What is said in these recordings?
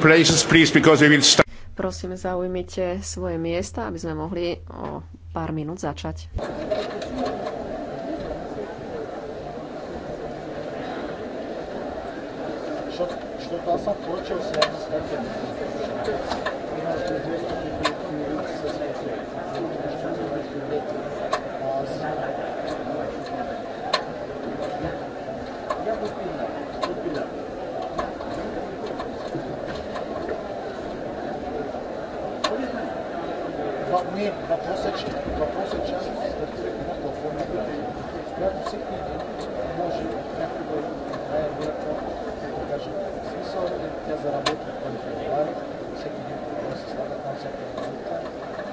places, please, because we will start. Prosím, zaujmite svoje miesta, aby sme mohli o pár minút začať. Что, что ние въпросът част се стартира една платформа, която всеки един може някога да играе ролята, как да кажа, смисъл е тя заработва парите долари, всеки един да се слага там всяка валута.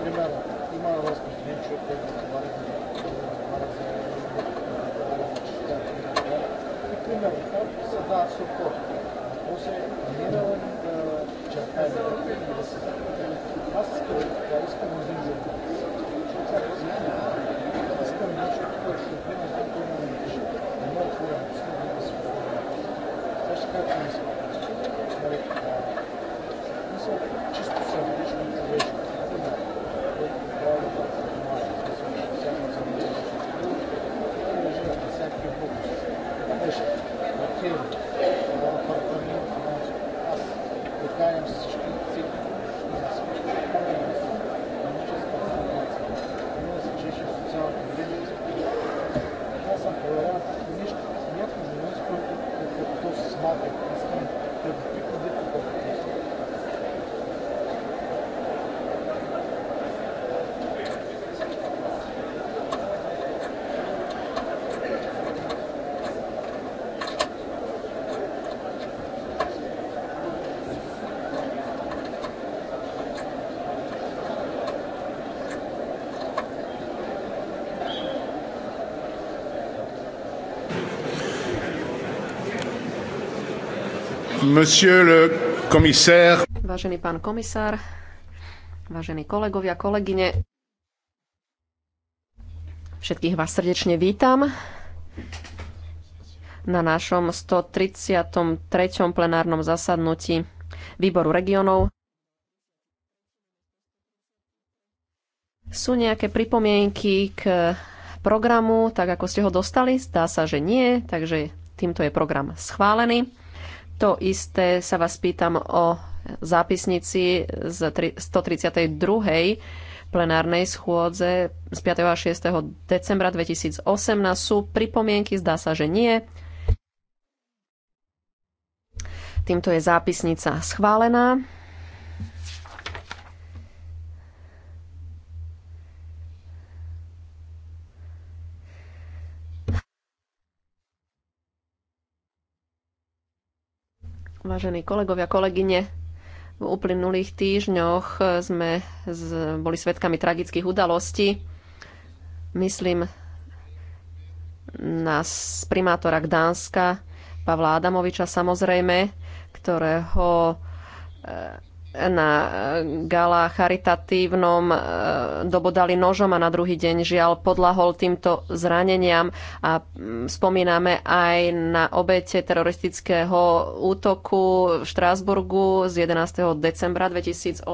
Примерно, има разпространен човек, който отговаря за отговаря за и примерно там се дава сухот. Въпросът е, планирала ли да чертае да се Аз искам да искам Чисто Monsieur le commissaire. Vážený pán komisár, vážení kolegovia, kolegyne, všetkých vás srdečne vítam na našom 133. plenárnom zasadnutí Výboru regionov. Sú nejaké pripomienky k programu, tak ako ste ho dostali? Zdá sa, že nie, takže týmto je program schválený. To isté sa vás pýtam o zápisnici z 132 plenárnej schôdze z 5. a 6. decembra 2018. Sú pripomienky? Zdá sa, že nie. Týmto je zápisnica schválená. Vážení kolegovia, kolegyne, v uplynulých týždňoch sme z, boli svetkami tragických udalostí. Myslím na primátora Gdánska, Pavla Adamoviča samozrejme, ktorého na e, gala charitatívnom e, dobodali nožom a na druhý deň žiaľ podlahol týmto zraneniam a mm, spomíname aj na obete teroristického útoku v Štrásburgu z 11. decembra 2018.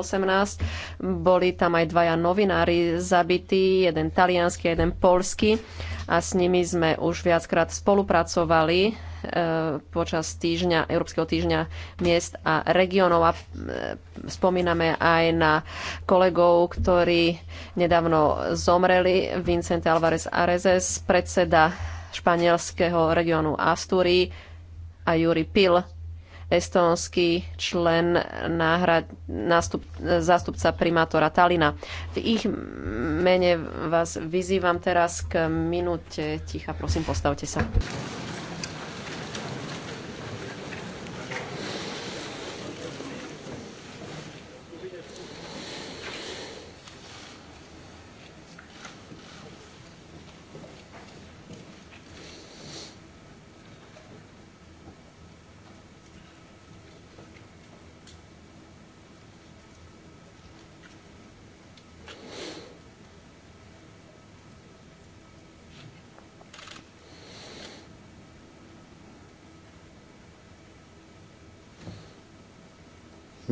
Boli tam aj dvaja novinári zabití, jeden talianský jeden polský a s nimi sme už viackrát spolupracovali Eh, počas týždňa, Európskeho týždňa miest a regionov a eh, spomíname aj na kolegov, ktorí nedávno zomreli. Vincent Alvarez Arezes, predseda španielského regiónu Astúrii a Juri Pil, estónsky člen náhrad, nástup, zástupca primátora Talina. V ich mene vás vyzývam teraz k minúte ticha. Prosím, postavte sa.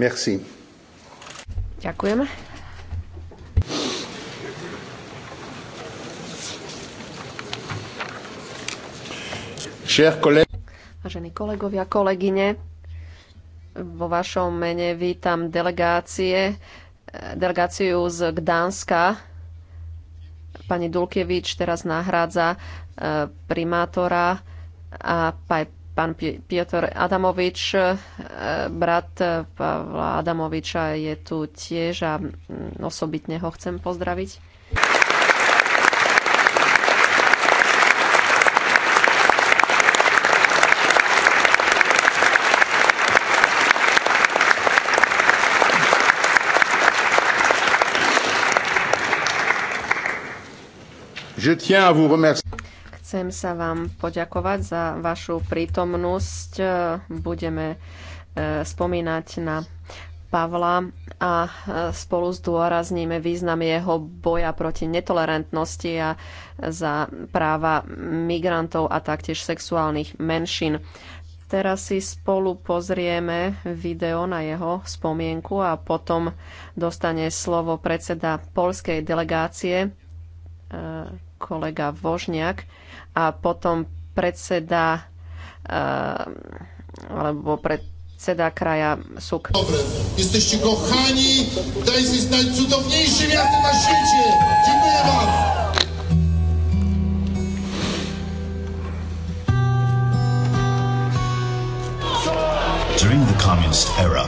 Merci. Ďakujem. Vážení kolegovia, kolegyne, vo vašom mene vítam delegácie, delegáciu z Gdanska. Pani Dulkevič teraz nahrádza eh, primátora a Pán Piotr Adamovič, e, brat Pavla Adamoviča je tu tiež a mm, osobitne ho chcem pozdraviť. Je tiens à vous remercier. Chcem sa vám poďakovať za vašu prítomnosť. Budeme e, spomínať na Pavla a e, spolu zdôrazníme význam jeho boja proti netolerantnosti a e, za práva migrantov a taktiež sexuálnych menšín. Teraz si spolu pozrieme video na jeho spomienku a potom dostane slovo predseda polskej delegácie kolega Vožniak a potom predseda uh, alebo predseda kraja SUK. Dobre, jesteście kochani, to jest najcudowniejsze miasto na świecie. Dziękuję wam. During the communist era,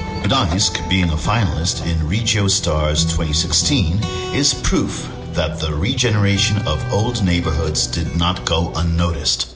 Gdansk being a finalist in Regio Stars 2016, is proof that the regeneration of old neighborhoods did not go unnoticed.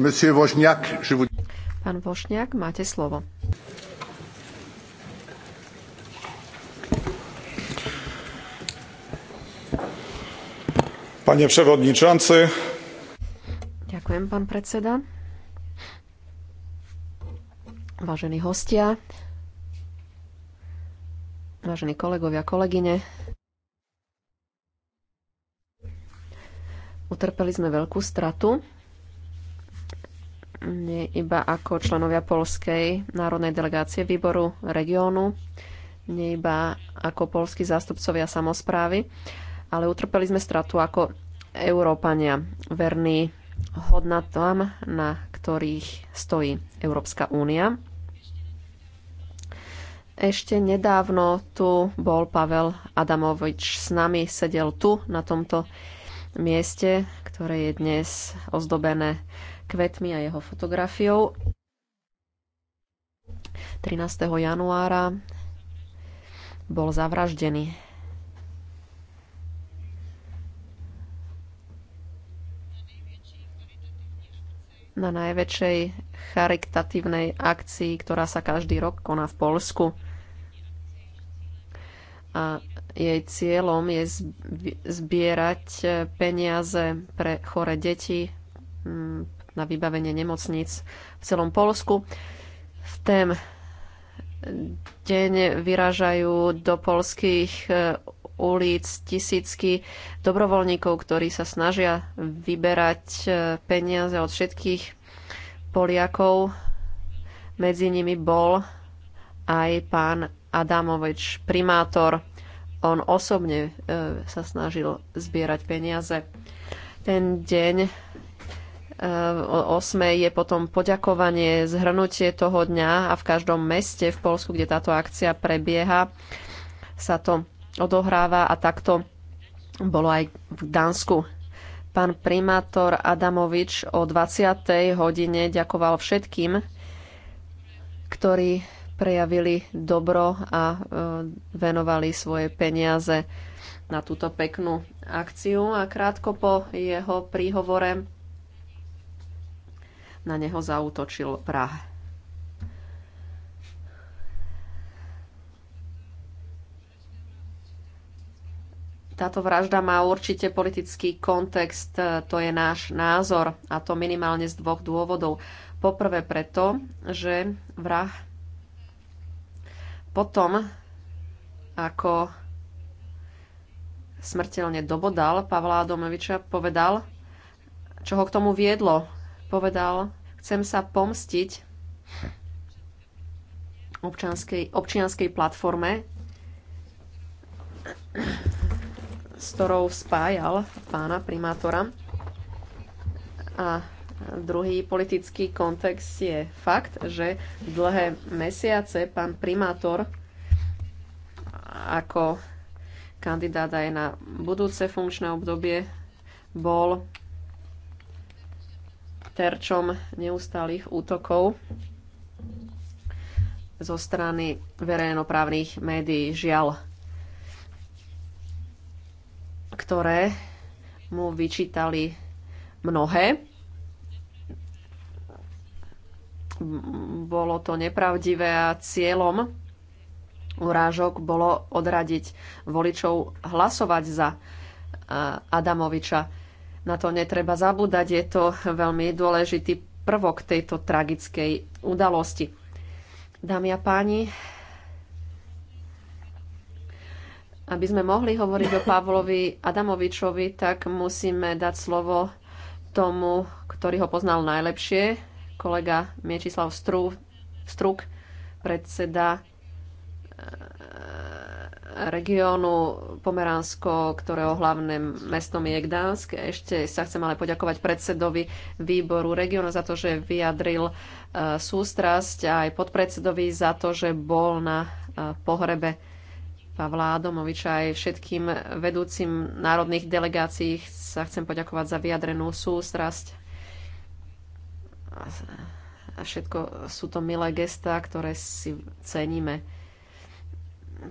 Monsieur Vožňák, Pán Vošňák, máte slovo. Panie przewodniczący. Ďakujem, pán predseda. Vážení hostia, vážení kolegovia, kolegyne, utrpeli sme veľkú stratu nie iba ako členovia polskej národnej delegácie výboru regiónu, nie iba ako polskí zástupcovia samozprávy, ale utrpeli sme stratu ako Európania, verní hodnotám, na ktorých stojí Európska únia. Ešte nedávno tu bol Pavel Adamovič s nami, sedel tu na tomto mieste, ktoré je dnes ozdobené kvetmi a jeho fotografiou. 13. januára bol zavraždený. na najväčšej charitatívnej akcii, ktorá sa každý rok koná v Polsku. A jej cieľom je zbierať peniaze pre chore deti, na vybavenie nemocníc v celom Polsku. V ten deň vyrážajú do polských e, ulic tisícky dobrovoľníkov, ktorí sa snažia vyberať e, peniaze od všetkých Poliakov. Medzi nimi bol aj pán Adamovič, primátor. On osobne e, sa snažil zbierať peniaze. Ten deň O 8 je potom poďakovanie, zhrnutie toho dňa a v každom meste v Polsku, kde táto akcia prebieha, sa to odohráva a takto bolo aj v Dánsku. Pán primátor Adamovič o 20. hodine ďakoval všetkým, ktorí prejavili dobro a e, venovali svoje peniaze na túto peknú akciu. A krátko po jeho príhovore na neho zautočil prah. Táto vražda má určite politický kontext, to je náš názor, a to minimálne z dvoch dôvodov. Poprvé preto, že vrah potom, ako smrteľne dobodal Pavla Adomoviča, povedal, čo ho k tomu viedlo povedal, chcem sa pomstiť občianskej, občianskej platforme, s ktorou spájal pána primátora. A druhý politický kontext je fakt, že dlhé mesiace pán primátor ako kandidát aj na budúce funkčné obdobie bol terčom neustálých útokov zo strany verejnoprávnych médií, žiaľ, ktoré mu vyčítali mnohé. Bolo to nepravdivé a cieľom urážok bolo odradiť voličov hlasovať za eh, Adamoviča. Na to netreba zabúdať, je to veľmi dôležitý prvok tejto tragickej udalosti. Dámy a páni, aby sme mohli hovoriť o Pavlovi Adamovičovi, tak musíme dať slovo tomu, ktorý ho poznal najlepšie, kolega Miečislav Struk, predseda regiónu Pomeránsko, ktorého hlavným mestom je Gdansk. Ešte sa chcem ale poďakovať predsedovi výboru regiónu za to, že vyjadril e, sústrasť a aj podpredsedovi za to, že bol na e, pohrebe Pavla Adomoviča aj všetkým vedúcim národných delegácií sa chcem poďakovať za vyjadrenú sústrasť. A všetko sú to milé gestá, ktoré si ceníme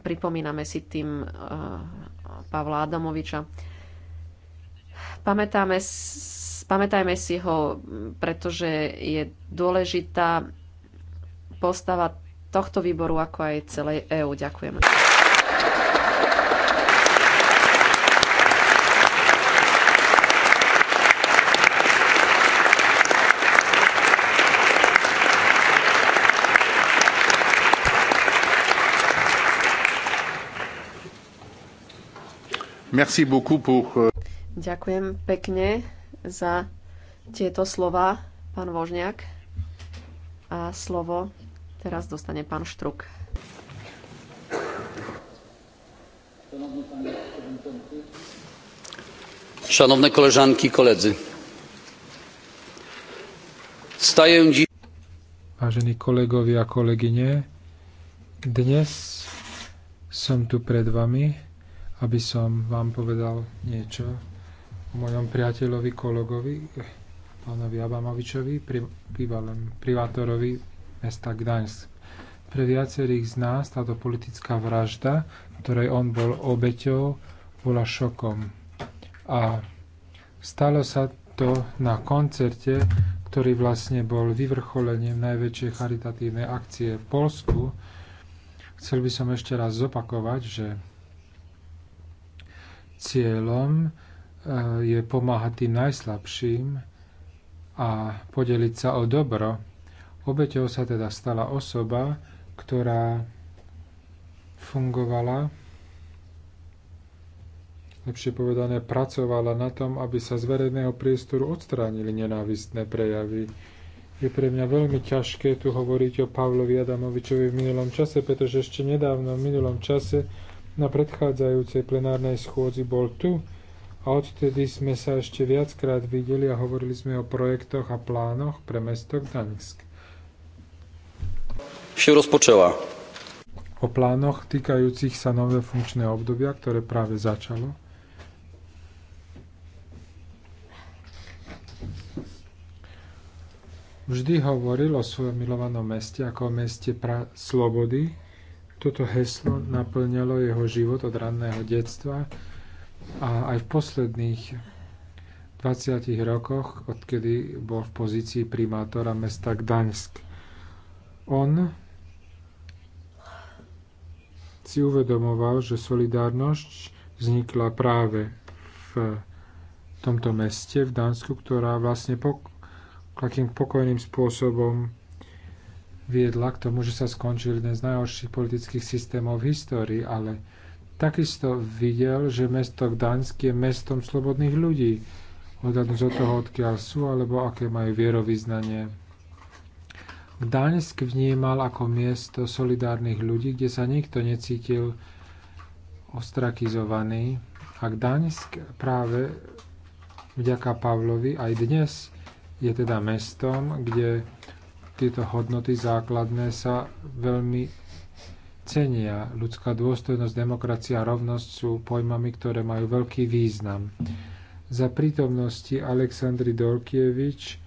pripomíname si tým eh, Pavla Adamoviča. Pamätáme, pamätajme si ho, pretože je dôležitá postava tohto výboru, ako aj celej EÚ. Ďakujem. Merci beaucoup pour... Euh, Ďakujem pekne za tieto slova, pán Vožňák. A slovo teraz dostane pán Štruk. Szanowne koleżanki i koledzy. Staję dziś... Vážení kolegovia a kolegyne, dnes som tu pred vami aby som vám povedal niečo o mojom priateľovi, kolegovi, pánovi Abamovičovi, pri, bývalom privátorovi mesta Gdaňsk. Pre viacerých z nás táto politická vražda, ktorej on bol obeťou, bola šokom. A stalo sa to na koncerte, ktorý vlastne bol vyvrcholením najväčšej charitatívnej akcie v Polsku. Chcel by som ešte raz zopakovať, že Cieľom e, je pomáhať tým najslabším a podeliť sa o dobro. Obeťou sa teda stala osoba, ktorá fungovala, lepšie povedané pracovala na tom, aby sa z verejného priestoru odstránili nenávistné prejavy. Je pre mňa veľmi ťažké tu hovoriť o Pavlovi Adamovičovi v minulom čase, pretože ešte nedávno v minulom čase na predchádzajúcej plenárnej schôdzi bol tu a odtedy sme sa ešte viackrát videli a hovorili sme o projektoch a plánoch pre mesto Gdaňsk. O plánoch týkajúcich sa nového funkčného obdobia, ktoré práve začalo. Vždy hovoril o svojom milovanom meste ako o meste pra- slobody, toto heslo naplňalo jeho život od ranného detstva a aj v posledných 20 rokoch, odkedy bol v pozícii primátora mesta Gdaňsk. On si uvedomoval, že solidárnosť vznikla práve v tomto meste, v Dánsku, ktorá vlastne pok- takým pokojným spôsobom viedla k tomu, že sa skončil jeden z najhorších politických systémov v histórii, ale takisto videl, že mesto Gdaňsk je mestom slobodných ľudí, odhľadnúť od toho, odkiaľ sú, alebo aké majú vierovýznanie. Gdaňsk vnímal ako miesto solidárnych ľudí, kde sa nikto necítil ostrakizovaný. A Gdaňsk práve vďaka Pavlovi aj dnes je teda mestom, kde tieto hodnoty základné sa veľmi cenia. Ľudská dôstojnosť, demokracia a rovnosť sú pojmami, ktoré majú veľký význam. Za prítomnosti Aleksandry Dorkievič,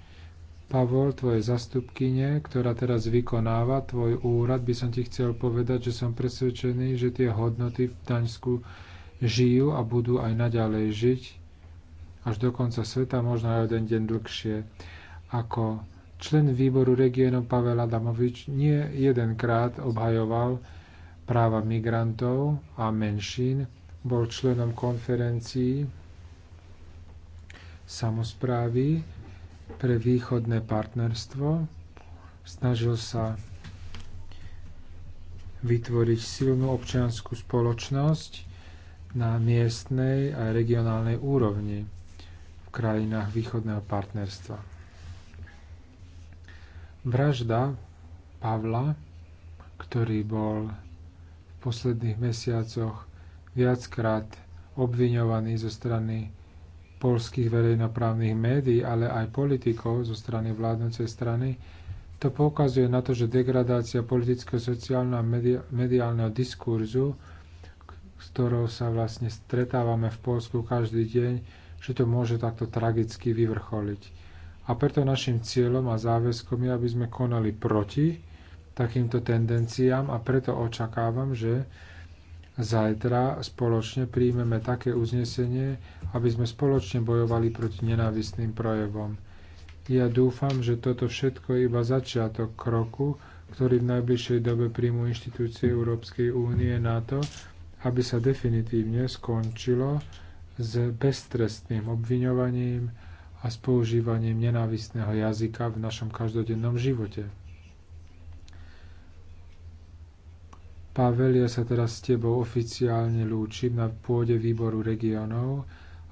Pavol, tvoje zastupkyne, ktorá teraz vykonáva tvoj úrad, by som ti chcel povedať, že som presvedčený, že tie hodnoty v Taňsku žijú a budú aj naďalej žiť až do konca sveta, možno aj jeden deň dlhšie. Ako Člen výboru regiónov Pavel Adamovič nie jedenkrát obhajoval práva migrantov a menšín, bol členom konferencií samozprávy pre východné partnerstvo, snažil sa vytvoriť silnú občianskú spoločnosť na miestnej a regionálnej úrovni v krajinách východného partnerstva. Vražda Pavla, ktorý bol v posledných mesiacoch viackrát obviňovaný zo strany polských verejnoprávnych médií, ale aj politikov zo strany vládnocej strany, to poukazuje na to, že degradácia politického, sociálneho a mediálneho diskurzu, s ktorou sa vlastne stretávame v Polsku každý deň, že to môže takto tragicky vyvrcholiť. A preto našim cieľom a záväzkom je, aby sme konali proti takýmto tendenciám a preto očakávam, že zajtra spoločne príjmeme také uznesenie, aby sme spoločne bojovali proti nenávistným projevom. Ja dúfam, že toto všetko je iba začiatok kroku, ktorý v najbližšej dobe príjmu inštitúcie Európskej únie na to, aby sa definitívne skončilo s beztrestným obviňovaním, a s používaním nenávistného jazyka v našom každodennom živote. Pavel, ja sa teraz s tebou oficiálne lúčim na pôde výboru regionov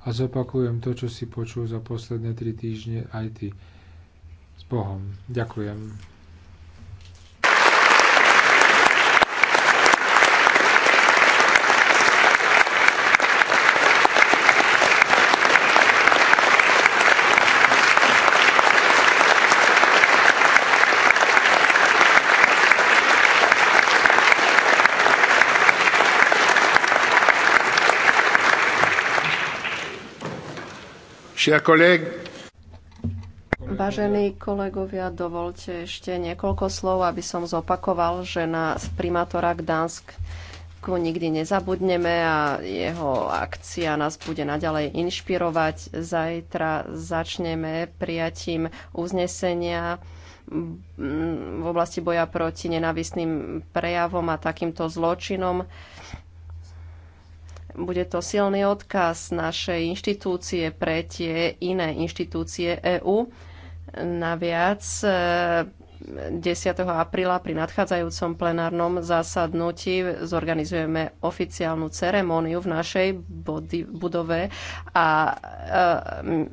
a zopakujem to, čo si počul za posledné tri týždne aj ty. S Bohom. Ďakujem. Vážení kolegovia, dovolte ešte niekoľko slov, aby som zopakoval, že na primátora Gdansk ko nikdy nezabudneme a jeho akcia nás bude naďalej inšpirovať. Zajtra začneme prijatím uznesenia v oblasti boja proti nenavistným prejavom a takýmto zločinom bude to silný odkaz našej inštitúcie pre tie iné inštitúcie EÚ. Naviac 10. Eh, apríla pri nadchádzajúcom plenárnom zasadnutí zorganizujeme oficiálnu ceremóniu v našej body, budove a eh,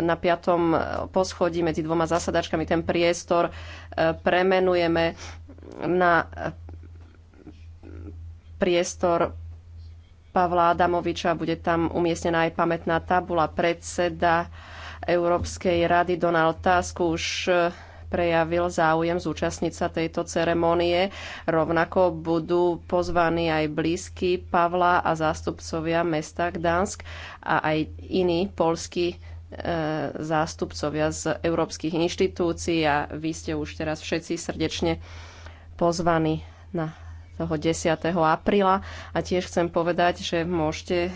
na piatom poschodí medzi dvoma zasadačkami ten priestor eh, premenujeme na priestor Pavla Adamoviča. Bude tam umiestnená aj pamätná tabula. Predseda Európskej rady Donald Tusk už e, prejavil záujem zúčastniť sa tejto ceremonie. Rovnako budú pozvaní aj blízky Pavla a zástupcovia mesta Gdansk a aj iní polskí e, zástupcovia z európskych inštitúcií a vy ste už teraz všetci srdečne pozvaní na toho 10. apríla. A tiež chcem povedať, že môžete e,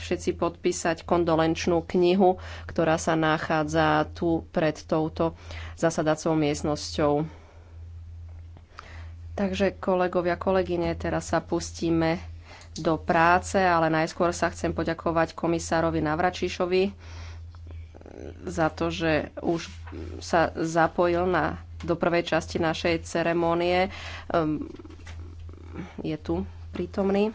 všetci podpísať kondolenčnú knihu, ktorá sa nachádza tu pred touto zasadacou miestnosťou. Takže kolegovia, kolegyne, teraz sa pustíme do práce, ale najskôr sa chcem poďakovať komisárovi Navračišovi za to, že už sa zapojil na, do prvej časti našej ceremonie. Ehm, je tu prítomný.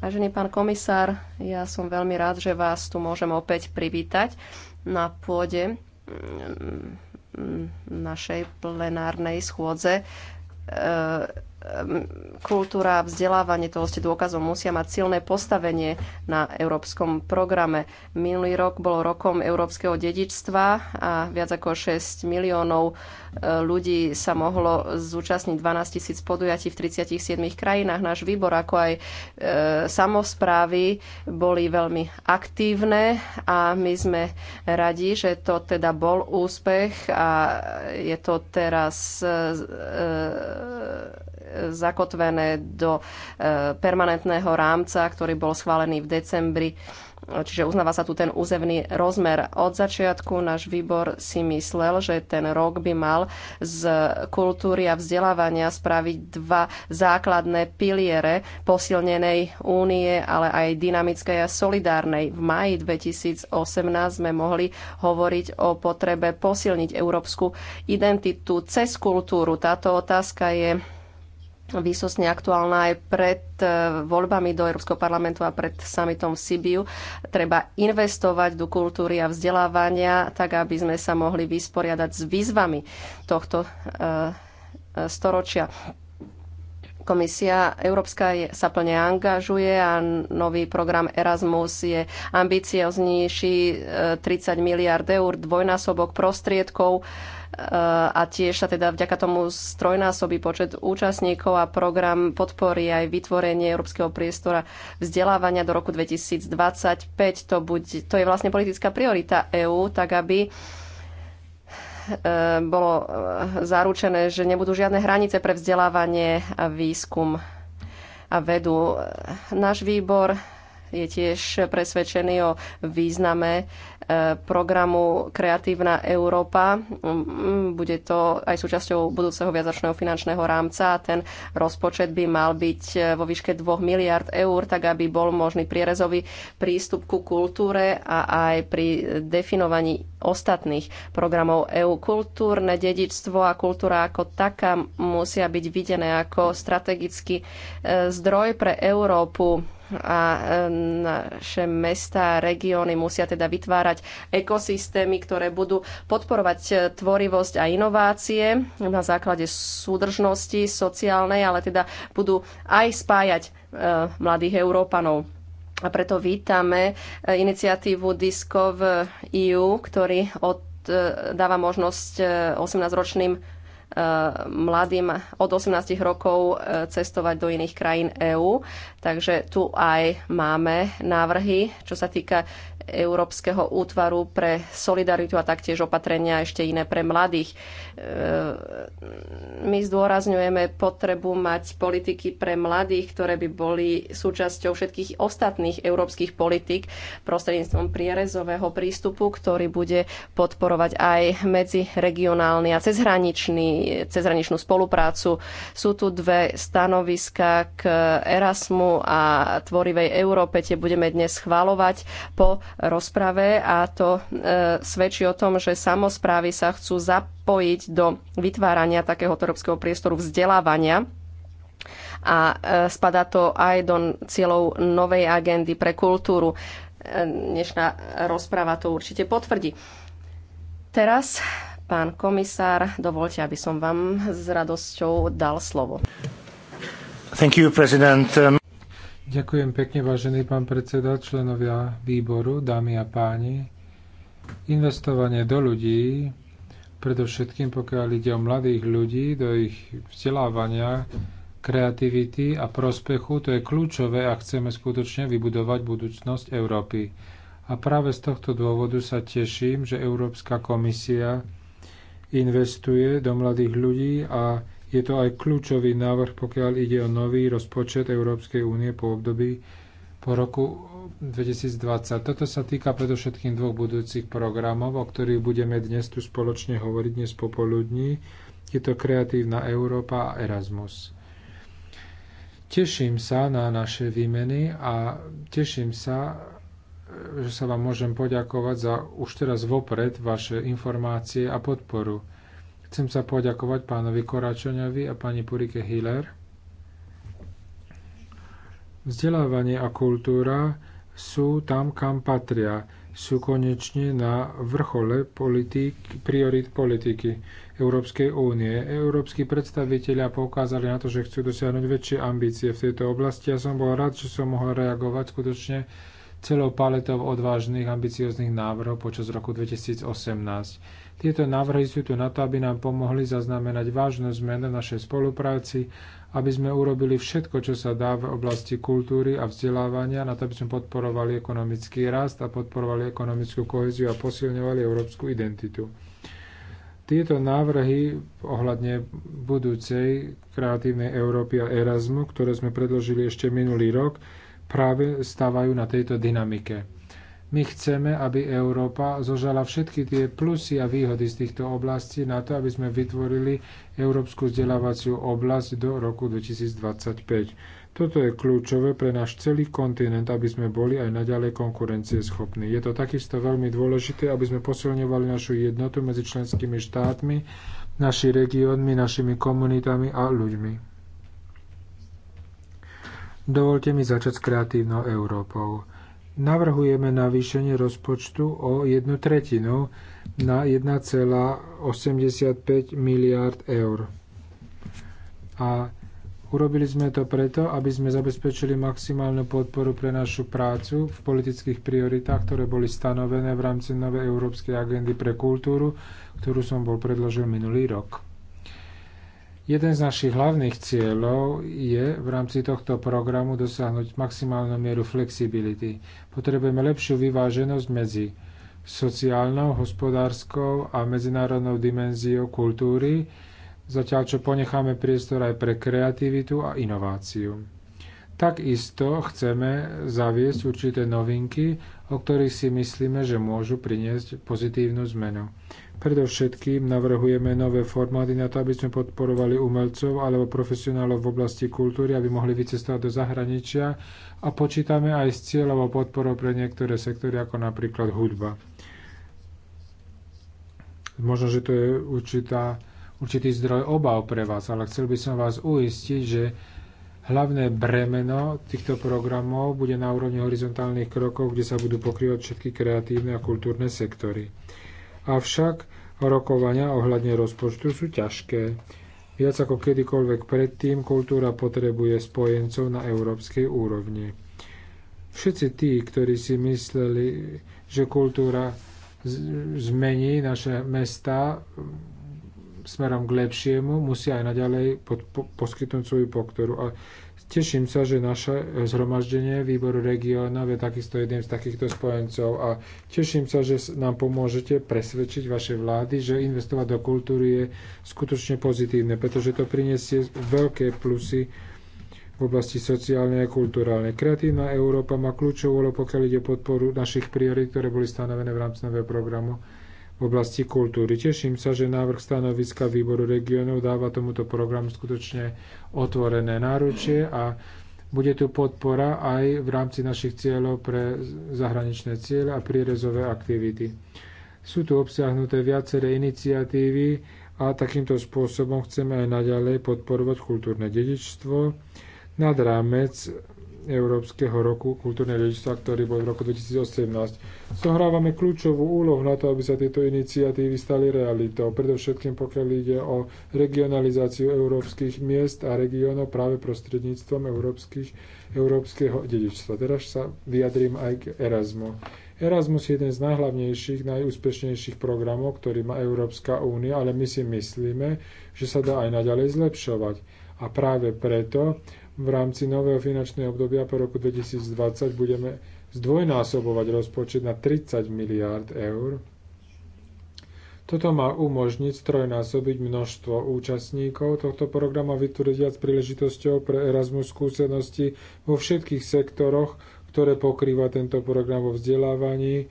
Vážený pán komisár, ja som veľmi rád, že vás tu môžem opäť privítať na pôde mm, mm, našej plenárnej schôdze e, kultúra a vzdelávanie, toho ste dôkazom, musia mať silné postavenie na európskom programe. Minulý rok bol rokom európskeho dedičstva a viac ako 6 miliónov e, ľudí sa mohlo zúčastniť 12 tisíc podujatí v 37 krajinách. Náš výbor, ako aj e, samozprávy, boli veľmi aktívne a my sme radi, že to teda bol úspech a je to teraz e, zakotvené do e, permanentného rámca, ktorý bol schválený v decembri. Čiže uznáva sa tu ten územný rozmer. Od začiatku náš výbor si myslel, že ten rok by mal z kultúry a vzdelávania spraviť dva základné piliere posilnenej únie, ale aj dynamickej a solidárnej. V maji 2018 sme mohli hovoriť o potrebe posilniť európsku identitu cez kultúru. Táto otázka je výsostne aktuálna aj pred e, voľbami do Európskeho parlamentu a pred summitom v Sibiu. Treba investovať do kultúry a vzdelávania, tak aby sme sa mohli vysporiadať s výzvami tohto e, e, storočia. Komisia Európska je, sa plne angažuje a nový program Erasmus je ambicioznejší 30 miliard eur, dvojnásobok prostriedkov a tiež sa teda vďaka tomu strojnásobí počet účastníkov a program podporí aj vytvorenie európskeho priestora vzdelávania do roku 2025. To, buď, to je vlastne politická priorita EÚ, tak aby e, bolo e, zaručené, že nebudú žiadne hranice pre vzdelávanie a výskum a vedú Náš výbor je tiež presvedčený o význame e, programu Kreatívna Európa. Mm, mm, bude to aj súčasťou budúceho viazačného finančného rámca a ten rozpočet by mal byť e, vo výške 2 miliard eur, tak aby bol možný prierezový prístup ku kultúre a aj pri definovaní ostatných programov EÚ. Kultúrne dedičstvo a kultúra ako taká musia byť videné ako strategický e, zdroj pre Európu a naše mesta a regióny musia teda vytvárať ekosystémy, ktoré budú podporovať e, tvorivosť a inovácie na základe súdržnosti sociálnej, ale teda budú aj spájať e, mladých Európanov. A preto vítame e, iniciatívu v EU, ktorý od, dáva možnosť 18-ročným mladým od 18 rokov e, cestovať do iných krajín EÚ. Takže tu aj máme návrhy, čo sa týka Európskeho útvaru pre solidaritu a taktiež opatrenia ešte iné pre mladých. E, my zdôrazňujeme potrebu mať politiky pre mladých, ktoré by boli súčasťou všetkých ostatných európskych politik prostredníctvom prierezového prístupu, ktorý bude podporovať aj medziregionálny a cezhraničný, cezhraničnú spoluprácu. Sú tu dve stanoviska k Erasmu a Tvorivej Európe. Tie budeme dnes schvalovať po rozprave a to e, svedčí o tom, že samozprávy sa chcú zapojiť do vytvárania takéhoto európskeho priestoru vzdelávania a e, spadá to aj do cieľov novej agendy pre kultúru. E, dnešná rozpráva to určite potvrdí. Teraz, pán komisár, dovolte, aby som vám s radosťou dal slovo. Thank you, president. Ďakujem pekne, vážený pán predseda, členovia výboru, dámy a páni. Investovanie do ľudí, predovšetkým pokiaľ ide o mladých ľudí, do ich vzdelávania, kreativity a prospechu, to je kľúčové, ak chceme skutočne vybudovať budúcnosť Európy. A práve z tohto dôvodu sa teším, že Európska komisia investuje do mladých ľudí a je to aj kľúčový návrh, pokiaľ ide o nový rozpočet Európskej únie po období po roku 2020. Toto sa týka predovšetkým dvoch budúcich programov, o ktorých budeme dnes tu spoločne hovoriť dnes popoludní. Je to Kreatívna Európa a Erasmus. Teším sa na naše výmeny a teším sa, že sa vám môžem poďakovať za už teraz vopred vaše informácie a podporu. Chcem sa poďakovať pánovi Koračoňovi a pani Purike Hiller. Vzdelávanie a kultúra sú tam, kam patria. Sú konečne na vrchole politik, priorit politiky Európskej únie. Európsky predstavitelia poukázali na to, že chcú dosiahnuť väčšie ambície v tejto oblasti. Ja som bol rád, že som mohol reagovať skutočne celou paletou odvážnych, ambicióznych návrhov počas roku 2018 tieto návrhy sú tu na to, aby nám pomohli zaznamenať vážnu zmenu v našej spolupráci, aby sme urobili všetko, čo sa dá v oblasti kultúry a vzdelávania, na to, aby sme podporovali ekonomický rast a podporovali ekonomickú koheziu a posilňovali európsku identitu. Tieto návrhy ohľadne budúcej kreatívnej Európy a Erasmu, ktoré sme predložili ešte minulý rok, práve stávajú na tejto dynamike. My chceme, aby Európa zožala všetky tie plusy a výhody z týchto oblastí na to, aby sme vytvorili Európsku vzdelávaciu oblasť do roku 2025. Toto je kľúčové pre náš celý kontinent, aby sme boli aj naďalej konkurencieschopní. Je to takisto veľmi dôležité, aby sme posilňovali našu jednotu medzi členskými štátmi, našimi regiónmi, našimi komunitami a ľuďmi. Dovolte mi začať s kreatívnou Európou. Navrhujeme navýšenie rozpočtu o jednu tretinu na 1,85 miliard eur. A urobili sme to preto, aby sme zabezpečili maximálnu podporu pre našu prácu v politických prioritách, ktoré boli stanovené v rámci novej Európskej agendy pre kultúru, ktorú som bol predložil minulý rok. Jeden z našich hlavných cieľov je v rámci tohto programu dosiahnuť maximálnu mieru flexibility. Potrebujeme lepšiu vyváženosť medzi sociálnou, hospodárskou a medzinárodnou dimenziou kultúry, zatiaľ čo ponecháme priestor aj pre kreativitu a inováciu. Takisto chceme zaviesť určité novinky, o ktorých si myslíme, že môžu priniesť pozitívnu zmenu. Predovšetkým navrhujeme nové formáty na to, aby sme podporovali umelcov alebo profesionálov v oblasti kultúry, aby mohli vycestovať do zahraničia a počítame aj s cieľovou podporou pre niektoré sektory, ako napríklad hudba. Možno, že to je určitá, určitý zdroj obav pre vás, ale chcel by som vás uistiť, že hlavné bremeno týchto programov bude na úrovni horizontálnych krokov, kde sa budú pokrývať všetky kreatívne a kultúrne sektory. Avšak rokovania ohľadne rozpočtu sú ťažké. Viac ako kedykoľvek predtým kultúra potrebuje spojencov na európskej úrovni. Všetci tí, ktorí si mysleli, že kultúra zmení naše mesta mm, smerom k lepšiemu, musia aj naďalej poskytnúť svoju pokoru. A Teším sa, že naše e, zhromaždenie výboru regiónov je takisto jedným z takýchto spojencov a teším sa, že nám pomôžete presvedčiť vaše vlády, že investovať do kultúry je skutočne pozitívne, pretože to prinesie veľké plusy v oblasti sociálnej a kultúrnej. Kreatívna Európa má kľúčovú úlohu, pokiaľ ide podporu našich priorit, ktoré boli stanovené v rámci nového programu v oblasti kultúry. Teším sa, že návrh stanoviska výboru regiónov dáva tomuto programu skutočne otvorené náručie a bude tu podpora aj v rámci našich cieľov pre zahraničné cieľe a prírezové aktivity. Sú tu obsiahnuté viaceré iniciatívy a takýmto spôsobom chceme aj naďalej podporovať kultúrne dedičstvo nad rámec Európskeho roku kultúrneho dedičstva, ktorý bol v roku 2018. Zohrávame kľúčovú úlohu na to, aby sa tieto iniciatívy stali realitou, predovšetkým pokiaľ ide o regionalizáciu európskych miest a regiónov práve prostredníctvom európskych, európskeho dedičstva. Teraz sa vyjadrím aj k Erasmu. Erasmus je jeden z najhlavnejších, najúspešnejších programov, ktorý má Európska únia, ale my si myslíme, že sa dá aj naďalej zlepšovať. A práve preto v rámci nového finančného obdobia po roku 2020 budeme zdvojnásobovať rozpočet na 30 miliárd eur. Toto má umožniť strojnásobiť množstvo účastníkov tohto programu a vytvoriť viac príležitosťou pre Erasmus skúsenosti vo všetkých sektoroch, ktoré pokrýva tento program vo vzdelávaní,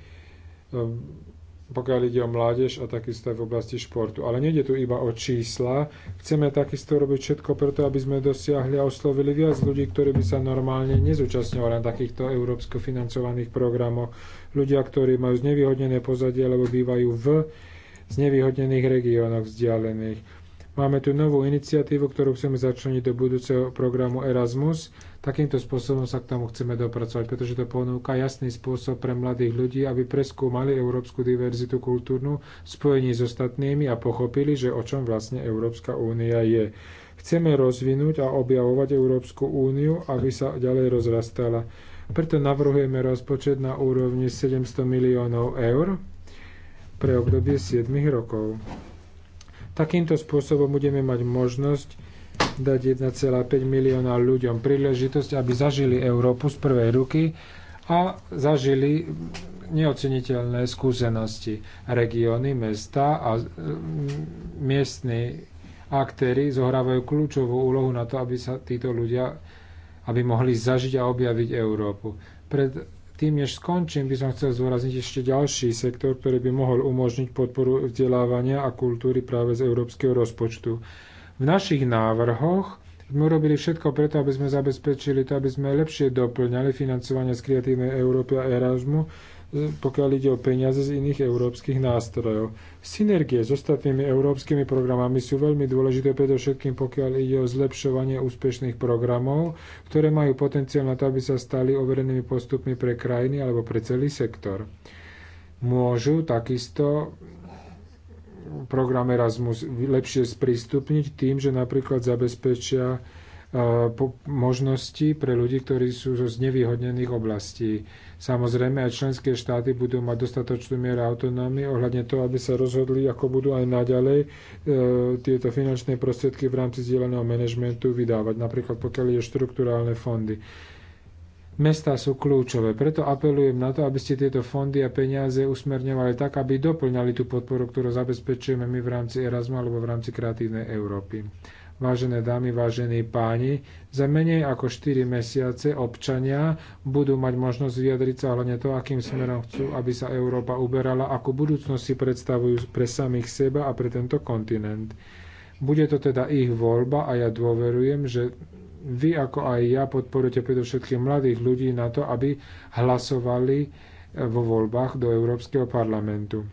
pokiaľ ide o mládež a takisto aj v oblasti športu. Ale nejde tu iba o čísla. Chceme takisto robiť všetko preto, aby sme dosiahli a oslovili viac ľudí, ktorí by sa normálne nezúčastňovali na takýchto európsko financovaných programoch. Ľudia, ktorí majú znevýhodnené pozadie alebo bývajú v znevýhodnených regiónoch vzdialených. Máme tu novú iniciatívu, ktorú chceme začleniť do budúceho programu Erasmus. Takýmto spôsobom sa k tomu chceme dopracovať, pretože to ponúka jasný spôsob pre mladých ľudí, aby preskúmali európsku diverzitu kultúrnu v spojení s ostatnými a pochopili, že o čom vlastne Európska únia je. Chceme rozvinúť a objavovať Európsku úniu, aby sa ďalej rozrastala. Preto navrhujeme rozpočet na úrovni 700 miliónov eur pre obdobie 7 rokov. Takýmto spôsobom budeme mať možnosť dať 1,5 milióna ľuďom príležitosť, aby zažili Európu z prvej ruky a zažili neoceniteľné skúsenosti. Regióny, mesta a e, miestni aktéry zohrávajú kľúčovú úlohu na to, aby sa títo ľudia aby mohli zažiť a objaviť Európu. Pred tým, než skončím, by som chcel zdôrazniť ešte ďalší sektor, ktorý by mohol umožniť podporu vzdelávania a kultúry práve z európskeho rozpočtu. V našich návrhoch sme urobili všetko preto, aby sme zabezpečili to, aby sme lepšie doplňali financovanie z Kreatívnej Európy a Erasmu, pokiaľ ide o peniaze z iných európskych nástrojov. Synergie s ostatnými európskymi programami sú veľmi dôležité, predovšetkým pokiaľ ide o zlepšovanie úspešných programov, ktoré majú potenciál na to, aby sa stali overenými postupmi pre krajiny alebo pre celý sektor. Môžu takisto program Erasmus lepšie sprístupniť tým, že napríklad zabezpečia e, možnosti pre ľudí, ktorí sú zo znevýhodnených oblastí. Samozrejme, aj členské štáty budú mať dostatočnú mieru autonómie ohľadne toho, aby sa rozhodli, ako budú aj naďalej e, tieto finančné prostriedky v rámci zdieľaného manažmentu vydávať, napríklad pokiaľ je štruktúrálne fondy. Mesta sú kľúčové, preto apelujem na to, aby ste tieto fondy a peniaze usmerňovali tak, aby doplňali tú podporu, ktorú zabezpečujeme my v rámci Erasmu alebo v rámci Kreatívnej Európy. Vážené dámy, vážení páni, za menej ako 4 mesiace občania budú mať možnosť vyjadriť sa hlavne to, akým smerom chcú, aby sa Európa uberala, ako budúcnosť si predstavujú pre samých seba a pre tento kontinent. Bude to teda ich voľba a ja dôverujem, že vy ako aj ja podporujete predovšetkým mladých ľudí na to, aby hlasovali eh, vo voľbách do Európskeho parlamentu.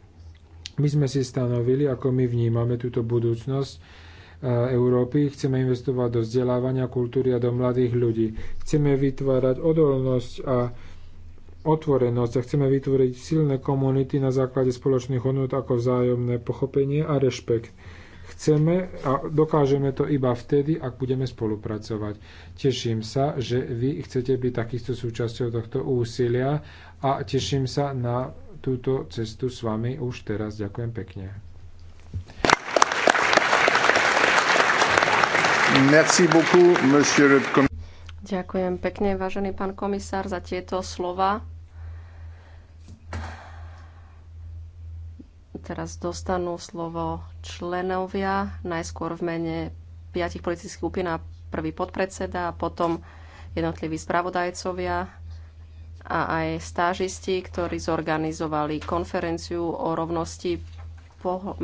My sme si stanovili, ako my vnímame túto budúcnosť, Európy. Chceme investovať do vzdelávania, kultúry a do mladých ľudí. Chceme vytvárať odolnosť a otvorenosť a chceme vytvoriť silné komunity na základe spoločných hodnot ako vzájomné pochopenie a rešpekt. Chceme a dokážeme to iba vtedy, ak budeme spolupracovať. Teším sa, že vy chcete byť takisto súčasťou tohto úsilia a teším sa na túto cestu s vami už teraz. Ďakujem pekne. Merci beaucoup, monsieur le Ďakujem pekne, vážený pán komisár, za tieto slova. Teraz dostanú slovo členovia, najskôr v mene piatich politických skupín a prvý podpredseda a potom jednotliví spravodajcovia a aj stážisti, ktorí zorganizovali konferenciu o rovnosti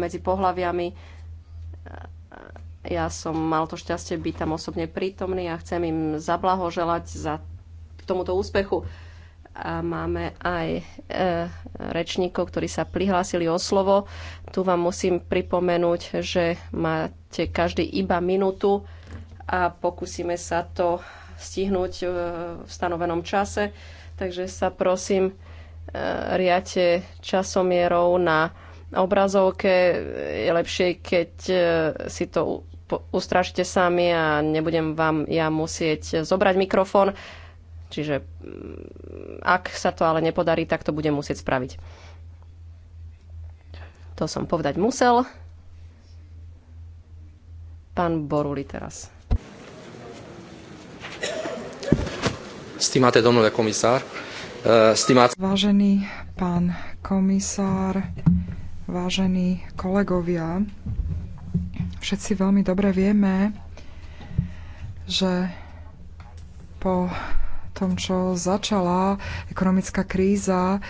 medzi pohlaviami. Ja som mal to šťastie byť tam osobne prítomný a chcem im zablahoželať za tomuto úspechu. A máme aj e, rečníkov, ktorí sa prihlásili o slovo. Tu vám musím pripomenúť, že máte každý iba minútu a pokúsime sa to stihnúť e, v stanovenom čase. Takže sa prosím, e, riate časomierou na obrazovke. Je lepšie, keď e, si to ustražte sami a nebudem vám ja musieť zobrať mikrofón. Čiže mm, ak sa to ale nepodarí, tak to budem musieť spraviť. To som povedať musel. Pán Boruli teraz. Stimáte domnule komisár. E, Vážený pán komisár, vážení kolegovia, všetci veľmi dobre vieme, že po tom, čo začala ekonomická kríza,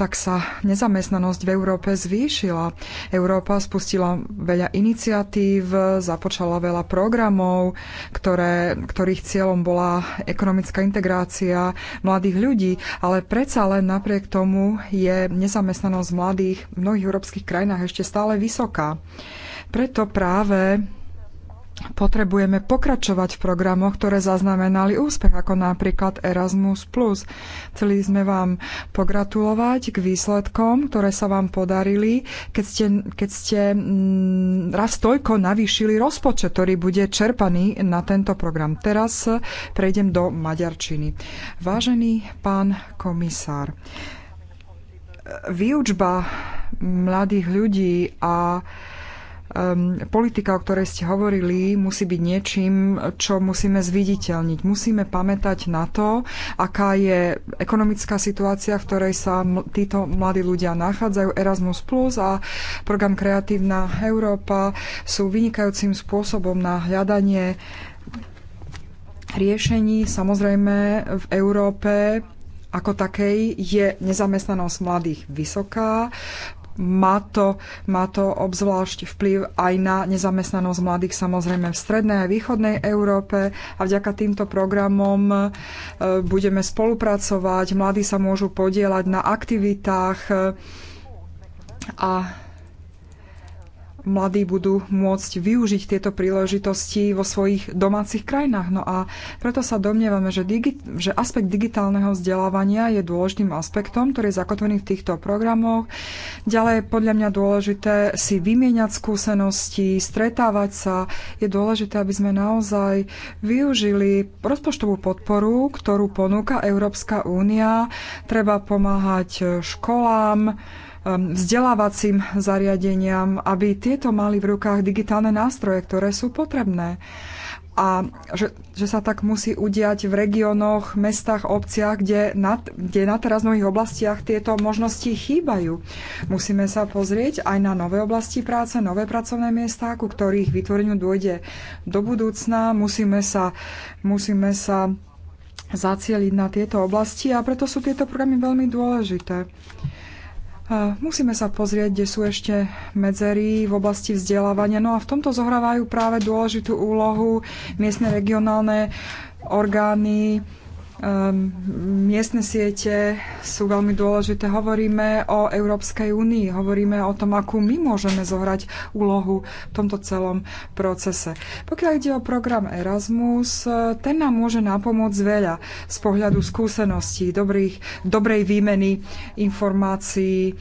tak sa nezamestnanosť v Európe zvýšila. Európa spustila veľa iniciatív, započala veľa programov, ktoré, ktorých cieľom bola ekonomická integrácia mladých ľudí, ale predsa len napriek tomu je nezamestnanosť mladých v mnohých európskych krajinách ešte stále vysoká. Preto práve potrebujeme pokračovať v programoch, ktoré zaznamenali úspech, ako napríklad Erasmus+. Chceli sme vám pogratulovať k výsledkom, ktoré sa vám podarili, keď ste, keď ste mm, raz toľko navýšili rozpočet, ktorý bude čerpaný na tento program. Teraz prejdem do Maďarčiny. Vážený pán komisár, e, výučba mladých ľudí a um, politika, o ktorej ste hovorili, musí byť niečím, čo musíme zviditeľniť. Musíme pamätať na to, aká je ekonomická situácia, v ktorej sa títo mladí ľudia nachádzajú. Erasmus Plus a program Kreatívna Európa sú vynikajúcim spôsobom na hľadanie riešení. Samozrejme v Európe ako takej je nezamestnanosť mladých vysoká má to, má to obzvlášť vplyv aj na nezamestnanosť mladých samozrejme v strednej a východnej Európe a vďaka týmto programom e, budeme spolupracovať, mladí sa môžu podielať na aktivitách e, a mladí budú môcť využiť tieto príležitosti vo svojich domácich krajinách. No a preto sa domnievame, že, digi- že aspekt digitálneho vzdelávania je dôležitým aspektom, ktorý je zakotvený v týchto programoch. Ďalej je podľa mňa dôležité si vymieňať skúsenosti, stretávať sa. Je dôležité, aby sme naozaj využili rozpočtovú podporu, ktorú ponúka Európska únia. Treba pomáhať školám, Um, vzdelávacím zariadeniam, aby tieto mali v rukách digitálne nástroje, ktoré sú potrebné a že, že sa tak musí udiať v regiónoch, mestách, obciach, kde na, kde na teraz nových mnohých oblastiach tieto možnosti chýbajú. Musíme sa pozrieť aj na nové oblasti práce, nové pracovné miesta, ku ktorých vytvoreniu dôjde do budúcna. Musíme sa, musíme sa zacieliť na tieto oblasti a preto sú tieto programy veľmi dôležité. Musíme sa pozrieť, kde sú ešte medzery v oblasti vzdelávania. No a v tomto zohrávajú práve dôležitú úlohu miestne regionálne orgány, Ehm, miestne siete sú veľmi dôležité. Hovoríme o Európskej únii, hovoríme o tom, akú my môžeme zohrať úlohu v tomto celom procese. Pokiaľ ide o program Erasmus, eh, ten nám môže napomôcť veľa z pohľadu skúseností, dobrých, dobrej výmeny informácií,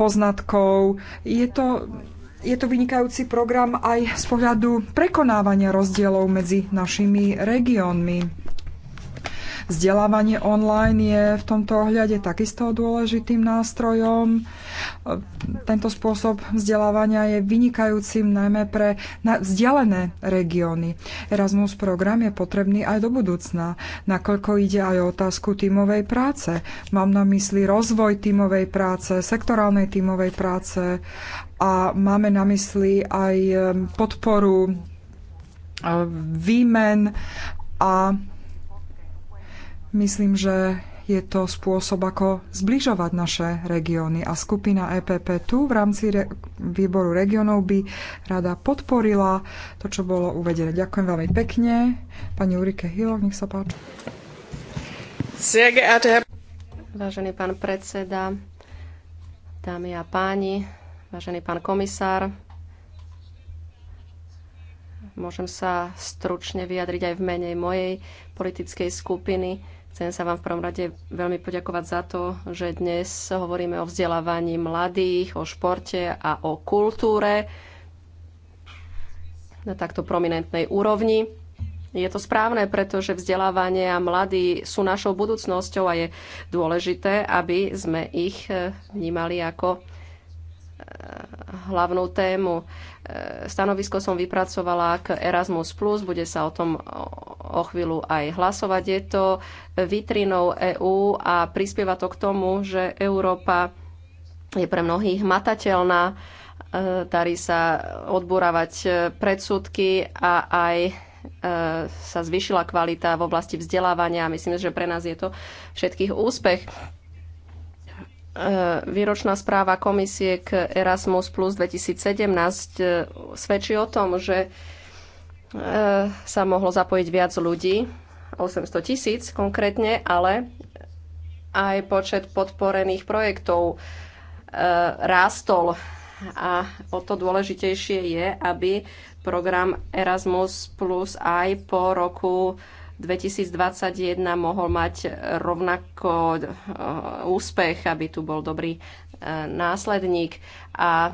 poznatkov. Je to je to vynikajúci program aj z pohľadu prekonávania rozdielov medzi našimi regiónmi Vzdelávanie online je v tomto ohľade takisto dôležitým nástrojom. Tento spôsob vzdelávania je vynikajúcim najmä pre vzdialené regióny. Erasmus program je potrebný aj do budúcna, nakoľko ide aj o otázku tímovej práce. Mám na mysli rozvoj tímovej práce, sektorálnej tímovej práce a máme na mysli aj podporu výmen a Myslím, že je to spôsob, ako zbližovať naše regióny. A skupina EPP tu v rámci re- výboru regionov by rada podporila to, čo bolo uvedené. Ďakujem veľmi pekne. Pani Urike Hilov, nech sa páči. Vážený pán predseda, dámy a páni, vážený pán komisár, môžem sa stručne vyjadriť aj v mene mojej politickej skupiny Chcem sa vám v prvom rade veľmi poďakovať za to, že dnes hovoríme o vzdelávaní mladých, o športe a o kultúre na takto prominentnej úrovni. Je to správne, pretože vzdelávanie a mladí sú našou budúcnosťou a je dôležité, aby sme ich vnímali ako hlavnú tému. E, stanovisko som vypracovala k Erasmus+, plus, bude sa o tom o chvíľu aj hlasovať. Je to vitrinou EÚ a prispieva to k tomu, že Európa je pre mnohých matateľná, e, darí sa odburávať e, predsudky a aj sa zvyšila kvalita v oblasti vzdelávania. Myslím, že pre nás je to všetkých úspech. E, výročná správa komisie k Erasmus plus 2017 e, svedčí o tom, že e, sa mohlo zapojiť viac ľudí, 800 tisíc konkrétne, ale aj počet podporených projektov rástol. A o to dôležitejšie je, aby program Erasmus Plus aj po roku 2021 mohol mať rovnako eh, úspech, aby tu bol dobrý eh, následník. A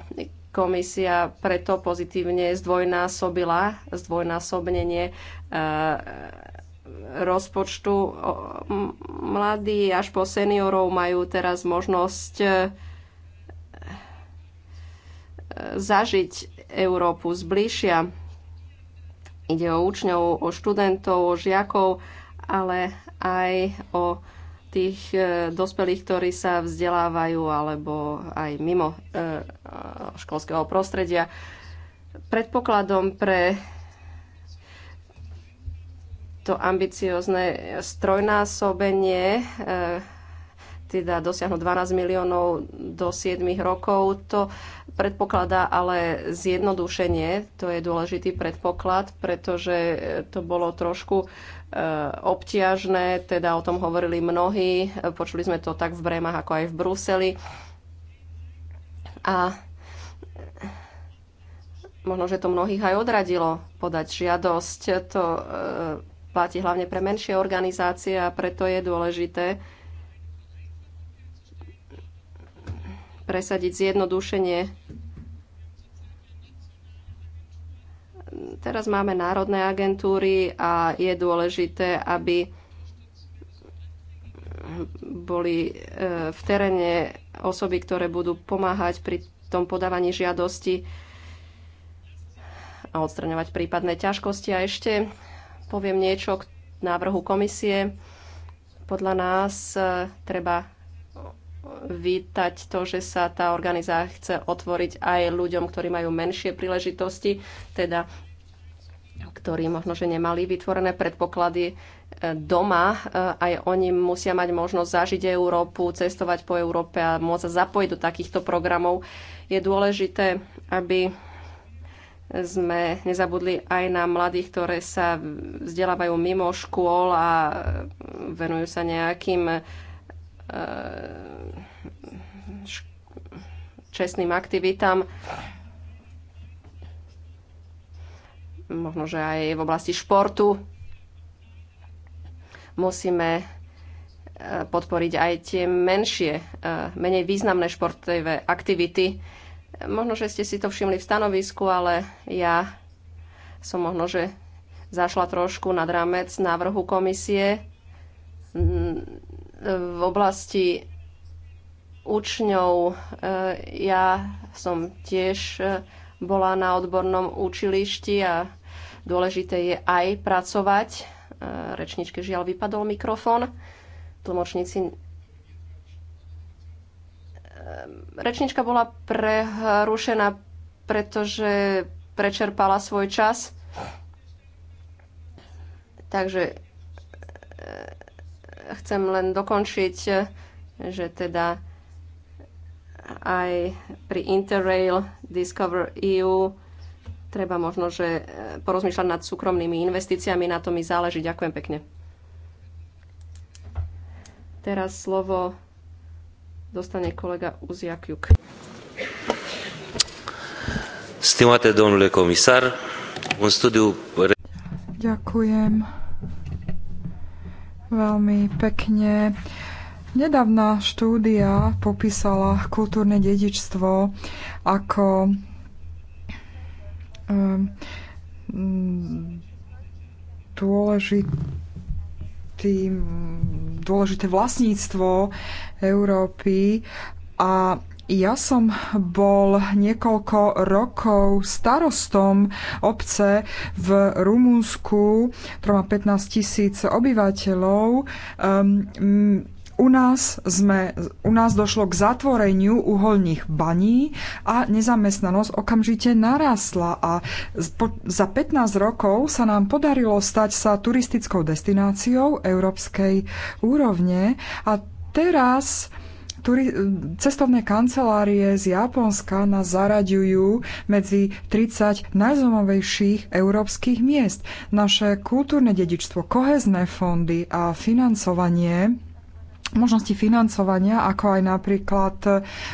komisia preto pozitívne zdvojnásobila zdvojnásobnenie eh, rozpočtu. Mladí až po seniorov majú teraz možnosť zažiť Európu zbližšia. Ide o učňov, o študentov, o žiakov, ale aj o tých e, dospelých, ktorí sa vzdelávajú alebo aj mimo e, e, školského prostredia. Predpokladom pre to ambiciozne strojnásobenie teda dosiahnuť 12 miliónov do 7 rokov. To predpokladá ale zjednodušenie, to je dôležitý predpoklad, pretože to bolo trošku e, obťažné, teda o tom hovorili mnohí, počuli sme to tak v Brémach, ako aj v Bruseli. A možno, že to mnohých aj odradilo podať žiadosť. To e, platí hlavne pre menšie organizácie a preto je dôležité, presadiť zjednodušenie. Teraz máme národné agentúry a je dôležité, aby boli e, v teréne osoby, ktoré budú pomáhať pri tom podávaní žiadosti a odstraňovať prípadné ťažkosti. A ešte poviem niečo k návrhu komisie. Podľa nás e, treba vítať to, že sa tá organizácia chce otvoriť aj ľuďom, ktorí majú menšie príležitosti, teda ktorí možno, že nemali vytvorené predpoklady e, doma. E, aj oni musia mať možnosť zažiť Európu, cestovať po Európe a môcť sa zapojiť do takýchto programov. Je dôležité, aby sme nezabudli aj na mladých, ktoré sa vzdelávajú mimo škôl a venujú sa nejakým čestným aktivitám. Možno, že aj v oblasti športu musíme e, podporiť aj tie menšie, e, menej významné športové aktivity. Možno, že ste si to všimli v stanovisku, ale ja som možno, že zašla trošku nad rámec návrhu komisie v oblasti učňov. E, ja som tiež e, bola na odbornom učilišti a dôležité je aj pracovať. E, rečničke žiaľ vypadol mikrofón. Tlmočníci Rečnička bola prerušená, pretože prečerpala svoj čas. Takže chcem len dokončiť, e, že teda aj pri Interrail Discover EU treba možno, že e, porozmýšľať nad súkromnými investíciami, na to mi záleží. Ďakujem pekne. Teraz slovo dostane kolega Juk. Stimate domnule komisár, un studiu... Ďakujem veľmi pekne. Nedávna štúdia popísala kultúrne dedičstvo ako ehm, dôležitý, dôležité vlastníctvo Európy a ja som bol niekoľko rokov starostom obce v Rumunsku ktorá má 15 tisíc obyvateľov. Um, u nás, sme, u nás došlo k zatvoreniu uholných baní a nezamestnanosť okamžite narastla a za 15 rokov sa nám podarilo stať sa turistickou destináciou európskej úrovne a teraz turi- cestovné kancelárie z Japonska nás zaraďujú medzi 30 najzomovejších európskych miest. Naše kultúrne dedičstvo, kohezné fondy a financovanie možnosti financovania, ako aj napríklad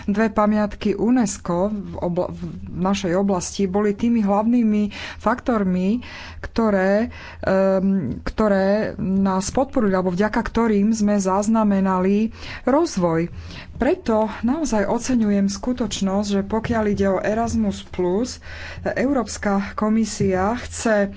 dve pamiatky UNESCO v, obla- v našej oblasti, boli tými hlavnými faktormi, ktoré, um, ktoré nás podporili, alebo vďaka ktorým sme zaznamenali rozvoj. Preto naozaj oceňujem skutočnosť, že pokiaľ ide o Erasmus+, Európska komisia chce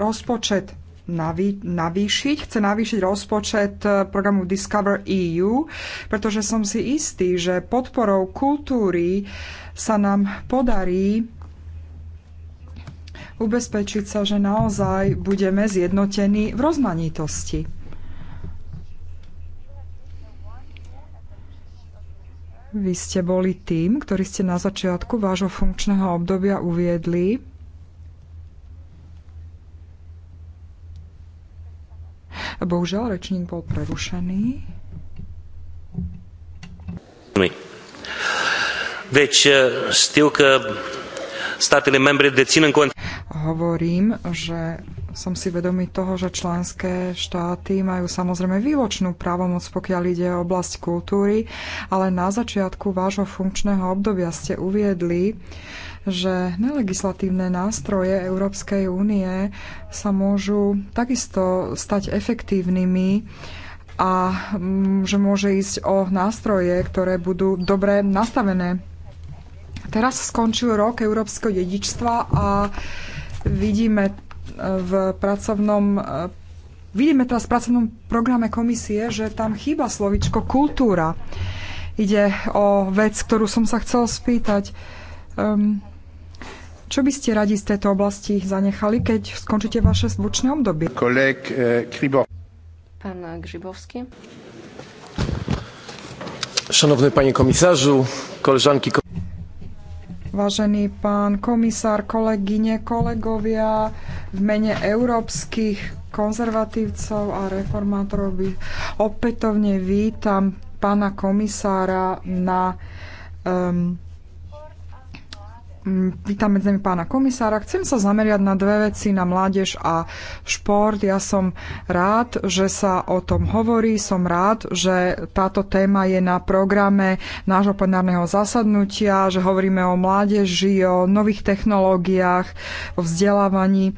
rozpočet naví- navýšiť, chce navýšiť rozpočet e, programu Discover EU, pretože som si istý, že podporou kultúry sa nám podarí ubezpečiť sa, že naozaj budeme zjednotení v rozmanitosti. Vy ste boli tým, ktorí ste na začiatku vášho funkčného obdobia uviedli, Bohužiaľ, rečník bol prerušený. Deci știu eh, că statele membre dețin în Hovorím, že som si vedomý toho, že členské štáty majú samozrejme výločnú právomoc, pokiaľ ide o oblasť kultúry, ale na začiatku vášho funkčného obdobia ste uviedli, že nelegislatívne nástroje Európskej únie sa môžu takisto stať efektívnymi a mm, že môže ísť o nástroje, ktoré budú dobre nastavené. Teraz skončil rok európskeho dedičstva a vidíme v pracovnom e, vidíme teraz v pracovnom programe komisie, že tam chýba slovičko kultúra. Ide o vec, ktorú som sa chcel spýtať. Um, čo by ste radi z tejto oblasti zanechali, keď skončíte vaše zvučné obdobie? Koleg e, Kribo. Pán Grzybowski. Szanowny panie komisarzu, koleżanki Vážený pán komisár, kolegyne, kolegovia, v mene európskych konzervatívcov a reformátorov by opätovne vítam pána komisára na um, Mm, vítam medzi nami pána komisára. Chcem sa zameriať na dve veci, na mládež a šport. Ja som rád, že sa o tom hovorí. Som rád, že táto téma je na programe nášho plenárneho zasadnutia, že hovoríme o mládeži, o nových technológiách, o vzdelávaní.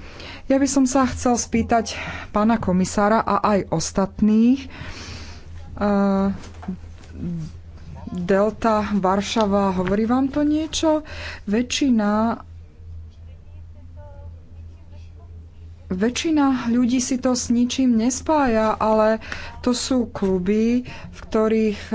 Ja by som sa chcel spýtať pána komisára a aj ostatných. Uh, Delta, Varšava, hovorí vám to niečo? Väčšina Väčšina ľudí si to s ničím nespája, ale to sú kluby, v ktorých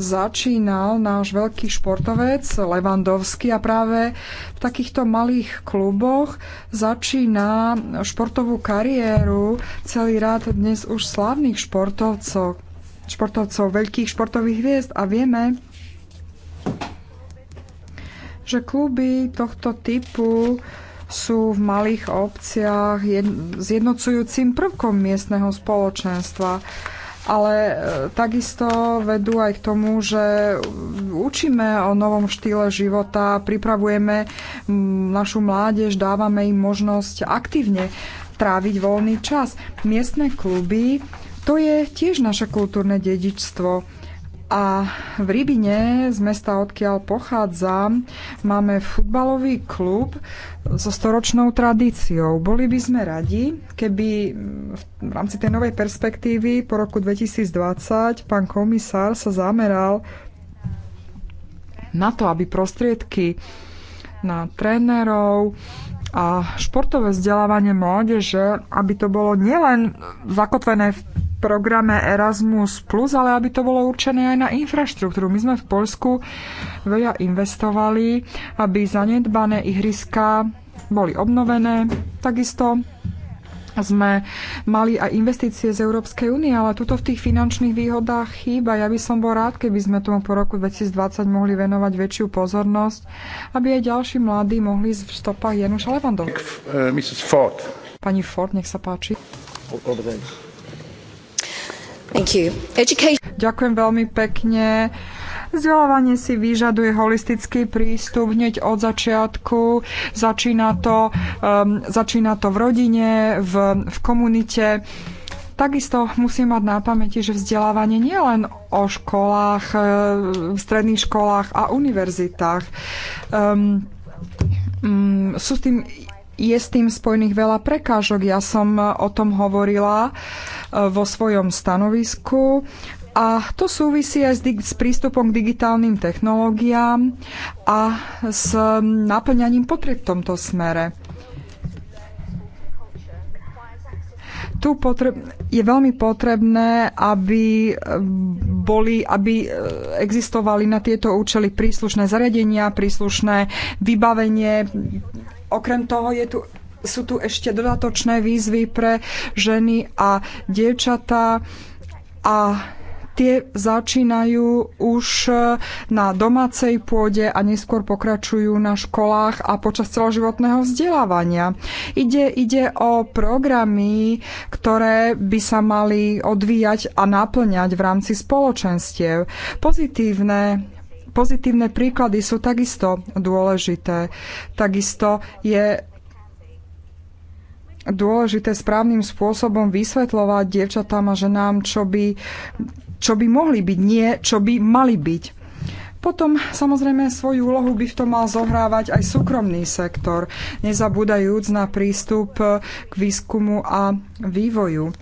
začínal náš veľký športovec Levandovský a práve v takýchto malých kluboch začína športovú kariéru celý rád dnes už slavných športovcov športovcov, veľkých športových hviezd a vieme, že kluby tohto typu sú v malých obciach zjednocujúcim prvkom miestneho spoločenstva. Ale e, takisto vedú aj k tomu, že učíme o novom štýle života, pripravujeme našu mládež, dávame im možnosť aktívne tráviť voľný čas. Miestne kluby to je tiež naše kultúrne dedičstvo. A v Rybine, z mesta, odkiaľ pochádzam, máme futbalový klub so storočnou tradíciou. Boli by sme radi, keby v rámci tej novej perspektívy po roku 2020 pán komisár sa zameral na to, aby prostriedky na trénerov, a športové vzdelávanie mládeže, aby to bolo nielen zakotvené v programe Erasmus+, Plus, ale aby to bolo určené aj na infraštruktúru. My sme v Polsku veľa investovali, aby zanedbané ihriska boli obnovené. Takisto sme mali aj investície z Európskej únie, ale tuto v tých finančných výhodách chýba. Ja by som bol rád, keby sme tomu po roku 2020 mohli venovať väčšiu pozornosť, aby aj ďalší mladí mohli v stopách Januša Levandov. Eh, Ford. Pani Ford, nech sa páči. Thank you. Ďakujem veľmi pekne. Vzdelávanie si vyžaduje holistický prístup hneď od začiatku. Začína to, um, začína to v rodine, v, v komunite. Takisto musím mať na pamäti, že vzdelávanie nie len o školách, e, v stredných školách a univerzitách. Um, um, sú s tým je s tým spojených veľa prekážok. Ja som o tom hovorila e, vo svojom stanovisku. A to súvisí aj s, s prístupom k digitálnym technológiám a s naplňaním potrieb v tomto smere. tu potreb, je veľmi potrebné, aby, boli, aby e, existovali na tieto účely príslušné zariadenia, príslušné vybavenie. Okrem toho je tu, sú tu ešte dodatočné výzvy pre ženy a dievčatá a Tie začínajú už e, na domácej pôde a neskôr pokračujú na školách a počas celoživotného vzdelávania. Ide, ide o programy, ktoré by sa mali odvíjať a naplňať v rámci spoločenstiev. Pozitívne pozitívne príklady sú takisto dôležité. Takisto je dôležité správnym spôsobom vysvetľovať dievčatám a ženám, čo by, čo by mohli byť, nie čo by mali byť. Potom samozrejme svoju úlohu by v tom mal zohrávať aj súkromný sektor, nezabúdajúc na prístup e, k výskumu a vývoju.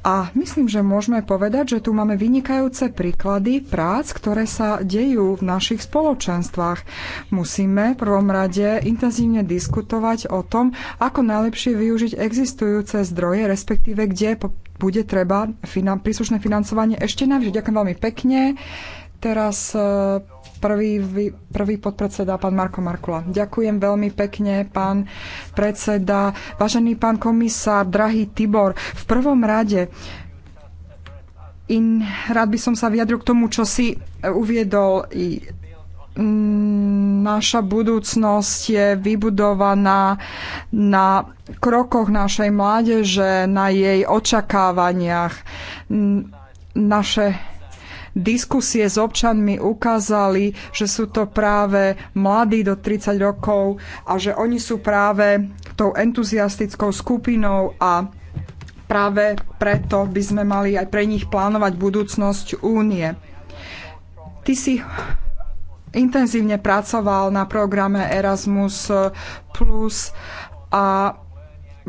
A myslím, že môžeme povedať, že tu máme vynikajúce príklady prác, ktoré sa dejú v našich spoločenstvách. Musíme v prvom rade intenzívne diskutovať o tom, ako najlepšie využiť existujúce zdroje, respektíve kde bude treba finan- príslušné financovanie ešte navždy. Ďakujem veľmi pekne. Teraz e, prvý, prvý podpredseda, pán Marko Markula. Ďakujem veľmi pekne, pán predseda. Vážený pán komisár, drahý Tibor, v prvom rade in, rád by som sa vyjadril k tomu, čo si e, uviedol i Mm, naša budúcnosť je vybudovaná na krokoch našej mládeže, na jej očakávaniach. Mm, naše diskusie s občanmi ukázali, že sú to práve mladí do 30 rokov a že oni sú práve tou entuziastickou skupinou a práve preto by sme mali aj pre nich plánovať budúcnosť únie. Ty si intenzívne pracoval na programe Erasmus eh, Plus a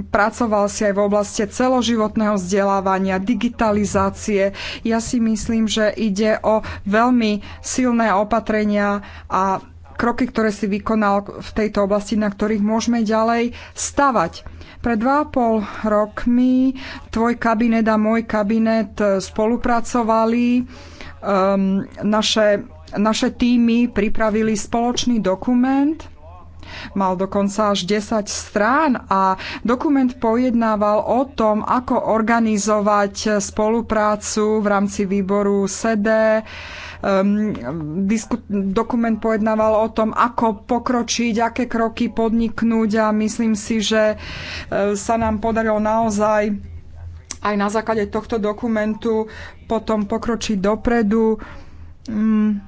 pracoval si aj v oblasti celoživotného vzdelávania, digitalizácie. Ja si myslím, že ide o veľmi silné opatrenia a kroky, ktoré si vykonal v tejto oblasti, na ktorých môžeme ďalej stavať. Pred 2,5 rokmi tvoj kabinet a môj kabinet eh, spolupracovali. Um, naše naše týmy pripravili spoločný dokument, Mal dokonca až 10 strán a dokument pojednával o tom, ako organizovať spoluprácu v rámci výboru SEDE. Um, dokument pojednával o tom, ako pokročiť, aké kroky podniknúť a myslím si, že e, sa nám podarilo naozaj aj na základe tohto dokumentu potom pokročiť dopredu. Um,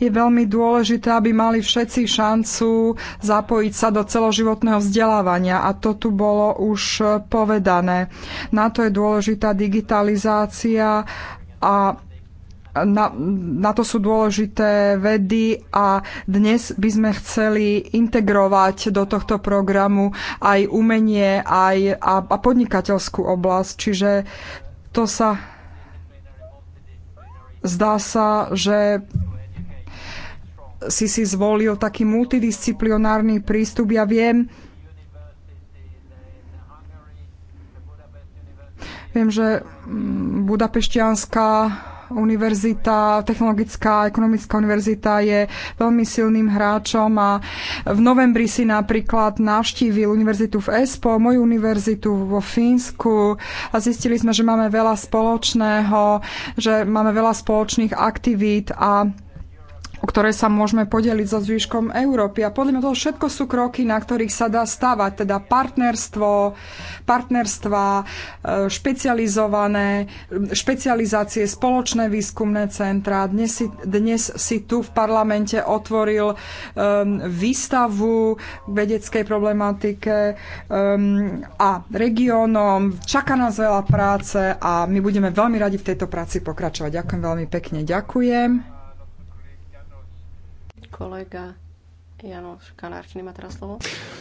je veľmi dôležité, aby mali všetci šancu zapojiť sa do celoživotného vzdelávania a to tu bolo už povedané. Na to je dôležitá digitalizácia a na, na to sú dôležité vedy a dnes by sme chceli integrovať do tohto programu aj umenie aj, a, a podnikateľskú oblasť. Čiže to sa zdá sa, že si si zvolil taký multidisciplinárny prístup. Ja viem, Viem, že mm, Budapešťanská univerzita, technologická ekonomická univerzita je veľmi silným hráčom a v novembri si napríklad navštívil univerzitu v Espo, moju univerzitu vo Fínsku a zistili sme, že máme veľa spoločného, že máme veľa spoločných aktivít a o ktoré sa môžeme podeliť so zvyškom Európy. A podľa mňa to všetko sú kroky, na ktorých sa dá stavať, teda partnerstvo, partnerstva, e, špecializované, špecializácie, spoločné výskumné centra. Dnes si, dnes si tu v parlamente otvoril um, výstavu vedeckej problematike um, a regiónom. Čaká nás veľa práce a my budeme veľmi radi v tejto práci pokračovať. Ďakujem veľmi pekne. Ďakujem. Kolega János Kanárcsini má teraz slovo.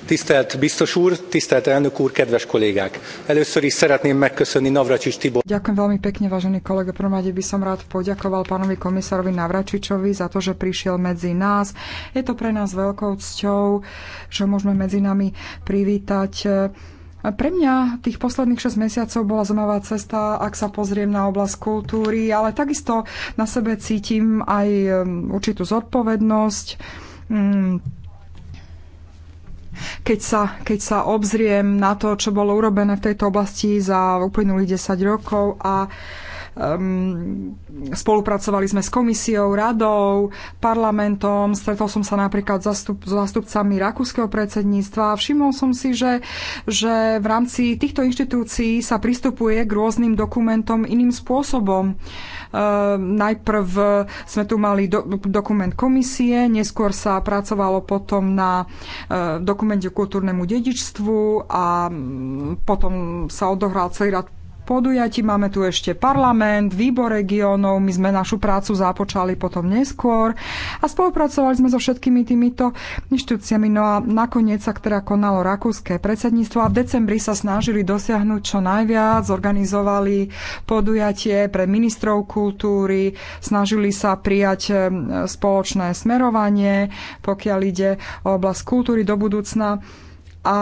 Tisztelt biztos úr, tisztelt elnök úr, kedves kollégák! Először is szeretném megköszönni Navracsics Tibor. Ďakujem veľmi pekne, vážený kolega. Prvom rade by som rád poďakoval pánovi komisárovi Navračičovi za to, že prišiel medzi nás. Je to pre nás veľkou cťou, že môžeme medzi nami privítať eh, pre mňa tých posledných 6 mesiacov bola zaujímavá cesta, ak sa pozriem na oblasť kultúry, ale takisto na sebe cítim aj um, určitú zodpovednosť. Mm. Keď sa, keď sa obzriem na to, čo bolo urobené v tejto oblasti za uplynulých 10 rokov a uh, Um, spolupracovali sme s komisiou, radou, parlamentom, stretol som sa napríklad s zastup, zastupcami rakúskeho predsedníctva a všimol som si, že, že v rámci týchto inštitúcií sa pristupuje k rôznym dokumentom iným spôsobom. Uh, najprv sme tu mali do, dokument komisie, neskôr sa pracovalo potom na uh, dokumente kultúrnemu dedičstvu a mm, potom sa odohral celý rad podujatí. Máme tu ešte parlament, výbor regionov, my sme našu prácu započali potom neskôr a spolupracovali sme so všetkými týmito inštitúciami. No a nakoniec sa teda konalo rakúske predsedníctvo a v decembri sa snažili dosiahnuť čo najviac, zorganizovali podujatie pre ministrov kultúry, snažili sa prijať e, spoločné smerovanie, pokiaľ ide o oblasť kultúry do budúcna a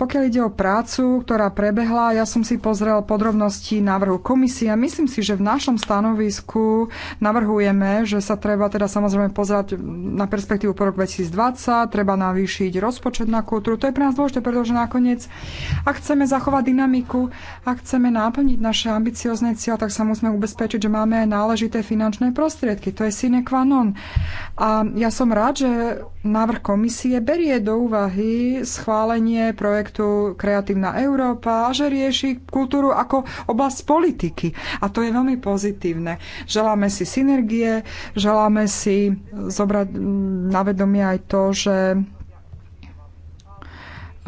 pokiaľ ide o prácu, ktorá prebehla, ja som si pozrel podrobnosti návrhu komisie a myslím si, že v našom stanovisku navrhujeme, že sa treba teda samozrejme pozerať na perspektívu po rok 2020, treba navýšiť rozpočet na kultúru. To je pre nás dôležité, pretože nakoniec, ak chceme zachovať dynamiku, ak chceme náplniť naše ambiciozne cieľ, tak sa musíme ubezpečiť, že máme aj náležité finančné prostriedky. To je sine qua non. A ja som rád, že návrh komisie berie do úvahy schválenie projektu Kreatívna Európa a že rieši kultúru ako oblasť politiky. A to je veľmi pozitívne. Želáme si synergie, želáme si zobrať na vedomie aj to, že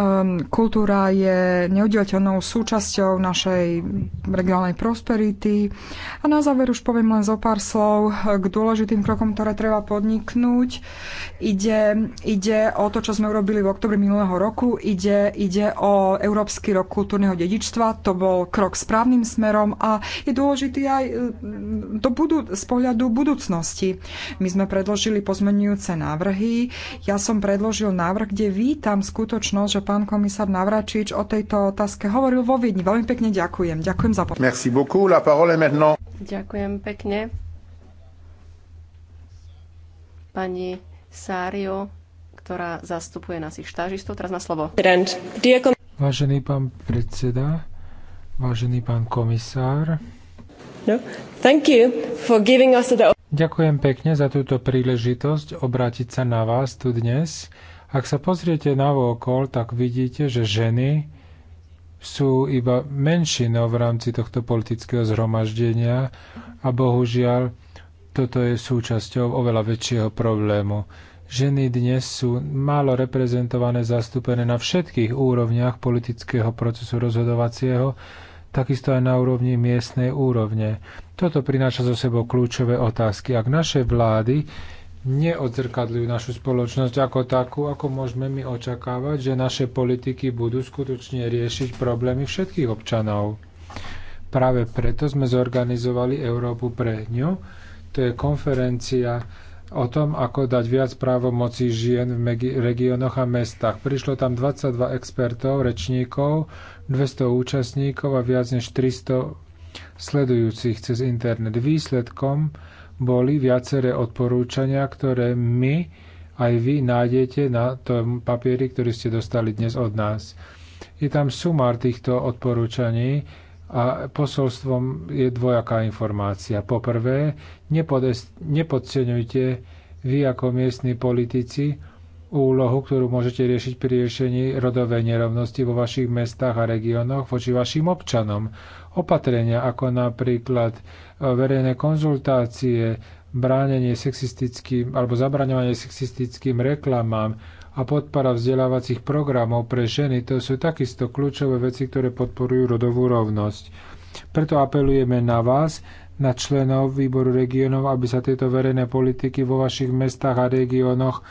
Um, kultúra je neoddeliteľnou súčasťou našej regionálnej prosperity. A na záver už poviem len zo pár slov k dôležitým krokom, ktoré treba podniknúť. Ide, ide o to, čo sme urobili v oktobri minulého roku. Ide, ide o Európsky rok kultúrneho dedičstva. To bol krok správnym smerom a je dôležitý aj mm, do budu- z pohľadu budúcnosti. My sme predložili pozmenujúce návrhy. Ja som predložil návrh, kde vítam skutočnosť, že pán komisár Navračič o tejto otázke hovoril vo Viedni. Veľmi pekne ďakujem. Ďakujem za pozornosť. Merci beaucoup. La parole maintenant. Ďakujem pekne. Pani Sário, ktorá zastupuje našich štážistov. Teraz má slovo. Vážený pán predseda, vážený pán komisár, No, thank you for giving us the... Ďakujem pekne za túto príležitosť obrátiť sa na vás tu dnes ak sa pozriete na okol, tak vidíte, že ženy sú iba menšinou v rámci tohto politického zhromaždenia a bohužiaľ toto je súčasťou oveľa väčšieho problému. Ženy dnes sú málo reprezentované, zastúpené na všetkých úrovniach politického procesu rozhodovacieho, takisto aj na úrovni miestnej úrovne. Toto prináša zo sebou kľúčové otázky. Ak naše vlády neodzrkadľujú našu spoločnosť ako takú, ako môžeme my očakávať, že naše politiky budú skutočne riešiť problémy všetkých občanov. Práve preto sme zorganizovali Európu pre ňu. To je konferencia o tom, ako dať viac právomocí žien v regiónoch a mestách. Prišlo tam 22 expertov, rečníkov, 200 účastníkov a viac než 300 sledujúcich cez internet. Výsledkom boli viaceré odporúčania, ktoré my aj vy nájdete na tom papieri, ktorý ste dostali dnes od nás. Je tam sumár týchto odporúčaní a posolstvom je dvojaká informácia. Poprvé, nepodceňujte vy ako miestni politici úlohu, ktorú môžete riešiť pri riešení rodovej nerovnosti vo vašich mestách a regiónoch voči vašim občanom. Opatrenia ako napríklad verejné konzultácie, bránenie sexistickým alebo zabraňovanie sexistickým reklamám a podpora vzdelávacích programov pre ženy, to sú takisto kľúčové veci, ktoré podporujú rodovú rovnosť. Preto apelujeme na vás, na členov výboru regiónov, aby sa tieto verejné politiky vo vašich mestách a regiónoch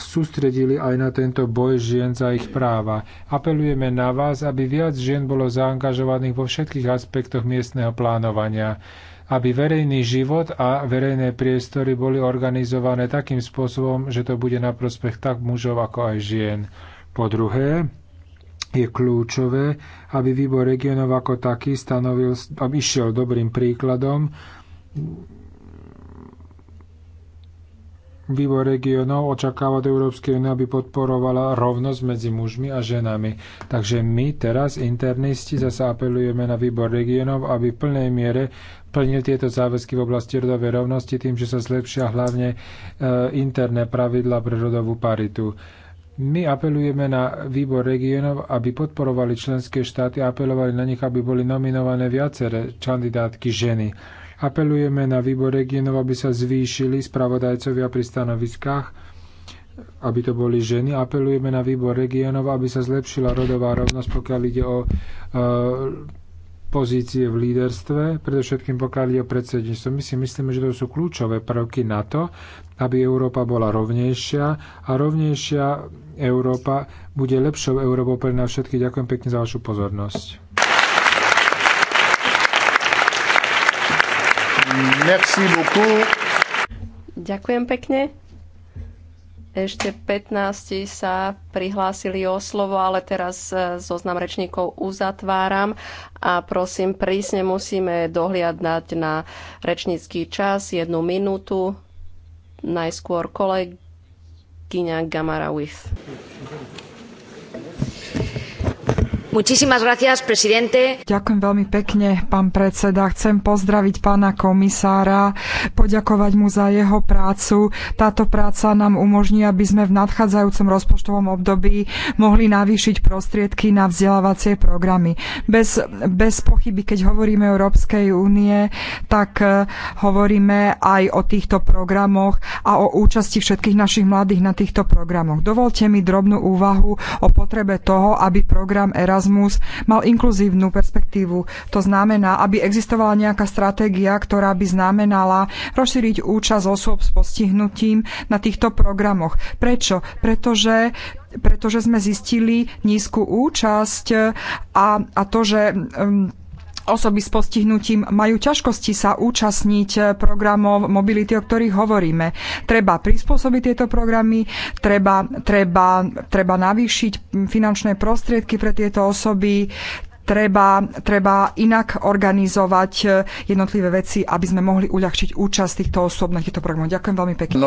sústredili aj na tento boj žien za ich práva. Apelujeme na vás, aby viac žien bolo zaangažovaných vo všetkých aspektoch miestneho plánovania, aby verejný život a verejné priestory boli organizované takým spôsobom, že to bude na prospech tak mužov ako aj žien. Po druhé, je kľúčové, aby výbor regionov ako taký stanovil, aby išiel dobrým príkladom Výbor regionov očakáva od Európskej únie, aby podporovala rovnosť medzi mužmi a ženami. Takže my teraz, internisti, zase apelujeme na výbor regionov, aby v plnej miere plnil tieto záväzky v oblasti rodovej rovnosti tým, že sa zlepšia hlavne e, interné pravidla pre rodovú paritu. My apelujeme na výbor regiónov, aby podporovali členské štáty a apelovali na nich, aby boli nominované viaceré kandidátky ženy Apelujeme na výbor regionov, aby sa zvýšili spravodajcovia pri stanoviskách, aby to boli ženy. Apelujeme na výbor regionov, aby sa zlepšila rodová rovnosť, pokiaľ ide o e, pozície v líderstve, predovšetkým pokiaľ ide o predsedníctvo. My si myslíme, že to sú kľúčové prvky na to, aby Európa bola rovnejšia a rovnejšia Európa bude lepšou Európou pre nás všetkých. Ďakujem pekne za vašu pozornosť. Merci beaucoup. Ďakujem pekne. Ešte 15 sa prihlásili o slovo, ale teraz e, zoznam rečníkov uzatváram a prosím, prísne musíme dohliadnať na rečnícky čas, jednu minútu, najskôr kolegyňa Gamara With. Ďakujem veľmi pekne, pán predseda. Chcem pozdraviť pána komisára, poďakovať mu za jeho prácu. Táto práca nám umožní, aby sme v nadchádzajúcom rozpočtovom období mohli navýšiť prostriedky na vzdelávacie programy. Bez, bez pochyby, keď hovoríme o Európskej únie, tak eh, hovoríme aj o týchto programoch a o účasti všetkých našich mladých na týchto programoch. Dovolte mi drobnú úvahu o potrebe toho, aby program Erasmus Erasmus mal inkluzívnu perspektívu. To znamená, aby existovala nejaká stratégia, ktorá by znamenala rozšíriť účasť osôb s postihnutím na týchto programoch. Prečo? Pretože pretože sme zistili nízku účasť a, a to, že um, Osoby s postihnutím majú ťažkosti sa účastniť eh, programov mobility, o ktorých hovoríme. Treba prispôsobiť tieto programy, treba, treba, treba navýšiť hm, finančné prostriedky pre tieto osoby, treba, treba inak organizovať eh, jednotlivé veci, aby sme mohli uľahčiť účasť týchto osôb na týchto programov. Ďakujem veľmi pekne.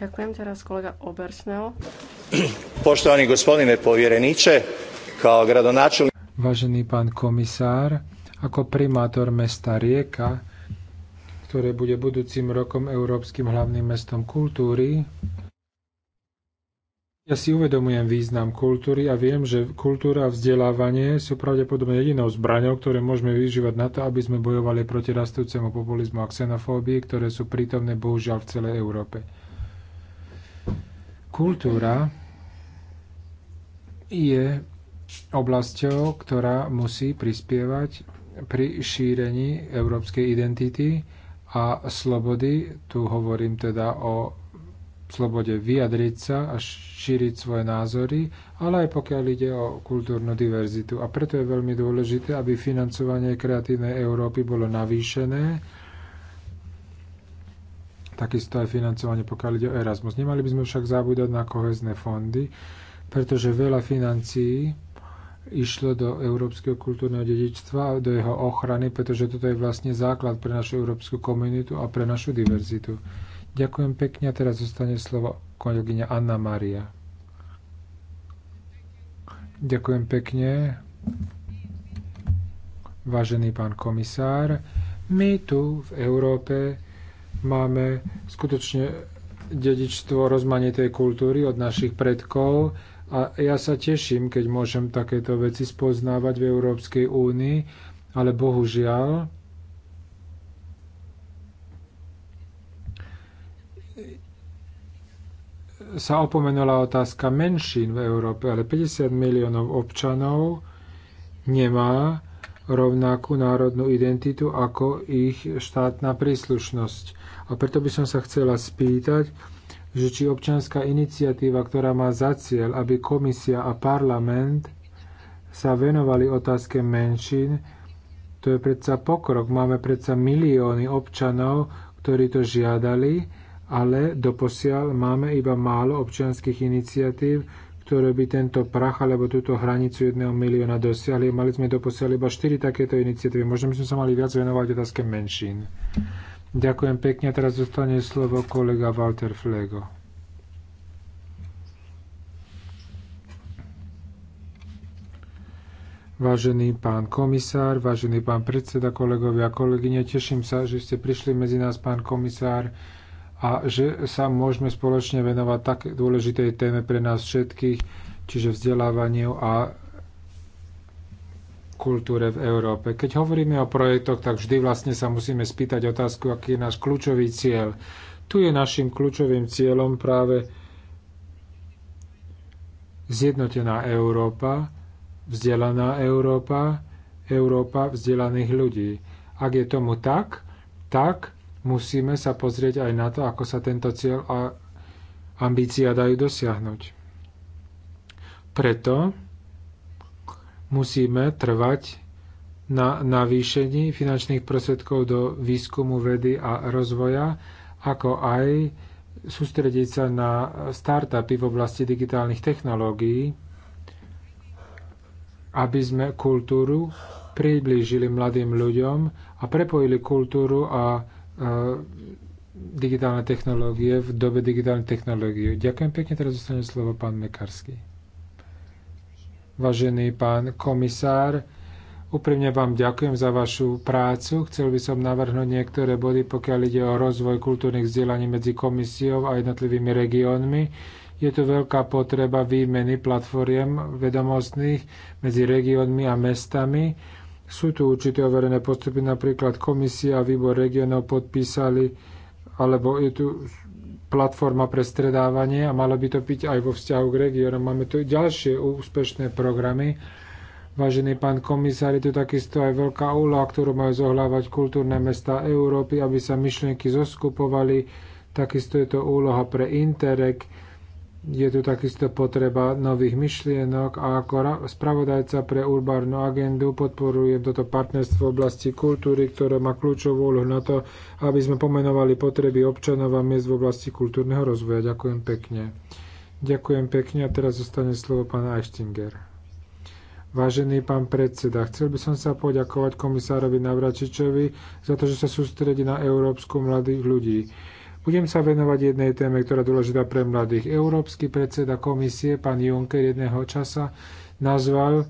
Ďakujem teraz kolega Obersnel. Poštovaný gospodine povjereniče, kao gradonačelnik Vážený pán komisár, ako primátor mesta Rieka, ktoré bude budúcim rokom Európskym hlavným mestom kultúry, ja si uvedomujem význam kultúry a viem, že kultúra a vzdelávanie sú pravdepodobne jedinou zbraňou, ktoré môžeme využívať na to, aby sme bojovali proti rastúcemu populizmu a xenofóbii, ktoré sú prítomné bohužiaľ v celej Európe. Kultúra je oblasťou, ktorá musí prispievať pri šírení európskej identity a slobody. Tu hovorím teda o slobode vyjadriť sa a šíriť svoje názory, ale aj pokiaľ ide o kultúrnu diverzitu. A preto je veľmi dôležité, aby financovanie kreatívnej Európy bolo navýšené, takisto aj financovanie, pokiaľ ide o Erasmus. Nemali by sme však zabúdať na kohezné fondy, pretože veľa financií išlo do európskeho kultúrneho dedičstva, do jeho ochrany, pretože toto je vlastne základ pre našu európsku komunitu a pre našu diverzitu. Ďakujem pekne a teraz zostane slovo kolegyňa Anna Maria. Ďakujem pekne, vážený pán komisár. My tu v Európe máme skutočne dedičstvo rozmanitej kultúry od našich predkov a ja sa teším, keď môžem takéto veci spoznávať v Európskej únii, ale bohužiaľ sa opomenula otázka menšín v Európe, ale 50 miliónov občanov nemá rovnakú národnú identitu ako ich štátna príslušnosť. A preto by som sa chcela spýtať, že či občianská iniciatíva, ktorá má za cieľ, aby komisia a parlament sa venovali otázke menšín, to je predsa pokrok. Máme predsa milióny občanov, ktorí to žiadali, ale doposiaľ máme iba málo občianských iniciatív, ktoré by tento prach alebo túto hranicu jedného milióna dosiahli. Mali sme doposiaľ iba 4 takéto iniciatívy. Možno by sme sa mali viac venovať otázke menšín. Ďakujem pekne. Teraz zostane slovo kolega Walter Flego. Vážený pán komisár, vážený pán predseda, kolegovia a kolegyne, teším sa, že ste prišli medzi nás, pán komisár, a že sa môžeme spoločne venovať tak dôležitej téme pre nás všetkých, čiže vzdelávaniu a kultúre v Európe. Keď hovoríme o projektoch, tak vždy vlastne sa musíme spýtať otázku, aký je náš kľúčový cieľ. Tu je našim kľúčovým cieľom práve zjednotená Európa, vzdelaná Európa, Európa vzdelaných ľudí. Ak je tomu tak, tak musíme sa pozrieť aj na to, ako sa tento cieľ a ambícia dajú dosiahnuť. Preto musíme trvať na navýšení finančných prostriedkov do výskumu vedy a rozvoja, ako aj sústrediť sa na startupy v oblasti digitálnych technológií, aby sme kultúru priblížili mladým ľuďom a prepojili kultúru a e, digitálne technológie v dobe digitálnych technológií. Ďakujem pekne, teraz zostane slovo pán Mekarský vážený pán komisár. Úprimne vám ďakujem za vašu prácu. Chcel by som navrhnúť niektoré body, pokiaľ ide o rozvoj kultúrnych vzdelaní medzi komisiou a jednotlivými regiónmi. Je tu veľká potreba výmeny platformiem vedomostných medzi regiónmi a mestami. Sú tu určité overené postupy, napríklad komisia a výbor regionov podpísali, alebo je tu, platforma pre stredávanie a malo by to byť aj vo vzťahu k regiónom. Máme tu ďalšie úspešné programy. Vážený pán komisár, je tu takisto aj veľká úloha, ktorú majú zohľávať kultúrne mesta Európy, aby sa myšlienky zoskupovali. Takisto je to úloha pre Interreg, je tu takisto potreba nových myšlienok a ako spravodajca pre urbárnu agendu podporujem toto partnerstvo v oblasti kultúry, ktoré má kľúčovú úlohu na to, aby sme pomenovali potreby občanov a miest v oblasti kultúrneho rozvoja. Ďakujem pekne. Ďakujem pekne a teraz zostane slovo pán Eichtinger. Vážený pán predseda, chcel by som sa poďakovať komisárovi Navračičovi za to, že sa sústredí na európsku mladých ľudí. Budem sa venovať jednej téme, ktorá je dôležitá pre mladých. Európsky predseda komisie, pán Juncker, jedného časa nazval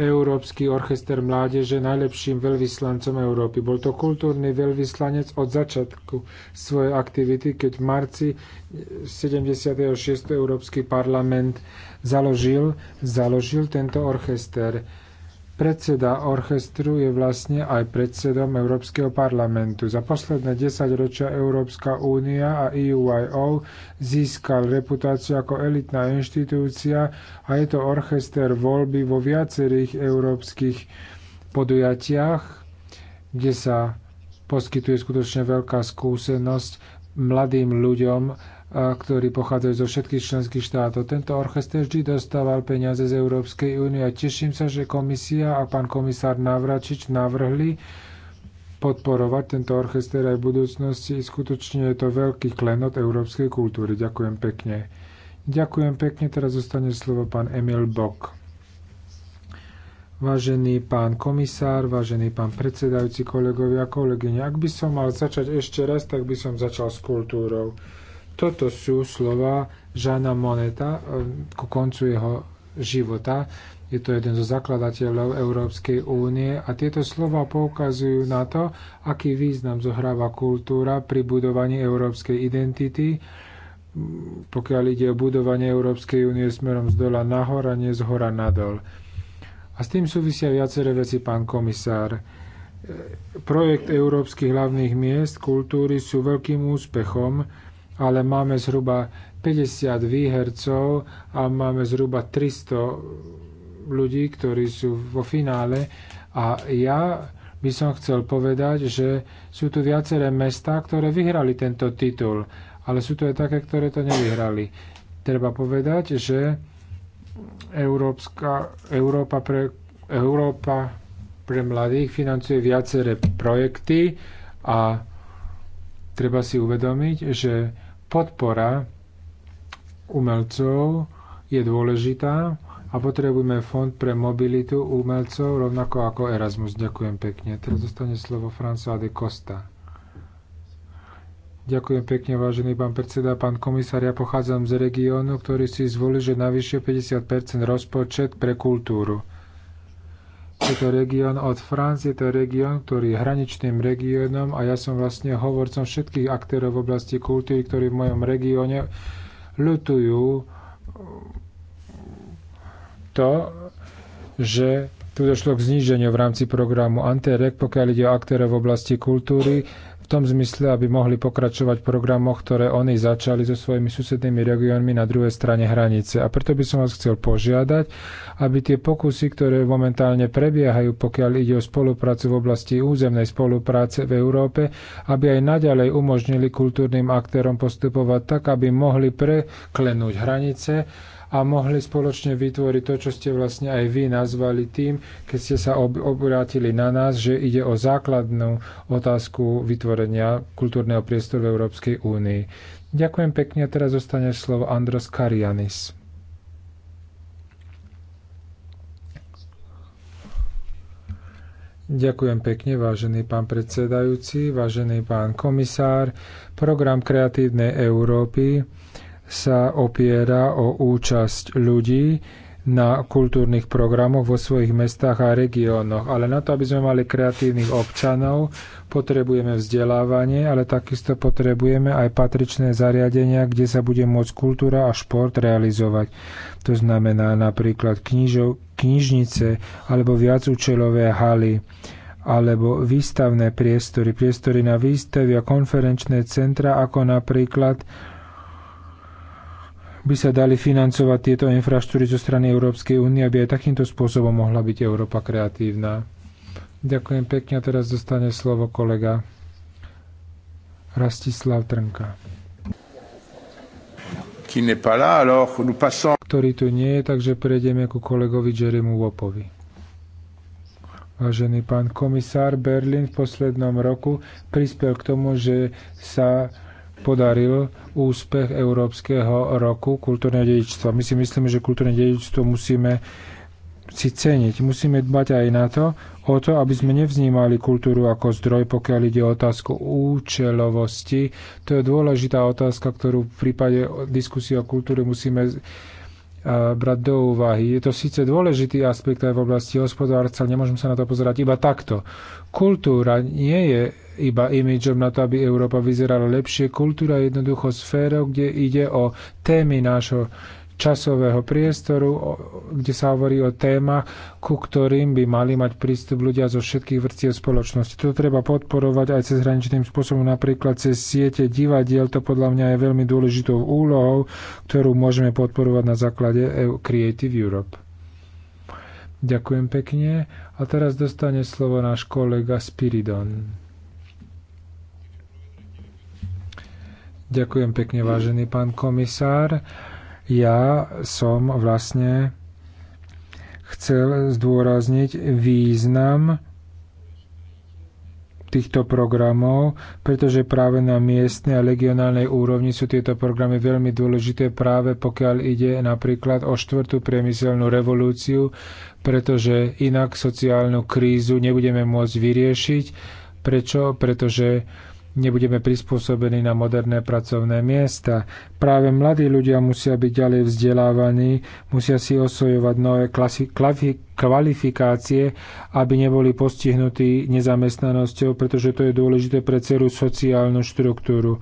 Európsky orchester mládeže najlepším veľvyslancom Európy. Bol to kultúrny veľvyslanec od začiatku svojej aktivity, keď v marci 76. Európsky parlament založil, založil tento orchester. Predseda orchestru je vlastne aj predsedom Európskeho parlamentu. Za posledné 10 ročia Európska únia a EUIO získal reputáciu ako elitná inštitúcia a je to orchester voľby vo viacerých európskych podujatiach, kde sa poskytuje skutočne veľká skúsenosť mladým ľuďom ktorí pochádzajú zo všetkých členských štátov. Tento orchester vždy dostával peniaze z Európskej únie a teším sa, že komisia a pán komisár Navračič navrhli podporovať tento orchester aj v budúcnosti. Skutočne je to veľký klenot európskej kultúry. Ďakujem pekne. Ďakujem pekne. Teraz zostane slovo pán Emil Bok. Vážený pán komisár, vážený pán predsedajúci, kolegovia a kolegyne, ak by som mal začať ešte raz, tak by som začal s kultúrou. Toto sú slova Žana Moneta e, ku koncu jeho života. Je to jeden zo zakladateľov Európskej únie a tieto slova poukazujú na to, aký význam zohráva kultúra pri budovaní európskej identity, pokiaľ ide o budovanie Európskej únie smerom z dola nahor a nie z hora nadol. A s tým súvisia viaceré veci, pán komisár. E, projekt európskych hlavných miest kultúry sú veľkým úspechom, ale máme zhruba 50 výhercov a máme zhruba 300 ľudí, ktorí sú vo finále. A ja by som chcel povedať, že sú tu viaceré mesta, ktoré vyhrali tento titul, ale sú tu aj také, ktoré to nevyhrali. Treba povedať, že Európska, Európa, pre, Európa pre mladých financuje viaceré projekty a treba si uvedomiť, že podpora umelcov je dôležitá a potrebujeme fond pre mobilitu umelcov, rovnako ako Erasmus. Ďakujem pekne. Teraz dostane slovo François de Costa. Ďakujem pekne, vážený pán predseda, pán komisár. Ja pochádzam z regiónu, ktorý si zvolil, že navyše 50 rozpočet pre kultúru. Je to región od Franc, je to región, ktorý je hraničným regiónom a ja som vlastne hovorcom všetkých aktérov v oblasti kultúry, ktorí v mojom regióne ľutujú to, že tu došlo k zníženiu v rámci programu Anterek, pokiaľ ide o aktérov v oblasti kultúry tom zmysle, aby mohli pokračovať v programoch, ktoré oni začali so svojimi susednými regiónmi na druhej strane hranice. A preto by som vás chcel požiadať, aby tie pokusy, ktoré momentálne prebiehajú, pokiaľ ide o spoluprácu v oblasti územnej spolupráce v Európe, aby aj naďalej umožnili kultúrnym aktérom postupovať tak, aby mohli preklenúť hranice a mohli spoločne vytvoriť to, čo ste vlastne aj vy nazvali tým, keď ste sa ob- obrátili na nás, že ide o základnú otázku vytvorenia kultúrneho priestoru v Európskej únii. Ďakujem pekne a teraz zostane slovo Andros Karianis. Ďakujem pekne, vážený pán predsedajúci, vážený pán komisár. Program Kreatívnej Európy sa opiera o účasť ľudí na kultúrnych programoch vo svojich mestách a regiónoch. Ale na to, aby sme mali kreatívnych občanov, potrebujeme vzdelávanie, ale takisto potrebujeme aj patričné zariadenia, kde sa bude môcť kultúra a šport realizovať. To znamená napríklad knižo, knižnice alebo viacúčelové haly alebo výstavné priestory, priestory na výstavy a konferenčné centra, ako napríklad by sa dali financovať tieto infraštruktúry zo strany Európskej únie, aby aj takýmto spôsobom mohla byť Európa kreatívna. Ďakujem pekne a teraz dostane slovo kolega Rastislav Trnka. Ktorý tu nie je, takže prejdeme ku kolegovi Jeremu Wopovi. Vážený pán komisár, Berlín v poslednom roku prispel k tomu, že sa podaril úspech Európskeho roku kultúrneho dedičstva. My si myslíme, že kultúrne dedičstvo musíme si ceniť. Musíme dbať aj na to, o to, aby sme nevznímali kultúru ako zdroj, pokiaľ ide o otázku účelovosti. To je dôležitá otázka, ktorú v prípade diskusie o kultúre musíme e, brať do úvahy. Je to síce dôležitý aspekt aj v oblasti hospodárstva, ale nemôžeme sa na to pozerať iba takto. Kultúra nie je iba imidžom na to, aby Európa vyzerala lepšie. Kultúra je jednoducho sférou, kde ide o témy nášho časového priestoru, kde sa hovorí o témach, ku ktorým by mali mať prístup ľudia zo všetkých vrstiev spoločnosti. To treba podporovať aj cez hraničným spôsobom, napríklad cez siete divadiel. To podľa mňa je veľmi dôležitou úlohou, ktorú môžeme podporovať na základe e Creative Europe. Ďakujem pekne. A teraz dostane slovo náš kolega Spiridon. Ďakujem pekne, vážený pán komisár. Ja som vlastne chcel zdôrazniť význam týchto programov, pretože práve na miestnej a regionálnej úrovni sú tieto programy veľmi dôležité práve pokiaľ ide napríklad o štvrtú priemyselnú revolúciu, pretože inak sociálnu krízu nebudeme môcť vyriešiť. Prečo? Pretože nebudeme prispôsobení na moderné pracovné miesta. Práve mladí ľudia musia byť ďalej vzdelávaní, musia si osvojovať nové klasi- kvalifikácie, aby neboli postihnutí nezamestnanosťou, pretože to je dôležité pre celú sociálnu štruktúru.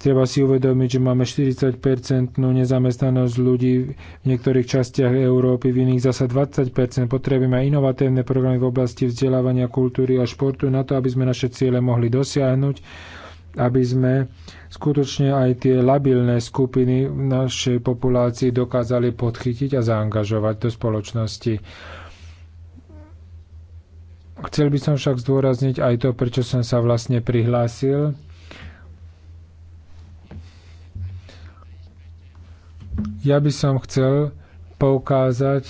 Treba si uvedomiť, že máme 40-percentnú nezamestnanosť ľudí v niektorých častiach Európy, v iných zasa 20 Potrebujeme inovatívne programy v oblasti vzdelávania, kultúry a športu na to, aby sme naše ciele mohli dosiahnuť, aby sme skutočne aj tie labilné skupiny v našej populácii dokázali podchytiť a zaangažovať do spoločnosti. Chcel by som však zdôrazniť aj to, prečo som sa vlastne prihlásil Ja by som chcel poukázať,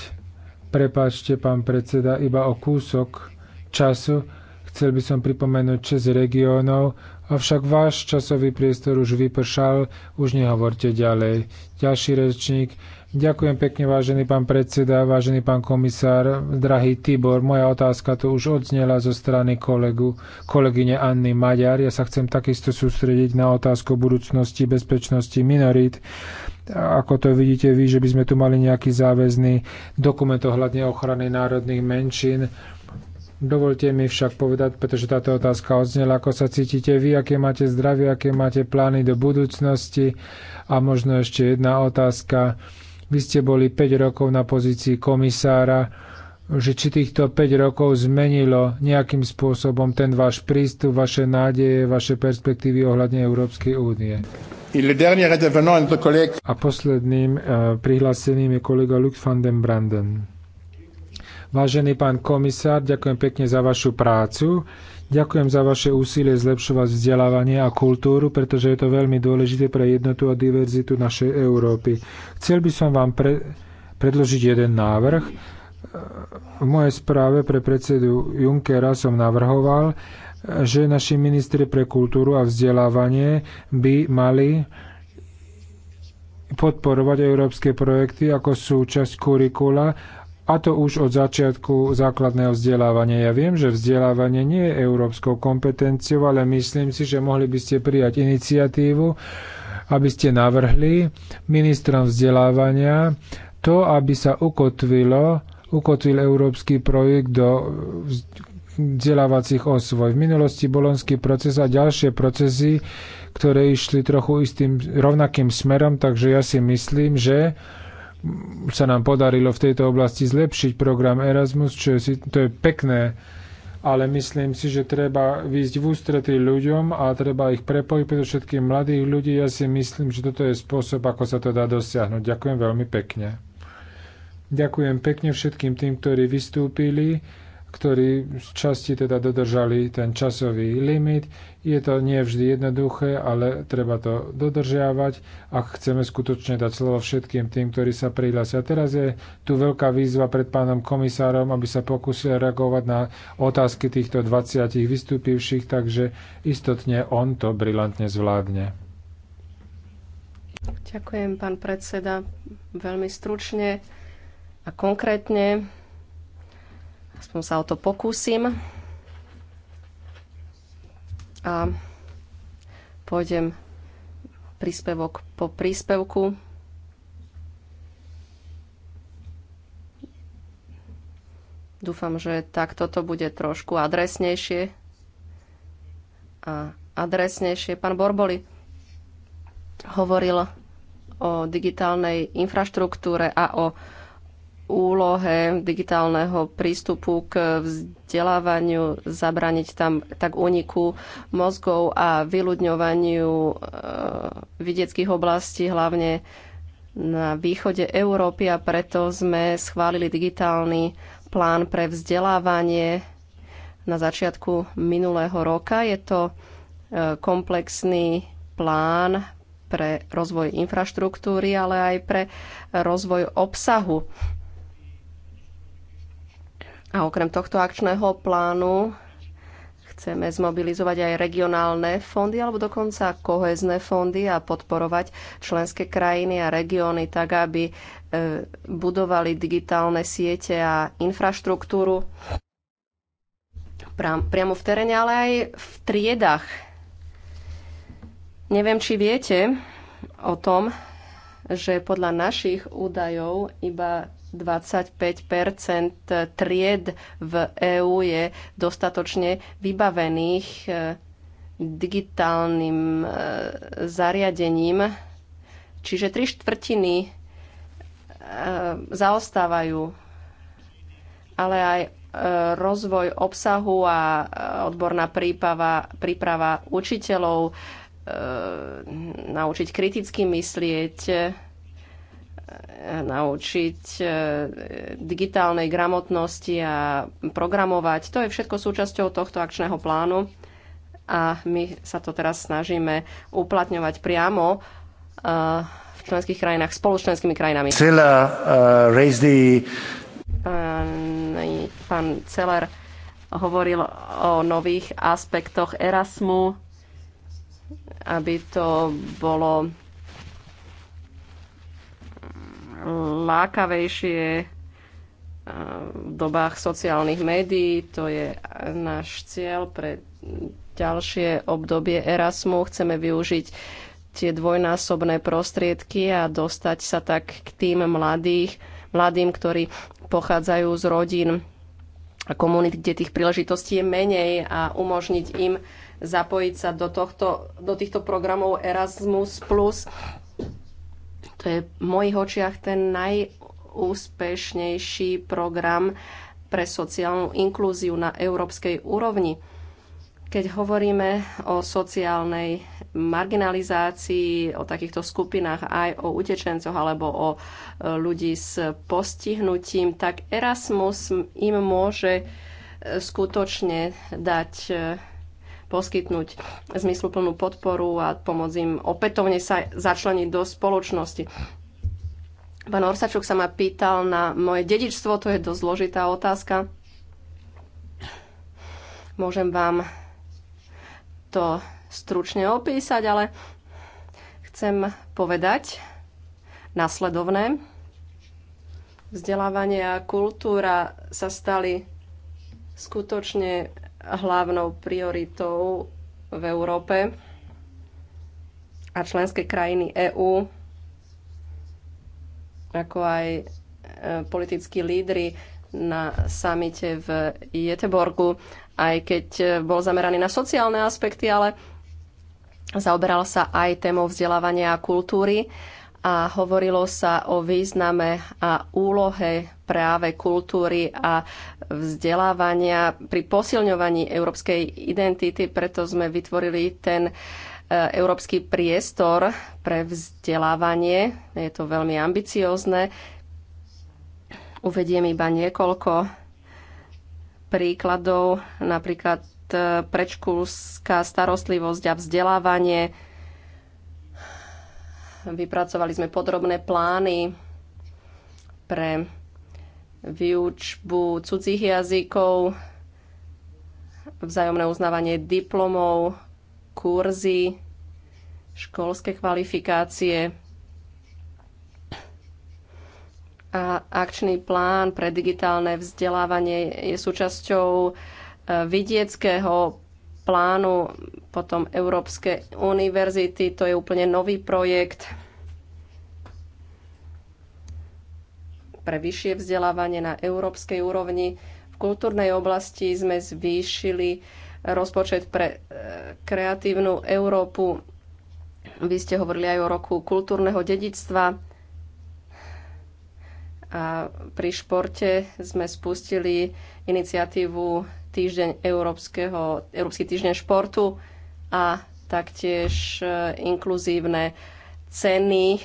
prepáčte pán predseda, iba o kúsok času, chcel by som pripomenúť 6 regiónov, avšak váš časový priestor už vypršal, už nehovorte ďalej. Ďalší rečník, Ďakujem pekne, vážený pán predseda, vážený pán komisár, drahý Tibor. Moja otázka tu už odznela zo strany kolegu, kolegyne Anny Maďar. Ja sa chcem takisto sústrediť na otázku budúcnosti bezpečnosti minorít ako to vidíte vy, že by sme tu mali nejaký záväzný dokument ohľadne ochrany národných menšín. Dovolte mi však povedať, pretože táto otázka odznela, ako sa cítite vy, aké máte zdravie, aké máte plány do budúcnosti. A možno ešte jedna otázka. Vy ste boli 5 rokov na pozícii komisára, že či týchto 5 rokov zmenilo nejakým spôsobom ten váš prístup, vaše nádeje, vaše perspektívy ohľadne Európskej únie. A posledným eh, prihláseným je kolega Luc van den Branden. Vážený pán komisár, ďakujem pekne za vašu prácu. Ďakujem za vaše úsilie zlepšovať vzdelávanie a kultúru, pretože je to veľmi dôležité pre jednotu a diverzitu našej Európy. Chcel by som vám pre, predložiť jeden návrh. V mojej správe pre predsedu Junckera som navrhoval, že naši ministri pre kultúru a vzdelávanie by mali podporovať európske projekty ako súčasť kurikula a to už od začiatku základného vzdelávania. Ja viem, že vzdelávanie nie je európskou kompetenciou, ale myslím si, že mohli by ste prijať iniciatívu, aby ste navrhli ministrom vzdelávania to, aby sa ukotvilo ukotvil európsky projekt do vzdelávacích osvoj. V minulosti bolonský proces a ďalšie procesy, ktoré išli trochu istým rovnakým smerom, takže ja si myslím, že sa nám podarilo v tejto oblasti zlepšiť program Erasmus, čo je, to je pekné, ale myslím si, že treba výjsť v ústretí ľuďom a treba ich prepojiť, všetkých mladých ľudí. Ja si myslím, že toto je spôsob, ako sa to dá dosiahnuť. Ďakujem veľmi pekne. Ďakujem pekne všetkým tým, ktorí vystúpili ktorí v časti teda dodržali ten časový limit. Je to nie vždy jednoduché, ale treba to dodržiavať, ak chceme skutočne dať slovo všetkým tým, ktorí sa prihlásia. Teraz je tu veľká výzva pred pánom komisárom, aby sa pokusil reagovať na otázky týchto 20 vystúpivších, takže istotne on to brilantne zvládne. Ďakujem, pán predseda. Veľmi stručne a konkrétne Aspoň sa o to pokúsim. A pôjdem príspevok po príspevku. Dúfam, že takto to bude trošku adresnejšie. A adresnejšie. Pán Borboli hovoril o digitálnej infraštruktúre a o úlohe digitálneho prístupu k vzdelávaniu, zabraniť tam tak úniku mozgov a vyľudňovaniu e, vidieckých oblastí, hlavne na východe Európy a preto sme schválili digitálny plán pre vzdelávanie na začiatku minulého roka. Je to e, komplexný plán pre rozvoj infraštruktúry, ale aj pre rozvoj obsahu a okrem tohto akčného plánu chceme zmobilizovať aj regionálne fondy alebo dokonca kohezné fondy a podporovať členské krajiny a regióny tak, aby e, budovali digitálne siete a infraštruktúru priamo v teréne, ale aj v triedach. Neviem, či viete o tom, že podľa našich údajov iba 25 tried v EÚ je dostatočne vybavených eh, digitálnym eh, zariadením, čiže tri štvrtiny eh, zaostávajú, ale aj rozvoj obsahu a odborná príprava, príprava učiteľov, naučiť kriticky myslieť, naučiť e, digitálnej gramotnosti a programovať. To je všetko súčasťou tohto akčného plánu a my sa to teraz snažíme uplatňovať priamo e, v členských krajinách spolu s členskými krajinami. Cela, uh, raise the... pán, pán Celer hovoril o nových aspektoch Erasmu, aby to bolo lákavejšie eh, v dobách sociálnych médií. To je náš cieľ pre ďalšie obdobie Erasmu. Chceme využiť tie dvojnásobné prostriedky a dostať sa tak k tým mladých, mladým, ktorí pochádzajú z rodín a komunít, kde tých príležitostí je menej a umožniť im zapojiť sa do, tohto, do týchto programov Erasmus+, to je v mojich očiach ten najúspešnejší program pre sociálnu inklúziu na európskej úrovni. Keď hovoríme o sociálnej marginalizácii, o takýchto skupinách, aj o utečencoch alebo o e, ľudí s postihnutím, tak Erasmus im môže e, skutočne dať e, poskytnúť zmysluplnú podporu a pomôcť im opätovne sa začleniť do spoločnosti. Pán Orsačuk sa ma pýtal na moje dedičstvo, to je dosť zložitá otázka. Môžem vám to stručne opísať, ale chcem povedať nasledovné. Vzdelávanie a kultúra sa stali skutočne hlavnou prioritou v Európe a členské krajiny EÚ, ako aj e, politickí lídry na samite v Jeteborgu, aj keď e, bol zameraný na sociálne aspekty, ale zaoberal sa aj témou vzdelávania a kultúry a hovorilo sa o význame a úlohe práve kultúry a vzdelávania pri posilňovaní európskej identity, preto sme vytvorili ten e, európsky priestor pre vzdelávanie. Je to veľmi ambiciózne. Uvediem iba niekoľko príkladov, napríklad e, predškolská starostlivosť a vzdelávanie. Vypracovali sme podrobné plány pre výučbu cudzích jazykov, vzájomné uznávanie diplomov, kurzy, školské kvalifikácie a akčný plán pre digitálne vzdelávanie je súčasťou e, vidieckého plánu, potom Európske univerzity, to je úplne nový projekt. pre vyššie vzdelávanie na európskej úrovni. V kultúrnej oblasti sme zvýšili rozpočet pre e, kreatívnu Európu. Vy ste hovorili aj o roku kultúrneho dedictva. A pri športe sme spustili iniciatívu Týždeň Európskeho, Európsky týždeň športu a taktiež e, inkluzívne ceny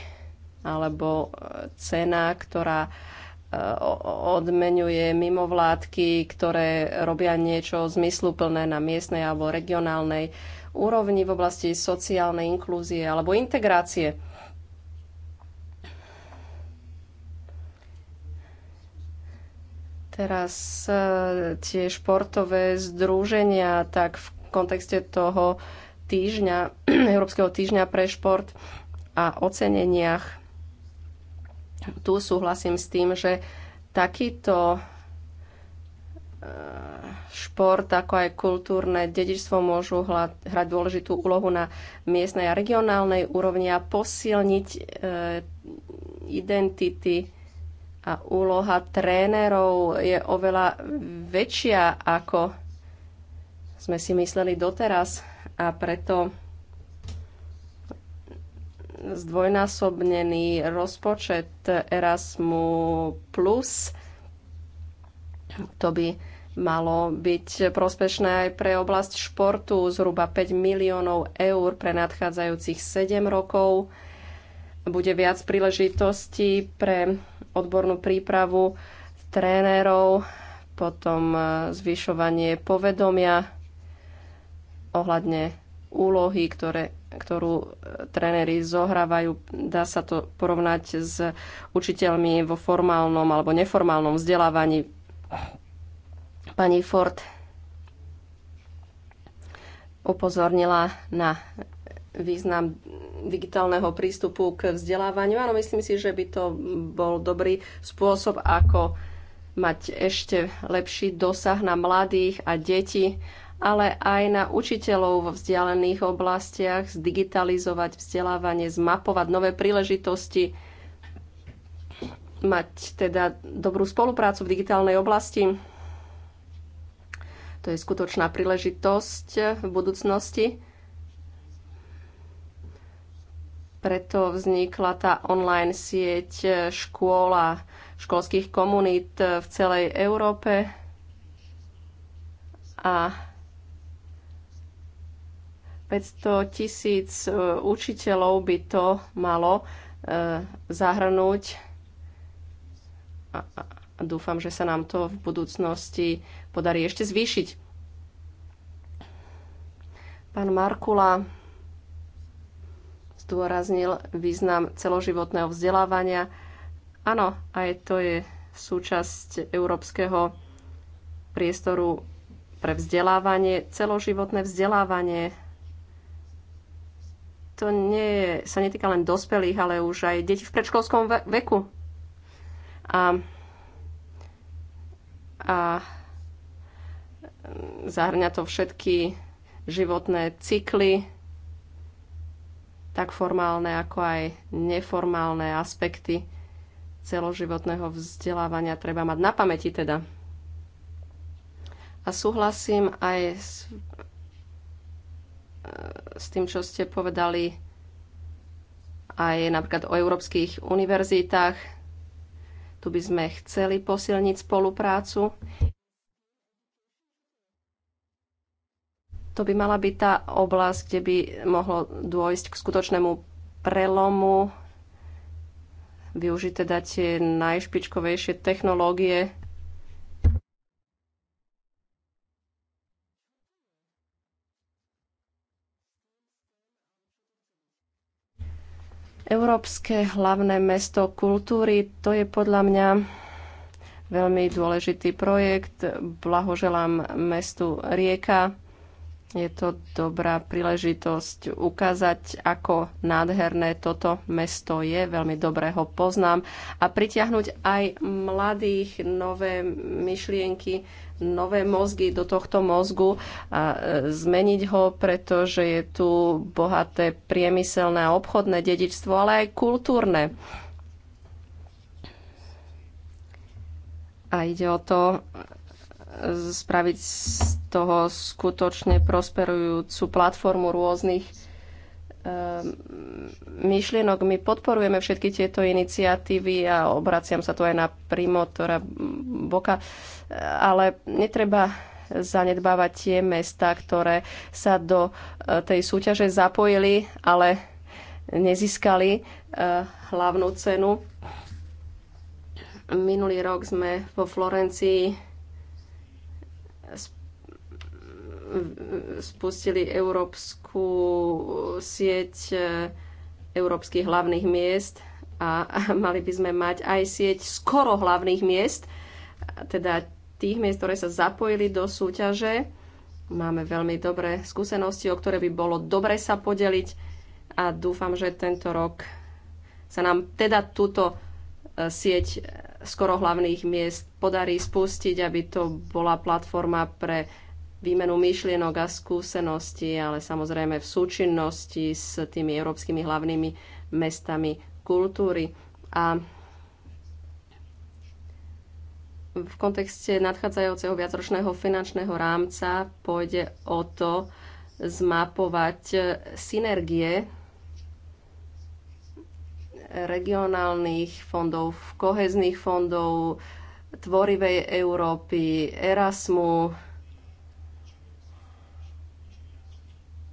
alebo e, cena, ktorá e, odmenuje mimovládky, ktoré robia niečo zmysluplné na miestnej alebo regionálnej úrovni v oblasti sociálnej inklúzie alebo integrácie. Teraz e, tie športové združenia, tak v kontexte toho týždňa, Európskeho týždňa pre šport a oceneniach tu súhlasím s tým, že takýto e, šport, ako aj kultúrne dedičstvo môžu hrať dôležitú úlohu na miestnej a regionálnej úrovni a posilniť e, identity a úloha trénerov je oveľa väčšia, ako sme si mysleli doteraz a preto zdvojnásobnený rozpočet Erasmu+. To by malo byť prospešné aj pre oblasť športu, zhruba 5 miliónov eur pre nadchádzajúcich 7 rokov. Bude viac príležitostí pre odbornú prípravu trénerov, potom zvyšovanie povedomia ohľadne úlohy, ktoré ktorú e, tréneri zohrávajú. Dá sa to porovnať s učiteľmi vo formálnom alebo neformálnom vzdelávaní. Pani Ford upozornila na význam digitálneho prístupu k vzdelávaniu. Áno, myslím si, že by to bol dobrý spôsob, ako mať ešte lepší dosah na mladých a deti ale aj na učiteľov vo vzdialených oblastiach, zdigitalizovať vzdelávanie, zmapovať nové príležitosti, mať teda dobrú spoluprácu v digitálnej oblasti. To je skutočná príležitosť v budúcnosti. Preto vznikla tá online sieť škôl školských komunít v celej Európe. A 500 tisíc e, učiteľov by to malo e, zahrnúť. A dúfam, že sa nám to v budúcnosti podarí ešte zvýšiť. Pán Markula zdôraznil význam celoživotného vzdelávania. Áno, aj to je súčasť európskeho priestoru pre vzdelávanie. Celoživotné vzdelávanie to nie je, sa netýka len dospelých, ale už aj deti v predškolskom veku. A, a zahrňa to všetky životné cykly, tak formálne ako aj neformálne aspekty celoživotného vzdelávania treba mať na pamäti teda. A súhlasím aj s E, s tým, čo ste povedali aj napríklad o európskych univerzitách. Tu by sme chceli posilniť spoluprácu. To by mala byť tá oblasť, kde by mohlo dôjsť k skutočnému prelomu, využiť teda tie najšpičkovejšie technológie Európske hlavné mesto kultúry, to je podľa mňa veľmi dôležitý projekt. Blahoželám mestu Rieka. Je to dobrá príležitosť ukázať, ako nádherné toto mesto je. Veľmi dobre ho poznám. A pritiahnuť aj mladých nové myšlienky, nové mozgy do tohto mozgu a e, zmeniť ho, pretože je tu bohaté priemyselné a obchodné dedičstvo, ale aj kultúrne. A ide o to e, spraviť z toho skutočne prosperujúcu platformu rôznych e, myšlienok. My podporujeme všetky tieto iniciatívy a obraciam sa tu aj na Primo, ktorá Boka ale netreba zanedbávať tie mesta, ktoré sa do e, tej súťaže zapojili, ale nezískali e, hlavnú cenu. Minulý rok sme vo Florencii spustili európsku sieť e, európskych hlavných miest a mali by sme mať aj sieť skoro hlavných miest, teda tých miest, ktoré sa zapojili do súťaže. Máme veľmi dobré skúsenosti, o ktoré by bolo dobre sa podeliť a dúfam, že tento rok sa nám teda túto e, sieť e, skoro hlavných miest podarí spustiť, aby to bola platforma pre výmenu myšlienok a skúseností, ale samozrejme v súčinnosti s tými európskymi hlavnými mestami kultúry. A v kontexte nadchádzajúceho viacročného finančného rámca pôjde o to zmapovať synergie regionálnych fondov, kohezných fondov, tvorivej Európy, Erasmu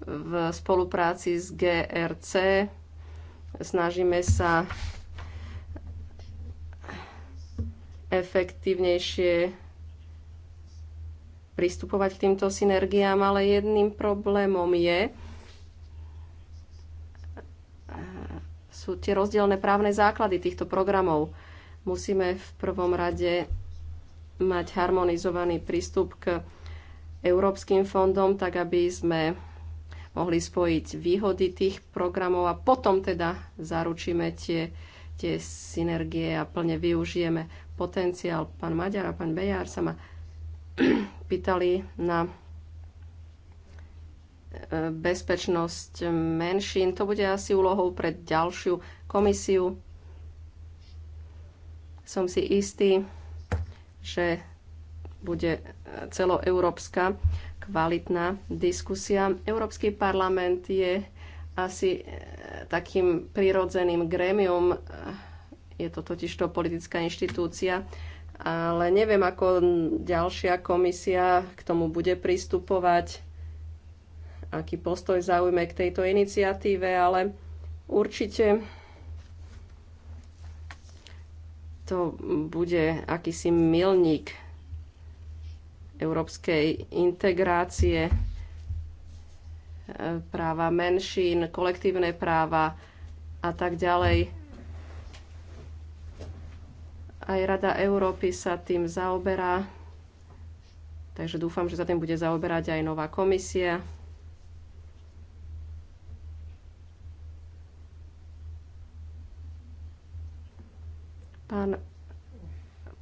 v spolupráci s GRC. Snažíme sa efektívnejšie pristupovať k týmto synergiám, ale jedným problémom je, sú tie rozdielne právne základy týchto programov. Musíme v prvom rade mať harmonizovaný prístup k európskym fondom, tak aby sme mohli spojiť výhody tých programov a potom teda zaručíme tie, tie synergie a plne využijeme potenciál. Pán Maďar a pán Bejar sa ma pýtali na e, bezpečnosť menšín. To bude asi úlohou pre ďalšiu komisiu. Som si istý, že bude celoeurópska kvalitná diskusia. Európsky parlament je asi e, takým prirodzeným grémium je to totiž to politická inštitúcia. Ale neviem, ako ďalšia komisia k tomu bude pristupovať, aký postoj zaujme k tejto iniciatíve, ale určite to bude akýsi milník európskej integrácie e, práva menšín, kolektívne práva a tak ďalej. Aj Rada Európy sa tým zaoberá, takže dúfam, že sa tým bude zaoberať aj nová komisia. Pán,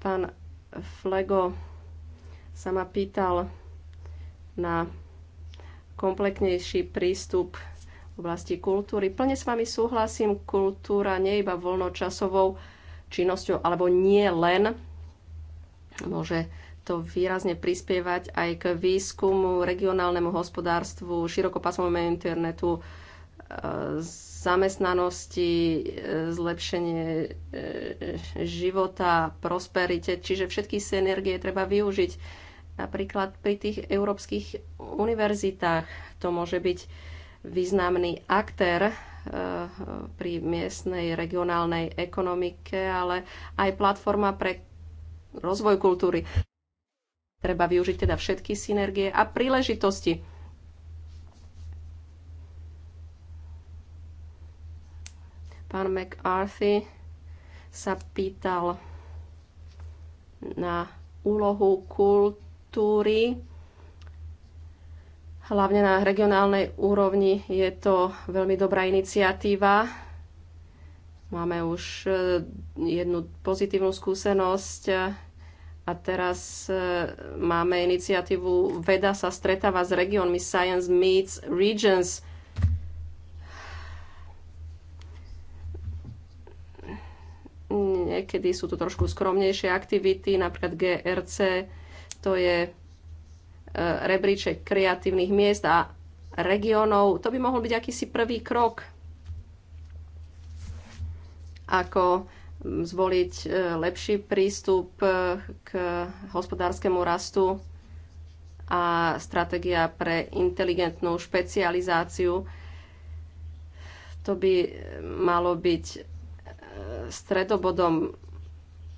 pán Flego sa ma pýtal na kompleknejší prístup v oblasti kultúry. Plne s vami súhlasím, kultúra nie je iba voľnočasovou činnosťou, alebo nie len. Môže to výrazne prispievať aj k výskumu, regionálnemu hospodárstvu, širokopásmovému internetu, e, zamestnanosti, e, zlepšenie e, života, prosperite. Čiže všetky synergie treba využiť. Napríklad pri tých európskych univerzitách to môže byť významný aktér Eh, pri miestnej regionálnej ekonomike, ale aj platforma pre rozvoj kultúry. Treba využiť teda všetky synergie a príležitosti. Pán McArthy sa pýtal na úlohu kultúry Hlavne na regionálnej úrovni je to veľmi dobrá iniciatíva. Máme už e, jednu pozitívnu skúsenosť e, a teraz e, máme iniciatívu Veda sa stretáva s regionmi Science Meets Regions. Niekedy sú to trošku skromnejšie aktivity, napríklad GRC, to je E, rebríček kreatívnych miest a regiónov. To by mohol byť akýsi prvý krok, ako zvoliť e, lepší prístup e, k hospodárskému rastu a stratégia pre inteligentnú špecializáciu. To by malo byť stredobodom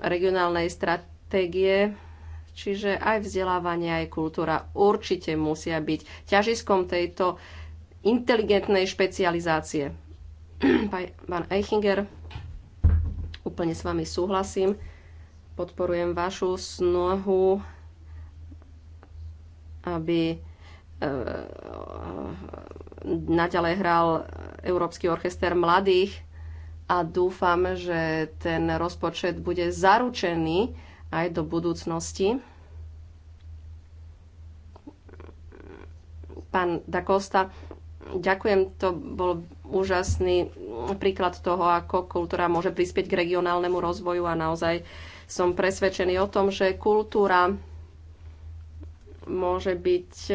regionálnej stratégie Čiže aj vzdelávanie, aj kultúra určite musia byť ťažiskom tejto inteligentnej špecializácie. Pán Eichinger, úplne s vami súhlasím. Podporujem vašu snohu, aby e, naďalej hral Európsky orchester mladých a dúfam, že ten rozpočet bude zaručený aj do budúcnosti. Pán Dakosta, ďakujem, to bol úžasný príklad toho, ako kultúra môže prispieť k regionálnemu rozvoju a naozaj som presvedčený o tom, že kultúra môže byť e,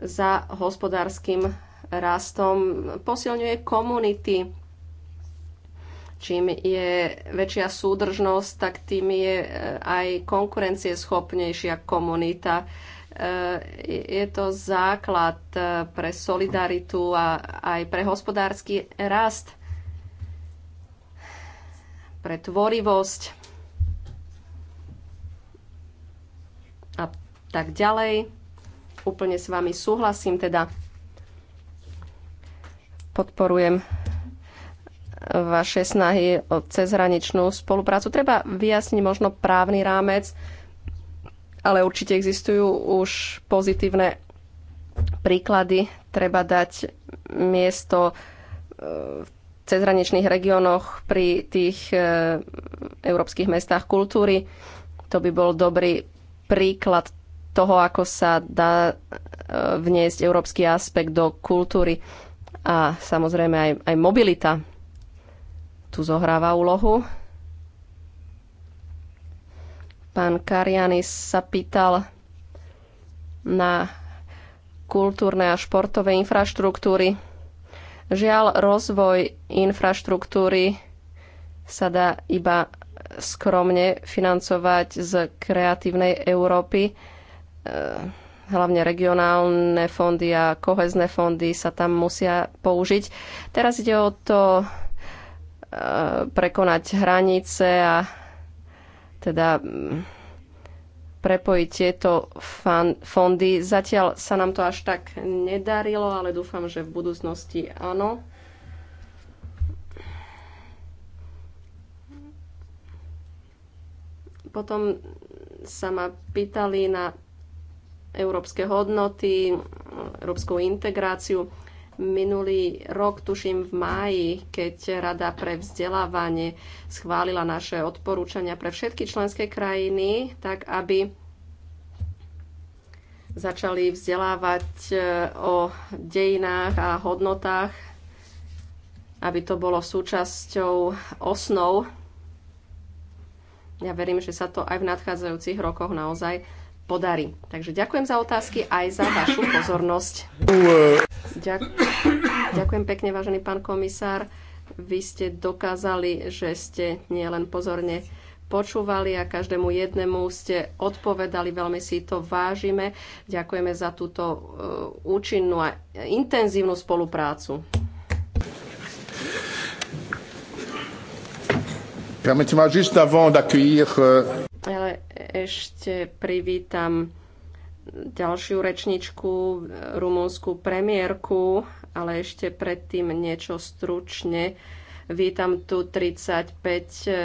za hospodárskym rastom, posilňuje komunity, Čím je väčšia súdržnosť, tak tým je e, aj konkurencieschopnejšia komunita. E, je to základ e, pre solidaritu a aj pre hospodársky rast, pre tvorivosť a tak ďalej. Úplne s vami súhlasím, teda podporujem vaše snahy o cezhraničnú spoluprácu. Treba vyjasniť možno právny rámec, ale určite existujú už pozitívne príklady. Treba dať miesto e, v cezhraničných regiónoch pri tých e, európskych mestách kultúry. To by bol dobrý príklad toho, ako sa dá e, vniesť európsky aspekt do kultúry a samozrejme aj, aj mobilita tu zohráva úlohu. Pán Karianis sa pýtal na kultúrne a športové infraštruktúry. Žiaľ, rozvoj infraštruktúry sa dá iba skromne financovať z kreatívnej Európy. E, hlavne regionálne fondy a kohezné fondy sa tam musia použiť. Teraz ide o to prekonať hranice a teda mm, prepojiť tieto fondy. Zatiaľ sa nám to až tak nedarilo, ale dúfam, že v budúcnosti áno. Potom sa ma pýtali na európske hodnoty, mm, európsku integráciu. Minulý rok, tuším v máji, keď Rada pre vzdelávanie schválila naše odporúčania pre všetky členské krajiny, tak aby začali vzdelávať e, o dejinách a hodnotách, aby to bolo súčasťou osnov. Ja verím, že sa to aj v nadchádzajúcich rokoch naozaj podarí. Takže ďakujem za otázky aj za vašu pozornosť. E, Ďakujem pekne, vážený pán komisár. Vy ste dokázali, že ste nielen pozorne počúvali a každému jednému ste odpovedali. Veľmi si to vážime. Ďakujeme za túto e, účinnú a intenzívnu spoluprácu. Euh, Ale ešte privítam ďalšiu rečničku, rumúnsku premiérku, ale ešte predtým niečo stručne. Vítam tu 35 e,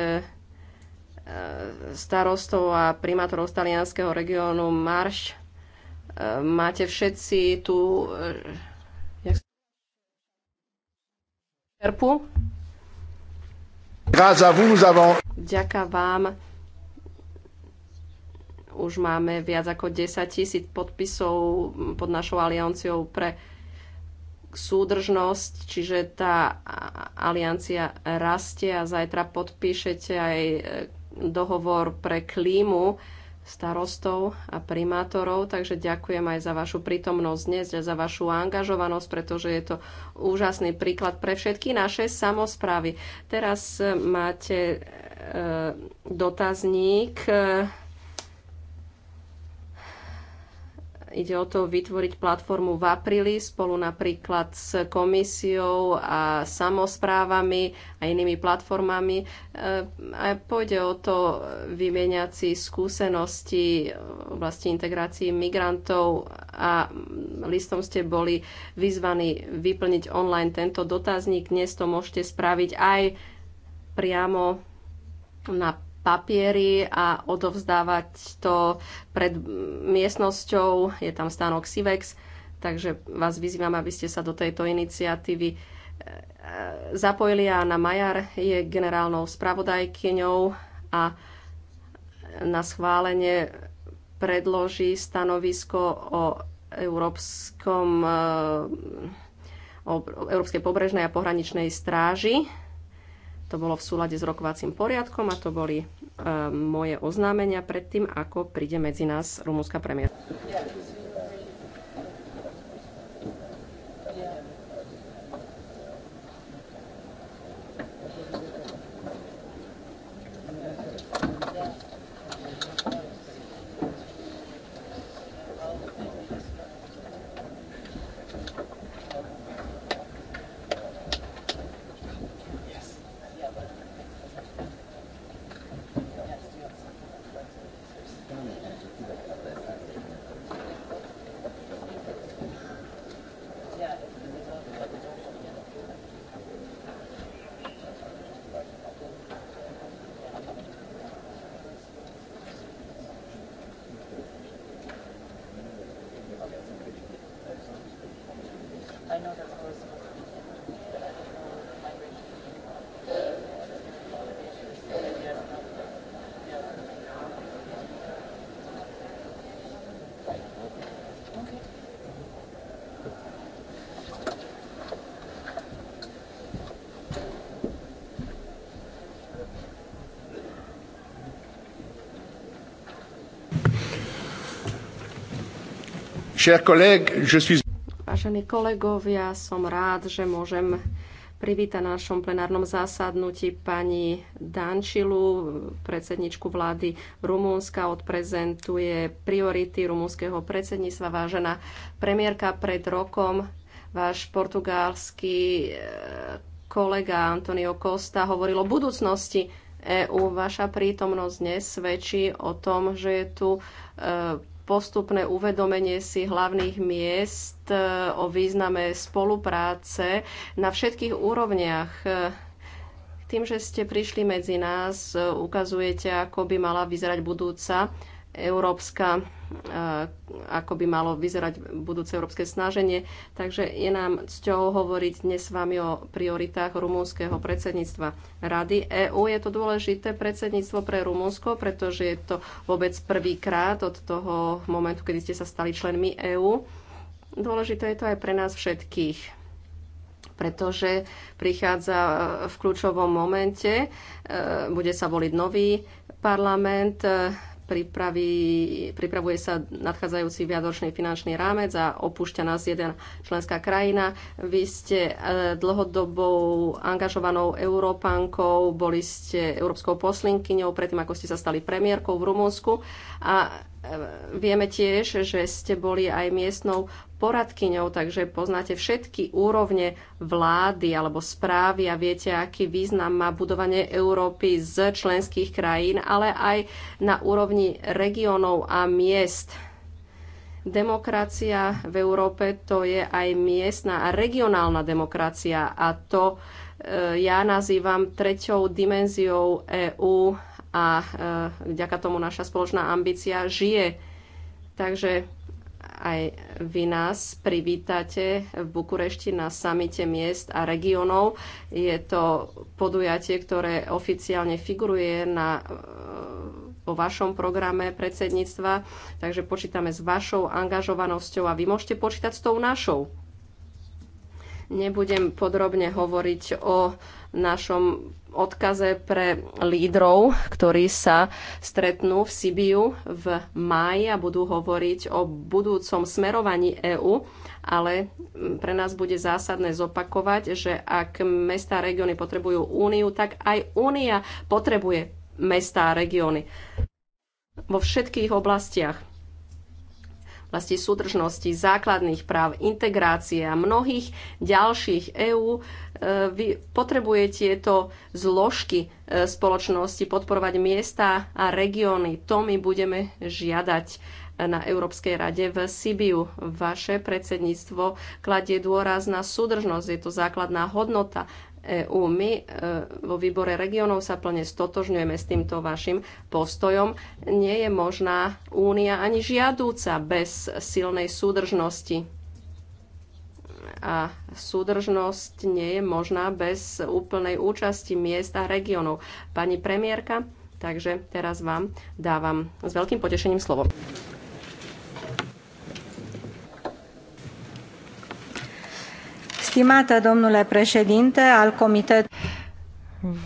starostov a primátorov z talianského regiónu Marš. E, máte všetci tu Čerpu. E, Ďaká vám už máme viac ako 10 tisíc podpisov pod našou alianciou pre súdržnosť, čiže tá aliancia rastie a zajtra podpíšete aj e, dohovor pre klímu starostov a primátorov, takže ďakujem aj za vašu prítomnosť dnes a za vašu angažovanosť, pretože je to úžasný príklad pre všetky naše samozprávy. Teraz e, máte e, dotazník. E, Ide o to vytvoriť platformu v apríli spolu napríklad s komisiou a samozprávami a inými platformami. E, a pôjde o to vymieňať si skúsenosti oblasti integrácii migrantov a listom ste boli vyzvaní vyplniť online tento dotazník. Dnes to môžete spraviť aj priamo na papiery a odovzdávať to pred miestnosťou. Je tam stánok Sivex, takže vás vyzývam, aby ste sa do tejto iniciatívy eh, zapojili. na Majar je generálnou spravodajkyňou a na schválenie predloží stanovisko o európskom eh, o Európskej pobrežnej a pohraničnej stráži to bolo v súlade s rokovacím poriadkom a to boli e, moje oznámenia predtým, ako príde medzi nás rumúnska premiérka. Vážení kolegovia, som rád, že môžem privítať na našom plenárnom zásadnutí pani Dančilu, predsedničku vlády Rumúnska. Odprezentuje priority rumúnskeho predsedníctva. Vážená premiérka, pred rokom váš portugalský eh, kolega Antonio Costa hovoril o budúcnosti EÚ. Vaša prítomnosť dnes svedčí o tom, že je tu eh, postupné uvedomenie si hlavných miest e, o význame spolupráce na všetkých úrovniach. E, tým, že ste prišli medzi nás, e, ukazujete, ako by mala vyzerať budúca európska Eh, ako by malo vyzerať budúce európske snaženie. Takže je nám cťou hovoriť dnes s vami o prioritách rumúnskeho predsedníctva Rady EÚ. Je to dôležité predsedníctvo pre Rumúnsko, pretože je to vôbec prvýkrát od toho momentu, kedy ste sa stali členmi EÚ. Dôležité je to aj pre nás všetkých pretože prichádza eh, v kľúčovom momente, eh, bude sa voliť nový parlament, pripraví, pripravuje sa nadchádzajúci viadočný finančný rámec a opúšťa nás jeden členská krajina. Vy ste e, dlhodobou angažovanou Európankou, boli ste európskou poslinkyňou predtým, ako ste sa stali premiérkou v Rumunsku a Ehm, vieme tiež, že ste boli aj miestnou poradkyňou, takže poznáte všetky úrovne vlády alebo správy a viete, aký význam má budovanie Európy z členských krajín, ale aj na úrovni regiónov a miest. Demokracia v Európe to je aj miestna a regionálna demokracia a to ehm, ja nazývam treťou dimenziou EÚ a e, vďaka tomu naša spoločná ambícia žije. Takže aj vy nás privítate v Bukurešti na samite miest a regionov. Je to podujatie, ktoré oficiálne figuruje na, e, vo vašom programe predsedníctva, takže počítame s vašou angažovanosťou a vy môžete počítať s tou našou. Nebudem podrobne hovoriť o našom odkaze pre lídrov, ktorí sa stretnú v Sibiu v máji a budú hovoriť o budúcom smerovaní EÚ, ale pre nás bude zásadné zopakovať, že ak mesta a regióny potrebujú úniu, tak aj únia potrebuje mesta a regióny vo všetkých oblastiach vlasti súdržnosti, základných práv, integrácie a mnohých ďalších EÚ. E, vy potrebujete tieto zložky e, spoločnosti podporovať miesta a regióny. To my budeme žiadať e, na Európskej rade v Sibiu. Vaše predsedníctvo kladie dôraz na súdržnosť, je to základná hodnota EÚ. My e, vo výbore regionov sa plne stotožňujeme s týmto vašim postojom. Nie je možná únia ani žiadúca bez silnej súdržnosti. A súdržnosť nie je možná bez úplnej účasti miest a regionov. Pani premiérka, takže teraz vám dávam s veľkým potešením slovo. domnule președinte al comitetului...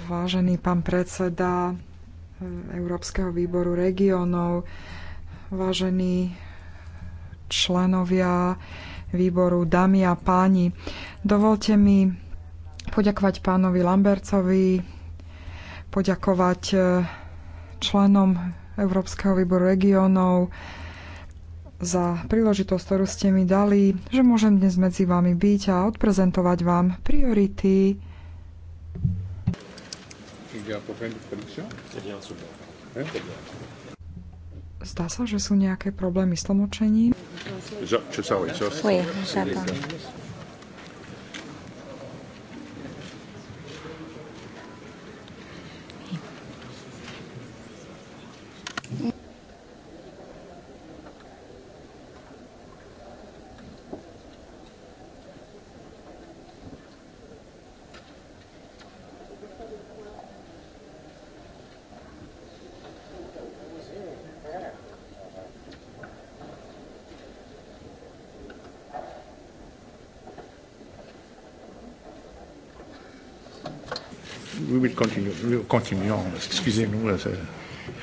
Vážený pán predseda eh, Európskeho výboru regionov, vážení členovia výboru dámy a páni, dovolte mi poďakovať pánovi Lambercovi, poďakovať eh, členom Európskeho výboru regionov, za príležitosť, ktorú ste mi dali, že môžem dnes medzi vami byť a odprezentovať vám priority. Zdá sa, že sú nejaké problémy s tlmočením.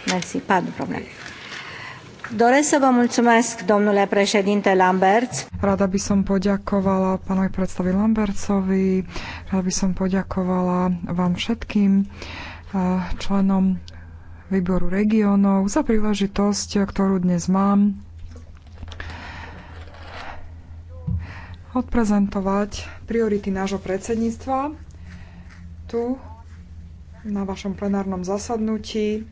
Mersi, pas de Doresc să vă mulțumesc, domnule președinte Lamberts. Rada by som poďakovala pánovi predstavi Lambertsovi, rada by som poďakovala vám všetkým eh, členom výboru regiónov za príležitosť, ktorú dnes mám odprezentovať priority nášho predsedníctva tu na vašom plenárnom zasadnutí.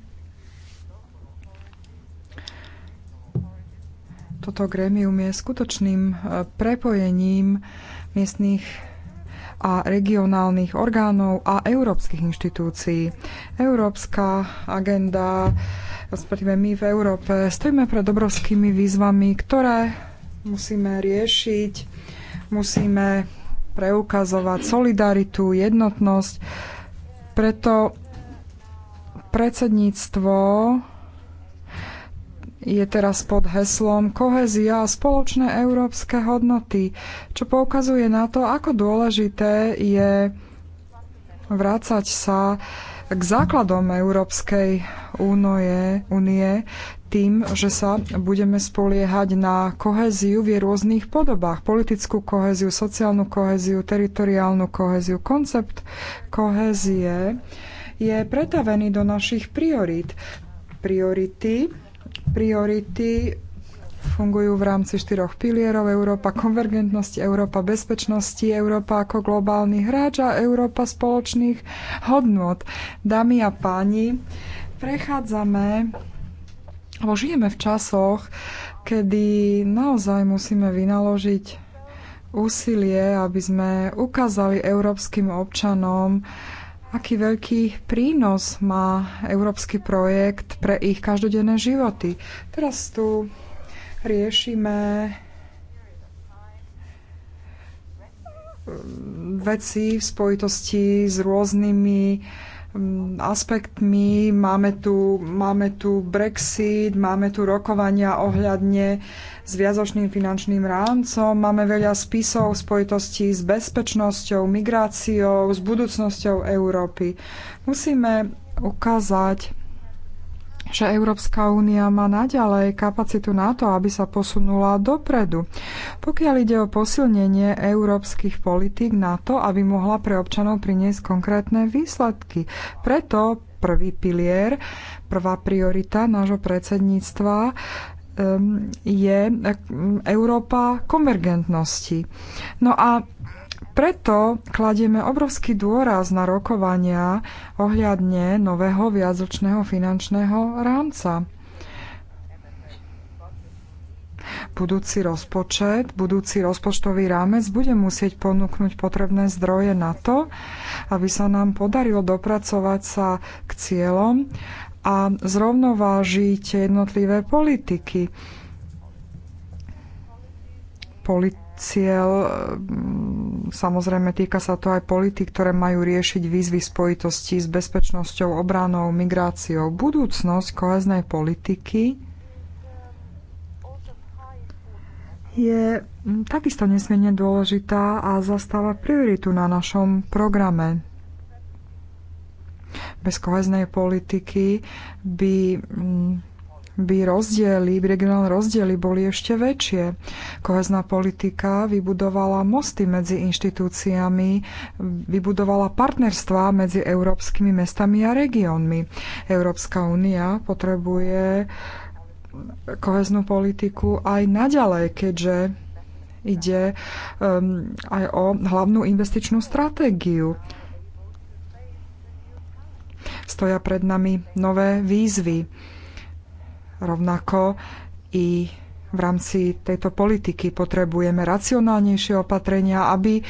Toto grémium je skutočným e, prepojením miestných a regionálnych orgánov a európskych inštitúcií. Európska agenda, respektíve my v Európe, stojíme pred obrovskými výzvami, ktoré musíme riešiť, musíme preukazovať solidaritu, jednotnosť preto predsedníctvo je teraz pod heslom Kohezia a spoločné európske hodnoty, čo poukazuje na to, ako dôležité je vrácať sa k základom Európskej únoje, únie tým, že sa budeme spoliehať na koheziu v jej rôznych podobách. Politickú koheziu, sociálnu koheziu, teritoriálnu koheziu. Koncept kohezie je pretavený do našich priorít. Priority, priority fungujú v rámci štyroch pilierov Európa konvergentnosti, Európa bezpečnosti, Európa ako globálny hráč a Európa spoločných hodnot. Dámy a páni, prechádzame, lebo žijeme v časoch, kedy naozaj musíme vynaložiť úsilie, aby sme ukázali európskym občanom, aký veľký prínos má európsky projekt pre ich každodenné životy. Teraz tu riešime mm, veci v spojitosti s rôznymi mm, aspektmi. Máme tu, máme tu Brexit, máme tu rokovania ohľadne s viazočným finančným rámcom, máme veľa spisov v spojitosti s bezpečnosťou, migráciou, s budúcnosťou Európy. Musíme ukázať že Európska únia má naďalej kapacitu na to, aby sa posunula dopredu. Pokiaľ ide o posilnenie európskych politík na to, aby mohla pre občanov priniesť konkrétne výsledky. Preto prvý pilier, prvá priorita nášho predsedníctva je Európa konvergentnosti. No a preto kladieme obrovský dôraz na rokovania ohľadne nového viacročného finančného rámca. Budúci rozpočet, budúci rozpočtový rámec bude musieť ponúknuť potrebné zdroje na to, aby sa nám podarilo dopracovať sa k cieľom a zrovnovážiť jednotlivé politiky. Polit- cieľ. Eh, samozrejme, týka sa to aj politik, ktoré majú riešiť výzvy spojitosti s bezpečnosťou, obranou, migráciou. Budúcnosť koheznej politiky je mm, takisto nesmierne dôležitá a zastáva prioritu na našom programe. Bez koheznej politiky by mm, by rozdiely, by regionálne rozdiely boli ešte väčšie. Kohezná politika vybudovala mosty medzi inštitúciami, vybudovala partnerstva medzi európskymi mestami a regiónmi. Európska únia potrebuje koheznú politiku aj naďalej, keďže ide um, aj o hlavnú investičnú stratégiu. Stoja pred nami nové výzvy Rovnako i v rámci tejto politiky potrebujeme racionálnejšie opatrenia, aby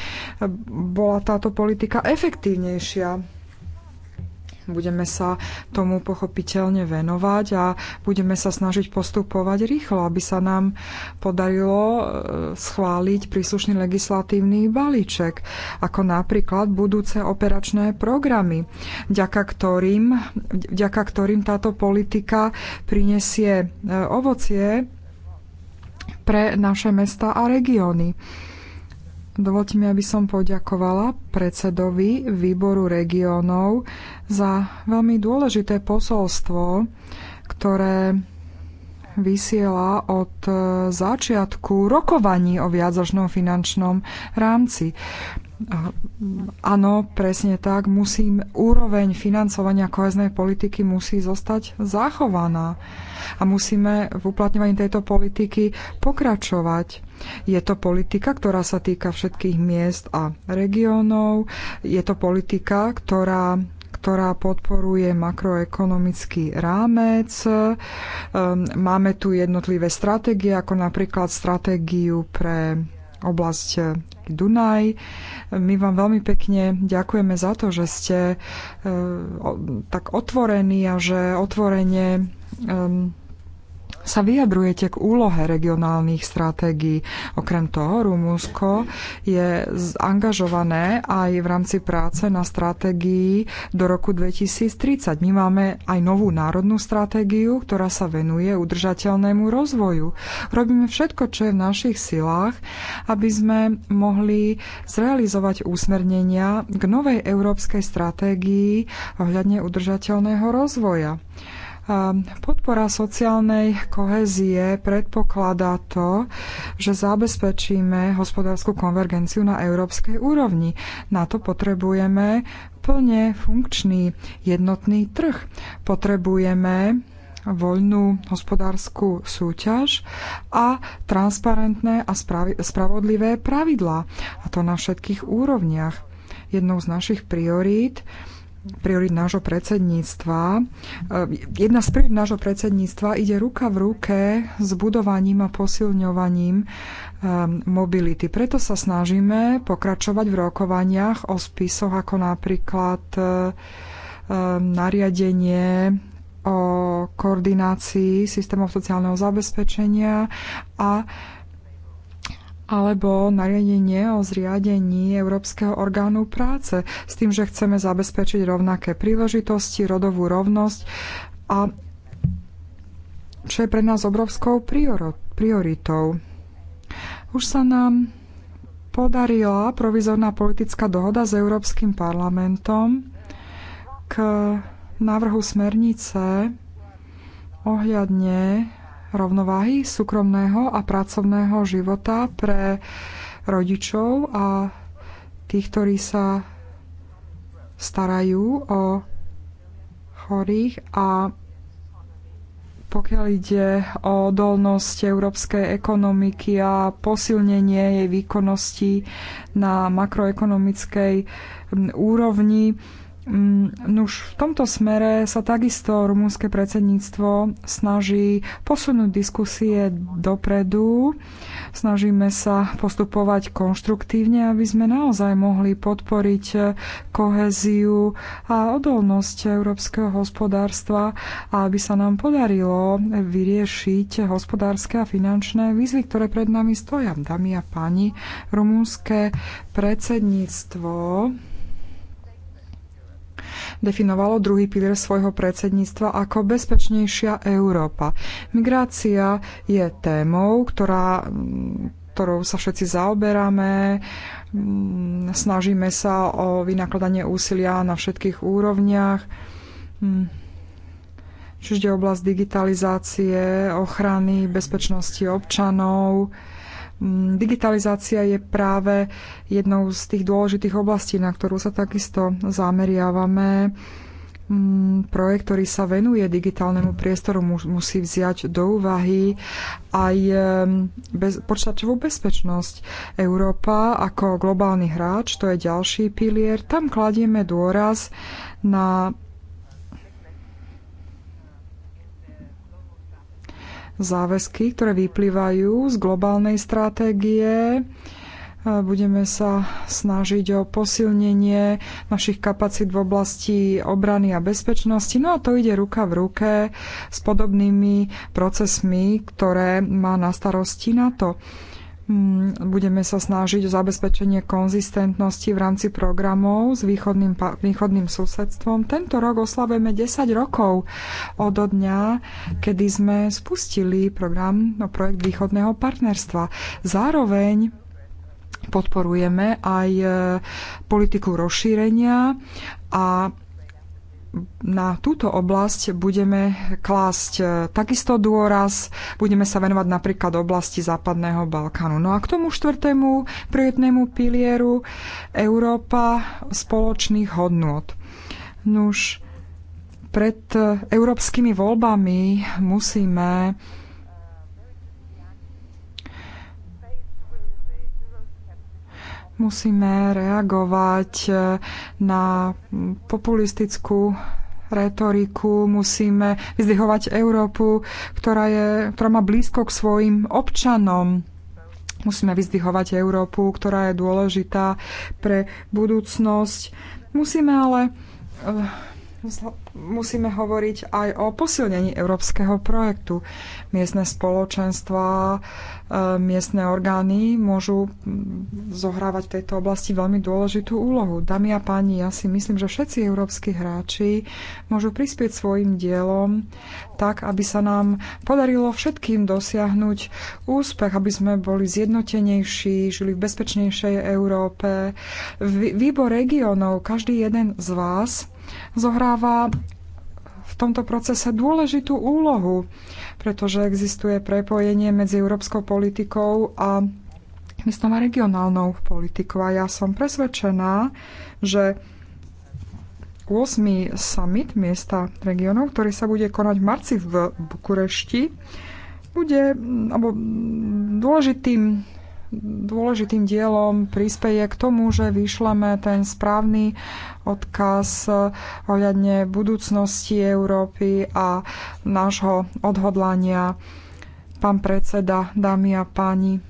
bola táto politika efektívnejšia Budeme sa tomu pochopiteľne venovať a budeme sa snažiť postupovať rýchlo, aby sa nám podarilo e, schváliť príslušný legislatívny balíček, ako napríklad budúce operačné programy, vďaka ktorým, vďaka ktorým táto politika prinesie e, ovocie pre naše mesta a regióny. Dovolte mi, aby som poďakovala predsedovi výboru regiónov za veľmi dôležité posolstvo, ktoré vysiela od e, začiatku rokovaní o viacročnom finančnom rámci. Áno, presne tak. Musím, úroveň financovania koheznej politiky musí zostať zachovaná a musíme v uplatňovaní tejto politiky pokračovať. Je to politika, ktorá sa týka všetkých miest a regiónov. Je to politika, ktorá ktorá podporuje makroekonomický rámec. Ehm, máme tu jednotlivé stratégie, ako napríklad stratégiu pre oblasť Dunaj. My vám veľmi pekne ďakujeme za to, že ste eh, tak otvorení a že otvorene sa vyjadrujete k úlohe regionálnych stratégií. Okrem toho, Rumúnsko je angažované aj v rámci práce na stratégii do roku 2030. My máme aj novú národnú stratégiu, ktorá sa venuje udržateľnému rozvoju. Robíme všetko, čo je v našich silách, aby sme mohli zrealizovať úsmernenia k novej európskej stratégii ohľadne udržateľného rozvoja. Podpora sociálnej kohezie predpokladá to, že zabezpečíme hospodárskú konvergenciu na európskej úrovni. Na to potrebujeme plne funkčný jednotný trh. Potrebujeme voľnú hospodárskú súťaž a transparentné a spravodlivé pravidlá. A to na všetkých úrovniach. Jednou z našich priorít priorit nášho predsedníctva. E, jedna z priorit nášho predsedníctva ide ruka v ruke s budovaním a posilňovaním e, mobility. Preto sa snažíme pokračovať v rokovaniach o spisoch ako napríklad e, nariadenie o koordinácii systémov sociálneho zabezpečenia a alebo nariadenie o zriadení Európskeho orgánu práce s tým, že chceme zabezpečiť rovnaké príležitosti, rodovú rovnosť a čo je pre nás obrovskou prioritou. Už sa nám podarila provizorná politická dohoda s Európskym parlamentom k návrhu smernice ohľadne rovnováhy súkromného a pracovného života pre rodičov a tých, ktorí sa starajú o chorých a pokiaľ ide o dolnosť európskej ekonomiky a posilnenie jej výkonnosti na makroekonomickej mm, úrovni, Mm, nuž v tomto smere sa takisto rumúnske predsedníctvo snaží posunúť diskusie dopredu. Snažíme sa postupovať konštruktívne, aby sme naozaj mohli podporiť koheziu a odolnosť európskeho hospodárstva a aby sa nám podarilo vyriešiť hospodárske a finančné výzvy, ktoré pred nami stoja. Dámy a páni, rumúnske predsedníctvo definovalo druhý pilier svojho predsedníctva ako bezpečnejšia Európa. Migrácia je témou, ktorá mm, ktorou sa všetci zaoberáme. Mm, snažíme sa o vynakladanie úsilia na všetkých úrovniach. Mm. Čiže oblasť digitalizácie, ochrany, bezpečnosti občanov, Mm, digitalizácia je práve jednou z tých dôležitých oblastí, na ktorú sa takisto zameriavame. Mm, projekt, ktorý sa venuje digitálnemu priestoru, musí vziať do úvahy aj bez, počítačovú bezpečnosť. Európa ako globálny hráč, to je ďalší pilier, tam kladieme dôraz na záväzky, ktoré vyplývajú z globálnej stratégie. Budeme sa snažiť o posilnenie našich kapacít v oblasti obrany a bezpečnosti. No a to ide ruka v ruke s podobnými procesmi, ktoré má na starosti NATO. Mm, budeme sa snažiť o zabezpečenie konzistentnosti v rámci programov s východným, východným susedstvom. Tento rok oslavujeme 10 rokov od dňa, kedy sme spustili program no, projekt východného partnerstva. Zároveň podporujeme aj eh, politiku rozšírenia a na túto oblasť budeme klásť e, takisto dôraz, budeme sa venovať napríklad oblasti Západného Balkánu. No a k tomu štvrtému prioritnému pilieru Európa spoločných hodnôt. Nuž, pred e, európskymi voľbami musíme Musíme reagovať e, na populistickú retoriku, musíme vyzdvihovať Európu, ktorá, je, ktorá má blízko k svojim občanom. Musíme vyzdvihovať Európu, ktorá je dôležitá pre budúcnosť. Musíme ale e, musíme hovoriť aj o posilnení európskeho projektu. Miestne spoločenstva, e, miestne orgány môžu zohrávať v tejto oblasti veľmi dôležitú úlohu. Dámy a páni, ja si myslím, že všetci európsky hráči môžu prispieť svojim dielom tak, aby sa nám podarilo všetkým dosiahnuť úspech, aby sme boli zjednotenejší, žili v bezpečnejšej Európe. Výbor regionov, každý jeden z vás zohráva v tomto procese dôležitú úlohu, pretože existuje prepojenie medzi európskou politikou a myslím a regionálnou politikou. A ja som presvedčená, že 8. summit miesta regionov, ktorý sa bude konať v marci v Bukurešti, bude alebo dôležitým dôležitým dielom prispieje k tomu, že vyšleme ten správny odkaz ohľadne budúcnosti Európy a nášho odhodlania. Pán predseda, dámy a páni,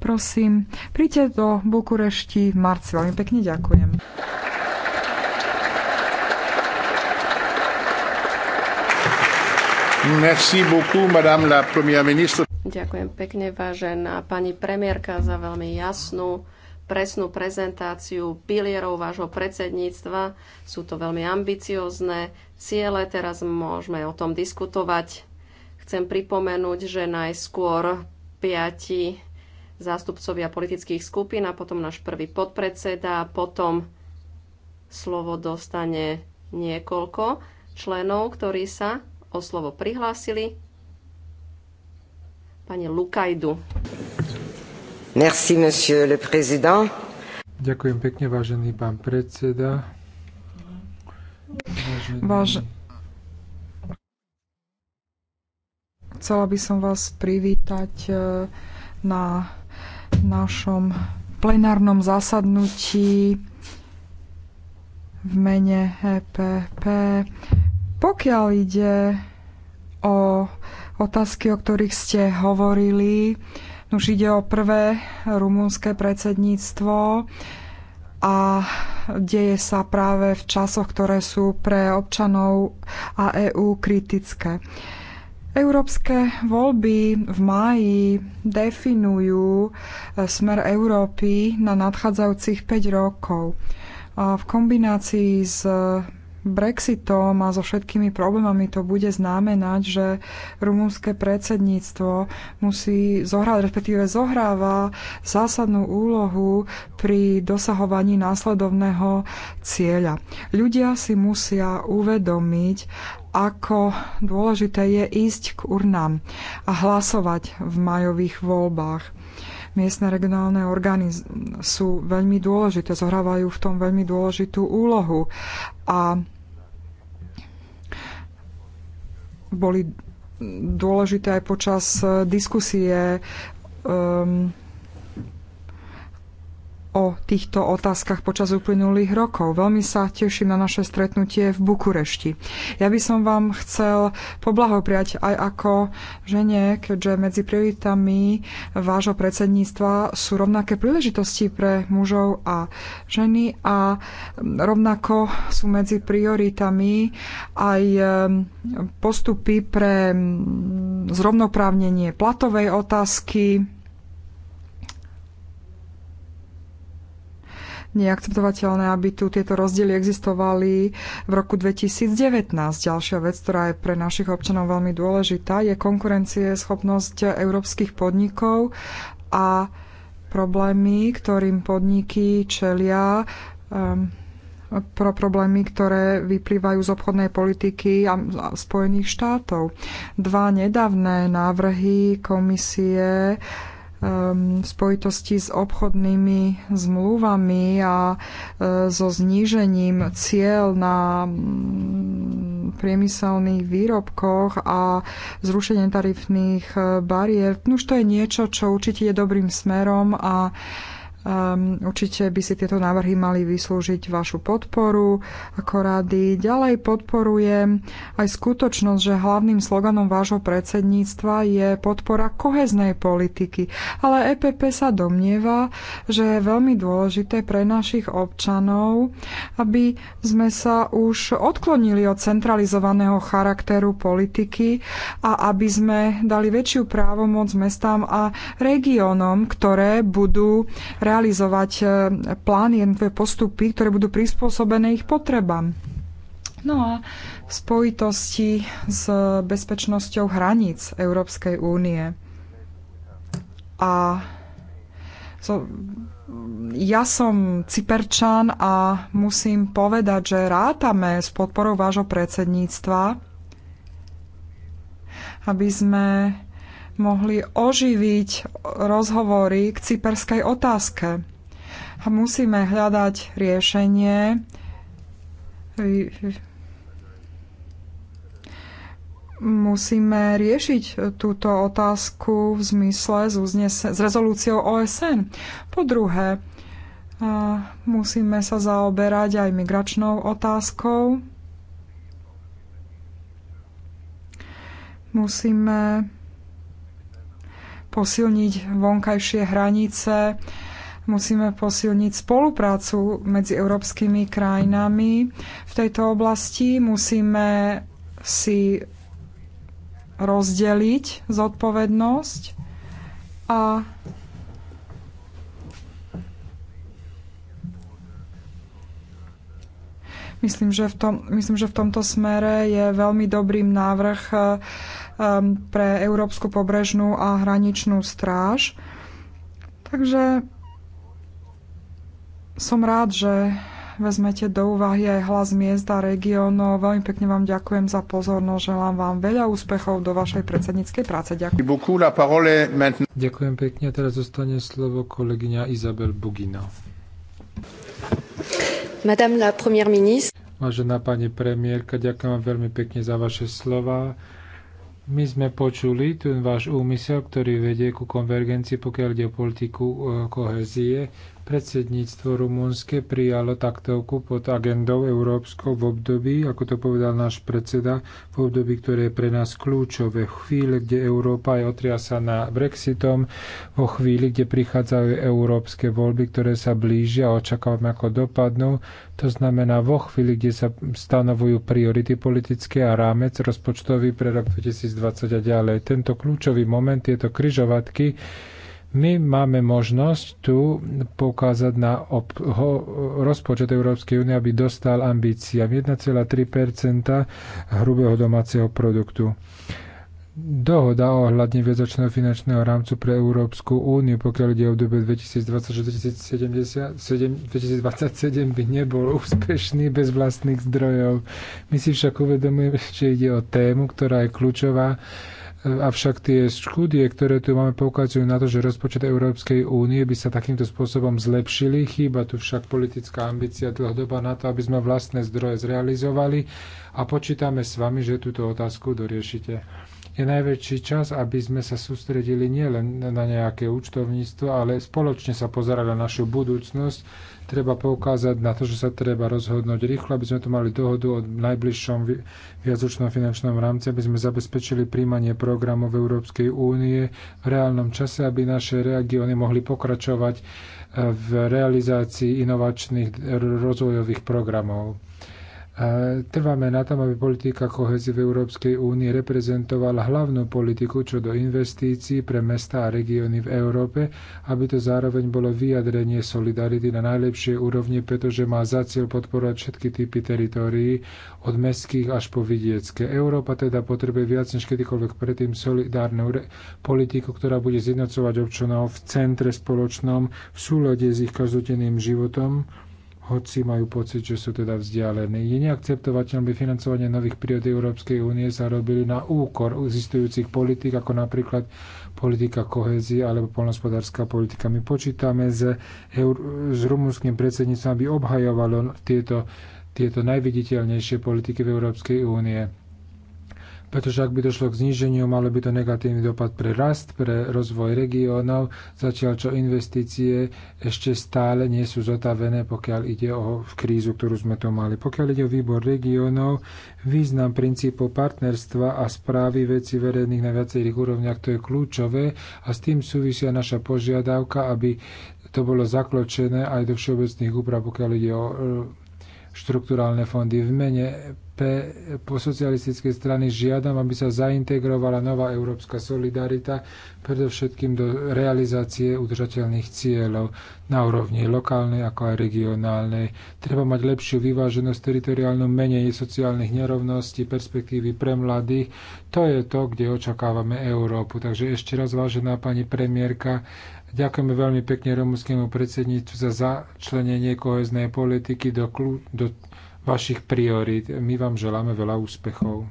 prosím, príďte do Bukurešti v marci. Veľmi pekne ďakujem. Merci beaucoup, madame la première ministre. Ďakujem pekne, vážená pani premiérka, za veľmi jasnú, presnú prezentáciu pilierov vášho predsedníctva. Sú to veľmi ambiciozne ciele, teraz môžeme o tom diskutovať. Chcem pripomenúť, že najskôr piati zástupcovia politických skupín a potom náš prvý podpredseda a potom slovo dostane niekoľko členov, ktorí sa o slovo prihlásili pani Lukajdu. Merci, monsieur le président. Ďakujem pekne, vážený pán predseda. Vážený... Chcela by som vás privítať e, na našom plenárnom zasadnutí v mene EPP. Pokiaľ ide o otázky, o ktorých ste hovorili. Už ide o prvé rumúnske predsedníctvo a deje sa práve v časoch, ktoré sú pre občanov a EÚ kritické. Európske voľby v máji definujú eh, smer Európy na nadchádzajúcich 5 rokov. A v kombinácii s Brexitom a so všetkými problémami to bude znamenať, že rumúnske predsedníctvo musí zohrať, respektíve zohráva zásadnú úlohu pri dosahovaní následovného cieľa. Ľudia si musia uvedomiť, ako dôležité je ísť k urnám a hlasovať v majových voľbách miestne regionálne orgány sú veľmi dôležité, zohrávajú v tom veľmi dôležitú úlohu. A boli dôležité aj počas eh, diskusie um, o týchto otázkach počas uplynulých rokov. Veľmi sa teším na naše stretnutie v Bukurešti. Ja by som vám chcel poblahopriať aj ako žene, keďže medzi prioritami vášho predsedníctva sú rovnaké príležitosti pre mužov a ženy a rovnako sú medzi prioritami aj ehm, postupy pre ehm, zrovnoprávnenie platovej otázky, neakceptovateľné, aby tu tieto rozdiely existovali v roku 2019. Ďalšia vec, ktorá je pre našich občanov veľmi dôležitá, je konkurencie schopnosť európskych podnikov a problémy, ktorým podniky čelia um, pro problémy, ktoré vyplývajú z obchodnej politiky a Spojených štátov. Dva nedávne návrhy komisie uh, v spojitosti s obchodnými zmluvami a e, so znížením cieľ na mm, priemyselných výrobkoch a zrušenie tarifných e, bariér. Už to je niečo, čo určite je dobrým smerom a Um, určite by si tieto návrhy mali vyslúžiť vašu podporu ako rady. Ďalej podporujem aj skutočnosť, že hlavným sloganom vášho predsedníctva je podpora koheznej politiky. Ale EPP sa domnieva, že je veľmi dôležité pre našich občanov, aby sme sa už odklonili od centralizovaného charakteru politiky a aby sme dali väčšiu právomoc mestám a regiónom, ktoré budú realizovať realizovať e, plány, jednotlivé postupy, ktoré budú prispôsobené ich potrebám. No a v spojitosti s bezpečnosťou hraníc Európskej únie. A so, ja som Cyperčan a musím povedať, že rátame s podporou vášho predsedníctva, aby sme mohli oživiť rozhovory k cyperskej otázke. A musíme hľadať riešenie. Musíme riešiť túto otázku v zmysle s, uznesen- s rezolúciou OSN. Po druhé, musíme sa zaoberať aj migračnou otázkou. Musíme posilniť vonkajšie hranice, musíme posilniť spoluprácu medzi európskymi krajinami v tejto oblasti, musíme si rozdeliť zodpovednosť a Myslím že, v tom, myslím, že v tomto smere je veľmi dobrým návrh Um, pre Európsku pobrežnú a hraničnú stráž. Takže som rád, že vezmete do úvahy aj hlas miest a regiónov. Veľmi pekne vám ďakujem za pozornosť, želám vám veľa úspechov do vašej predsedníckej práce. Ďakujem. Ďakujem pekne, teraz zostane slovo kolegyňa Izabel Bugina. Madame la première ministre. Vážená pani premiérka, ďakujem vám veľmi pekne za vaše slova. My sme počuli ten váš úmysel, ktorý vedie ku konvergencii, pokiaľ ide o politiku e, kohezie. Predsedníctvo rumúnske prijalo taktovku pod agendou európskou v období, ako to povedal náš predseda, v období, ktoré je pre nás kľúčové. V chvíli, kde Európa je otriasaná Brexitom, vo chvíli, kde prichádzajú európske voľby, ktoré sa blížia a očakávame, ako dopadnú, to znamená vo chvíli, kde sa stanovujú priority politické a rámec rozpočtový pre rok 2020 a ďalej. Tento kľúčový moment, tieto kryžovatky, my máme možnosť tu poukázať na ob- ho- rozpočet Európskej únie, aby dostal ambíciám 1,3 hrubého domáceho produktu dohoda ohľadne viedzačného finančného rámcu pre Európsku úniu, pokiaľ ide o obdobie 2020-2027 by nebol úspešný bez vlastných zdrojov. My si však uvedomujeme, že ide o tému, ktorá je kľúčová Avšak tie škúdie, ktoré tu máme, poukazujú na to, že rozpočet Európskej únie by sa takýmto spôsobom zlepšili. Chýba tu však politická ambícia dlhodoba na to, aby sme vlastné zdroje zrealizovali a počítame s vami, že túto otázku doriešite. Je najväčší čas, aby sme sa sústredili nielen na nejaké účtovníctvo, ale spoločne sa pozerali na našu budúcnosť treba poukázať na to, že sa treba rozhodnúť rýchlo, aby sme tu mali dohodu o najbližšom viacročnom finančnom rámci, aby sme zabezpečili príjmanie programov Európskej únie v reálnom čase, aby naše regióny mohli pokračovať eh, v realizácii inovačných rozvojových programov. Trváme na tom, aby politika kohezie v Európskej únii reprezentovala hlavnú politiku čo do investícií pre mesta a regióny v Európe, aby to zároveň bolo vyjadrenie solidarity na najlepšej úrovni, pretože má za cieľ podporovať všetky typy teritórií, od mestských až po vidiecké. Európa teda potrebuje viac než kedykoľvek predtým solidárnu politiku, ktorá bude zjednocovať občanov v centre spoločnom, v súlade s ich každodenným životom, hoci majú pocit, že sú teda vzdialení. Je neakceptovateľné, aby financovanie nových prírod Európskej únie sa robili na úkor existujúcich politik, ako napríklad politika kohézie alebo polnospodárska politika. My počítame s, s rumúnskym predsedníctvom, aby obhajovalo tieto, tieto najviditeľnejšie politiky v Európskej únie pretože ak by došlo k zníženiu, malo by to negatívny dopad pre rast, pre rozvoj regiónov, zatiaľ čo investície ešte stále nie sú zotavené, pokiaľ ide o krízu, ktorú sme tu mali. Pokiaľ ide o výbor regiónov, význam princípov partnerstva a správy veci verejných na viacerých úrovniach, to je kľúčové a s tým súvisia naša požiadavka, aby to bolo zakločené aj do všeobecných úprav, pokiaľ ide o e, štrukturálne fondy. V mene P, po socialistickej strany žiadam, aby sa zaintegrovala nová európska solidarita, predovšetkým do realizácie udržateľných cieľov na úrovni lokálnej ako aj regionálnej. Treba mať lepšiu vyváženosť teritoriálnu, menej sociálnych nerovností, perspektívy pre mladých. To je to, kde očakávame Európu. Takže ešte raz, vážená pani premiérka, Ďakujeme veľmi pekne rumúnskému predsedníctvu za začlenenie koheznej politiky do, klu- do vašich priorít. My vám želáme veľa úspechov.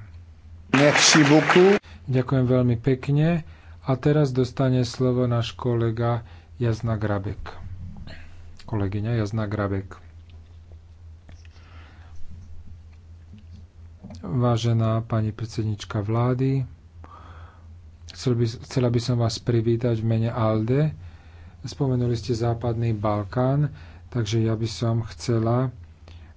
Merci beaucoup. Ďakujem veľmi pekne. A teraz dostane slovo náš kolega Jazna Grabek. Kolegyňa Jazna Grabek. Vážená pani predsednička vlády, by, chcela by som vás privítať v mene ALDE Spomenuli ste Západný Balkán, takže ja by som chcela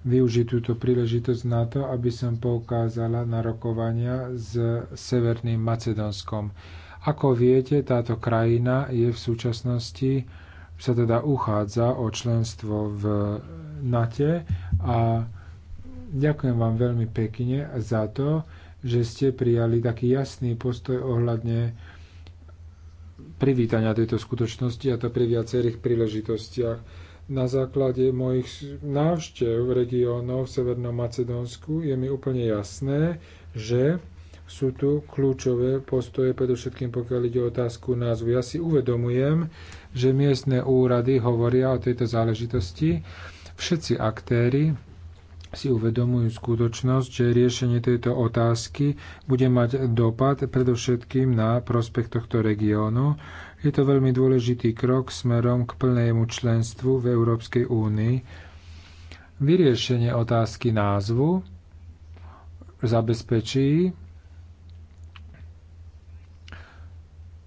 využiť túto príležitosť na to, aby som poukázala na rokovania s Severným Macedónskom. Ako viete, táto krajina je v súčasnosti sa teda uchádza o členstvo v NATE a ďakujem vám veľmi pekne za to, že ste prijali taký jasný postoj ohľadne privítania tejto skutočnosti a to pri viacerých príležitostiach. Na základe mojich návštev regiónov v Severnom Macedónsku je mi úplne jasné, že sú tu kľúčové postoje, predovšetkým pokiaľ ide o otázku názvu. Ja si uvedomujem, že miestne úrady hovoria o tejto záležitosti. Všetci aktéry si uvedomujú skutočnosť, že riešenie tejto otázky bude mať dopad predovšetkým na prospech tohto regiónu. Je to veľmi dôležitý krok smerom k plnému členstvu v Európskej únii. Vyriešenie otázky názvu zabezpečí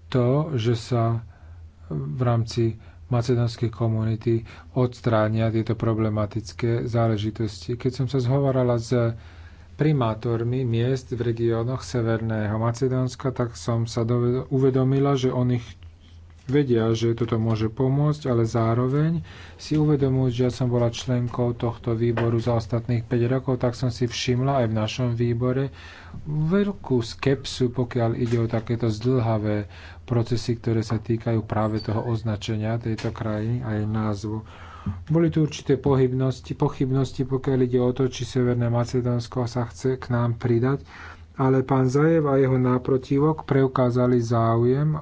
to, že sa v rámci macedonskej komunity odstránia tieto problematické záležitosti. Keď som sa zhovarala s primátormi miest v regiónoch Severného Macedónska, tak som sa uvedomila, že oni vedia, že toto môže pomôcť, ale zároveň si uvedomujú, že ja som bola členkou tohto výboru za ostatných 5 rokov, tak som si všimla aj v našom výbore veľkú skepsu, pokiaľ ide o takéto zdlhavé procesy, ktoré sa týkajú práve toho označenia tejto krajiny a jej názvu. Boli tu určité pohybnosti, pochybnosti, pokiaľ ide o to, či Severné Macedónsko sa chce k nám pridať, ale pán Zajev a jeho náprotivok preukázali záujem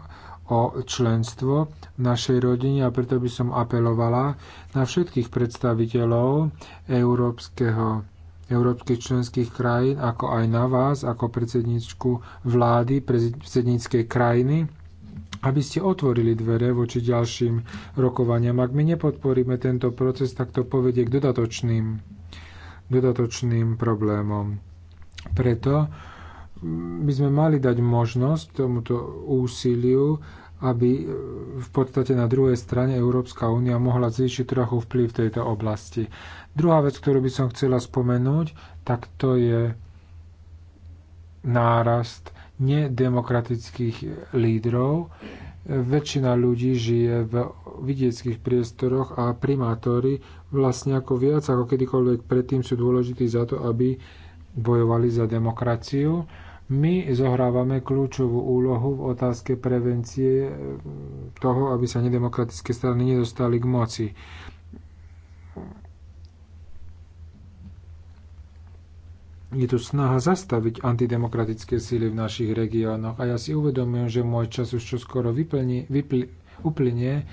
o členstvo v našej rodine a preto by som apelovala na všetkých predstaviteľov európskeho európskych členských krajín, ako aj na vás, ako predsedničku vlády, predsedníckej krajiny, aby ste otvorili dvere voči ďalším rokovaniam. Ak my nepodporíme tento proces, tak to povedie k dodatočným, dodatočným problémom. Preto by sme mali dať možnosť tomuto úsiliu, aby e, v podstate na druhej strane Európska únia mohla zvýšiť trochu vplyv v tejto oblasti. Druhá vec, ktorú by som chcela spomenúť, tak to je nárast nedemokratických lídrov. Väčšina ľudí žije v vidieckých priestoroch a primátori vlastne ako viac ako kedykoľvek predtým sú dôležití za to, aby bojovali za demokraciu my zohrávame kľúčovú úlohu v otázke prevencie eh, toho, aby sa nedemokratické strany nedostali k moci. Je tu snaha zastaviť antidemokratické síly v našich regiónoch a ja si uvedomujem, že môj čas už čoskoro vyplni, vypl, uplynie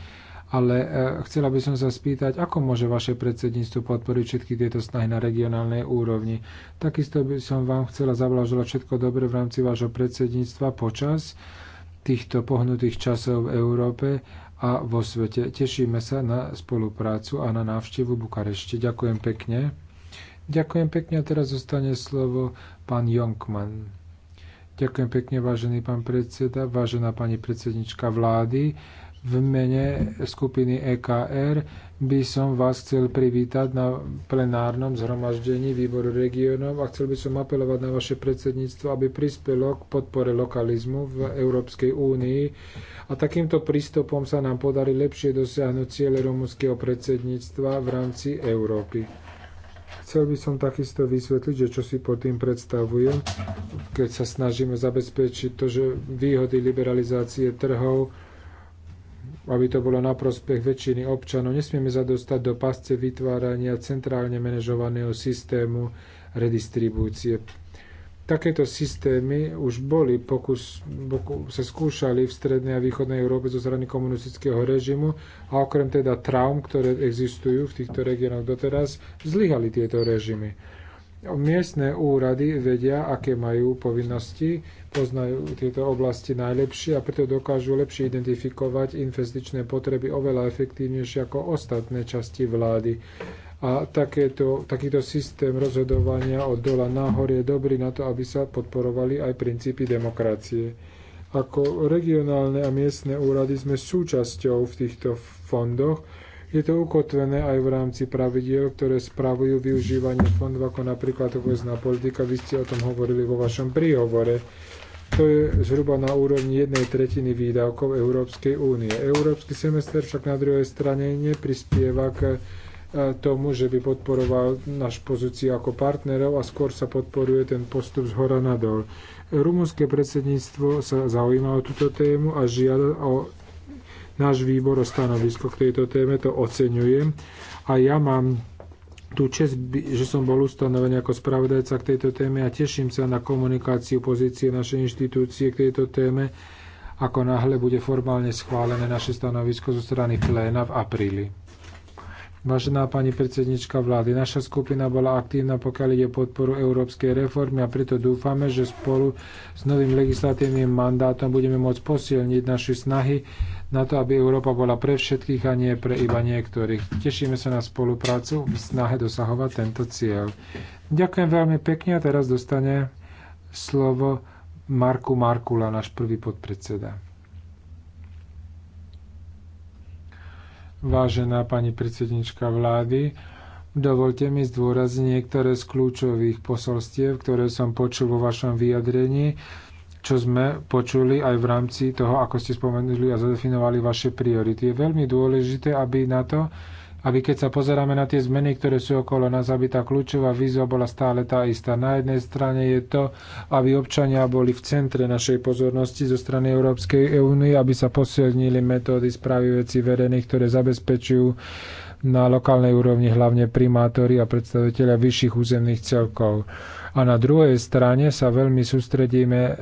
ale e, chcela by som sa spýtať, ako môže vaše predsedníctvo podporiť všetky tieto snahy na regionálnej úrovni. Takisto by som vám chcela zavlažovať všetko dobre v rámci vášho predsedníctva počas týchto pohnutých časov v Európe a vo svete. Tešíme sa na spoluprácu a na návštevu Bukarešti. Ďakujem pekne. Ďakujem pekne a teraz zostane slovo pán Jonkman. Ďakujem pekne, vážený pán predseda, vážená pani predsednička vlády v mene skupiny EKR by som vás chcel privítať na plenárnom zhromaždení výboru regionov a chcel by som apelovať na vaše predsedníctvo, aby prispelo k podpore lokalizmu v Európskej únii a takýmto prístupom sa nám podarí lepšie dosiahnuť ciele rumúnskeho predsedníctva v rámci Európy chcel by som takisto vysvetliť, že čo si pod tým predstavujem, keď sa snažíme zabezpečiť to, že výhody liberalizácie trhov aby to bolo na prospech väčšiny občanov. Nesmieme zadostať do pasce vytvárania centrálne manažovaného systému redistribúcie. Takéto systémy už boli, pokus, pokus, sa skúšali v strednej a východnej Európe zo strany komunistického režimu a okrem teda traum, ktoré existujú v týchto regiónoch doteraz, zlyhali tieto režimy. Miestne úrady vedia, aké majú povinnosti, poznajú tieto oblasti najlepšie a preto dokážu lepšie identifikovať investičné potreby oveľa efektívnejšie ako ostatné časti vlády. A takéto, takýto systém rozhodovania od dola nahor je dobrý na to, aby sa podporovali aj princípy demokracie. Ako regionálne a miestne úrady sme súčasťou v týchto fondoch, je to ukotvené aj v rámci pravidiel, ktoré spravujú využívanie fondov, ako napríklad obecná politika. Vy ste o tom hovorili vo vašom príhovore. To je zhruba na úrovni jednej tretiny výdavkov Európskej únie. Európsky semester však na druhej strane neprispieva k e, tomu, že by podporoval náš pozíciu ako partnerov a skôr sa podporuje ten postup z hora nadol. Rumunské predsedníctvo sa zaujíma o túto tému a žiada o náš výbor o stanovisko k tejto téme, to oceňujem. A ja mám tú čest, že som bol ustanovený ako spravodajca k tejto téme a teším sa na komunikáciu pozície našej inštitúcie k tejto téme, ako náhle bude formálne schválené naše stanovisko zo strany pléna v apríli. Vážená pani predsednička vlády, naša skupina bola aktívna, pokiaľ ide podporu európskej reformy a preto dúfame, že spolu s novým legislatívnym mandátom budeme môcť posilniť naše snahy na to, aby Európa bola pre všetkých a nie pre iba niektorých. Tešíme sa na spoluprácu v snahe dosahovať tento cieľ. Ďakujem veľmi pekne a teraz dostane slovo Marku Markula, náš prvý podpredseda. Vážená pani predsednička vlády, dovolte mi zdôrazniť niektoré z kľúčových posolstiev, ktoré som počul vo vašom vyjadrení, čo sme počuli aj v rámci toho, ako ste spomenuli a zadefinovali vaše priority. Je veľmi dôležité, aby na to, aby keď sa pozeráme na tie zmeny, ktoré sú okolo nás, aby tá kľúčová výzva bola stále tá istá. Na jednej strane je to, aby občania boli v centre našej pozornosti zo strany Európskej únie, aby sa posilnili metódy správy veci verejných, ktoré zabezpečujú na lokálnej úrovni hlavne primátori a predstaviteľia vyšších územných celkov. A na druhej strane sa veľmi sústredíme eh,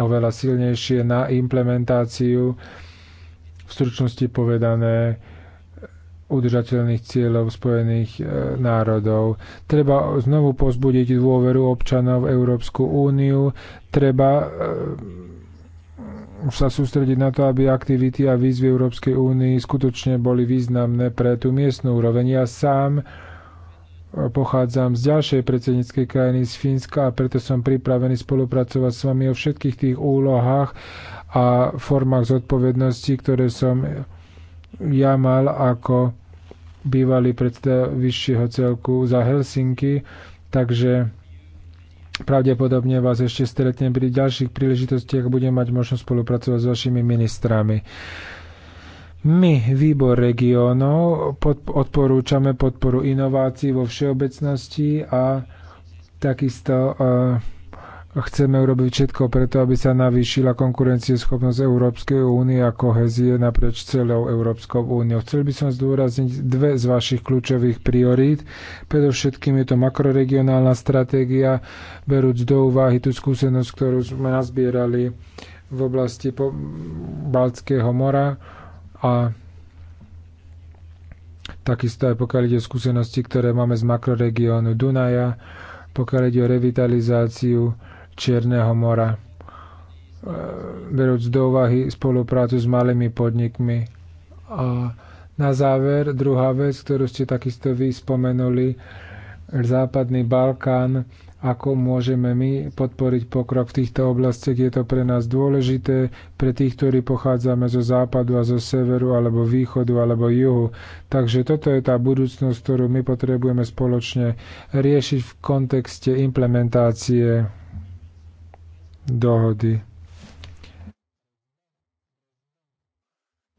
oveľa silnejšie na implementáciu v stručnosti povedané udržateľných cieľov Spojených e, národov. Treba znovu pozbudiť dôveru občanov Európsku úniu. Treba e, sa sústrediť na to, aby aktivity a výzvy Európskej únii skutočne boli významné pre tú miestnú úroveň. Ja sám e, pochádzam z ďalšej predsedníckej krajiny z Fínska a preto som pripravený spolupracovať s vami o všetkých tých úlohách a formách zodpovednosti, ktoré som ja mal ako bývalý predseda vyššieho celku za Helsinky, takže pravdepodobne vás ešte stretnem pri ďalších príležitostiach, budem mať možnosť spolupracovať s vašimi ministrami. My, výbor regionov, pod, odporúčame podporu inovácií vo všeobecnosti a takisto uh, chceme urobiť všetko preto, aby sa navýšila konkurencieschopnosť Európskej únie a kohezie naprieč celou Európskou úniou. Chcel by som zdôrazniť dve z vašich kľúčových priorít. Predovšetkým je to makroregionálna stratégia, berúc do úvahy tú skúsenosť, ktorú sme nazbierali v oblasti Baltského mora a takisto aj pokiaľ ide o skúsenosti, ktoré máme z makroregiónu Dunaja, pokiaľ ide o revitalizáciu Čierneho mora, e, berúc do úvahy spoluprácu s malými podnikmi. A na záver, druhá vec, ktorú ste takisto vy spomenuli, Západný Balkán, ako môžeme my podporiť pokrok v týchto oblastiach. Je to pre nás dôležité, pre tých, ktorí pochádzame zo západu a zo severu, alebo východu, alebo juhu. Takže toto je tá budúcnosť, ktorú my potrebujeme spoločne riešiť v kontexte implementácie dohody.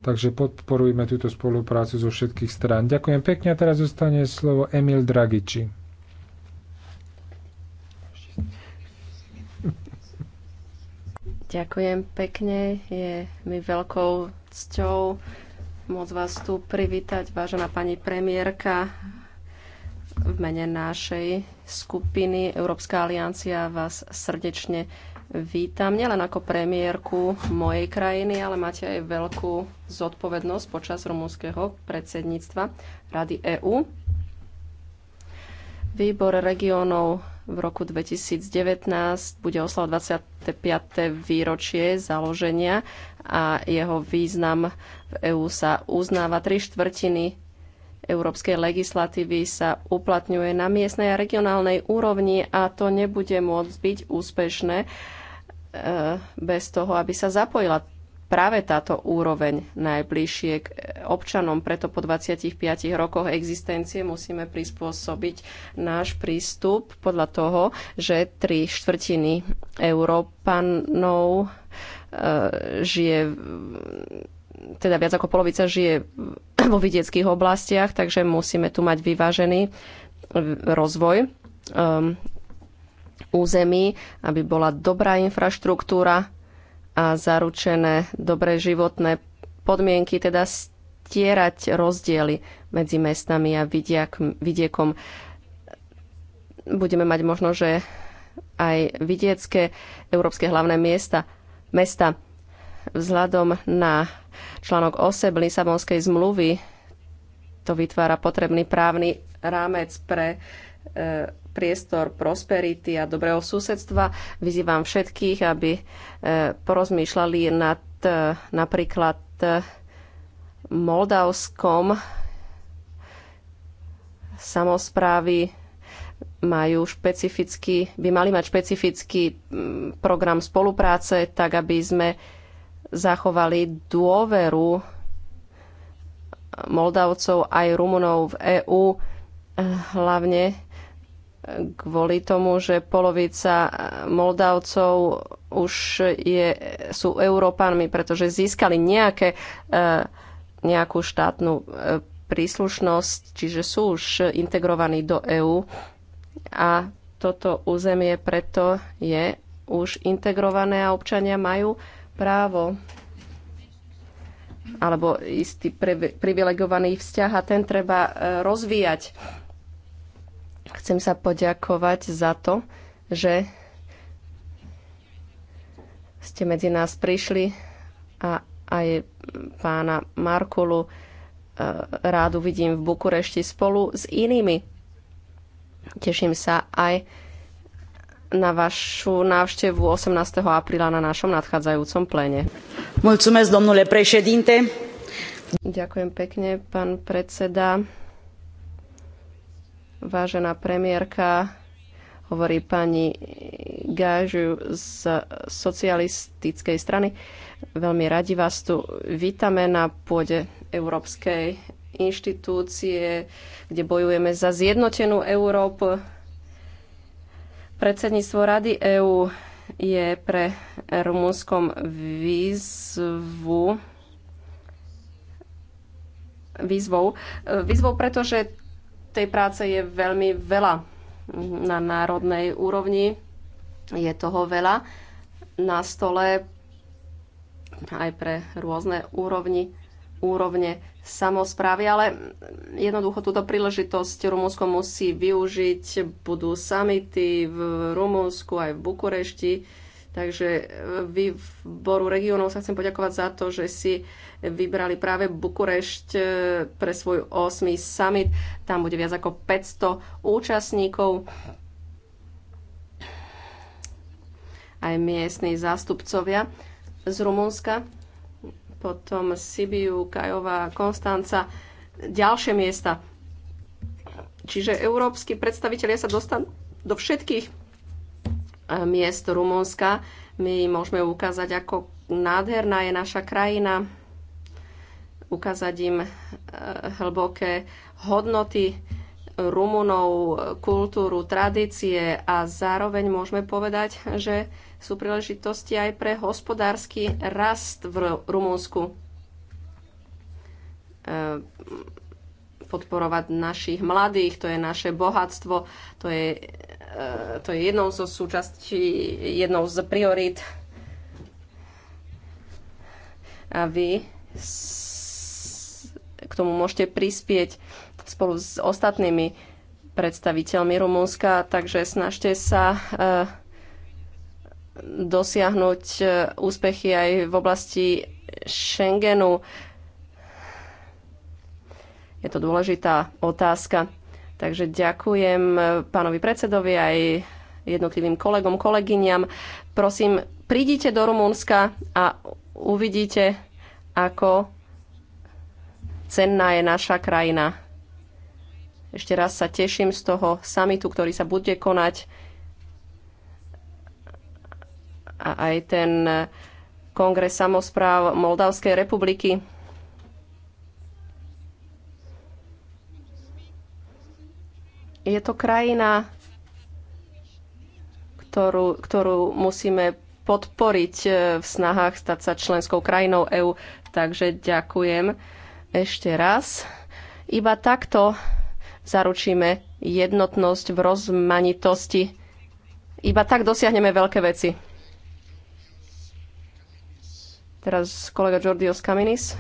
Takže podporujme túto spoluprácu zo všetkých strán. Ďakujem pekne a teraz zostane slovo Emil Dragiči. Ďakujem pekne. Je mi veľkou cťou môcť vás tu privítať, vážená pani premiérka. V mene našej skupiny Európska aliancia vás srdečne vítam nielen ako premiérku mojej krajiny, ale máte aj veľkú zodpovednosť počas rumúnskeho predsedníctva Rady EÚ. Výbor regiónov v roku 2019 bude oslavovať 25. výročie založenia a jeho význam v EÚ sa uznáva. Tri štvrtiny európskej legislatívy sa uplatňuje na miestnej a regionálnej úrovni a to nebude môcť byť úspešné, E, bez toho, aby sa zapojila práve táto úroveň najbližšie k občanom. Preto po 25 rokoch existencie musíme prispôsobiť náš prístup podľa toho, že tri štvrtiny Európanov e, žije teda viac ako polovica žije vo vidieckých oblastiach, takže musíme tu mať vyvážený rozvoj ehm, území, aby bola dobrá infraštruktúra a zaručené dobré životné podmienky, teda stierať rozdiely medzi mestami a vidiak, vidiekom. Budeme mať možno, že aj vidiecké európske hlavné miesta, mesta vzhľadom na článok 8 Lisabonskej zmluvy to vytvára potrebný právny rámec pre E, priestor prosperity a dobrého susedstva. Vyzývam všetkých, aby e, porozmýšľali nad e, napríklad Moldavskom. Samozprávy majú špecifický, by mali mať špecifický program spolupráce, tak aby sme zachovali dôveru Moldavcov aj Rumunov v EÚ, hlavne kvôli tomu, že polovica Moldavcov už je, sú Európanmi, pretože získali nejaké, e, nejakú štátnu e, príslušnosť, čiže sú už integrovaní do EÚ a toto územie preto je už integrované a občania majú právo alebo istý privilegovaný vzťah a ten treba e, rozvíjať Chcem sa poďakovať za to, že ste medzi nás prišli a aj pána Markulu e, rádu vidím v Bukurešti spolu s inými. Teším sa aj na vašu návštevu 18. apríla na našom nadchádzajúcom plene. Mulțumesc, domnule președinte. Ďakujem pekne, pán predseda. Vážená premiérka, hovorí pani Gážu z socialistickej strany. Veľmi radi vás tu vítame na pôde Európskej inštitúcie, kde bojujeme za zjednotenú Európu. Predsedníctvo Rady EÚ je pre Rumunskom výzvu výzvou. Výzvou, pretože tej práce je veľmi veľa na národnej úrovni. Je toho veľa na stole aj pre rôzne úrovni, úrovne samozprávy, ale jednoducho túto príležitosť Rumúnsko musí využiť. Budú samity v Rumunsku aj v Bukurešti Takže e, vy v Boru regionov sa chcem poďakovať za to, že si vybrali práve Bukurešť e, pre svoj 8. summit. Tam bude viac ako 500 účastníkov. Aj miestni zástupcovia z Rumunska. Potom Sibiu, Kajová, Konstanca. Ďalšie miesta. Čiže európsky predstavitelia sa dostanú do všetkých miest Rumunska. My môžeme ukázať, ako nádherná je naša krajina, ukázať im eh, hlboké hodnoty Rumunov, kultúru, tradície a zároveň môžeme povedať, že sú príležitosti aj pre hospodársky rast v Rumunsku. Eh, podporovať našich mladých, to je naše bohatstvo, to je E, to je jednou zo súčastí, jednou z priorit. A vy k tomu môžete prispieť spolu s ostatnými predstaviteľmi Rumúnska, takže snažte sa e, dosiahnuť e, úspechy aj v oblasti Schengenu. Je to dôležitá otázka. Takže ďakujem pánovi predsedovi aj jednotlivým kolegom, kolegyňam. Prosím, prídite do Rumunska a uvidíte, ako cenná je naša krajina. Ešte raz sa teším z toho samitu, ktorý sa bude konať a aj ten kongres samozpráv Moldavskej republiky. Je to krajina, ktorú, ktorú musíme podporiť e, v snahách stať sa členskou krajinou EÚ. Takže ďakujem ešte raz. Iba takto zaručíme jednotnosť v rozmanitosti. Iba tak dosiahneme veľké veci. Teraz kolega Jordios Kaminis.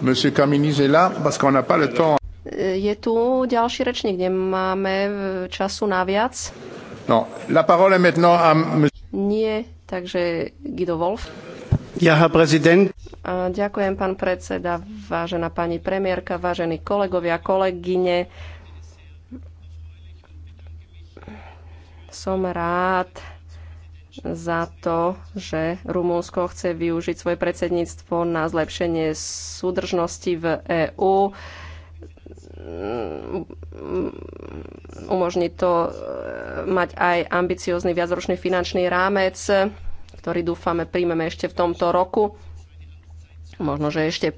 Monsieur Kaminis est là parce qu'on n'a pas le temps. Euh, je tu ďalší rečník, nemáme e, času naviac. No, la parole est maintenant à monsieur... Nie, takže Guido Wolf. Ja, Herr Präsident. Ďakujem, pán predseda, vážená pani premiérka, vážení kolegovia, kolegyne. Som rád, za to, že Rumunsko chce využiť svoje predsedníctvo na zlepšenie súdržnosti v EÚ. Umožní to e, mať aj ambiciózny viacročný finančný rámec, ktorý dúfame príjmeme ešte v tomto roku. Možno, že ešte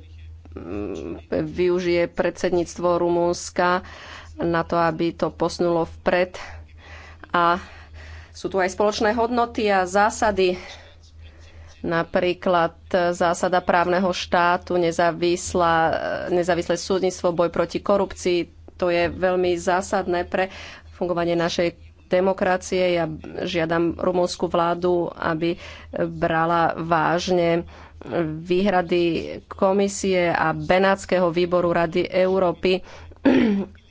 mm, využije predsedníctvo Rumúnska na to, aby to posnulo vpred a sú tu aj spoločné hodnoty a zásady, napríklad zásada právneho štátu, nezávislé súdnictvo, boj proti korupcii. To je veľmi zásadné pre fungovanie našej demokracie. Ja žiadam rumúnsku vládu, aby brala vážne výhrady komisie a Benátskeho výboru Rady Európy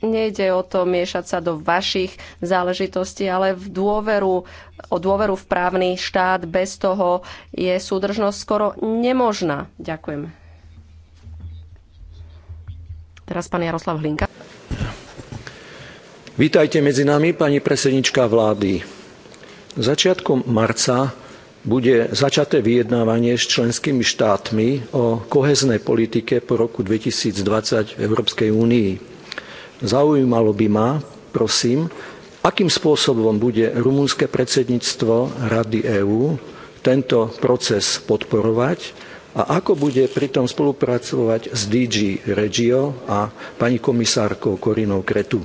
Nejde o to miešať sa do vašich záležitostí, ale v dôveru, o dôveru v právny štát. Bez toho je súdržnosť skoro nemožná. Ďakujem. Teraz pán Jaroslav Hlinka. Vítajte medzi nami, pani predsednička vlády. Začiatkom marca bude začaté vyjednávanie s členskými štátmi o koheznej politike po roku 2020 v Európskej únii. Zaujímalo by ma, prosím, akým spôsobom bude rumunské predsedníctvo Rady EÚ tento proces podporovať a ako bude pritom spolupracovať s DG Regio a pani komisárkou Korinou Kretu.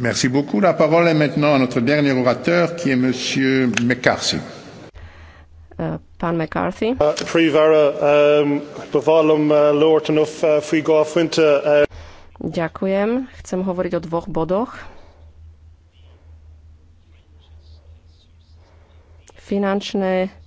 Merci beaucoup. La parole est maintenant à notre dernier orateur qui est Monsieur McCarthy. Eh, pán McCarthy. Ďakujem. Chcem hovoriť o dvoch bodoch. Finančné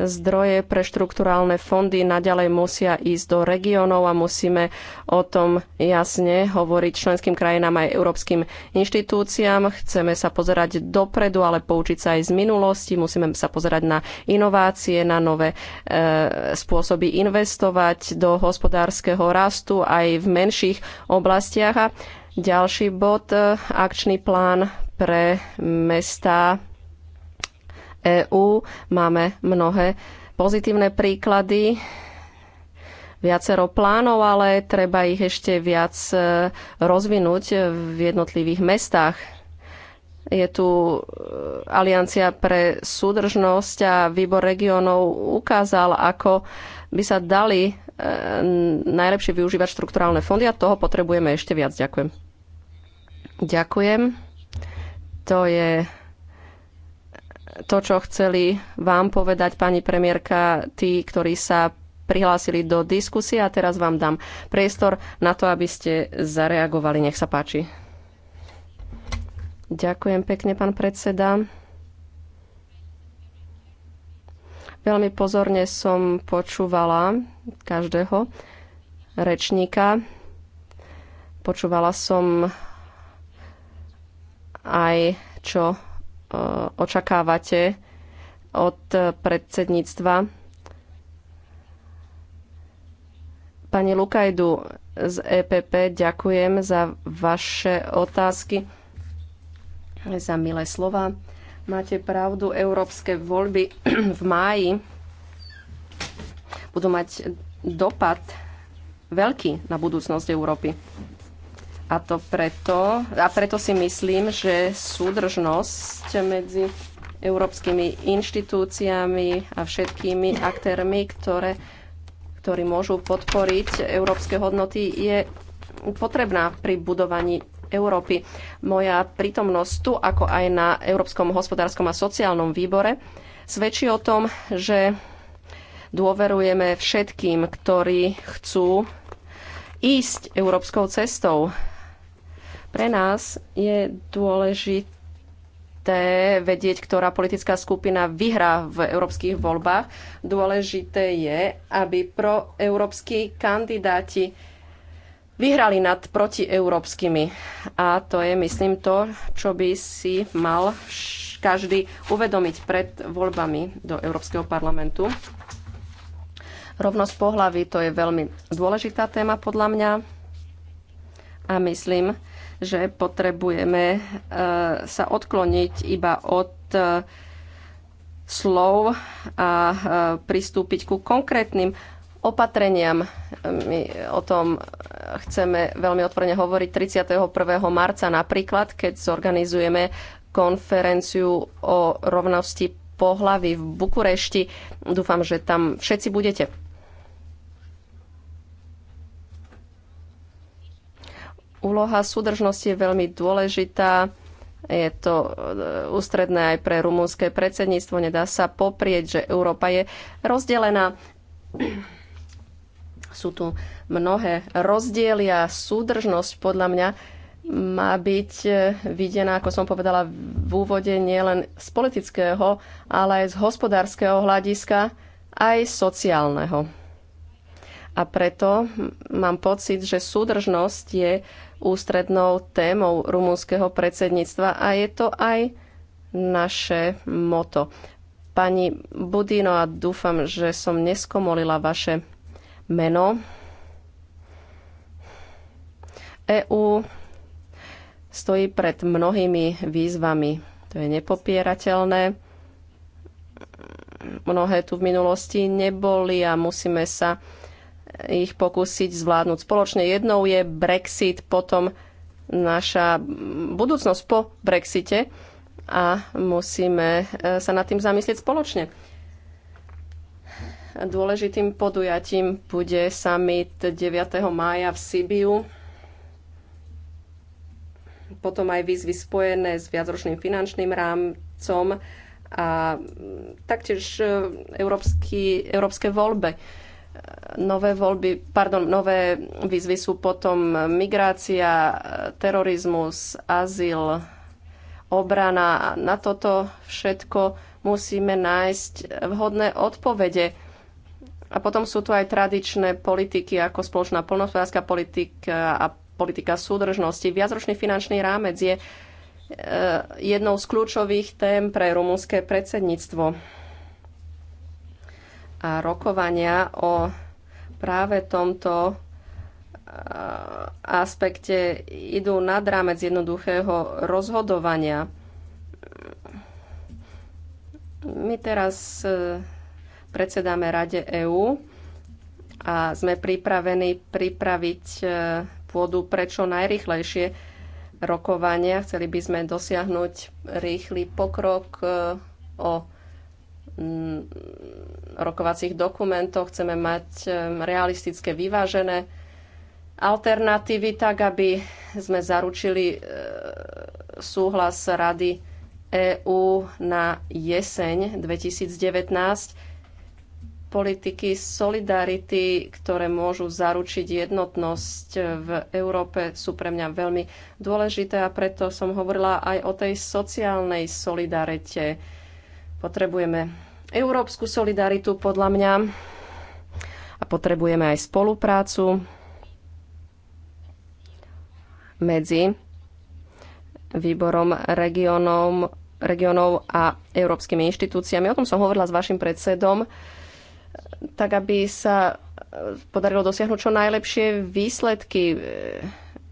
Zdroje pre štrukturálne fondy naďalej musia ísť do regiónov a musíme o tom jasne hovoriť členským krajinám aj európskym inštitúciám. Chceme sa pozerať dopredu, ale poučiť sa aj z minulosti. Musíme sa pozerať na inovácie, na nové e, spôsoby investovať do hospodárskeho rastu aj v menších oblastiach. A ďalší bod, e, akčný plán pre mesta EÚ. Máme mnohé pozitívne príklady, viacero plánov, ale treba ich ešte viac e, rozvinúť v jednotlivých mestách. Je tu e, Aliancia pre súdržnosť a výbor regionov ukázal, ako by sa dali e, najlepšie využívať štrukturálne fondy a toho potrebujeme ešte viac. Ďakujem. Ďakujem. To je to, čo chceli vám povedať, pani premiérka, tí, ktorí sa prihlásili do diskusie a teraz vám dám priestor na to, aby ste zareagovali. Nech sa páči. Ďakujem pekne, pán predseda. Veľmi pozorne som počúvala každého rečníka. Počúvala som aj, čo E, očakávate od predsedníctva. Pani Lukajdu z EPP, ďakujem za vaše otázky, za milé slova. Máte pravdu, európske voľby v máji budú mať dopad veľký na budúcnosť Európy. A, to preto, a preto si myslím, že súdržnosť medzi európskymi inštitúciami a všetkými aktérmi, ktoré, ktorí môžu podporiť európske hodnoty, je potrebná pri budovaní Európy. Moja prítomnosť tu, ako aj na Európskom hospodárskom a sociálnom výbore, svedčí o tom, že dôverujeme všetkým, ktorí chcú ísť európskou cestou pre nás je dôležité vedieť, ktorá politická skupina vyhrá v európskych voľbách. Dôležité je, aby proeurópsky kandidáti vyhrali nad protieurópskymi. A to je, myslím, to, čo by si mal každý uvedomiť pred voľbami do Európskeho parlamentu. Rovnosť pohlaví to je veľmi dôležitá téma podľa mňa a myslím, že potrebujeme e, sa odkloniť iba od e, slov a e, pristúpiť ku konkrétnym opatreniam. My o tom chceme veľmi otvorene hovoriť 31. marca napríklad, keď zorganizujeme konferenciu o rovnosti pohlavy v Bukurešti. Dúfam, že tam všetci budete. Úloha súdržnosti je veľmi dôležitá. Je to e, ústredné aj pre rumúnske predsedníctvo. Nedá sa poprieť, že Európa je rozdelená. Sú tu mnohé rozdiely a súdržnosť podľa mňa má byť e, videná, ako som povedala v úvode, nielen z politického, ale aj z hospodárskeho hľadiska, aj sociálneho. A preto mám pocit, že súdržnosť je ústrednou témou rumúnskeho predsedníctva a je to aj naše moto. Pani Budino, a dúfam, že som neskomolila vaše meno. EÚ stojí pred mnohými výzvami. To je nepopierateľné. Mnohé tu v minulosti neboli a musíme sa ich pokúsiť zvládnuť spoločne. Jednou je Brexit, potom naša budúcnosť po Brexite a musíme e, sa nad tým zamyslieť spoločne. Dôležitým podujatím bude summit 9. mája v Sibiu. Potom aj výzvy spojené s viacročným finančným rámcom a taktiež e, európsky, európske voľbe. Nové voľby, pardon, nové výzvy sú potom migrácia, terorizmus, azyl, obrana. Na toto všetko musíme nájsť vhodné odpovede. A potom sú tu aj tradičné politiky ako spoločná polnohospodárska politika a politika súdržnosti. Viacročný finančný rámec je e, jednou z kľúčových tém pre rumunské predsedníctvo a rokovania o práve tomto e, aspekte idú nad rámec jednoduchého rozhodovania. My teraz e, predsedáme Rade EÚ a sme pripravení pripraviť e, pôdu prečo najrychlejšie rokovania. Chceli by sme dosiahnuť rýchly pokrok o Mm, rokovacích dokumentoch. Chceme mať e, realistické, vyvážené alternatívy, tak aby sme zaručili e, súhlas Rady EÚ na jeseň 2019 politiky solidarity, ktoré môžu zaručiť jednotnosť v Európe, sú pre mňa veľmi dôležité a preto som hovorila aj o tej sociálnej solidarite. Potrebujeme európsku solidaritu podľa mňa a potrebujeme aj spoluprácu medzi výborom regionom, regionov a európskymi inštitúciami. O tom som hovorila s vašim predsedom, tak aby sa podarilo dosiahnuť čo najlepšie výsledky e,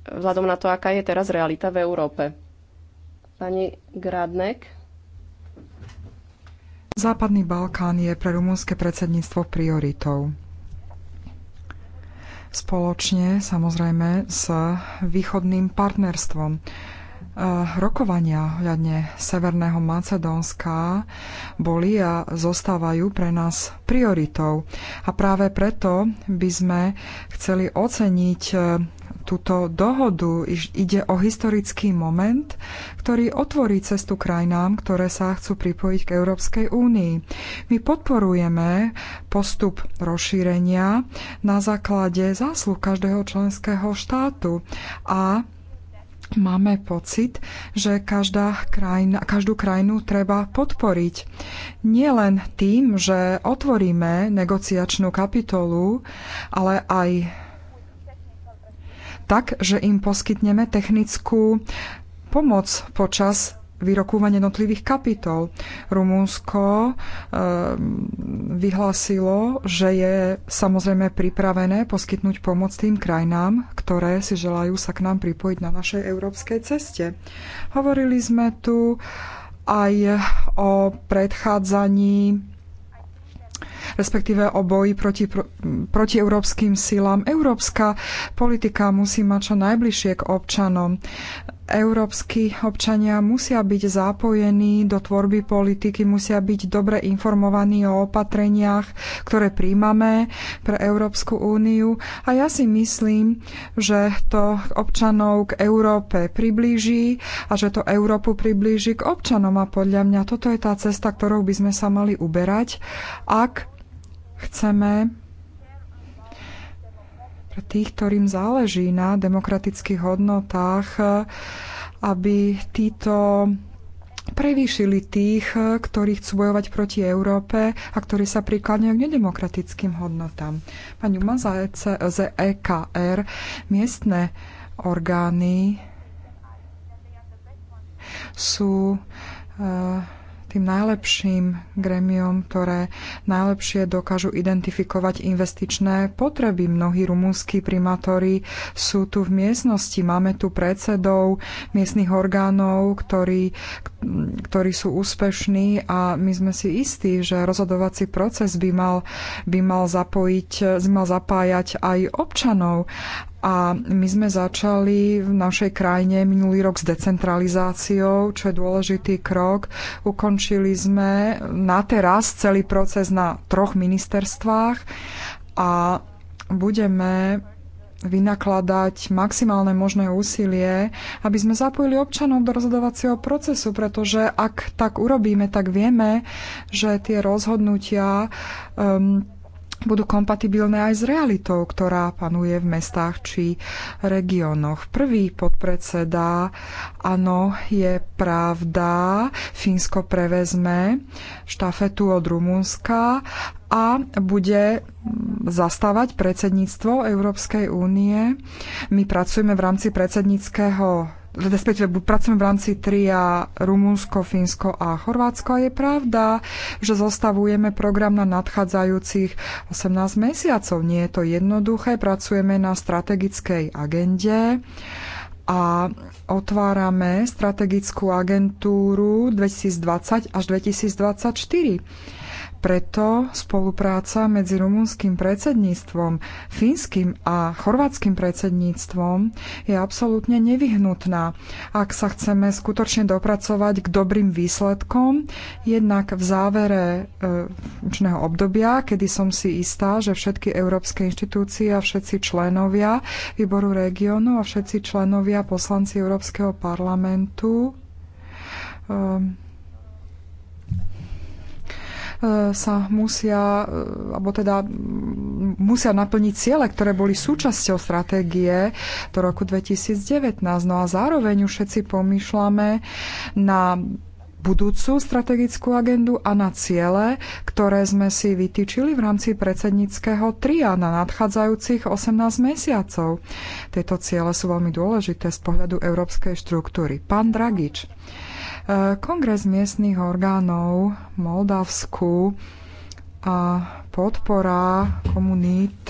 vzhľadom na to, aká je teraz realita v Európe. Pani Gradnek. Západný Balkán je pre rumunské predsedníctvo prioritou. Spoločne samozrejme s východným partnerstvom. Eh, rokovania hľadne Severného Macedónska boli a zostávajú pre nás prioritou. A práve preto by sme chceli oceniť eh, túto dohodu. Ide o historický moment, ktorý otvorí cestu krajinám, ktoré sa chcú pripojiť k Európskej únii. My podporujeme postup rozšírenia na základe zásluh každého členského štátu a máme pocit, že každá krajina, každú krajinu treba podporiť. Nie len tým, že otvoríme negociačnú kapitolu, ale aj tak, že im poskytneme technickú pomoc počas vyrokúvania jednotlivých kapitol. Rumúnsko e, ehm, vyhlásilo, že je samozrejme pripravené poskytnúť pomoc tým krajinám, ktoré si želajú sa k nám pripojiť na našej európskej ceste. Hovorili sme tu aj o predchádzaní respektíve o boji proti, proti európskym silám. Európska politika musí mať čo najbližšie k občanom. Európsky občania musia byť zapojení do tvorby politiky, musia byť dobre informovaní o opatreniach, ktoré príjmame pre Európsku úniu. A ja si myslím, že to občanov k Európe priblíži a že to Európu priblíži k občanom. A podľa mňa toto je tá cesta, ktorou by sme sa mali uberať, ak chceme tých, ktorým záleží na demokratických hodnotách, aby títo prevýšili tých, ktorí chcú bojovať proti Európe a ktorí sa prikladňujú k nedemokratickým hodnotám. Pani Uman za, za EKR, miestne orgány sú uh, tým najlepším gremiom, ktoré najlepšie dokážu identifikovať investičné potreby. Mnohí rumúnsky primátori sú tu v miestnosti. Máme tu predsedov miestnych orgánov, ktorí, ktorí sú úspešní a my sme si istí, že rozhodovací proces by mal, by mal zapojiť, by mal zapájať aj občanov a my sme začali v našej krajine minulý rok s decentralizáciou, čo je dôležitý krok. Ukončili sme na teraz celý proces na troch ministerstvách a budeme vynakladať maximálne možné úsilie, aby sme zapojili občanov do rozhodovacieho procesu, pretože ak tak urobíme, tak vieme, že tie rozhodnutia um, budú kompatibilné aj s realitou, ktorá panuje v mestách či regiónoch. Prvý podpredseda, áno, je pravda, Fínsko prevezme štafetu od Rumunska a bude zastávať predsedníctvo Európskej únie. My pracujeme v rámci predsedníckého respektíve pracujeme v rámci tria Rumunsko, Fínsko a Chorvátsko. A je pravda, že zostavujeme program na nadchádzajúcich 18 mesiacov. Nie je to jednoduché, pracujeme na strategickej agende a otvárame strategickú agentúru 2020 až 2024. Preto spolupráca medzi rumunským predsedníctvom, fínskym a chorvátským predsedníctvom je absolútne nevyhnutná, ak sa chceme skutočne dopracovať k dobrým výsledkom. Jednak v závere e, funkčného obdobia, kedy som si istá, že všetky európske inštitúcie a všetci členovia výboru regiónu a všetci členovia poslanci Európskeho parlamentu e, E, sa musia, e, alebo teda musia naplniť ciele, ktoré boli súčasťou stratégie do roku 2019. No a zároveň už všetci pomýšľame na budúcu strategickú agendu a na ciele, ktoré sme si vytýčili v rámci predsedníckého tria na nadchádzajúcich 18 mesiacov. Tieto ciele sú veľmi dôležité z pohľadu európskej štruktúry. Pán Dragič, Kongres miestnych orgánov Moldavsku a podpora komunít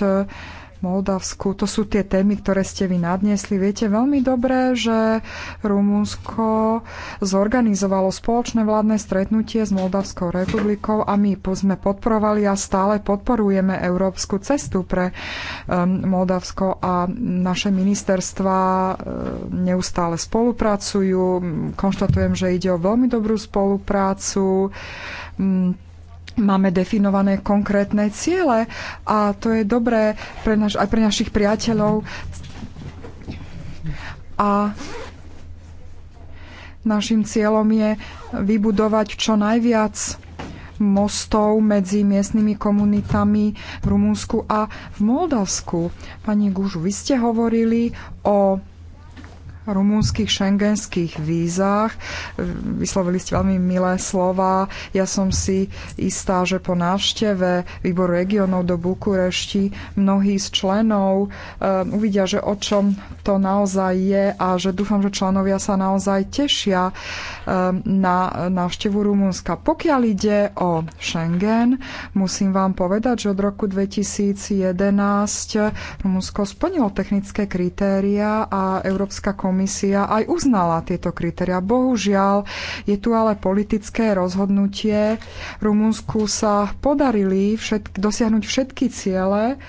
Moldavsku. To sú tie témy, ktoré ste vy nadniesli. Viete veľmi dobre, že Rumunsko zorganizovalo spoločné vládne stretnutie s Moldavskou republikou a my sme podporovali a stále podporujeme európsku cestu pre um, Moldavsko a naše ministerstva um, neustále spolupracujú. Konštatujem, že ide o veľmi dobrú spoluprácu. Um, máme definované konkrétne ciele a to je dobré pre naš, aj pre našich priateľov. A našim cieľom je vybudovať čo najviac mostov medzi miestnymi komunitami v Rumúnsku a v Moldavsku. Pani Gužu, vy ste hovorili o rumúnskych šengenských vízach. Vyslovili ste veľmi milé slova. Ja som si istá, že po návšteve výboru regionov do Bukurešti mnohí z členov eh, uvidia, že o čom to naozaj je a že dúfam, že členovia sa naozaj tešia eh, na návštevu Rumúnska. Pokiaľ ide o Schengen, musím vám povedať, že od roku 2011 Rumúnsko splnilo technické kritéria a Európska komisia komisia aj uznala tieto kritéria. Bohužiaľ, je tu ale politické rozhodnutie. Rumunsku sa podarili všetk- dosiahnuť všetky ciele,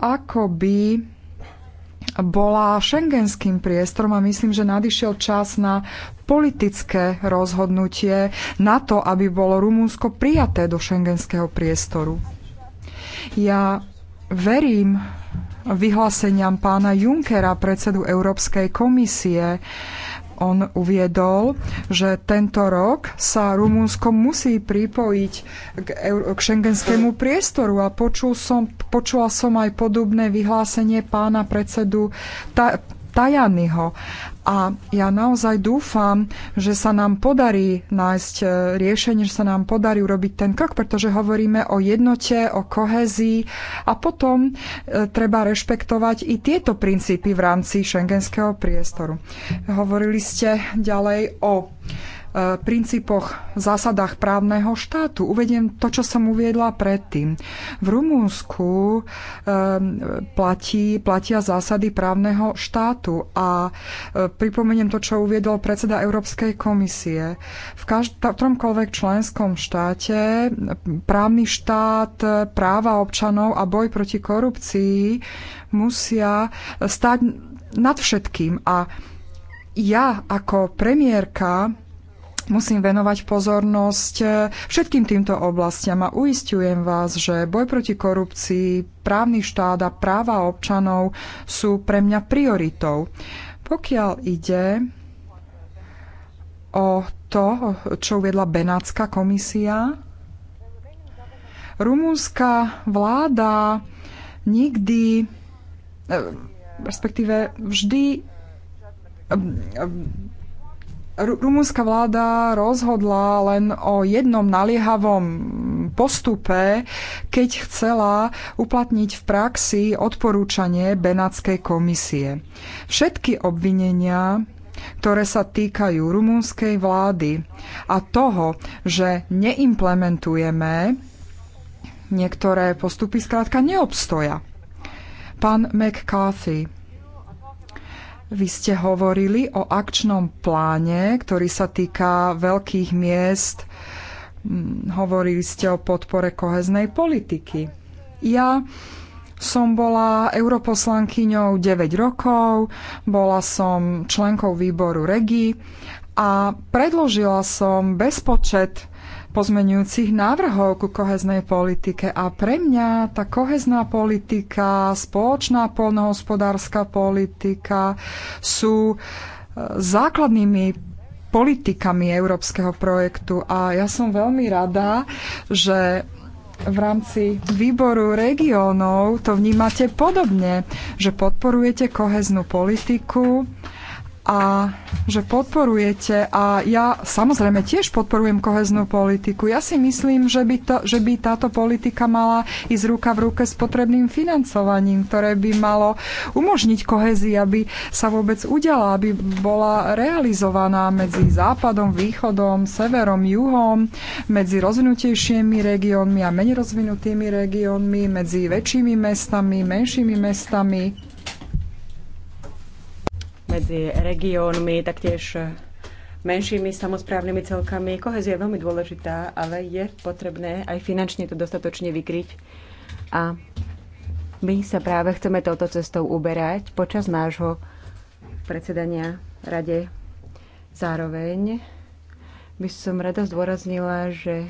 ako by bola šengenským priestorom a myslím, že nadišiel čas na politické rozhodnutie na to, aby bolo Rumunsko prijaté do šengenského priestoru. Ja verím vyhláseniam pána Junckera, predsedu Európskej komisie. On uviedol, že tento rok sa Rumunsko musí pripojiť k, k šengenskému priestoru a počul som, počula som aj podobné vyhlásenie pána predsedu ta, Tajanyho. A ja naozaj dúfam, že sa nám podarí nájsť e, riešenie, že sa nám podarí urobiť ten krok, pretože hovoríme o jednote, o kohezii a potom e, treba rešpektovať i tieto princípy v rámci šengenského priestoru. Hovorili ste ďalej o Eh, princípoch, zásadách právneho štátu. Uvediem to, čo som uviedla predtým. V Rumúnsku eh, platí, platia zásady právneho štátu a eh, pripomeniem to, čo uviedol predseda Európskej komisie. V, ktoromkoľvek členskom štáte právny štát, práva občanov a boj proti korupcii musia stať nad všetkým. A ja ako premiérka musím venovať pozornosť e, všetkým týmto oblastiam a uistujem vás, že boj proti korupcii, právny štát a práva občanov sú pre mňa prioritou. Pokiaľ ide o to, čo uviedla Benátska komisia, rumúnska vláda nikdy, e, respektíve vždy e, rumúnska vláda rozhodla len o jednom naliehavom postupe, keď chcela uplatniť v praxi odporúčanie Benátskej komisie. Všetky obvinenia ktoré sa týkajú rumunskej vlády a toho, že neimplementujeme niektoré postupy, zkrátka neobstoja. Pán McCarthy, vy ste hovorili o akčnom pláne, ktorý sa týka veľkých miest. Mm, hovorili ste o podpore koheznej politiky. Ja som bola europoslankyňou 9 rokov, bola som členkou výboru REGI a predložila som bezpočet pozmenujúcich návrhov ku koheznej politike. A pre mňa tá kohezná politika, spoločná polnohospodárska politika sú e, základnými politikami európskeho projektu a ja som veľmi rada, že v rámci výboru regiónov to vnímate podobne, že podporujete koheznú politiku a že podporujete a ja samozrejme tiež podporujem koheznú politiku. Ja si myslím, že by, to, že by táto politika mala ísť ruka v ruke s potrebným financovaním, ktoré by malo umožniť kohezii, aby sa vôbec udiala, aby bola realizovaná medzi západom, východom, severom, juhom, medzi rozvinutejšími regiónmi a menej rozvinutými regiónmi, medzi väčšími mestami, menšími mestami medzi regiónmi, taktiež menšími samozprávnymi celkami. Kohezia je veľmi dôležitá, ale je potrebné aj finančne to dostatočne vykryť. A my sa práve chceme touto cestou uberať počas nášho predsedania rade. Zároveň by som rada zdôraznila, že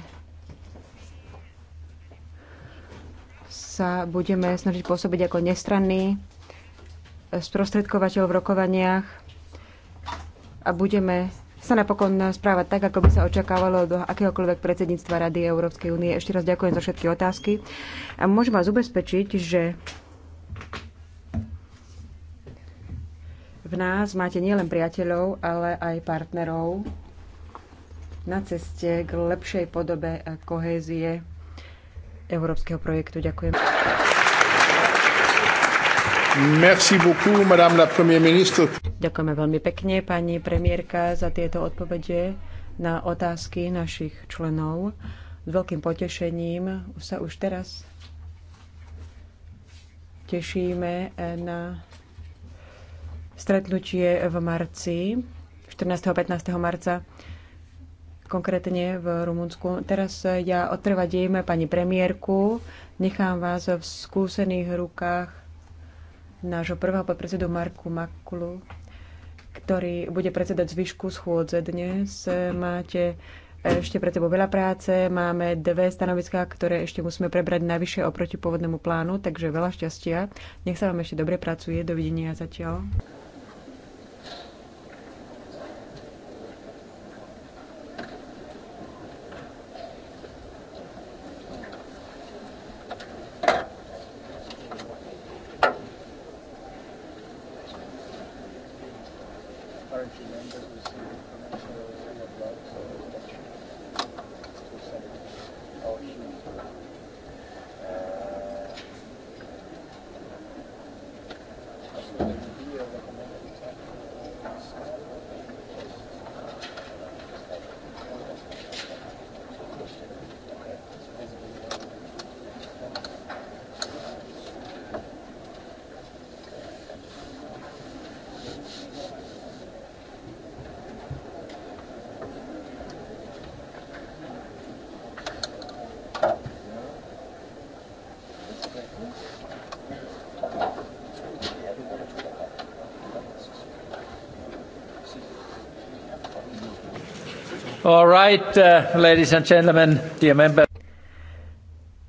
sa budeme snažiť pôsobiť ako nestranný sprostredkovateľ v rokovaniach a budeme sa napokon správať tak, ako by sa očakávalo do akéhokoľvek predsedníctva Rady Európskej únie. Ešte raz ďakujem za všetky otázky a môžem vás ubezpečiť, že v nás máte nielen priateľov, ale aj partnerov na ceste k lepšej podobe kohézie európskeho projektu. Ďakujem. Merci beaucoup, madame la première ministre. Ďakujeme veľmi pekne, pani premiérka, za tieto odpovede na otázky našich členov. S veľkým potešením sa už teraz tešíme na stretnutie v marci, 14. a 15. marca, konkrétne v Rumunsku. Teraz ja odtrvadím pani premiérku, nechám vás v skúsených rukách nášho prvého podpredsedu Marku Makulu, ktorý bude predsedať zvyšku schôdze dnes. Máte ešte pred sebou veľa práce, máme dve stanoviská, ktoré ešte musíme prebrať najvyššie oproti pôvodnému plánu, takže veľa šťastia. Nech sa vám ešte dobre pracuje, dovidenia zatiaľ. right, uh, ladies and gentlemen, dear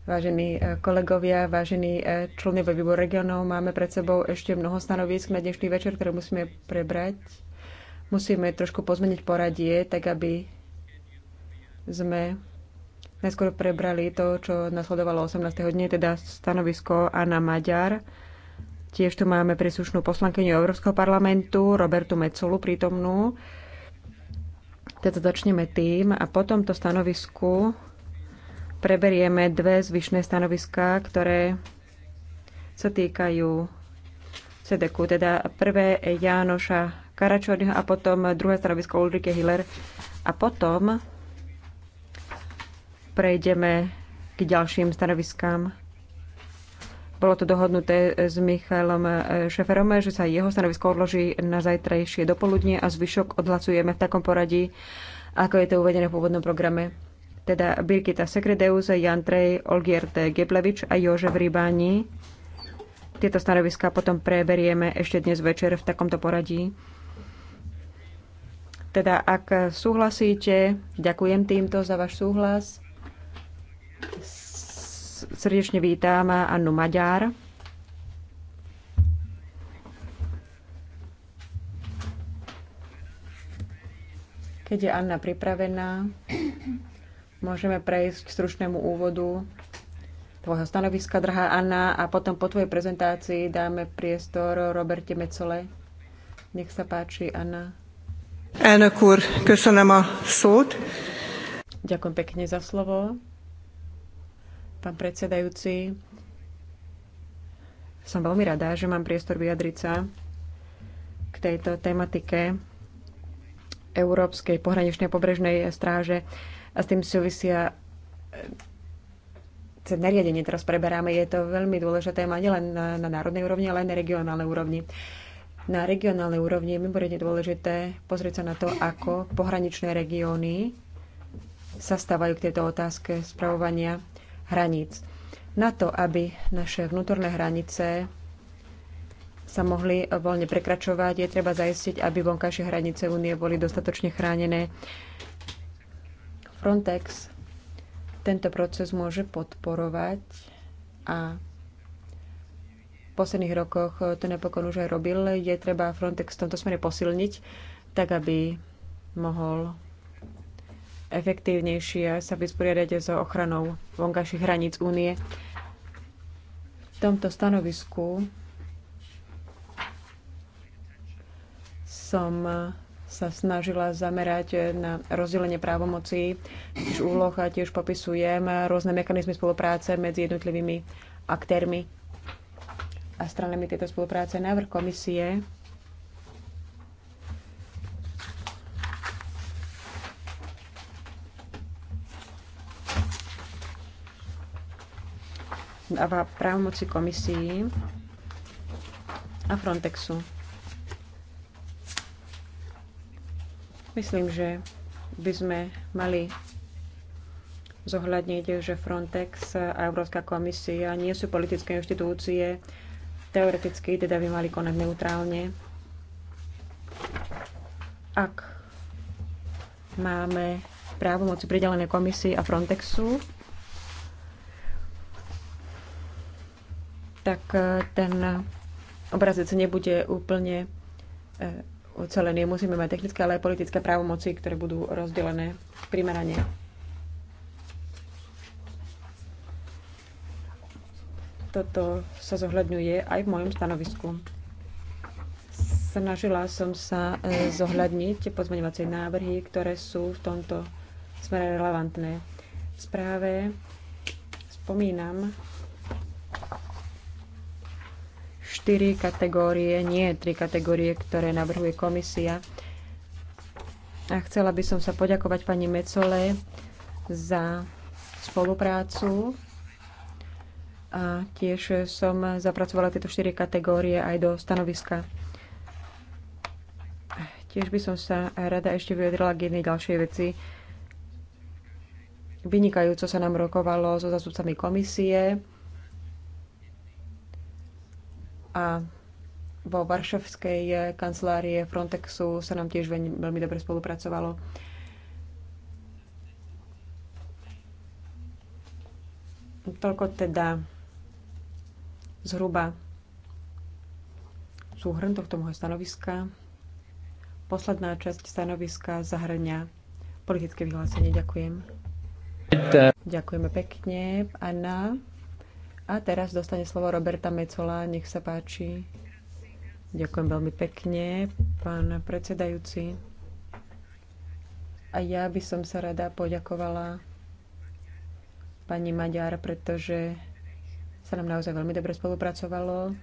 Vážení eh, kolegovia, vážení eh, členovia výboru regionov, máme pred sebou ešte mnoho stanovisk na dnešný večer, ktoré musíme prebrať. Musíme trošku pozmeniť poradie, tak aby sme najskôr prebrali to, čo nasledovalo 18. dne, teda stanovisko Anna Maďar. Tiež tu máme príslušnú poslankyňu Európskeho parlamentu, Robertu Mecolu, prítomnú. Teda začneme tým a po tomto stanovisku preberieme dve zvyšné stanoviská, ktoré sa týkajú CDK, teda prvé Jánoša Karačodyho a potom druhé stanovisko Ulrike Hiller. A potom prejdeme k ďalším stanoviskám. Bolo to dohodnuté s Michalom Šeferom, že sa jeho stanovisko odloží na zajtrajšie dopoludne a zvyšok odhlasujeme v takom poradí, ako je to uvedené v pôvodnom programe. Teda Birgita Sekredeus, Jan Trej, Olgierte Geblevič a Jožef Rybáni. Tieto stanoviská potom preberieme ešte dnes večer v takomto poradí. Teda ak súhlasíte, ďakujem týmto za váš súhlas srdečne vítam Annu Maďár. Keď je Anna pripravená, môžeme prejsť k stručnému úvodu tvojho stanoviska, drahá Anna, a potom po tvojej prezentácii dáme priestor Roberte Mecole. Nech sa páči, Anna. Elnök úr, köszönöm a szót. Ďakujem pekne za slovo pán predsedajúci. Som veľmi rada, že mám priestor vyjadriť sa k tejto tematike Európskej pohraničnej pobrežnej stráže a s tým súvisia eh, cez nariadenie teraz preberáme. Je to veľmi dôležitá téma nielen na, na národnej úrovni, ale aj na regionálnej úrovni. Na regionálnej úrovni je mimoriadne dôležité pozrieť sa na to, ako pohraničné regióny sa stávajú k tejto otázke spravovania hraníc. Na to, aby naše vnútorné hranice sa mohli voľne prekračovať, je treba zaistiť, aby vonkajšie hranice únie boli dostatočne chránené. Frontex tento proces môže podporovať a v posledných rokoch to napokon už aj robil. Je treba Frontex v tomto smere posilniť, tak aby mohol efektívnejšie sa vysporiadať so ochranou vonkajších hraníc únie. V tomto stanovisku som sa snažila zamerať na rozdelenie právomocí, tiež úloh a tiež popisujem rôzne mechanizmy spolupráce medzi jednotlivými aktérmi a stranami tejto spolupráce. Návrh komisie dáva právomoci komisii a Frontexu. Myslím, že by sme mali zohľadniť, že Frontex a Európska komisia nie sú politické inštitúcie. Teoreticky teda by mali konať neutrálne. Ak máme právomoci pridelené komisii a Frontexu, tak e, ten obrazec nebude úplne e, ucelený. Musíme mať technické, ale aj politické právomoci, ktoré budú rozdelené primerane. Toto sa zohľadňuje aj v mojom stanovisku. Snažila som sa e, zohľadniť pozmeňovacie návrhy, ktoré sú v tomto smere relevantné. V správe spomínam štyri kategórie, nie tri kategórie, ktoré navrhuje komisia. A chcela by som sa poďakovať pani Mecole za spoluprácu. A tiež som zapracovala tieto štyri kategórie aj do stanoviska. Tiež by som sa rada ešte vyjadrila k jednej ďalšej veci. Vynikajúco sa nám rokovalo so zastupcami komisie a vo Varšavskej eh, kancelárie Frontexu sa nám tiež veľmi dobre spolupracovalo. Toľko teda zhruba súhrn tohto môjho stanoviska. Posledná časť stanoviska zahrňa politické vyhlásenie. Ďakujem. Ďakujeme pekne. Anna. A teraz dostane slovo Roberta Mecola, nech sa páči. Ďakujem veľmi pekne, pán predsedajúci. A ja by som sa rada poďakovala pani Maďar, pretože sa nám naozaj veľmi dobre spolupracovalo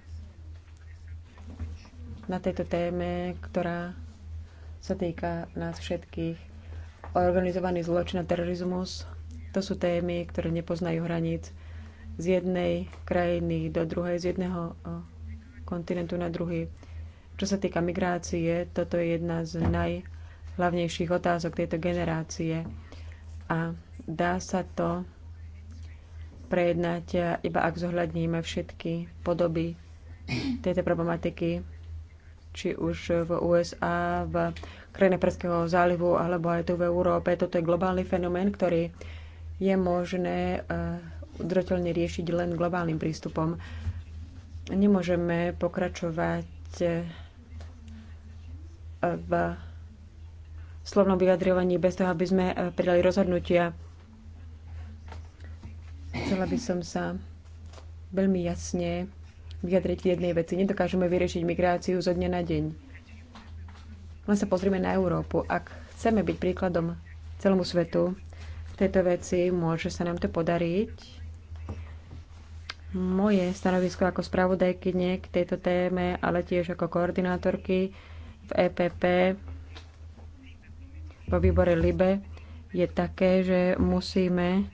na tejto téme, ktorá sa týka nás všetkých. Organizovaný zločin a terorizmus, to sú témy, ktoré nepoznajú hraníc z jednej krajiny do druhej, z jedného kontinentu na druhý. Čo sa týka migrácie, toto je jedna z najhlavnejších otázok tejto generácie a dá sa to prejednať e, iba ak zohľadníme všetky podoby tejto problematiky, či už v USA, v krajine Perského zálivu alebo aj tu v Európe. Toto je globálny fenomén, ktorý je možné e, udržateľne riešiť len globálnym prístupom. Nemôžeme pokračovať eh, v slovnom vyjadrovaní bez toho, aby sme eh, pridali rozhodnutia. Chcela by som sa veľmi jasne vyjadriť k jednej veci. Nedokážeme vyriešiť migráciu zo dňa na deň. Len sa pozrieme na Európu. Ak chceme byť príkladom celému svetu v tejto veci, môže sa nám to podariť moje stanovisko ako spravodajkyne k tejto téme, ale tiež ako koordinátorky v EPP vo výbore LIBE je také, že musíme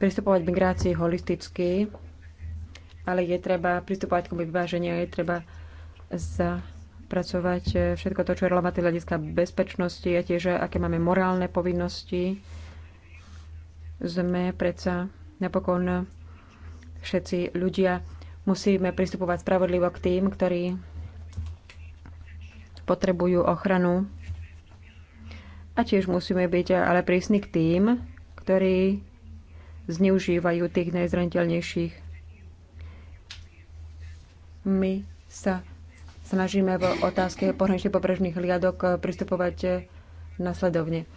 pristupovať k migrácii holisticky, ale je treba pristupovať k tomu vyváženiu, je treba zapracovať všetko to, čo je relevantné hľadiska bezpečnosti a tiež, aké máme morálne povinnosti. Sme predsa napokon všetci ľudia. Musíme pristupovať spravodlivo k tým, ktorí potrebujú ochranu. A tiež musíme byť ale prísni k tým, ktorí zneužívajú tých najzraniteľnejších. My sa snažíme v otázke pohraničných pobrežných hliadok pristupovať nasledovne.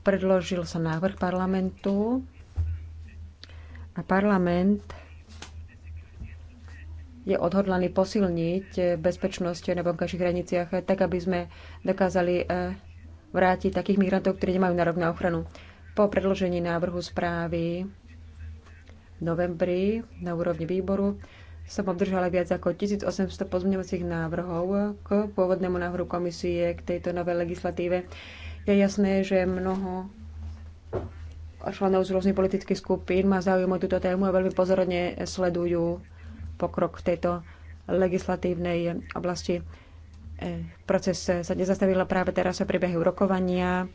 Predložil sa návrh parlamentu a parlament je odhodlaný posilniť bezpečnosť na vonkajších hraniciach, tak aby sme dokázali eh, vrátiť takých migrantov, ktorí nemajú nárok na ochranu. Po predložení návrhu správy v novembri na úrovni výboru som obdržala viac ako 1800 pozmeňovacích návrhov k pôvodnému návrhu komisie k tejto novej legislatíve. Je jasné, že mnoho členov z rôznych politických skupín má záujem o túto tému a veľmi pozorne sledujú pokrok v tejto legislatívnej oblasti. E, proces sa nezastavila práve teraz sa priebehu rokovania.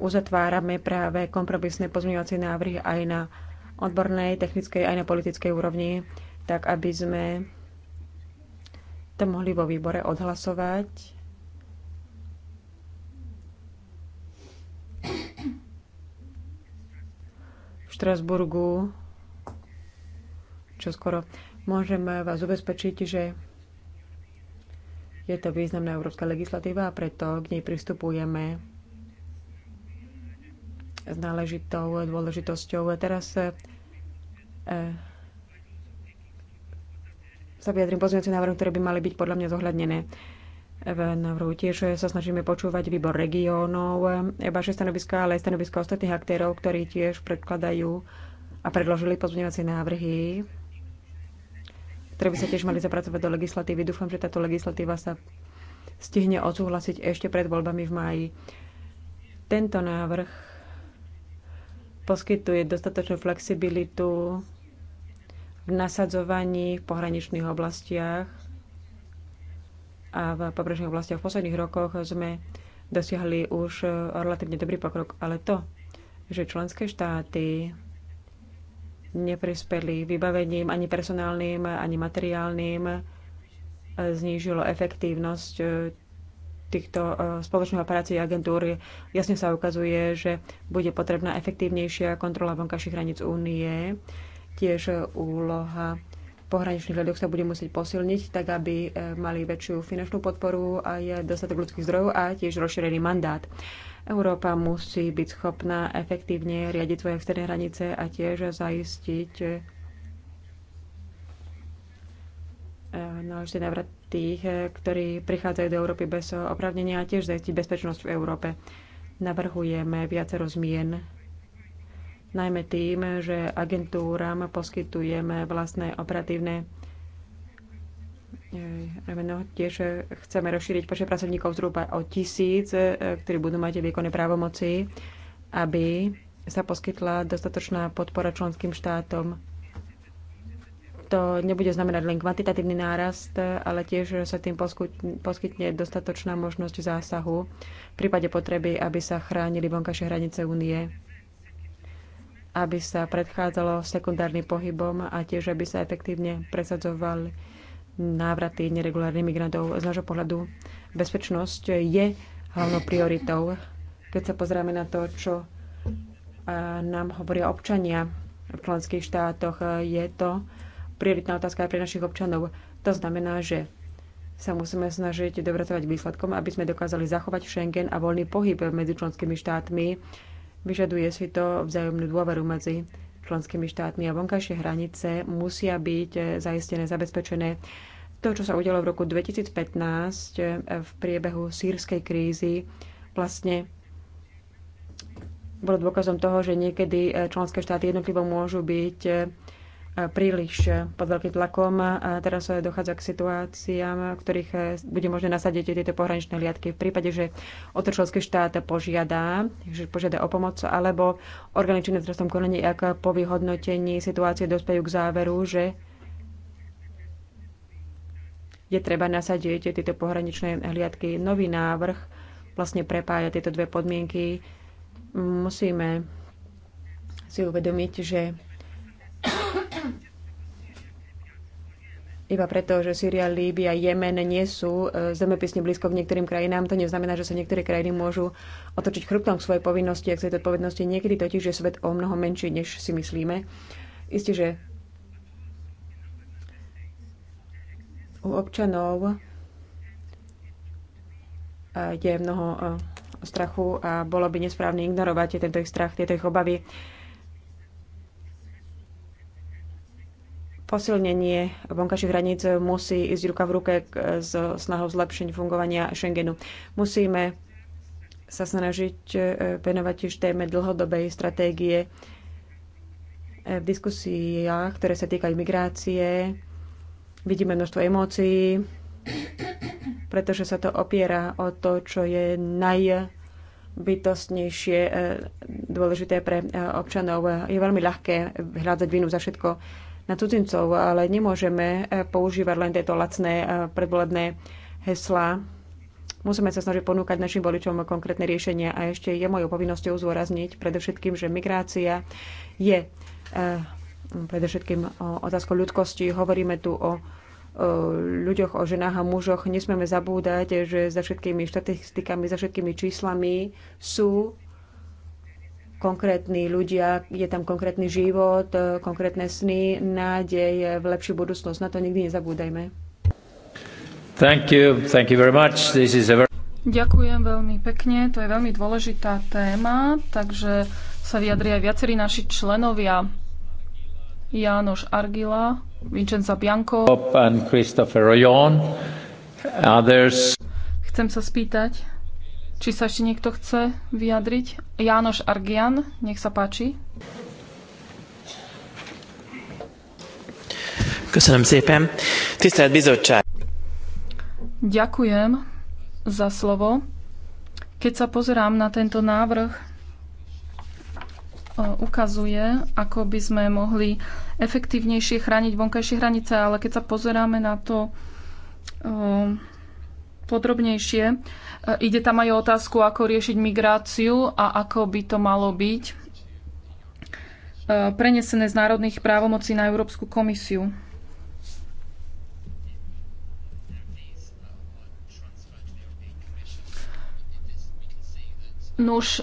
Uzatvárame práve kompromisné pozmeňovacie návrhy aj na odbornej, technickej, aj na politickej úrovni, tak aby sme to mohli vo výbore odhlasovať Štrasburgu čo skoro. Môžem vás ubezpečiť, že je to významná európska legislatíva a preto k nej pristupujeme s náležitou dôležitosťou. A teraz eh, sa vyjadrím pozmeňujúce návrhy, ktoré by mali byť podľa mňa zohľadnené v návrhu. Tiež sa snažíme počúvať výbor regiónov, e, vaše stanoviska, ale aj stanoviska ostatných aktérov, ktorí tiež predkladajú a predložili pozmeňovacie návrhy, ktoré by sa tiež mali zapracovať do legislatívy. Dúfam, že táto legislatíva sa stihne odsúhlasiť ešte pred voľbami v máji. Tento návrh poskytuje dostatočnú flexibilitu v nasadzovaní v pohraničných oblastiach a v pobrežných oblastiach v posledných rokoch sme dosiahli už relatívne dobrý pokrok, ale to, že členské štáty neprispeli vybavením ani personálnym, ani materiálnym, znížilo efektívnosť eh, týchto eh, spoločných operácií agentúr, Jasne sa ukazuje, že bude potrebná efektívnejšia kontrola vonkajších hraníc únie, tiež úloha Pohraničný hľadok sa bude musieť posilniť, tak aby e, mali väčšiu finančnú podporu a je dostatok ľudských zdrojov a tiež rozšírený mandát. Európa musí byť schopná efektívne riadiť svoje externé hranice a tiež zaistiť e, náležitý návrat tých, e, ktorí prichádzajú do Európy bez oprávnenia a tiež zaistiť bezpečnosť v Európe. Navrhujeme viacero zmien najmä tým, že agentúram poskytujeme vlastné operatívne e, no, Tiež chceme rozšíriť počet pracovníkov zhruba o tisíc, e, ktorí budú mať výkonné právomoci, aby sa poskytla dostatočná podpora členským štátom. To nebude znamenať len kvantitatívny nárast, ale tiež sa tým poskytne dostatočná možnosť zásahu v prípade potreby, aby sa chránili vonkajšie hranice únie aby sa predchádzalo sekundárnym pohybom a tiež, aby sa efektívne presadzoval návraty neregulárnych migrantov. Z nášho pohľadu bezpečnosť je hlavnou prioritou, keď sa pozrieme na to, čo nám hovoria občania v členských štátoch. Je to prioritná otázka aj pre našich občanov. To znamená, že sa musíme snažiť dopracovať výsledkom, aby sme dokázali zachovať Schengen a voľný pohyb medzi členskými štátmi Vyžaduje si to vzájomnú dôveru medzi členskými štátmi a vonkajšie hranice musia byť eh, zaistené, zabezpečené. To, čo sa udialo v roku 2015 eh, v priebehu sírskej krízy, vlastne bolo dôkazom toho, že niekedy eh, členské štáty jednotlivo môžu byť príliš pod veľkým tlakom. A teraz dochádza k situáciám, v ktorých bude možné nasadiť tieto pohraničné liadky. V prípade, že o štát požiada, že požiada o pomoc, alebo orgány činné trestom konaní, ak po vyhodnotení situácie dospejú k záveru, že je treba nasadiť tieto pohraničné hliadky. Nový návrh vlastne prepája tieto dve podmienky. Musíme si uvedomiť, že iba preto, že Syria, Líbia, Jemen nie sú e, zemepisne blízko k niektorým krajinám, to neznamená, že sa niektoré krajiny môžu otočiť chrbtom k svojej povinnosti a k tejto odpovednosti. Niekedy totiž je svet o mnoho menší, než si myslíme. Isté, že u občanov e, je mnoho e, strachu a bolo by nesprávne ignorovať tento ich strach, tieto ich obavy. posilnenie vonkajších hraníc musí ísť ruka v ruke s snahou zlepšenia fungovania Schengenu. Musíme sa snažiť e, venovať tiež téme dlhodobej stratégie e, v diskusiách, ktoré sa týkajú migrácie. Vidíme množstvo emócií, pretože sa to opiera o to, čo je bytostnejšie, e, dôležité pre občanov. Je veľmi ľahké hľadať vinu za všetko, na cudzincov, ale nemôžeme eh, používať len tieto lacné eh, predvolebné heslá. Musíme sa snažiť ponúkať našim voličom konkrétne riešenia a ešte je mojou povinnosťou zúrazniť predovšetkým, že migrácia je eh, predovšetkým otázkou ľudskosti. Hovoríme tu o ľuďoch, o ženách a mužoch. Nesmieme zabúdať, že za všetkými štatistikami, za všetkými číslami sú konkrétni ľudia, je tam konkrétny život, e, konkrétne sny, nádej e, v lepšiu budúcnosť. Na to nikdy nezabúdajme. Thank you. Thank you very much. This is a very... Ďakujem veľmi pekne, to je veľmi dôležitá téma, takže sa vyjadria aj viacerí naši členovia. Jánoš Argila, Vincenza Bianco. Chcem sa spýtať, či sa ešte niekto chce vyjadriť? Jánoš Argian, nech sa páči. Köszönöm szépen. Tisztelt bizottság! Ďakujem za slovo. Keď sa pozerám na tento návrh, ukazuje, ako by sme mohli efektívnejšie chrániť vonkajšie hranice, ale keď sa pozeráme na to, podrobnejšie. E, ide tam aj o otázku, ako riešiť migráciu a ako by to malo byť e, prenesené z národných právomocí na Európsku komisiu. Nuž, e,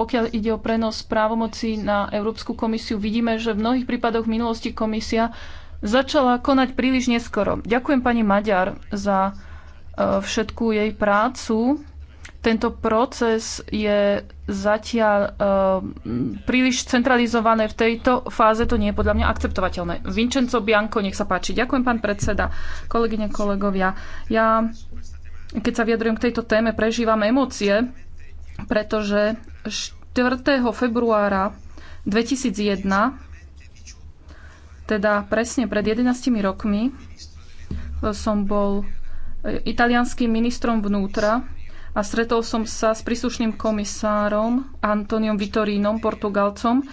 pokiaľ ide o prenos právomocí na Európsku komisiu, vidíme, že v mnohých prípadoch v minulosti komisia začala konať príliš neskoro. Ďakujem pani Maďar za E, všetku jej prácu. Tento proces je zatiaľ e, príliš centralizované v tejto fáze, to nie je podľa mňa akceptovateľné. Vincenzo Bianco, nech sa páči. Ďakujem, pán predseda, kolegyne, kolegovia. Ja, keď sa vyjadrujem k tejto téme, prežívam emócie, pretože 4. februára 2001, teda presne pred 11 rokmi, e, som bol italianským ministrom vnútra a stretol som sa s príslušným komisárom Antoniom Vitorínom, Portugalcom,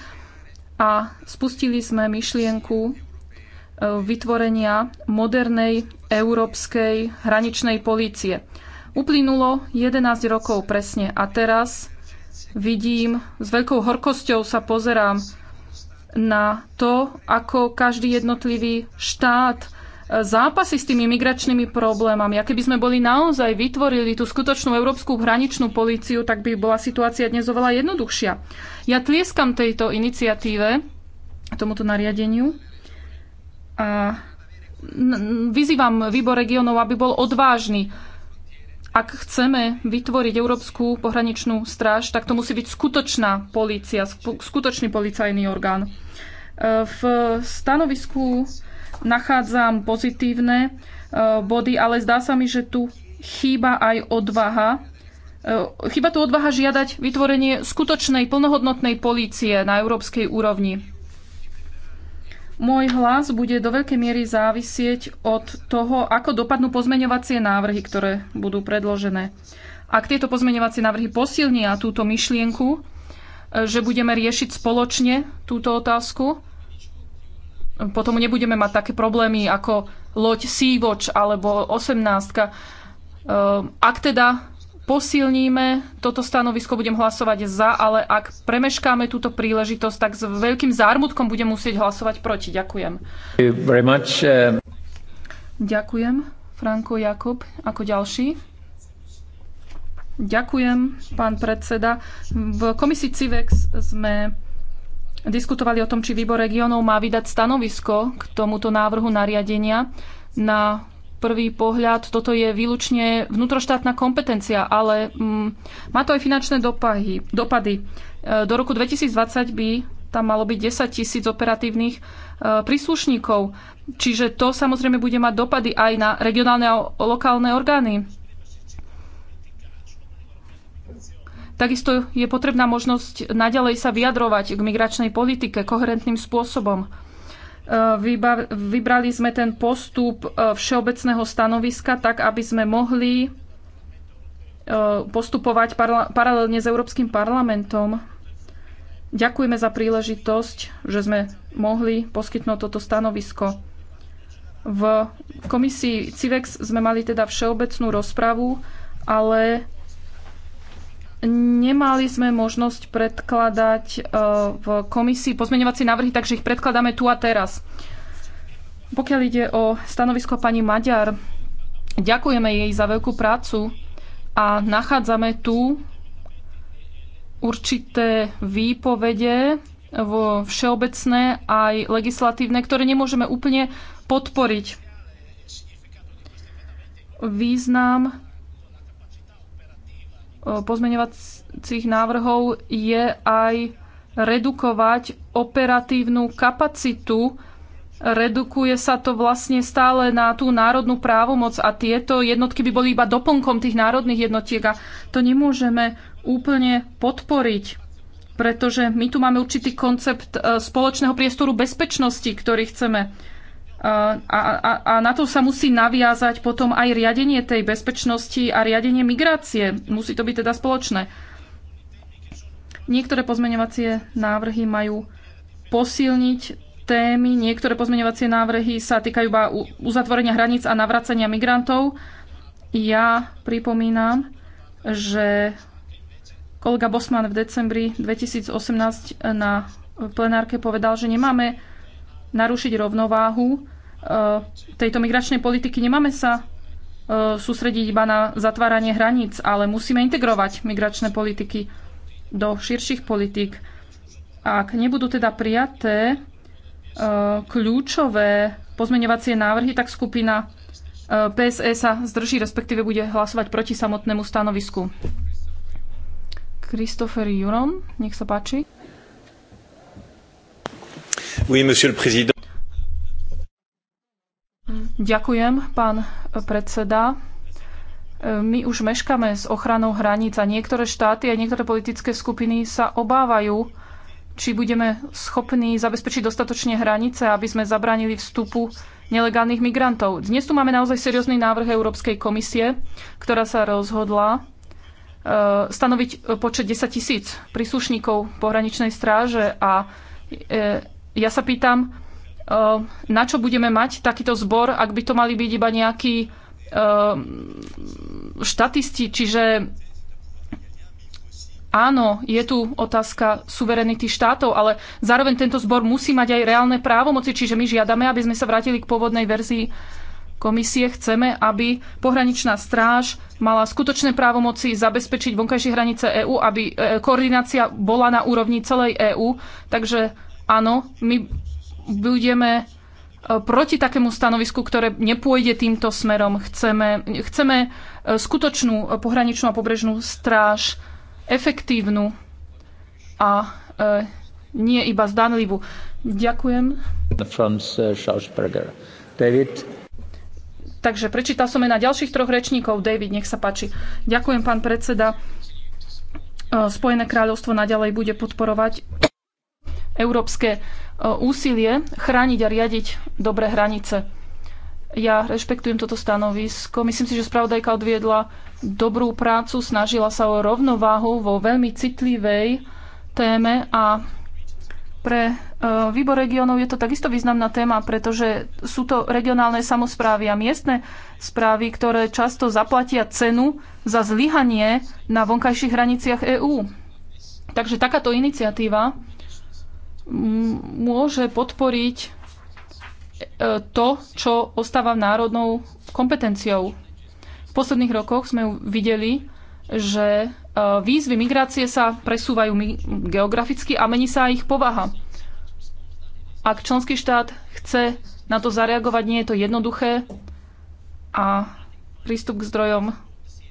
a spustili sme myšlienku e, vytvorenia modernej európskej hraničnej polície. Uplynulo 11 rokov presne a teraz vidím, s veľkou horkosťou sa pozerám na to, ako každý jednotlivý štát zápasy s tými migračnými problémami. A keby sme boli naozaj vytvorili tú skutočnú európsku hraničnú políciu, tak by bola situácia dnes oveľa jednoduchšia. Ja tlieskam tejto iniciatíve, tomuto nariadeniu a vyzývam výbor regionov, aby bol odvážny. Ak chceme vytvoriť Európsku pohraničnú stráž, tak to musí byť skutočná polícia, skutočný policajný orgán. E, v stanovisku nachádzam pozitívne e, body, ale zdá sa mi, že tu chýba aj odvaha. E, chýba tu odvaha žiadať vytvorenie skutočnej, plnohodnotnej polície na európskej úrovni. Môj hlas bude do veľkej miery závisieť od toho, ako dopadnú pozmeňovacie návrhy, ktoré budú predložené. Ak tieto pozmeňovacie návrhy posilnia túto myšlienku, e, že budeme riešiť spoločne túto otázku, potom nebudeme mať také problémy ako loď Sea-Watch alebo 18. E, ak teda posilníme toto stanovisko, budem hlasovať za, ale ak premeškáme túto príležitosť, tak s veľkým zármutkom budem musieť hlasovať proti. Ďakujem. Uh, Ďakujem. Franko Jakob ako ďalší. Ďakujem, pán predseda. V komisii CIVEX sme diskutovali o tom, či výbor regionov má vydať stanovisko k tomuto návrhu nariadenia. Na prvý pohľad toto je výlučne vnútroštátna kompetencia, ale mm, má to aj finančné dopahy, dopady. E, do roku 2020 by tam malo byť 10 tisíc operatívnych e, príslušníkov. Čiže to samozrejme bude mať dopady aj na regionálne a lokálne orgány. Takisto je potrebná možnosť naďalej sa vyjadrovať k migračnej politike koherentným spôsobom. E, vybrali sme ten postup e, všeobecného stanoviska tak, aby sme mohli e, postupovať paralelne s Európskym parlamentom. Ďakujeme za príležitosť, že sme mohli poskytnúť toto stanovisko. V komisii CIVEX sme mali teda všeobecnú rozpravu, ale Nemali sme možnosť predkladať eh, v komisii pozmeňovací návrhy, takže ich predkladáme tu a teraz. Pokiaľ ide o stanovisko pani Maďar, ďakujeme jej za veľkú prácu a nachádzame tu určité výpovede vo všeobecné aj legislatívne, ktoré nemôžeme úplne podporiť. Význam pozmeňovacích návrhov je aj redukovať operatívnu kapacitu. Redukuje sa to vlastne stále na tú národnú právomoc a tieto jednotky by boli iba doplnkom tých národných jednotiek a to nemôžeme úplne podporiť, pretože my tu máme určitý koncept e, spoločného priestoru bezpečnosti, ktorý chceme a, a, a na to sa musí naviazať potom aj riadenie tej bezpečnosti a riadenie migrácie. Musí to byť teda spoločné. Niektoré pozmeňovacie návrhy majú posilniť témy, niektoré pozmeňovacie návrhy sa týkajú iba uzatvorenia hraníc a navracania migrantov. Ja pripomínam, že kolega Bosman v decembri 2018 na plenárke povedal, že nemáme narušiť rovnováhu e, tejto migračnej politiky. Nemáme sa e, sústrediť iba na zatváranie hraníc, ale musíme integrovať migračné politiky do širších politík. Ak nebudú teda prijaté e, kľúčové pozmeňovacie návrhy, tak skupina PSE sa zdrží, respektíve bude hlasovať proti samotnému stanovisku. Christopher Juron, nech sa páči. Ďakujem, pán predseda. E, my už meškame s ochranou hraníc a niektoré štáty a niektoré politické skupiny sa obávajú, či budeme schopní zabezpečiť dostatočne hranice, aby sme zabránili vstupu nelegálnych migrantov. Dnes tu máme naozaj seriózny návrh Európskej komisie, ktorá sa rozhodla e, stanoviť počet 10 tisíc príslušníkov pohraničnej stráže a e, ja sa pýtam, eh, na čo budeme mať takýto zbor, ak by to mali byť iba nejakí eh, štatisti, čiže áno, je tu otázka suverenity štátov, ale zároveň tento zbor musí mať aj reálne právomoci, čiže my žiadame, aby sme sa vrátili k pôvodnej verzii komisie. Chceme, aby pohraničná stráž mala skutočné právomoci zabezpečiť vonkajšie hranice EÚ, aby eh, koordinácia bola na úrovni celej EÚ. Takže Áno, my budeme e, proti takému stanovisku, ktoré nepôjde týmto smerom. Chceme, chceme e, skutočnú e, pohraničnú a pobrežnú stráž, efektívnu a e, nie iba zdanlivú. Ďakujem. Franz uh, Schausberger. David. Takže prečítal som aj na ďalších troch rečníkov. David, nech sa páči. Ďakujem, pán predseda. Spojené kráľovstvo naďalej bude podporovať európske e, úsilie chrániť a riadiť dobré hranice. Ja rešpektujem toto stanovisko. Myslím si, že spravodajka odviedla dobrú prácu, snažila sa o rovnováhu vo veľmi citlivej téme a pre e, výbor regionov je to takisto významná téma, pretože sú to regionálne samozprávy a miestne správy, ktoré často zaplatia cenu za zlyhanie na vonkajších hraniciach EÚ. Takže takáto iniciatíva môže podporiť e, to, čo ostáva národnou kompetenciou. V posledných rokoch sme videli, že e, výzvy migrácie sa presúvajú geograficky a mení sa ich povaha. Ak členský štát chce na to zareagovať, nie je to jednoduché a prístup k zdrojom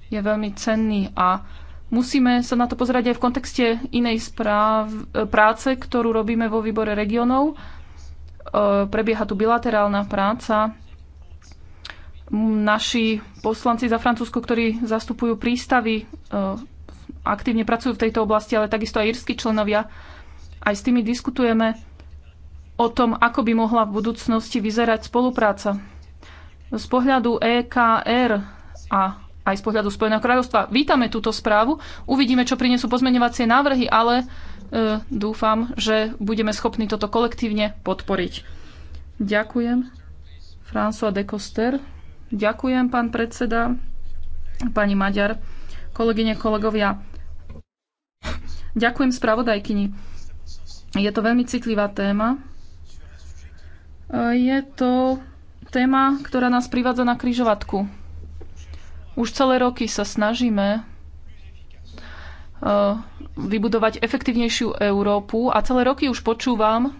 je veľmi cenný a Musíme sa na to pozerať aj v kontexte inej správ, e, práce, ktorú robíme vo výbore regionov. E, prebieha tu bilaterálna práca. Naši poslanci za Francúzsko, ktorí zastupujú prístavy, e, aktívne pracujú v tejto oblasti, ale takisto aj írsky členovia. Aj s tými diskutujeme o tom, ako by mohla v budúcnosti vyzerať spolupráca. Z pohľadu EKR a aj z pohľadu Spojeného kráľovstva. Vítame túto správu, uvidíme, čo prinesú pozmeňovacie návrhy, ale e, dúfam, že budeme schopní toto kolektívne podporiť. Ďakujem. François de Coster. Ďakujem, pán predseda, pani Maďar, kolegyne, kolegovia. Ďakujem spravodajkyni. Je to veľmi citlivá téma. E, je to téma, ktorá nás privádza na kryžovatku. Už celé roky sa snažíme e, vybudovať efektívnejšiu Európu a celé roky už počúvam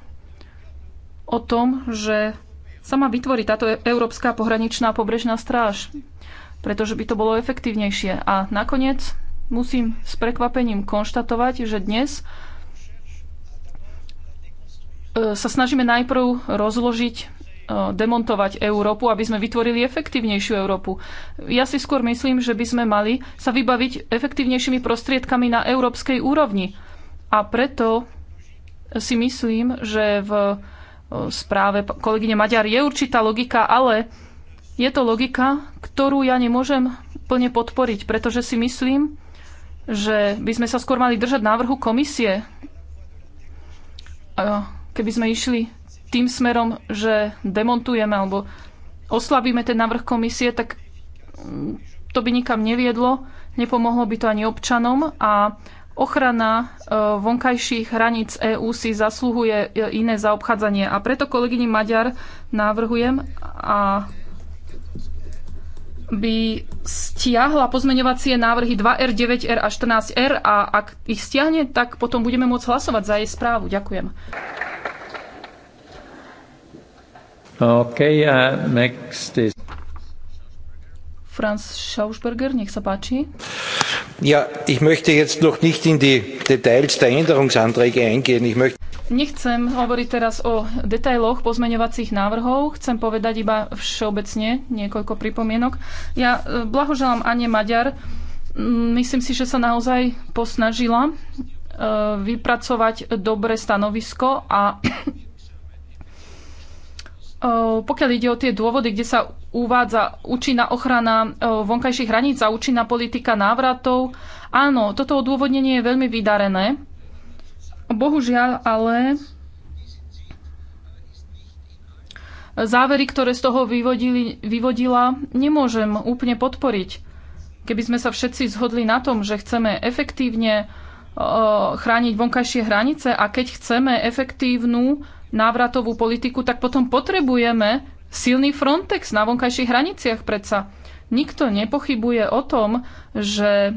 o tom, že sa má vytvoriť táto Európska pohraničná pobrežná stráž, pretože by to bolo efektívnejšie. A nakoniec musím s prekvapením konštatovať, že dnes e, sa snažíme najprv rozložiť E, demontovať Európu, aby sme vytvorili efektívnejšiu Európu. Ja si skôr myslím, že by sme mali sa vybaviť efektívnejšími prostriedkami na európskej úrovni. A preto si myslím, že v e, správe kolegyne Maďar je určitá logika, ale je to logika, ktorú ja nemôžem plne podporiť, pretože si myslím, že by sme sa skôr mali držať návrhu komisie. E, keby sme išli tým smerom, že demontujeme alebo oslabíme ten návrh komisie, tak mm, to by nikam neviedlo, nepomohlo by to ani občanom a ochrana e, vonkajších hraníc EÚ si zasluhuje e, iné zaobchádzanie. A preto kolegyni Maďar návrhujem a by stiahla pozmeňovacie návrhy 2R9, R a 14R a ak ich stiahne, tak potom budeme môcť hlasovať za jej správu. Ďakujem. Okay, uh, next is... Franz Schausberger, nech sa páči. Ja, ich möchte jetzt noch nicht in die Details der Änderungsanträge eingehen. Ich möchte Nechcem hovoriť teraz o detailoch pozmeňovacích návrhov, chcem povedať iba všeobecne niekoľko pripomienok. Ja e, blahoželám Ane Maďar. Mm, myslím si, že sa naozaj posnažila e, vypracovať dobre stanovisko a pokiaľ ide o tie dôvody, kde sa uvádza účinná ochrana vonkajších hraníc a účinná politika návratov, áno, toto odôvodnenie je veľmi vydarené. Bohužiaľ, ale závery, ktoré z toho vyvodili, vyvodila, nemôžem úplne podporiť. Keby sme sa všetci zhodli na tom, že chceme efektívne chrániť vonkajšie hranice a keď chceme efektívnu návratovú politiku, tak potom potrebujeme silný Frontex na vonkajších hraniciach predsa. Nikto nepochybuje o tom, že e,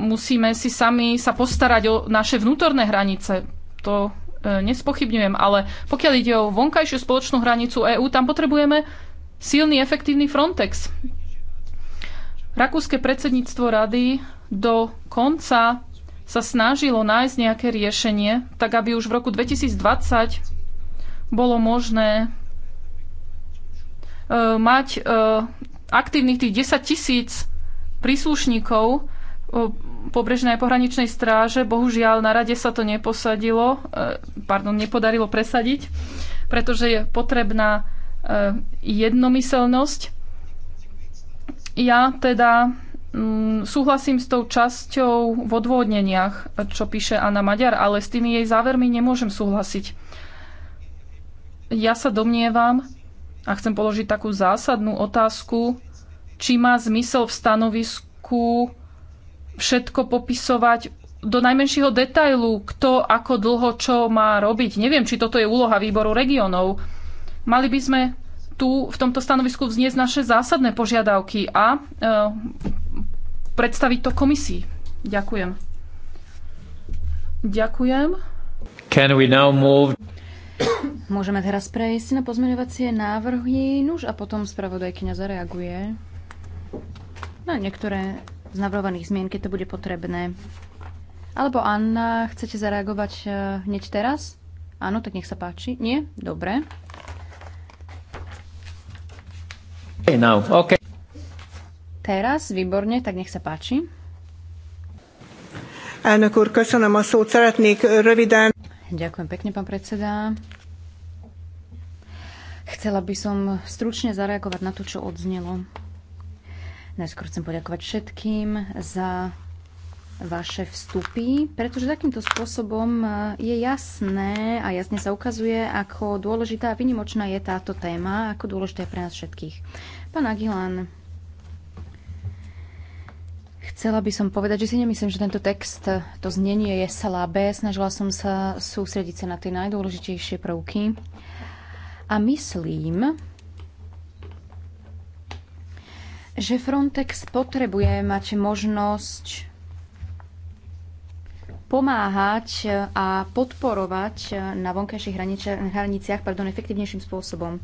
musíme si sami sa postarať o naše vnútorné hranice. To e, nespochybňujem, ale pokiaľ ide o vonkajšiu spoločnú hranicu EÚ, tam potrebujeme silný, efektívny Frontex. Rakúske predsedníctvo rady do konca sa snažilo nájsť nejaké riešenie, tak aby už v roku 2020 bolo možné e, mať e, aktívnych tých 10 tisíc príslušníkov e, pobrežnej pohraničnej stráže. Bohužiaľ, na rade sa to neposadilo, pardon, nepodarilo presadiť, pretože je potrebná jednomyselnosť. Ja teda mm, súhlasím s tou časťou v odvodneniach, čo píše Anna Maďar, ale s tými jej závermi nemôžem súhlasiť ja sa domnievam a chcem položiť takú zásadnú otázku, či má zmysel v stanovisku všetko popisovať do najmenšieho detailu, kto ako dlho čo má robiť. Neviem, či toto je úloha výboru regionov. Mali by sme tu v tomto stanovisku vzniesť naše zásadné požiadavky a e, predstaviť to komisii. Ďakujem. Ďakujem. Can we now move... Môžeme teraz prejsť na pozmeňovacie návrhy, nuž a potom spravodajkyňa zareaguje. Na niektoré z navrhovaných zmien, keď to bude potrebné. Alebo Anna, chcete zareagovať eh, hneď teraz? Áno, tak nech sa páči. Nie? Dobre. Okay, now. Okay. Teraz, výborne, tak nech sa páči. Elnök úr, köszönöm a szót. Szeretnék röviden... Ďakujem pekne, pán predseda. Chcela by som stručne zareagovať na to, čo odznelo. Najskôr chcem poďakovať všetkým za vaše vstupy, pretože takýmto spôsobom e, je jasné a jasne sa ukazuje, ako dôležitá a vynimočná je táto téma, ako dôležitá je pre nás všetkých. Pán Agilan, Chcela by som povedať, že si nemyslím, že tento text, to znenie je slabé. Snažila som sa sústrediť sa na tie najdôležitejšie prvky. A myslím, že Frontex potrebuje mať možnosť pomáhať a podporovať na vonkajších hraniciach pardon, efektívnejším spôsobom.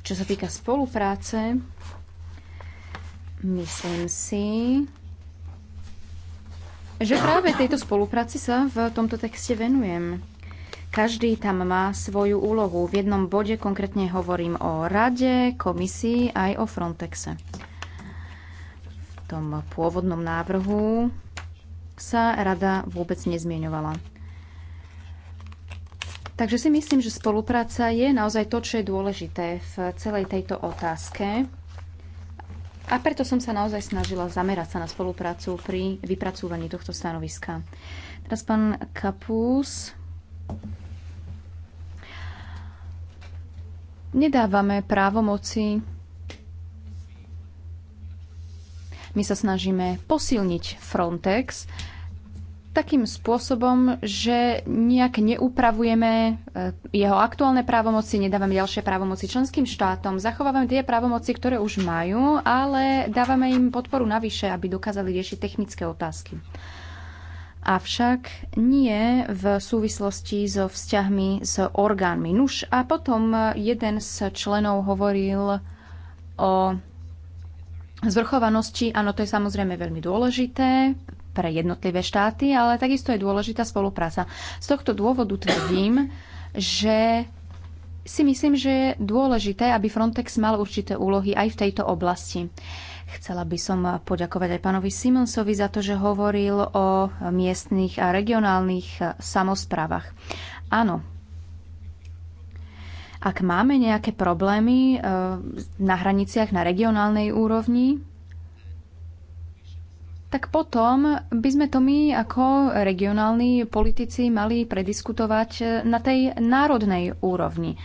Čo sa týka spolupráce, Myslím si, že práve tejto spolupráci sa v tomto texte venujem. Každý tam má svoju úlohu. V jednom bode konkrétne hovorím o rade, komisii aj o Frontexe. V tom pôvodnom návrhu sa rada vôbec nezmieňovala. Takže si myslím, že spolupráca je naozaj to, čo je dôležité v celej tejto otázke. A preto som sa naozaj snažila zamerať sa na spoluprácu pri vypracúvaní tohto stanoviska. Teraz pán Kapús. Nedávame právomoci. My sa snažíme posilniť Frontex takým spôsobom, že nejak neupravujeme e, jeho aktuálne právomoci, nedávame ďalšie právomoci členským štátom, zachovávame tie právomoci, ktoré už majú, ale dávame im podporu navyše, aby dokázali riešiť technické otázky. Avšak nie v súvislosti so vzťahmi s orgánmi. Nuž a potom jeden z členov hovoril o zvrchovanosti. Áno, to je samozrejme veľmi dôležité pre jednotlivé štáty, ale takisto je dôležitá spolupráca. Z tohto dôvodu tvrdím, že si myslím, že je dôležité, aby Frontex mal určité úlohy aj v tejto oblasti. Chcela by som poďakovať aj pánovi Simonsovi za to, že hovoril o miestnych a regionálnych samozprávach. Áno, ak máme nejaké problémy eh, na hraniciach na regionálnej úrovni, tak potom by sme to my ako regionálni politici mali prediskutovať eh, na tej národnej úrovni.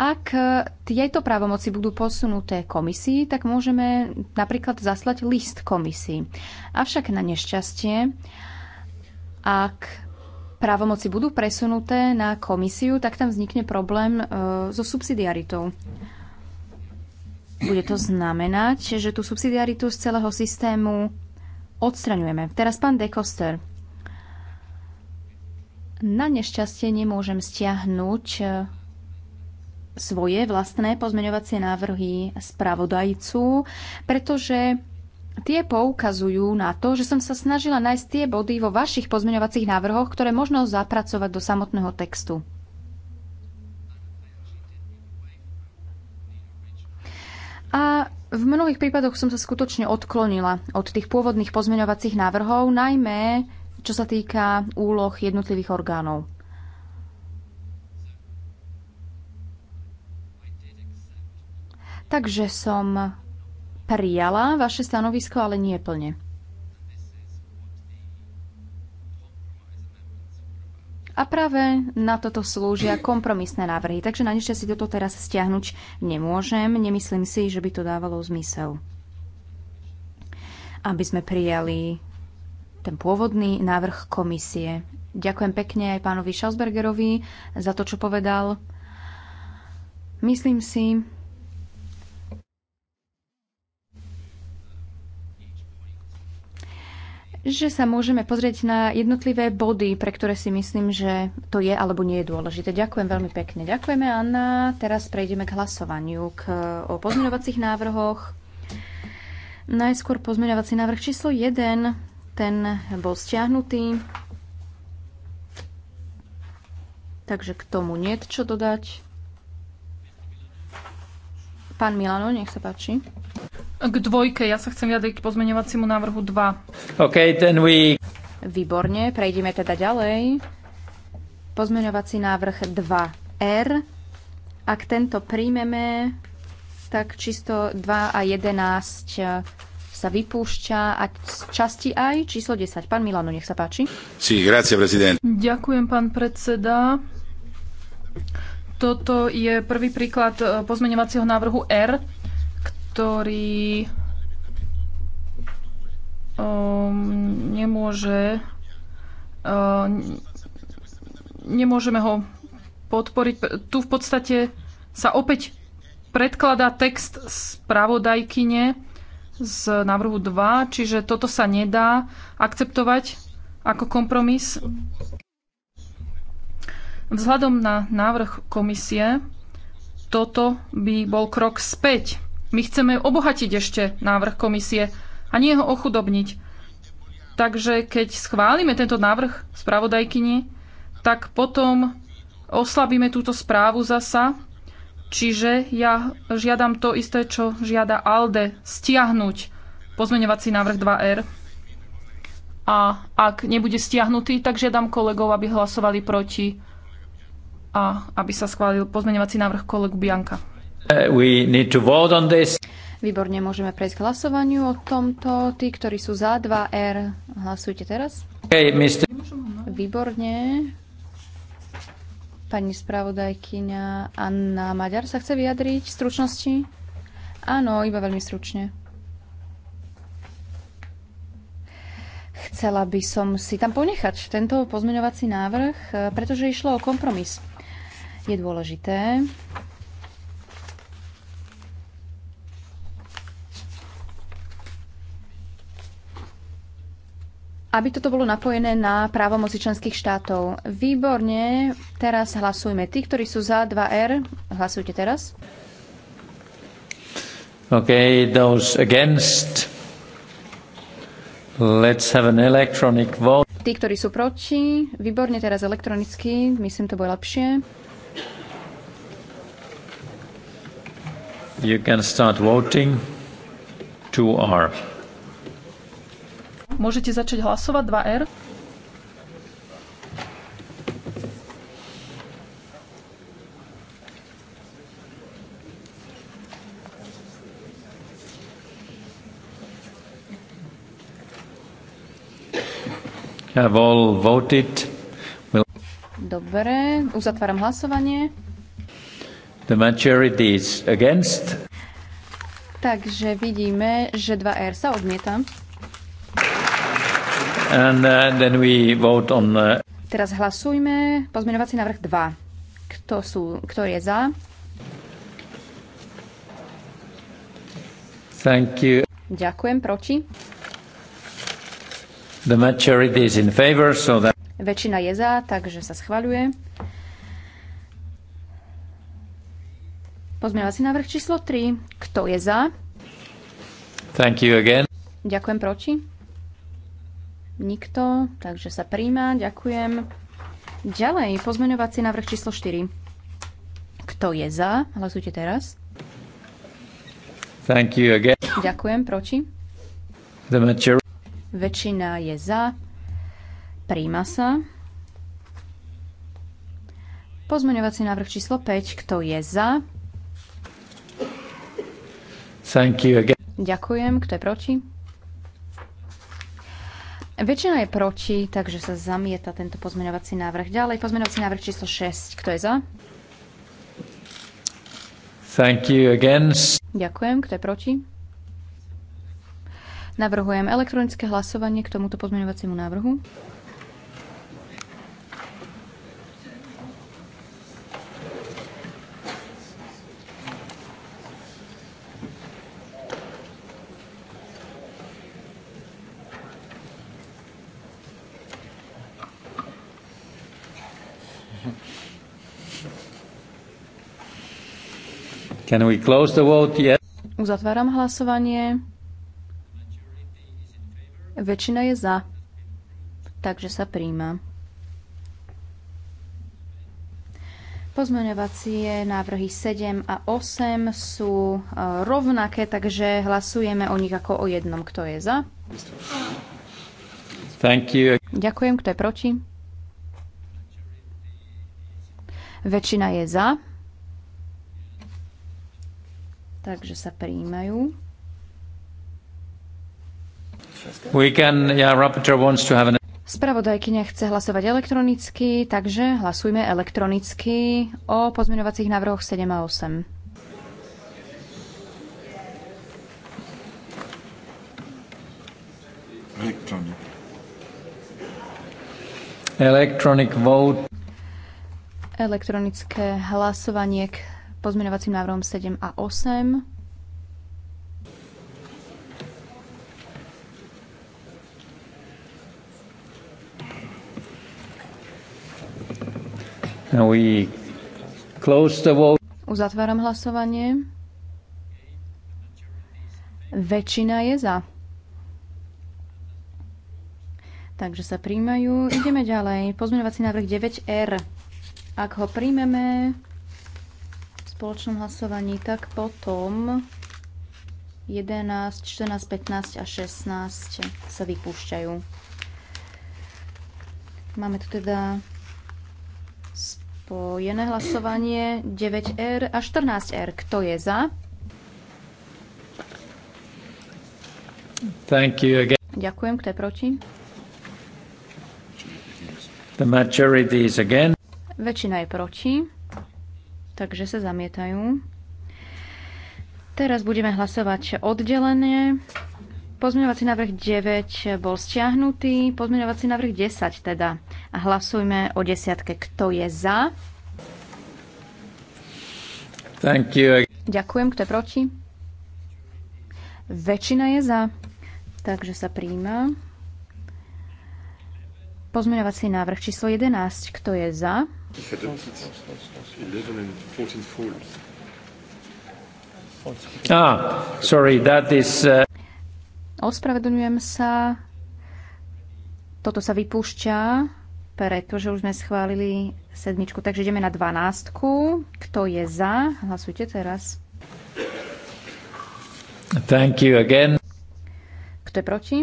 Ak eh, tieto právomoci budú posunuté komisii, tak môžeme napríklad zaslať list komisii. Avšak na nešťastie, ak právomoci budú presunuté na komisiu, tak tam vznikne problém eh, so subsidiaritou. Bude to znamenať, že tú subsidiaritu z celého systému odstraňujeme. Teraz pán Dekoster. Na nešťastie nemôžem stiahnuť e, svoje vlastné pozmeňovacie návrhy spravodajcu, pretože tie poukazujú na to, že som sa snažila nájsť tie body vo vašich pozmeňovacích návrhoch, ktoré možno zapracovať do samotného textu. A v mnohých prípadoch som sa skutočne odklonila od tých pôvodných pozmeňovacích návrhov, najmä čo sa týka úloh jednotlivých orgánov. Takže som prijala vaše stanovisko, ale nie plne. A práve na toto slúžia kompromisné návrhy. Takže na nešťastie toto teraz stiahnuť nemôžem. Nemyslím si, že by to dávalo zmysel. Aby sme prijali ten pôvodný návrh komisie. Ďakujem pekne aj pánovi Schausbergerovi za to, čo povedal. Myslím si, že sa môžeme pozrieť na jednotlivé body, pre ktoré si myslím, že to je alebo nie je dôležité. Ďakujem veľmi pekne. Ďakujeme, Anna. Teraz prejdeme k hlasovaniu k, o pozmeňovacích návrhoch. Najskôr pozmeňovací návrh číslo 1, ten bol stiahnutý. Takže k tomu nie je čo dodať. Pán Milano, nech sa páči. K dvojke, ja sa chcem vyjadriť k pozmeňovaciemu návrhu 2. OK, then we... Výborne, prejdeme teda ďalej. Pozmeňovací návrh 2R. Ak tento príjmeme, tak čisto 2 a 11 sa vypúšťa a z časti aj číslo 10. Pán Milano, nech sa páči. Sí, grazie, prezident. Ďakujem, pán predseda. Toto je prvý príklad eh, pozmeňovacieho návrhu R ktorý um, nemôže um, nemôžeme ho podporiť. Tu v podstate sa opäť predkladá text spravodajkyne z návrhu 2, čiže toto sa nedá akceptovať ako kompromis. Vzhľadom na návrh komisie, toto by bol krok späť my chceme obohatiť ešte návrh komisie a nie ho ochudobniť. Takže keď schválime tento návrh spravodajkyni, tak potom oslabíme túto správu zasa. Čiže ja žiadam to isté, čo žiada ALDE, stiahnuť pozmeňovací návrh 2R. A ak nebude stiahnutý, tak žiadam kolegov, aby hlasovali proti a aby sa schválil pozmeňovací návrh kolegu Bianka. We need to vote on this. Výborne, môžeme prejsť k hlasovaniu o tomto. Tí, ktorí sú za 2R, hlasujte teraz. Okay, Mr. Výborne. Pani spravodajkyňa Anna Maďar sa chce vyjadriť v stručnosti? Áno, iba veľmi stručne. Chcela by som si tam ponechať tento pozmeňovací návrh, eh, pretože išlo o kompromis. Je dôležité, aby toto bolo napojené na právomoci členských štátov. Výborne, teraz hlasujme. Tí, ktorí sú za 2R, hlasujte teraz. OK, those against. Let's have an electronic vote. Tí, ktorí sú proti, výborne teraz elektronicky, myslím, to bude lepšie. You can start voting. 2R. Môžete začať hlasovať 2R? Have all voted. We'll... Dobre, uzatváram hlasovanie. The majority is against. Takže vidíme, že 2R sa odmieta. And uh, eh, then we vote on... Uh... Teraz hlasujme pozmeňovací návrh 2. Kto, sú, kto je za? Thank you. Ďakujem. Proti? The majority is in favor, so that... Väčšina je za, takže sa schvaľuje. Pozmeňovací návrh číslo 3. Kto je za? Thank you again. Ďakujem. Proti? Nikto, takže sa príjma, ďakujem. Ďalej, pozmeňovací návrh číslo 4. Kto je za? Hlasujte teraz. Thank you again. Ďakujem, proti? The majority. Väčšina je za. Príjma sa. Pozmeňovací návrh číslo 5. Kto je za? Thank you again. Ďakujem. Kto je proti? Väčšina je proti, takže sa zamieta tento pozmeňovací návrh. Ďalej pozmeňovací návrh číslo 6. Kto je za? Thank you again. Ďakujem. Kto je proti? Navrhujem elektronické hlasovanie k tomuto pozmeňovaciemu návrhu. Can we close the vote? Yes. Uzatváram hlasovanie. Väčšina je za. Takže sa príjma. Pozmeňovacie návrhy 7 a 8 sú e, rovnaké, takže hlasujeme o nich ako o jednom. Kto je za? Thank you. Ďakujem. Kto je proti? Väčšina je za takže sa prijímajú. Yeah, Spravodajkyňa chce hlasovať elektronicky, takže hlasujme elektronicky o pozmeňovacích návrhoch 7 a 8. Electronic. Electronic vote. Elektronické hlasovanie k pozmeňovacím návrhom 7 a 8. Uzatváram hlasovanie. Väčšina je za. Takže sa príjmajú. Ideme ďalej. Pozmeňovací návrh 9R. Ak ho príjmeme, spoločnom hlasovaní, tak potom 11, 14, 15 a 16 sa vypúšťajú. Máme tu teda spojené hlasovanie 9R a 14R. Kto je za? Thank you again. Ďakujem. Kto je proti? The majority is again. Väčšina je proti takže sa zamietajú. Teraz budeme hlasovať oddelenie. Pozmeňovací návrh 9 bol stiahnutý, pozmeňovací návrh 10 teda. A hlasujme o desiatke, kto je za. Thank you. Ďakujem, kto je proti? Väčšina je za, takže sa príjma. Pozmeňovací návrh číslo 11, kto je za? Ich 11 14 Ah, sorry, that is... Uh... Ospravedlňujem sa. Toto sa vypúšťa, pretože už sme schválili sedmičku, takže ideme na dvanáctku. Kto je za? Hlasujte teraz. Thank you again. Kto je proti?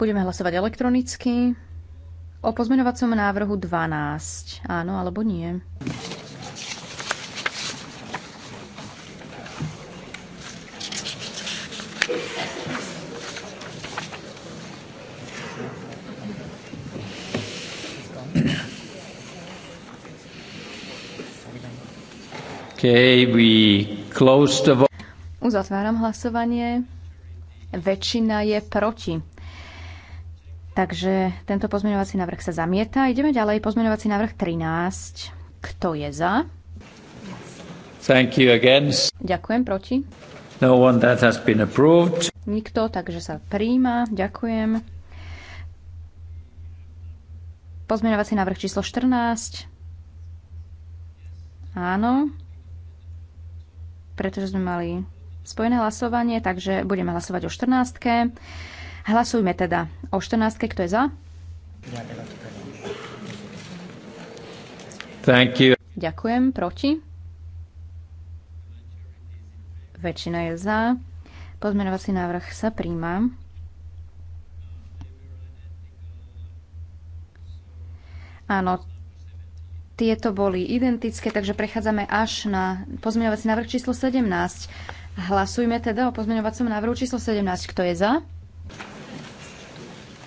Budeme hlasovať elektronicky o pozmeňovacom návrhu 12. Áno alebo nie? Okay, we close the... Uzatváram hlasovanie. Väčšina je proti. Takže tento pozmeňovací návrh sa zamieta. Ideme ďalej. Pozmeňovací návrh 13. Kto je za? Thank you again. Ďakujem proti. No one that has been approved. Nikto, takže sa príjma. Ďakujem. Pozmeňovací návrh číslo 14. Áno. Pretože sme mali spojené hlasovanie, takže budeme hlasovať o 14. Hlasujme teda o 14. Kto je za? Thank you. Ďakujem. Proti? Väčšina je za. Pozmenovací návrh sa príjma. Áno, tieto boli identické, takže prechádzame až na pozmeňovací návrh číslo 17. Hlasujme teda o pozmeňovacom návrhu číslo 17. Kto je za?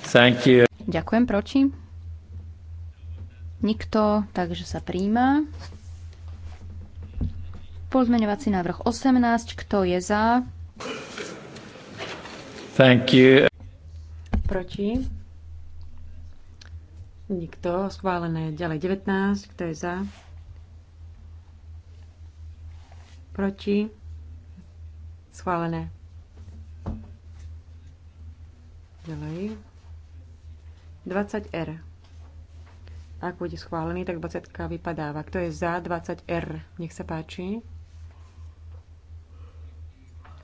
Thank you. Ďakujem, proti? Nikto, takže sa príjma. Pozmeňovací návrh 18, kto je za? Thank you. Proti? Nikto, schválené ďalej 19, kto je za? Proti? Schválené. Ďalej. 20R. Ak bude schválený, tak 20 vypadáva. Kto je za 20R? Nech sa páči.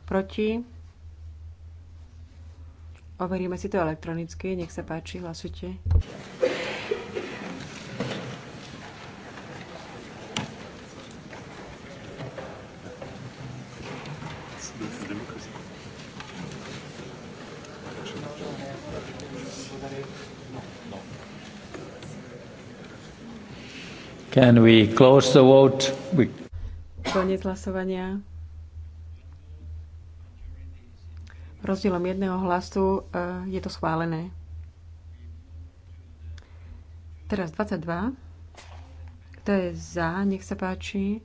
Proti? Overíme si to elektronicky. Nech sa páči, hlasujte. Can we close the vote? We... Koniec hlasovania. Rozdielom jedného hlasu eh, je to schválené. Teraz 22. Kto je za? Nech sa páči.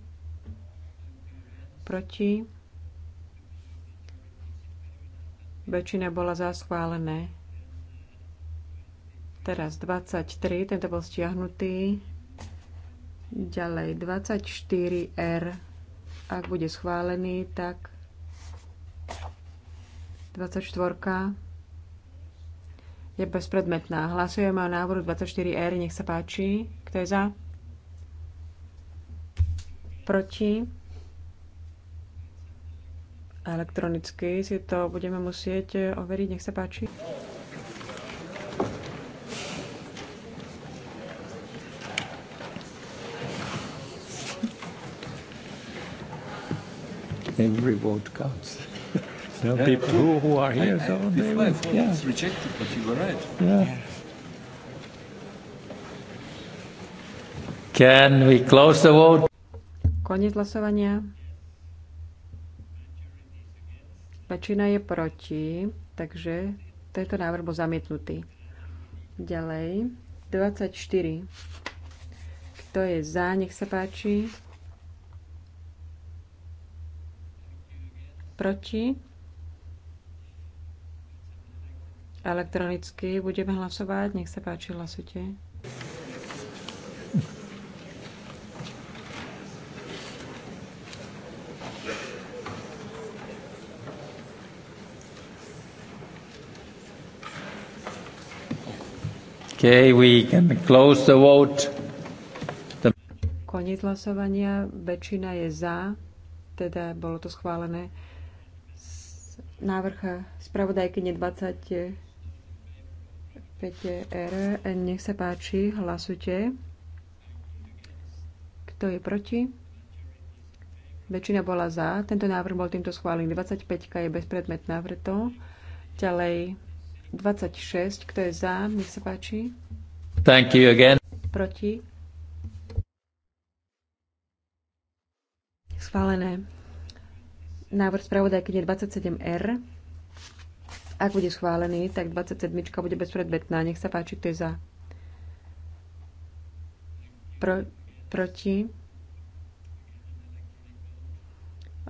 Proti. Väčšina bola za schválené. Teraz 23, tento bol stiahnutý. Ďalej 24R, ak bude schválený, tak 24 je bezpredmetná. Hlasujeme o návrhu 24R, nech sa páči. Kto je za? Proti? Elektronicky si to budeme musieť overiť, nech sa páči. every vote counts. there are people who, who are here, I, I, so I, they vote yeah. was rejected, but you were right. Yeah. yeah. Can we close the vote? Koniec hlasovania. Väčšina je proti, takže tento návrh bol zamietnutý. Ďalej, 24. Kto je za, nech sa páči. proti. Elektronicky budeme hlasovať. Nech sa páči, hlasujte. Okay, we can close the vote. The... Koniec hlasovania. Väčšina je za, teda bolo to schválené návrh spravodajkyne 25R. Nech sa páči, hlasujte. Kto je proti? Väčšina bola za. Tento návrh bol týmto schválený. 25 je bezpredmetná preto. Ďalej 26. Kto je za? Nech sa páči. Thank you again. Proti? Schválené. Návrh spravodajkyne 27R. Ak bude schválený, tak 27 bude bezpredmetná. Nech sa páči, kto je za. Pro, proti.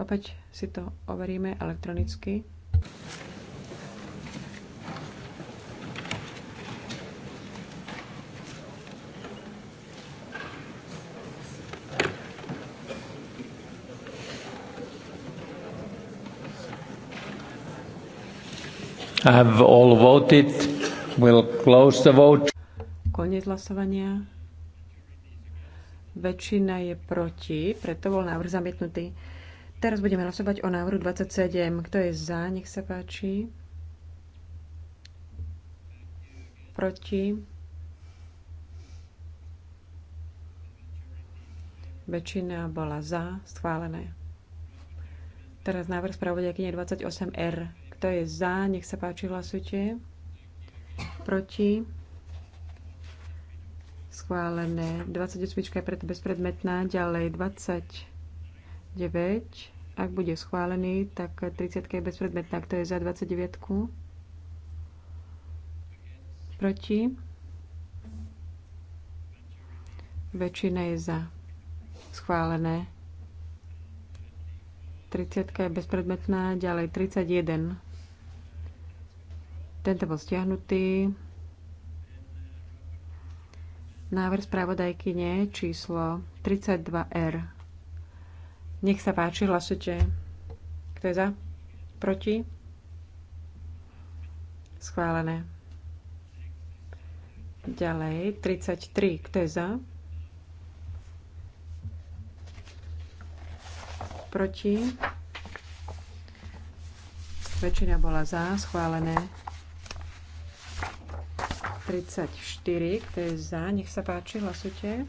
Opäť si to overíme elektronicky. Have all voted. We'll close the vote. Koniec hlasovania. Väčšina je proti, preto bol návrh zamietnutý. Teraz budeme hlasovať o návrhu 27. Kto je za, nech sa páči. Proti. Väčšina bola za, schválené. Teraz návrh spravodajkyne 28R. Kto je za, nech sa páči, hlasujte. Proti? Schválené. 28 je preto bezpredmetná. Ďalej 29. Ak bude schválený, tak 30 je bezpredmetná. Kto je za 29? Proti? Väčšina je za. Schválené. 30 je bezpredmetná. Ďalej 31. Tento bol stiahnutý. Návrh spravodajkyne číslo 32R. Nech sa páči, hlasujte. Kto je za? Proti? Schválené. Ďalej, 33. Kto je za? Proti? Väčšina bola za, schválené. 34, kto je za, nech sa páči, hlasujte.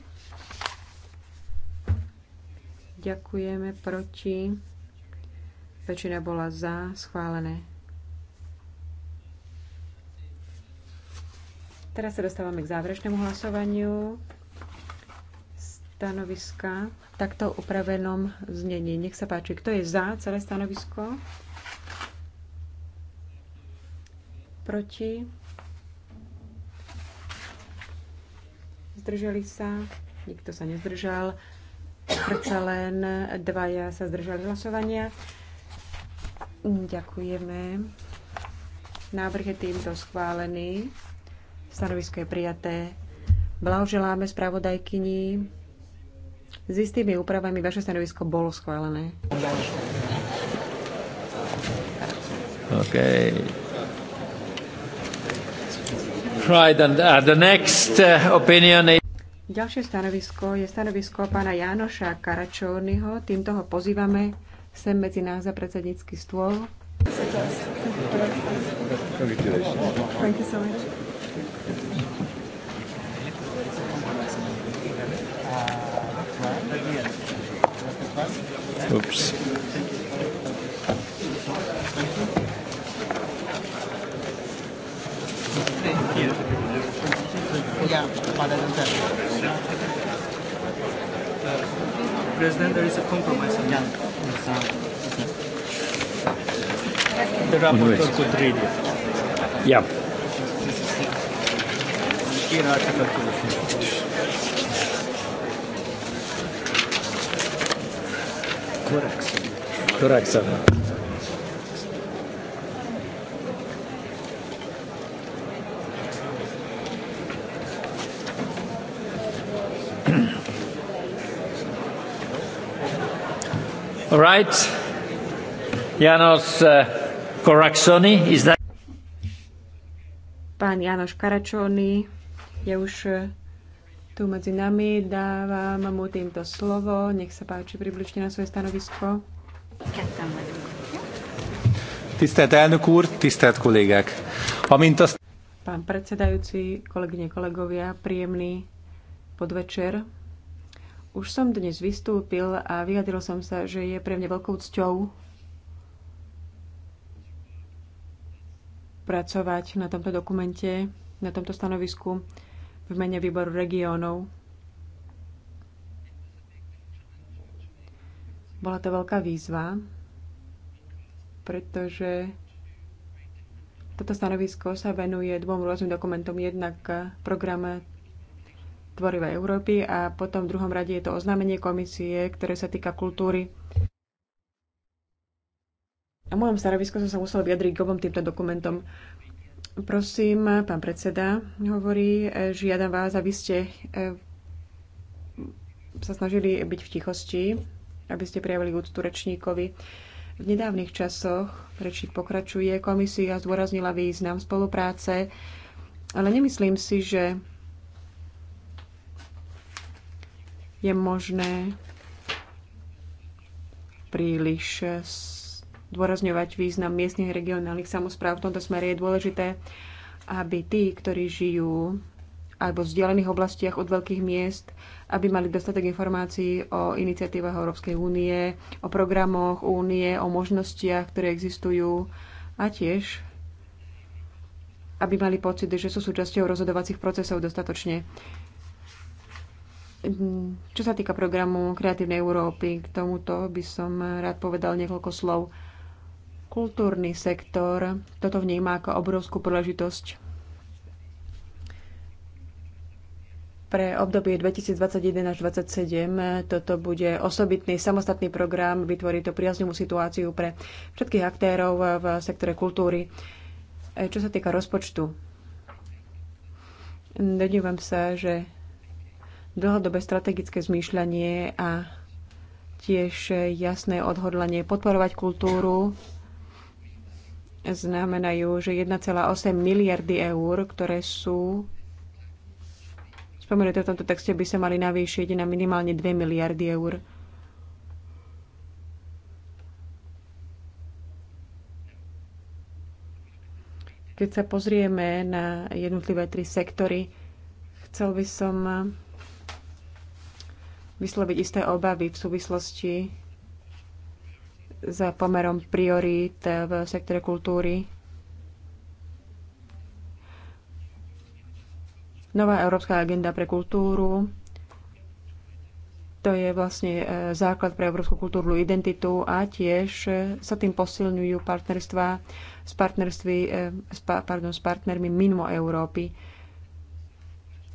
Ďakujeme proti. Väčšina bola za, schválené. Teraz sa dostávame k záverečnému hlasovaniu stanoviska v takto upravenom znení. Nech sa páči, kto je za celé stanovisko? Proti? zdrželi sa, nikto sa nezdržal. Predsa len dvaja sa zdržali hlasovania. Ďakujeme. Návrh je týmto schválený. Stanovisko je prijaté. Blahoželáme spravodajkyni. S istými úpravami vaše stanovisko bolo schválené. OK. Right, and, uh, the next, uh, opinion is... Ďalšie stanovisko je stanovisko pána Jánoša Karačornyho. Týmto ho pozývame sem medzi nás za predsednícky stôl. Thank you so much. Oops. Hier. Yeah, but I don't Uh, President, there is a compromise on yeah. The rapporteur could read it. Yeah. Here are the Correct. Correct, sir. Right. Janos Koraksoni, eh, is that... Pán Janoš Karačony je už eh, tu medzi nami. Dávam mu týmto slovo. Nech sa páči, približne na svoje stanovisko. Tisztelt elnök úr, tisztelt kollégák! Amint azt... Pán predsedajúci, kolegyne, kolegovia, príjemný podvečer. Už som dnes vystúpil a vyjadril som sa, že je pre mňa veľkou cťou pracovať na tomto dokumente, na tomto stanovisku v mene výboru regiónov. Bola to veľká výzva, pretože toto stanovisko sa venuje dvom rôznym dokumentom. Jednak program tvorivej Európy a potom v druhom rade je to oznámenie komisie, ktoré sa týka kultúry. A v mojom stanovisku som sa musel vyjadriť k obom týmto dokumentom. Prosím, pán predseda hovorí, e, žiadam vás, aby ste e, sa snažili byť v tichosti, aby ste prijavili úctu rečníkovi. V nedávnych časoch, rečník pokračuje, komisia zdôraznila význam spolupráce, ale nemyslím si, že je možné príliš dôrazňovať význam miestnych regionálnych samozpráv. V tomto smere je dôležité, aby tí, ktorí žijú alebo v vzdialených oblastiach od veľkých miest, aby mali dostatek informácií o iniciatívach Európskej únie, o programoch únie, o možnostiach, ktoré existujú a tiež aby mali pocit, že sú súčasťou rozhodovacích procesov dostatočne. Mm, čo sa týka programu Kreatívnej Európy, k tomuto by som rád povedal niekoľko slov. Kultúrny sektor toto vníma ako obrovskú príležitosť Pre obdobie 2021 až 2027 toto bude osobitný samostatný program, vytvorí to priaznivú situáciu pre všetkých aktérov v sektore kultúry. E, čo sa týka rozpočtu, dodívam sa, že dlhodobé strategické zmýšľanie a tiež jasné odhodlanie podporovať kultúru znamenajú, že 1,8 miliardy eur, ktoré sú spomenuté v tomto texte, by sa mali navýšiť na minimálne 2 miliardy eur. Keď sa pozrieme na jednotlivé tri sektory, chcel by som vysloviť isté obavy v súvislosti za pomerom priorít v sektore kultúry. Nová Európska agenda pre kultúru, to je vlastne e, základ pre európsku kultúrnu identitu a tiež e, sa tým posilňujú partnerstva s, partnerství, e, pardon, s partnermi mimo Európy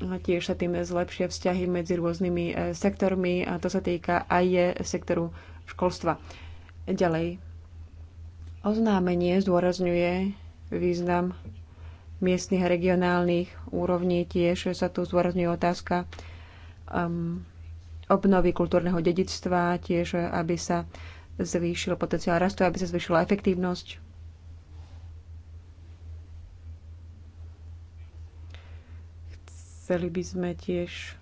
Tiež sa tým zlepšia vzťahy medzi rôznymi e, sektormi a to sa týka aj e, sektoru školstva. Ďalej. Oznámenie zdôrazňuje význam miestnych a regionálnych úrovní. Tiež sa tu zdôrazňuje otázka um, obnovy kultúrneho dedictva, tiež aby sa zvýšil potenciál rastu, aby sa zvýšila efektívnosť Chceli by sme tiež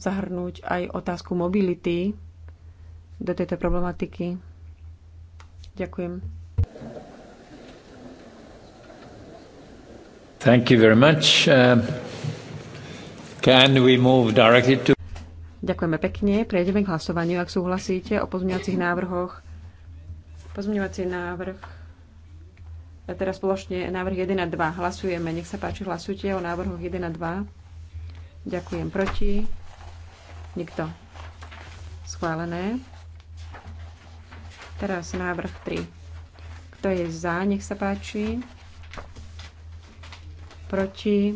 zahrnúť aj otázku mobility do tejto problematiky. Ďakujem. Thank you very much. Uh, can we move directly to... Ďakujeme pekne. Prejdeme k hlasovaniu, ak súhlasíte, o pozmeňovacích návrhoch. Pozmeňovací návrh a teraz spoločne návrh 1 a 2. Hlasujeme. Nech sa páči, hlasujte o návrhoch 1 a 2. Ďakujem. Proti? Nikto. Schválené. Teraz návrh 3. Kto je za? Nech sa páči. Proti?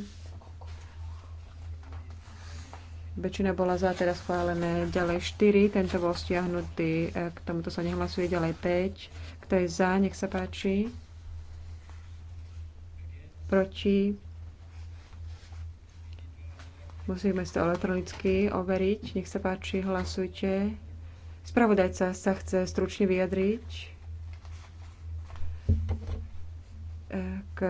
väčšina bola za, teraz schválené ďalej 4, tento bol stiahnutý, e, k tomuto sa nehlasuje ďalej 5. Kto je za, nech sa páči proti. Musíme si to elektronicky overiť. Nech sa páči, hlasujte. Spravodajca sa chce stručne vyjadriť e, k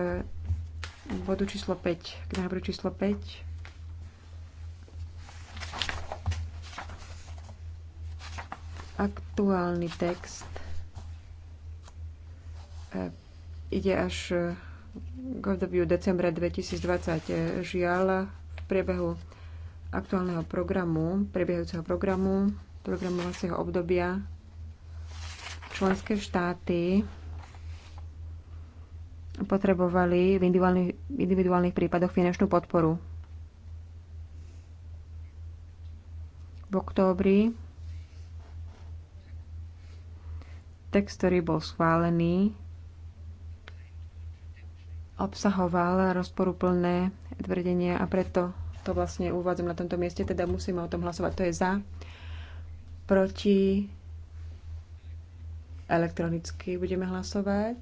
bodu číslo 5, k návrhu číslo 5. Aktuálny text e, ide až k obdobiu decembra 2020. Eh, žiaľ, v priebehu aktuálneho programu, prebiehajúceho programu, programovacieho obdobia členské štáty potrebovali v individuálnych, individuálnych prípadoch finančnú podporu. V októbri text, ktorý bol schválený, obsahoval rozporuplné tvrdenie a preto to vlastne uvádzam na tomto mieste, teda musíme o tom hlasovať. To je za, proti, elektronicky budeme hlasovať.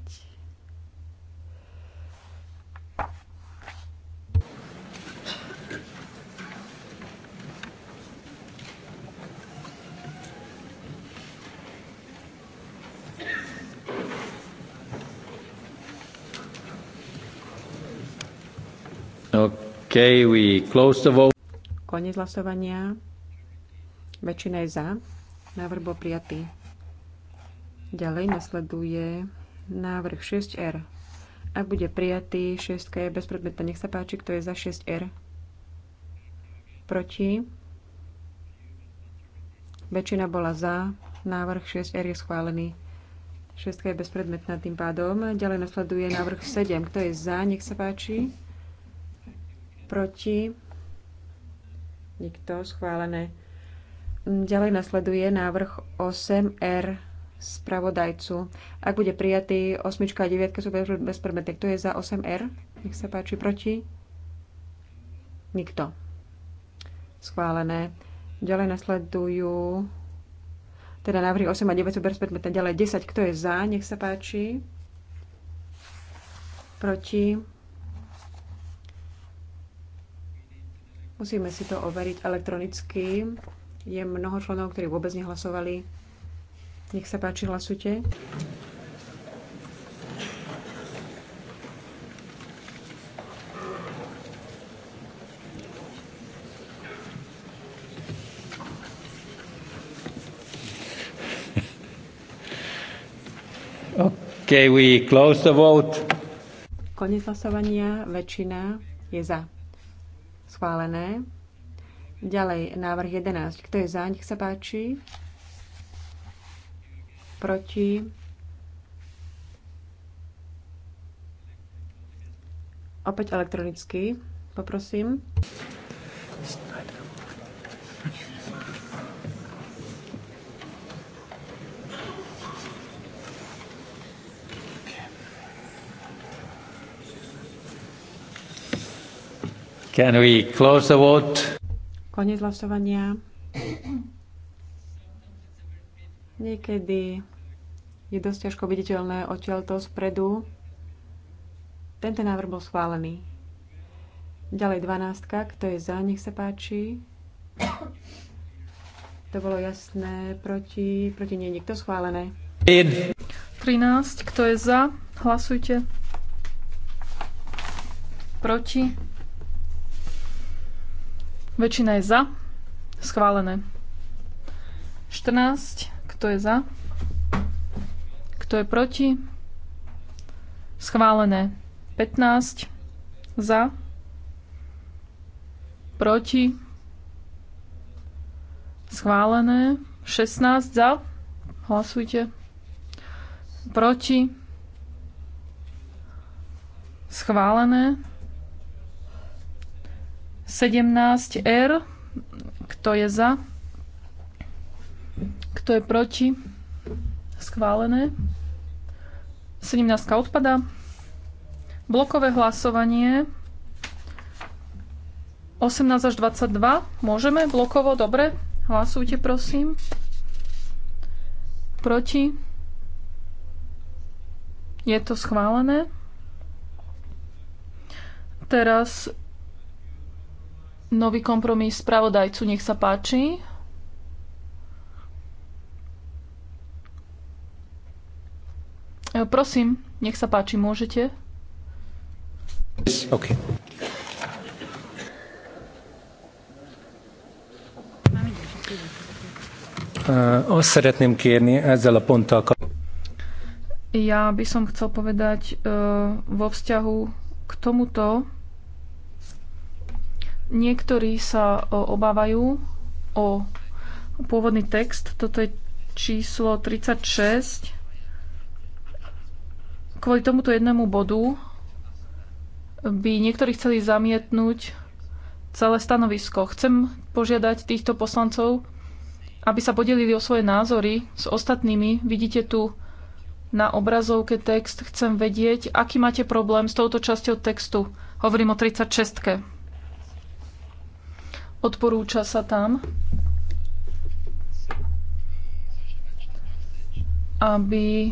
Okay, we close the vote. Koniec hlasovania. Väčšina je za. Návrh bol prijatý. Ďalej nasleduje návrh 6R. Ak bude prijatý, 6 je predmeta. Nech sa páči, kto je za 6R. Proti. Väčšina bola za. Návrh 6R je schválený. 6 je bezpredmetná tým pádom. Ďalej nasleduje návrh 7. Kto je za? Nech sa páči proti, nikto, schválené. Ďalej nasleduje návrh 8R spravodajcu. Ak bude prijatý, 8 a 9 sú bezpredmetné. Kto je za 8R? Nech sa páči, proti? Nikto. Schválené. Ďalej nasledujú teda návrhy 8 a 9 sú bezpredmetné. Ďalej 10. Kto je za? Nech sa páči. Proti? Musíme si to overiť elektronicky. Je mnoho členov, ktorí vôbec nehlasovali. Nech sa páči, hlasujte. Okay, we close the vote. Konec hlasovania, väčšina je za. Schválené. Ďalej, návrh 11. Kto je za? Nech sa páči. Proti. Opäť elektronicky. Poprosím. Can we close the vote? Konec hlasovania. Niekedy je dosť ťažko viditeľné to spredu. Tento návrh bol schválený. Ďalej 12. Kto je za, nech sa páči. To bolo jasné. Proti, proti nie, nikto schválené. 13. Kto je za? Hlasujte. Proti. Väčšina je za. Schválené. 14. Kto je za? Kto je proti? Schválené. 15. Za. Proti. Schválené. 16. Za. Hlasujte. Proti. Schválené. 17R. Kto je za? Kto je proti? Schválené. 17 odpada. Blokové hlasovanie. 18 až 22. Môžeme blokovo? Dobre. Hlasujte, prosím. Proti? Je to schválené. Teraz Nový kompromis spravodajcu, nech sa páči. E, prosím, nech sa páči, môžete. OK. Uh, szeretném kérni ezzel a ponttal Ja by som chcel povedať uh, vo vzťahu k tomuto Niektorí sa obávajú o pôvodný text. Toto je číslo 36. Kvôli tomuto jednému bodu by niektorí chceli zamietnúť celé stanovisko. Chcem požiadať týchto poslancov, aby sa podelili o svoje názory s ostatnými. Vidíte tu na obrazovke text. Chcem vedieť, aký máte problém s touto časťou textu. Hovorím o 36. Odporúča sa tam, aby e,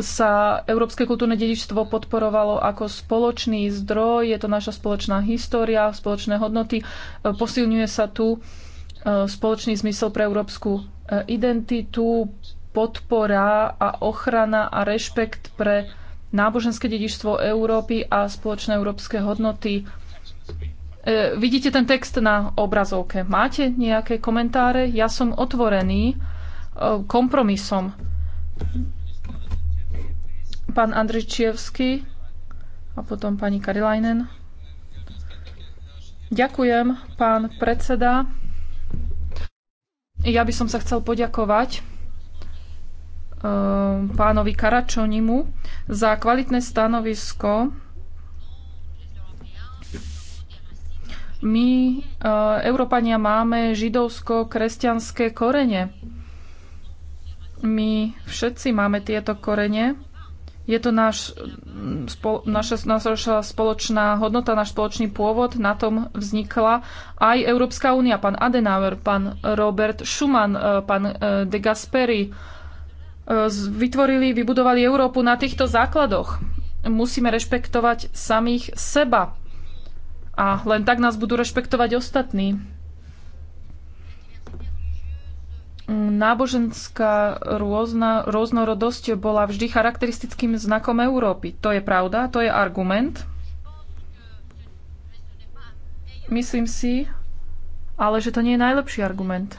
sa európske kultúrne dedičstvo podporovalo ako spoločný zdroj, je to naša spoločná história, spoločné hodnoty. E, posilňuje sa tu e, spoločný zmysel pre európsku identitu, podpora a ochrana a rešpekt pre náboženské dedičstvo Európy a spoločné európske hodnoty. E, vidíte ten text na obrazovke. Máte nejaké komentáre? Ja som otvorený e, kompromisom. Pán Andričievský a potom pani Karilajnen. Ďakujem, pán predseda. Ja by som sa chcel poďakovať e, pánovi Karačonimu za kvalitné stanovisko My, e, Európania, máme židovsko-kresťanské korene. My všetci máme tieto korene. Je to náš, spol, naša, naša spoločná hodnota, náš spoločný pôvod. Na tom vznikla aj Európska únia. Pán Adenauer, pán Robert Schumann, e, pán e, de Gasperi vytvorili, vybudovali Európu na týchto základoch. Musíme rešpektovať samých seba a len tak nás budú rešpektovať ostatní. Náboženská rôzna, rôznorodosť bola vždy charakteristickým znakom Európy. To je pravda, to je argument. Myslím si, ale že to nie je najlepší argument.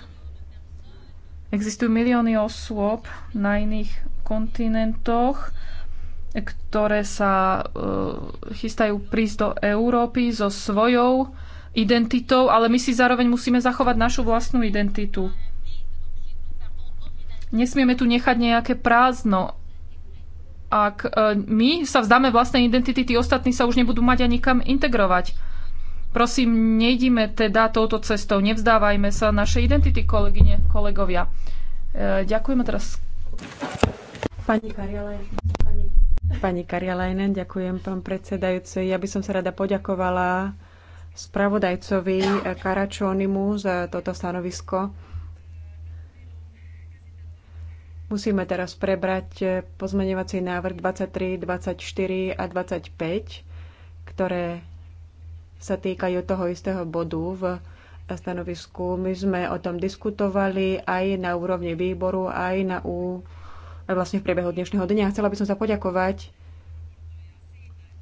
Existujú milióny osôb na iných kontinentoch, ktoré sa e, chystajú prísť do Európy so svojou identitou, ale my si zároveň musíme zachovať našu vlastnú identitu. Nesmieme tu nechať nejaké prázdno. Ak e, my sa vzdáme vlastnej identity, tí ostatní sa už nebudú mať ani kam integrovať. Prosím, nejdime teda touto cestou, nevzdávajme sa našej identity, kolegyne, kolegovia. E, ďakujeme teraz. Pani Kariale. Pani Karialajnen, ďakujem, pán predsedajúci. Ja by som sa rada poďakovala spravodajcovi Karačónimu za toto stanovisko. Musíme teraz prebrať pozmeňovací návrh 23, 24 a 25, ktoré sa týkajú toho istého bodu v stanovisku. My sme o tom diskutovali aj na úrovni výboru, aj na úrovni vlastne v priebehu dnešného dňa. Chcela by som sa poďakovať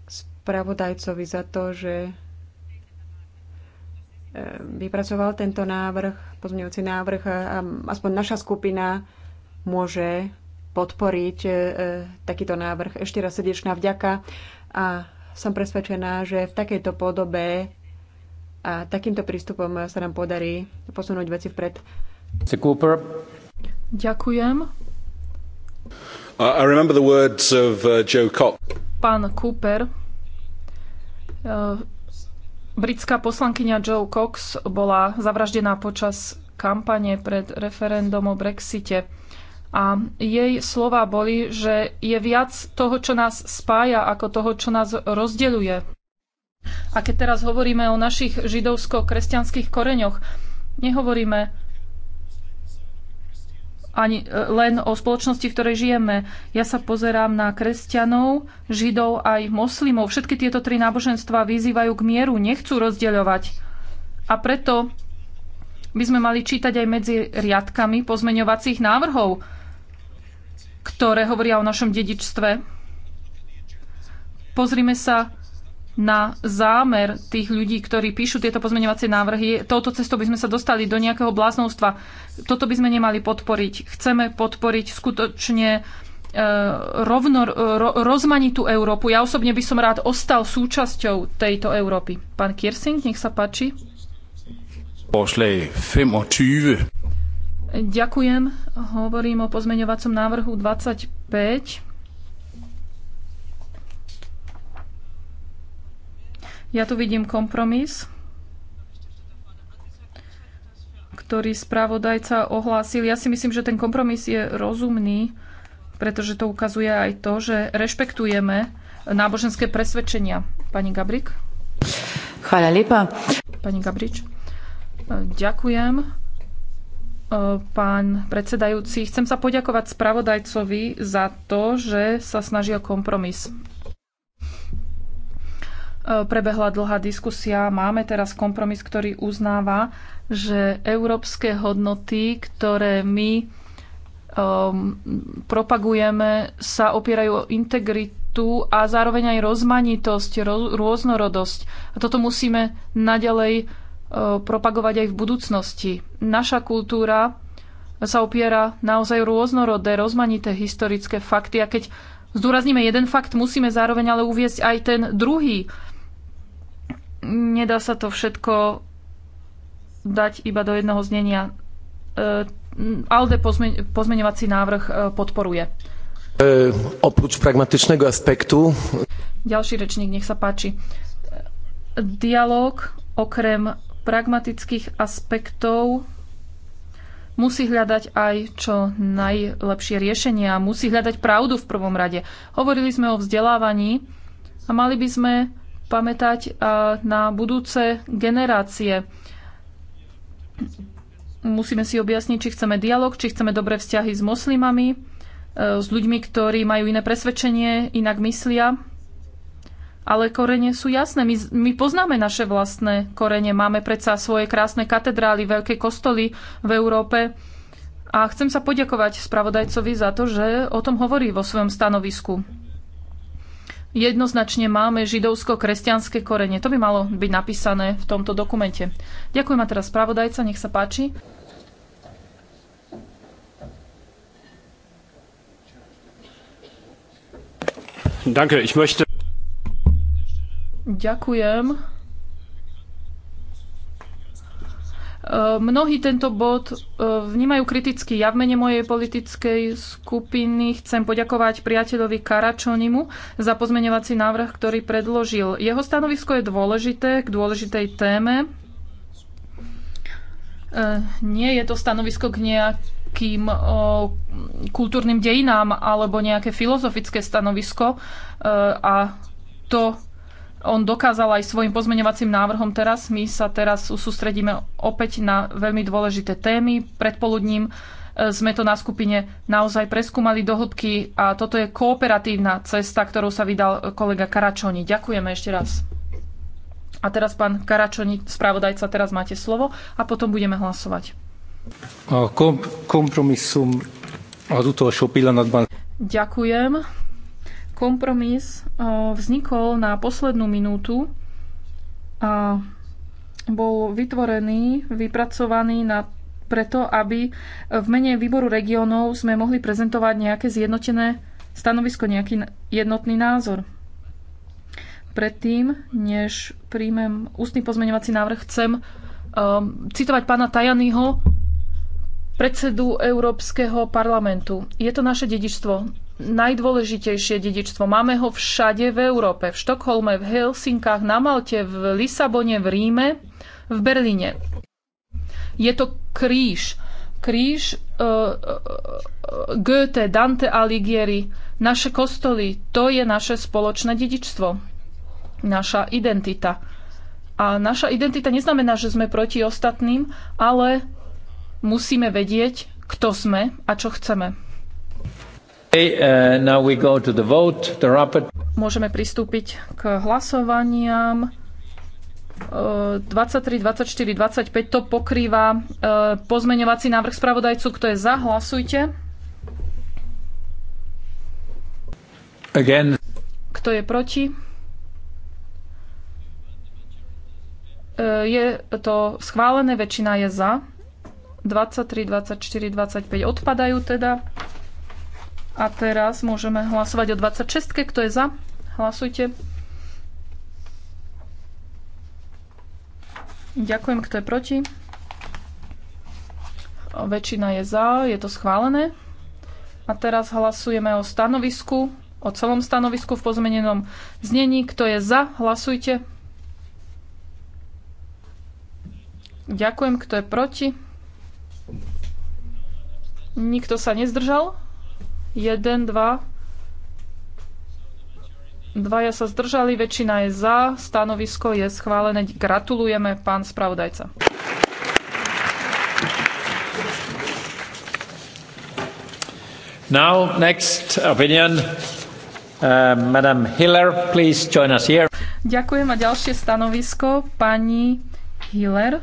spravodajcovi za to, že eh, vypracoval tento návrh, pozmeňujúci návrh a aspoň naša skupina môže podporiť eh, takýto návrh. Ešte raz srdečná vďaka a som presvedčená, že v takejto podobe a takýmto prístupom sa nám podarí posunúť veci vpred. Ďakujem. I remember the words of uh, Joe Cox. Pán Cooper, uh, britská poslankyňa Joe Cox bola zavraždená počas kampane pred referendum o Brexite. A jej slova boli, že je viac toho, čo nás spája, ako toho, čo nás rozdeľuje. A keď teraz hovoríme o našich židovsko-kresťanských koreňoch, nehovoríme ani e, len o spoločnosti, v ktorej žijeme. Ja sa pozerám na kresťanov, židov aj moslimov. Všetky tieto tri náboženstva vyzývajú k mieru, nechcú rozdeľovať. A preto by sme mali čítať aj medzi riadkami pozmeňovacích návrhov, ktoré hovoria o našom dedičstve. Pozrime sa na zámer tých ľudí, ktorí píšu tieto pozmeňovacie návrhy. Touto cestou by sme sa dostali do nejakého bláznostva. Toto by sme nemali podporiť. Chceme podporiť skutočne e, rovno, e, ro, rozmanitú Európu. Ja osobne by som rád ostal súčasťou tejto Európy. Pán Kirsing, nech sa páči. Pošlej 25. Ďakujem. Hovorím o pozmeňovacom návrhu 25 Ja tu vidím kompromis, ktorý spravodajca ohlásil. Ja si myslím, že ten kompromis je rozumný, pretože to ukazuje aj to, že rešpektujeme náboženské presvedčenia. Pani Gabrik? Chváľa lepa. Pani Gabrič? Ďakujem pán predsedajúci. Chcem sa poďakovať spravodajcovi za to, že sa snažil kompromis. E, prebehla dlhá diskusia. Máme teraz kompromis, ktorý uznáva, že európske hodnoty, ktoré my um, propagujeme, sa opierajú o integritu a zároveň aj rozmanitosť, rôznorodosť. A toto musíme naďalej uh, propagovať aj v budúcnosti. Naša kultúra sa opiera naozaj rôznorodé, rozmanité historické fakty. A keď zdôrazníme jeden fakt, musíme zároveň ale uviezť aj ten druhý Nedá sa to všetko dať iba do jednoho znenia. E, ALDE pozmeňovací návrh e, podporuje. E, oprócz pragmatičného aspektu. Ďalší rečník, nech sa páči. Dialóg okrem pragmatických aspektov musí hľadať aj čo najlepšie riešenia, musí hľadať pravdu v prvom rade. Hovorili sme o vzdelávaní a mali by sme pamätať e, na budúce generácie. Musíme si objasniť, či chceme dialog, či chceme dobré vzťahy s moslimami, e, s ľuďmi, ktorí majú iné presvedčenie, inak myslia. Ale korene sú jasné. My, my poznáme naše vlastné korene. Máme predsa svoje krásne katedrály, veľké kostoly v Európe. A chcem sa poďakovať spravodajcovi za to, že o tom hovorí vo svojom stanovisku jednoznačne máme židovsko-kresťanské korene. To by malo byť napísané v tomto dokumente. Ďakujem a teraz spravodajca, nech sa páči. Danke, ich möchte... Ďakujem. Mnohí tento bod e, vnímajú kriticky. Ja v mene mojej politickej skupiny chcem poďakovať priateľovi Karačonimu za pozmeňovací návrh, ktorý predložil. Jeho stanovisko je dôležité k dôležitej téme. E, nie je to stanovisko k nejakým kultúrnym dejinám alebo nejaké filozofické stanovisko e, a to on dokázal aj svojim pozmeňovacím návrhom teraz. My sa teraz sústredíme opäť na veľmi dôležité témy. Predpoludním e, sme to na skupine naozaj preskúmali do hĺbky a toto je kooperatívna cesta, ktorou sa vydal kolega Karačoni. Ďakujeme ešte raz. A teraz pán Karačoni, spravodajca, teraz máte slovo a potom budeme hlasovať. Kompromisum od utolsó pillanatban. Ďakujem kompromis e, vznikol na poslednú minútu a bol vytvorený, vypracovaný na preto, aby v mene výboru regiónov sme mohli prezentovať nejaké zjednotené stanovisko, nejaký jednotný názor. Predtým, než príjmem ústny pozmeňovací návrh, chcem um, citovať pána Tajanyho, predsedu Európskeho parlamentu. Je to naše dedičstvo najdôležitejšie dedičstvo. Máme ho všade v Európe. V Štokholme, v Helsinkách, na Malte, v Lisabone, v Ríme, v Berlíne. Je to kríž. Kríž uh, Goethe, Dante Alighieri, naše kostoly, to je naše spoločné dedičstvo. Naša identita. A naša identita neznamená, že sme proti ostatným, ale musíme vedieť, kto sme a čo chceme. Uh, Môžeme pristúpiť k hlasovaniam. 23, 24, 25 to pokrýva uh, pozmeňovací návrh spravodajcu. Kto je za, hlasujte. Again. Kto je proti? Uh, je to schválené, väčšina je za. 23, 24, 25 odpadajú teda. A teraz môžeme hlasovať o 26. Kto je za? Hlasujte. Ďakujem, kto je proti. Väčšina je za, je to schválené. A teraz hlasujeme o stanovisku, o celom stanovisku v pozmenenom znení. Kto je za, hlasujte. Ďakujem, kto je proti. Nikto sa nezdržal. 1, 2. Dvaja sa zdržali, väčšina je za, stanovisko je schválené. Gratulujeme, pán spravodajca. Now, next opinion. Uh, Madam Hiller, please join us here. Ďakujem a ďalšie stanovisko pani Hiller.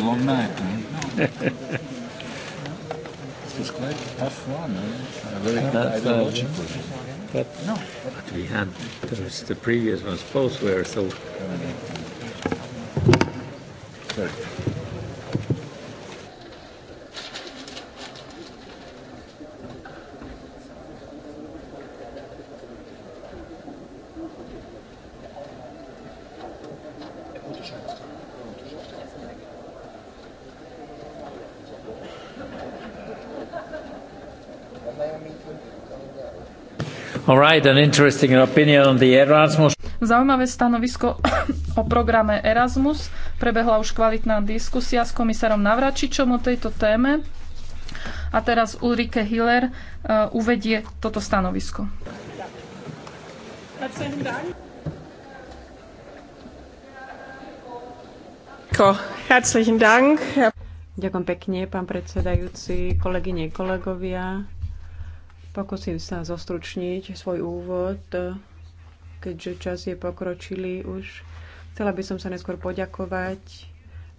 a long night. it was quite a tough one. Eh? Very ideological. But, no. but we had those, the previous ones both were so. Sorry. Right, Zaujímavé stanovisko o programe Erasmus. Prebehla už kvalitná diskusia s komisárom Navračičom o tejto téme. A teraz Ulrike Hiller eh, uvedie toto stanovisko. Ďakujem pekne, pán predsedajúci, kolegyne, kolegovia. Pokúsim sa zostručniť svoj úvod, keďže čas je pokročilý už. Chcela by som sa neskôr poďakovať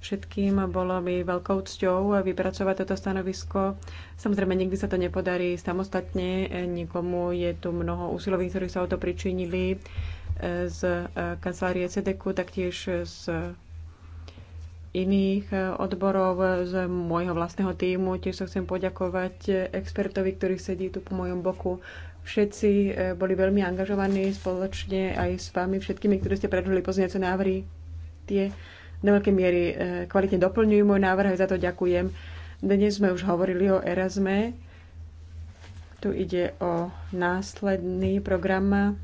všetkým. Bolo mi veľkou cťou vypracovať toto stanovisko. Samozrejme, nikdy sa to nepodarí samostatne. Nikomu je tu mnoho úsilových, ktorí sa o to pričinili z eh, kancelárie CDK, taktiež z iných e, odborov z môjho vlastného týmu. Tiež sa chcem poďakovať expertovi, ktorý sedí tu po mojom boku. Všetci e, boli veľmi angažovaní spoločne aj s vami, všetkými, ktorí ste predložili pozniace návrhy. Tie do veľkej miery e, kvalitne doplňujú môj návrh, aj za to ďakujem. Dnes sme už hovorili o Erasme. Tu ide o následný program,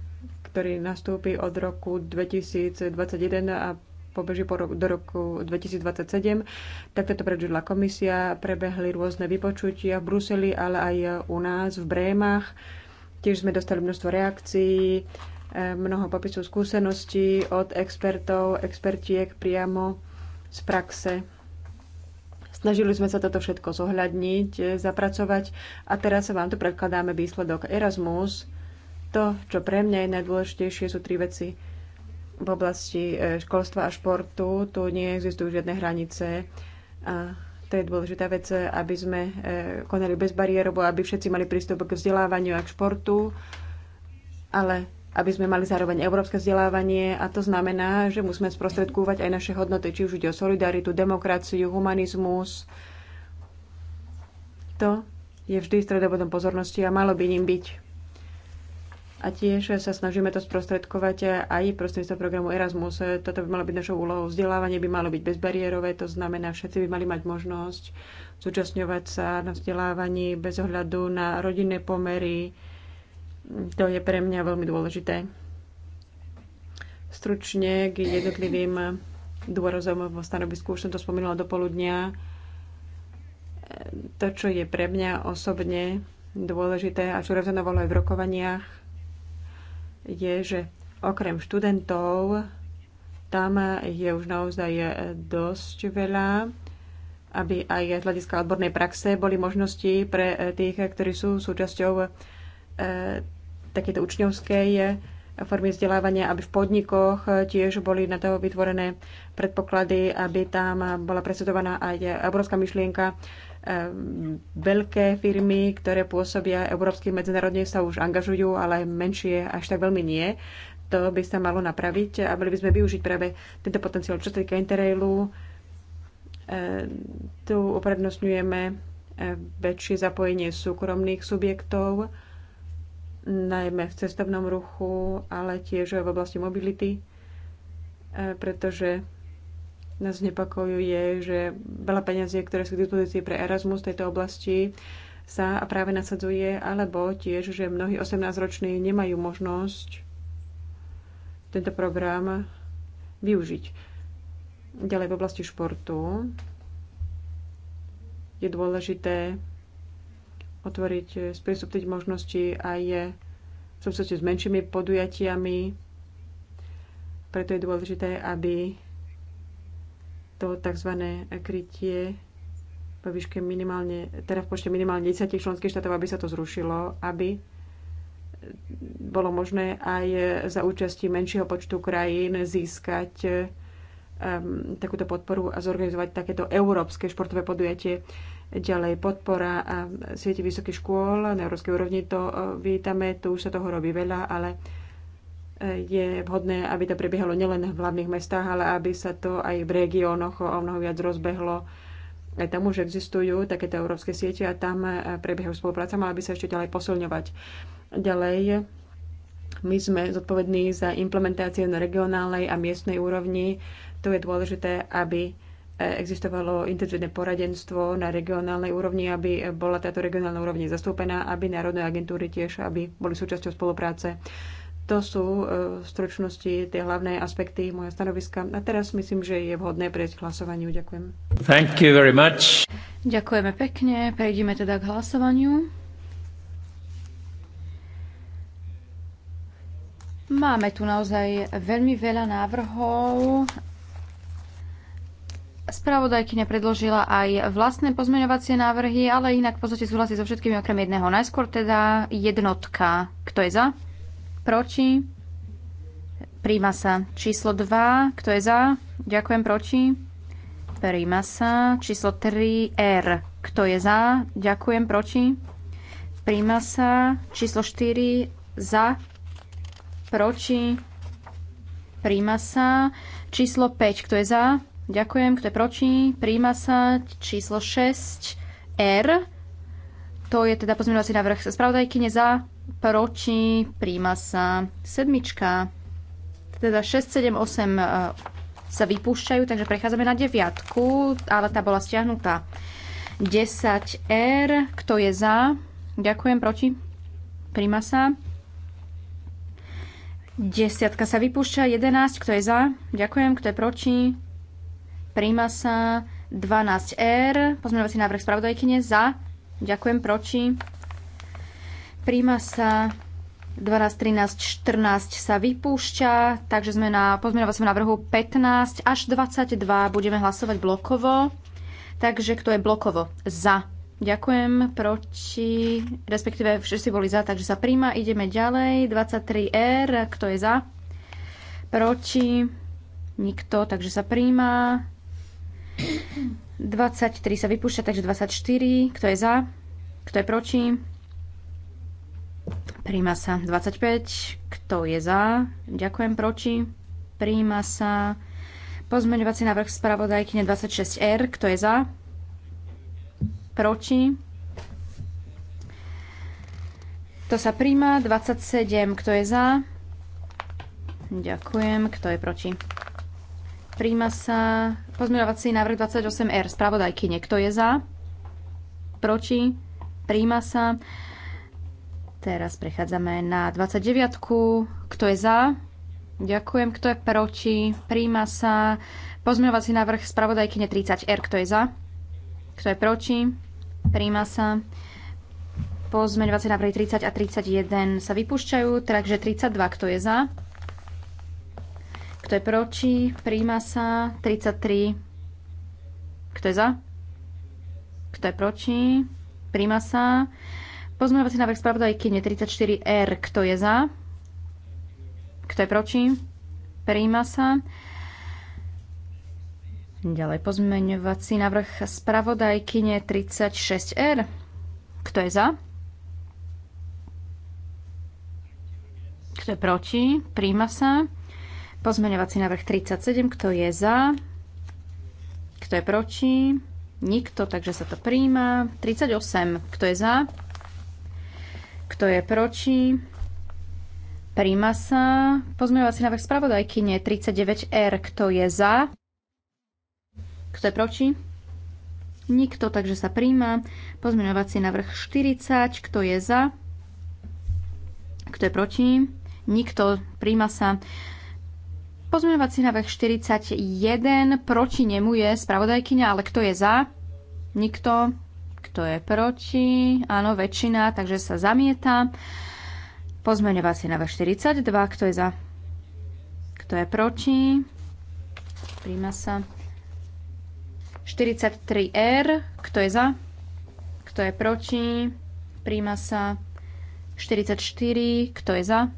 ktorý nastúpi od roku 2021 a pobeží po roku, do roku 2027. Tak toto predložila komisia, prebehli rôzne vypočutia v Bruseli, ale aj u nás v Brémach. Tiež sme dostali množstvo reakcií, eh, mnoho popisov skúseností od expertov, expertiek priamo z praxe. Snažili sme sa toto všetko zohľadniť, eh, zapracovať a teraz sa vám tu predkladáme výsledok Erasmus. To, čo pre mňa je najdôležitejšie, sú tri veci v oblasti e, školstva a športu tu neexistujú žiadne hranice. A to je dôležitá vec, aby sme e, konali bez bariérov, aby všetci mali prístup k vzdelávaniu a k športu, ale aby sme mali zároveň európske vzdelávanie a to znamená, že musíme sprostredkúvať aj naše hodnoty, či už ide o solidaritu, demokraciu, humanizmus. To je vždy stredobodom pozornosti a malo by ním byť. A tiež sa snažíme to sprostredkovať aj prostredníctvom programu Erasmus. Toto by malo byť našou úlohou. Vzdelávanie by malo byť bezbariérové, to znamená, všetci by mali mať možnosť zúčastňovať sa na vzdelávaní bez ohľadu na rodinné pomery. To je pre mňa veľmi dôležité. Stručne k jednotlivým dôrazom vo stanovisku, už som to spomínala do poludnia, to, čo je pre mňa osobne dôležité a čo rezonovalo aj v rokovaniach je, že okrem študentov tam je už naozaj dosť veľa, aby aj z hľadiska odbornej praxe boli možnosti pre tých, ktorí sú súčasťou e, takéto učňovskej formy vzdelávania, aby v podnikoch tiež boli na to vytvorené predpoklady, aby tam bola presudovaná aj obrovská myšlienka Veľké firmy, ktoré pôsobia európsky medzinárodne, sa už angažujú, ale menšie až tak veľmi nie. To by sa malo napraviť a mali by sme využiť práve tento potenciál. Čo sa týka Interrailu, tu uprednostňujeme väčšie zapojenie súkromných subjektov, najmä v cestovnom ruchu, ale tiež v oblasti mobility, pretože nás znepokojuje, že veľa peniazí, ktoré sú k dispozícii pre Erasmus v tejto oblasti, sa práve nasadzuje, alebo tiež, že mnohí 18-roční nemajú možnosť tento program využiť. Ďalej v oblasti športu je dôležité otvoriť, sprístupniť možnosti aj v súvislosti s menšími podujatiami. Preto je dôležité, aby to tzv. krytie vo výške minimálne, teda v počte minimálne 10 členských štátov, aby sa to zrušilo, aby bolo možné aj za účasti menšieho počtu krajín získať um, takúto podporu a zorganizovať takéto európske športové podujatie. Ďalej podpora a um, siete vysokých škôl na európskej úrovni, to uh, vítame, tu už sa toho robí veľa, ale je vhodné, aby to prebiehalo nielen v hlavných mestách, ale aby sa to aj v regiónoch o mnoho viac rozbehlo. Aj tam už existujú takéto európske siete a tam eh, prebiehajú spolupráca, mala by sa ešte ďalej posilňovať. Ďalej, my sme zodpovední za implementáciu na regionálnej a miestnej úrovni. To je dôležité, aby eh, existovalo intenzívne poradenstvo na regionálnej úrovni, aby bola táto regionálna úrovni zastúpená, aby národné agentúry tiež, aby boli súčasťou spolupráce. To sú e, v stručnosti tie hlavné aspekty moje stanoviska. A teraz myslím, že je vhodné prejsť k hlasovaniu. Ďakujem. Thank you very much. Ďakujeme pekne. Prejdeme teda k hlasovaniu. Máme tu naozaj veľmi veľa návrhov. Spravodajkyňa predložila aj vlastné pozmeňovacie návrhy, ale inak v podstate súhlasí so všetkými okrem jedného. Najskôr teda jednotka. Kto je za? proti, príjma sa. Číslo 2, kto je za, ďakujem, proti, príjma sa. Číslo 3, R, kto je za, ďakujem, proti, príjma sa. Číslo 4, za, proti, príjma sa. Číslo 5, kto je za, ďakujem, kto je proti, príjma sa. Číslo 6, R, to je teda pozmeňovací návrh spravodajkyne za, proti, príjma sa sedmička, teda 6, 7, 8 sa vypúšťajú, takže prechádzame na deviatku, ale tá bola stiahnutá. 10R, kto je za? Ďakujem, proti? Príjma sa. Desiatka sa vypúšťa, 11, kto je za? Ďakujem, kto je proti? Príjma sa. 12R, pozmeňovací návrh spravodajkyne, za? Ďakujem, proti? Príjma sa 12, 13, 14 sa vypúšťa, takže sme na pozmeňovacom návrhu 15 až 22 budeme hlasovať blokovo. Takže kto je blokovo? Za. Ďakujem, proti, respektíve všetci boli za, takže sa príjma. Ideme ďalej. 23R, kto je za? Proti, nikto, takže sa príjma. 23 sa vypúšťa, takže 24, kto je za? Kto je proti? Príjma sa 25. Kto je za? Ďakujem. Proti? Príjma sa pozmeňovací návrh spravodajkyne 26R. Kto je za? Proti? To sa príjma. 27. Kto je za? Ďakujem. Kto je proti? Príjma sa pozmeňovací návrh 28R. Spravodajkyne. Kto je za? Proti? Príjma sa. Teraz prechádzame na 29. Kto je za? Ďakujem. Kto je proti? Príjma sa. Pozmeňovací návrh spravodajkyne 30R. Kto je za? Kto je proti? Príjma sa. Pozmeňovací návrhy 30 a 31 sa vypúšťajú, takže 32. Kto je za? Kto je proti? Príjma sa. 33. Kto je za? Kto je proti? Príjma sa. Pozmeňovací návrh spravodajkyne 34R. Kto je za? Kto je proti? Príjma sa. Ďalej pozmeňovací návrh spravodajkyne 36R. Kto je za? Kto je proti? Príjma sa. Pozmeňovací návrh 37. Kto je za? Kto je proti? Nikto, takže sa to príjma. 38. Kto je za? Kto je proti? Príjma sa pozmeňovací návrh spravodajkyne 39R. Kto je za? Kto je proti? Nikto, takže sa príjma. Pozmeňovací návrh 40. Kto je za? Kto je proti? Nikto, príjma sa. Pozmeňovací návrh 41, proti nemu je spravodajkyňa, ale kto je za? Nikto, kto je proti? Áno, väčšina, takže sa zamieta. Pozmeňovací návrh 42. Kto je za? Kto je proti? Príjma sa. 43R. Kto je za? Kto je proti? Príjma sa. 44. Kto je za?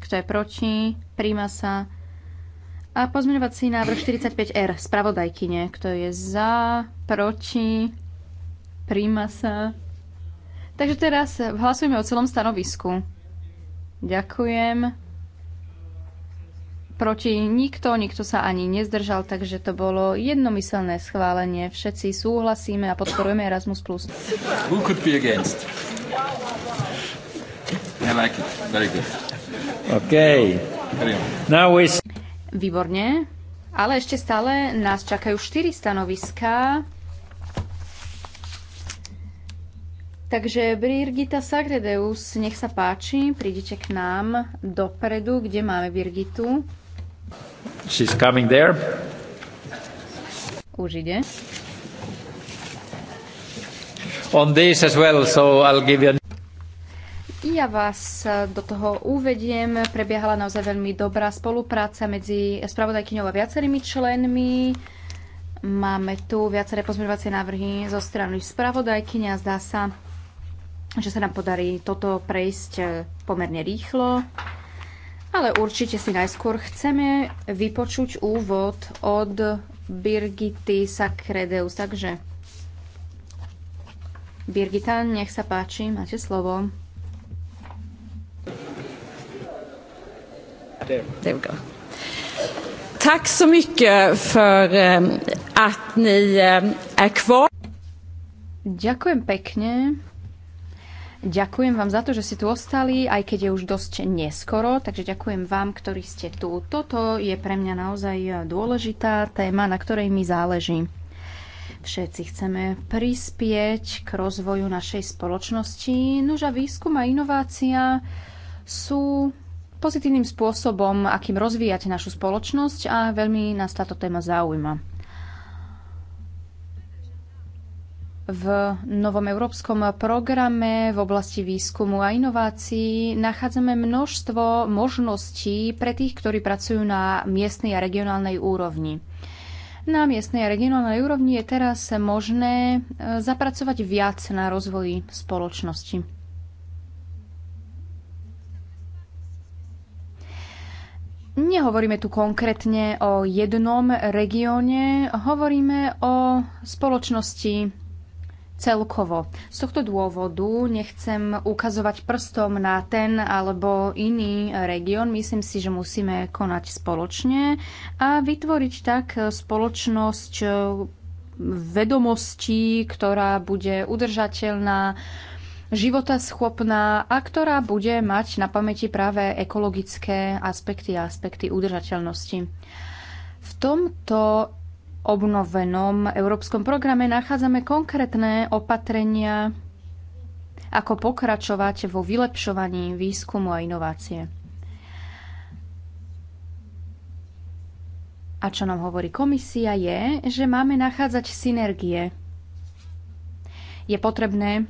Kto je proti? Príjma sa. A pozmeňovací návrh 45R. Spravodajkyne. Kto je za? Proti? Príjma sa. Takže teraz hlasujeme o celom stanovisku. Ďakujem. Proti nikto, nikto sa ani nezdržal, takže to bolo jednomyselné schválenie. Všetci súhlasíme a podporujeme Erasmus+. Who could be against? I like it. Very good. OK. Now we... Výborne. Ale ešte stále nás čakajú 4 stanoviská Takže Birgita Sagredeus, nech sa páči, prídite k nám dopredu, kde máme Birgitu. She's coming there. Už ide. On this as well, so I'll give you... Ja vás do toho uvediem. Prebiehala naozaj veľmi dobrá spolupráca medzi spravodajkyňou a viacerými členmi. Máme tu viaceré pozmeňovacie návrhy zo strany spravodajkyňa. Zdá sa, že sa nám podarí toto prejsť e, pomerne rýchlo, ale určite si najskôr chceme vypočuť úvod od Birgity Sakredeus. Takže Birgita, nech sa páči, máte slovo. There we go. Tak so mycket för eh, at ni eh, är kvar. Ďakujem pekne Ďakujem vám za to, že ste tu ostali, aj keď je už dosť neskoro, takže ďakujem vám, ktorí ste tu. Toto je pre mňa naozaj dôležitá téma, na ktorej mi záleží. Všetci chceme prispieť k rozvoju našej spoločnosti, nož a výskum a inovácia sú pozitívnym spôsobom, akým rozvíjať našu spoločnosť a veľmi nás táto téma zaujíma. v novom európskom programe v oblasti výskumu a inovácií nachádzame množstvo možností pre tých, ktorí pracujú na miestnej a regionálnej úrovni. Na miestnej a regionálnej úrovni je teraz možné e, zapracovať viac na rozvoji spoločnosti. Nehovoríme tu konkrétne o jednom regióne, hovoríme o spoločnosti celkovo. Z tohto dôvodu nechcem ukazovať prstom na ten alebo iný región. Myslím si, že musíme konať spoločne a vytvoriť tak spoločnosť vedomostí, ktorá bude udržateľná, schopná a ktorá bude mať na pamäti práve ekologické aspekty a aspekty udržateľnosti. V tomto obnovenom európskom programe nachádzame konkrétne opatrenia, ako pokračovať vo vylepšovaní výskumu a inovácie. A čo nám hovorí komisia je, že máme nachádzať synergie. Je potrebné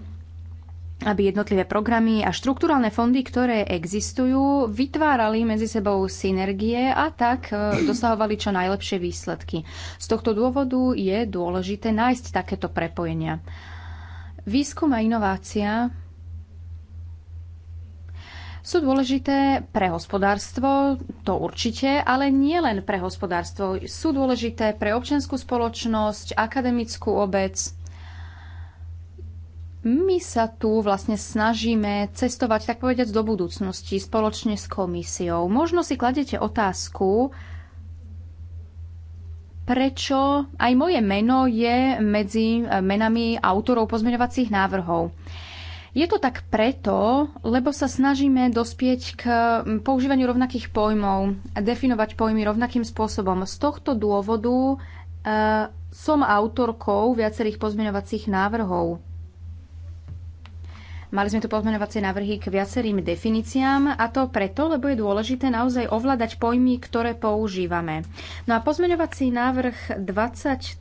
aby jednotlivé programy a štruktúralne fondy, ktoré existujú, vytvárali medzi sebou synergie a tak e, dosahovali čo najlepšie výsledky. Z tohto dôvodu je dôležité nájsť takéto prepojenia. Výskum a inovácia sú dôležité pre hospodárstvo, to určite, ale nie len pre hospodárstvo. Sú dôležité pre občianskú spoločnosť, akademickú obec, my sa tu vlastne snažíme cestovať, tak povediať, do budúcnosti spoločne s komisiou. Možno si kladete otázku, prečo aj moje meno je medzi eh, menami autorov pozmeňovacích návrhov. Je to tak preto, lebo sa snažíme dospieť k hm, používaniu rovnakých pojmov, definovať pojmy rovnakým spôsobom. Z tohto dôvodu e, som autorkou viacerých pozmeňovacích návrhov Mali sme tu pozmeňovacie návrhy k viacerým definíciám a to preto, lebo je dôležité naozaj ovládať pojmy, ktoré používame. No a pozmeňovací návrh 23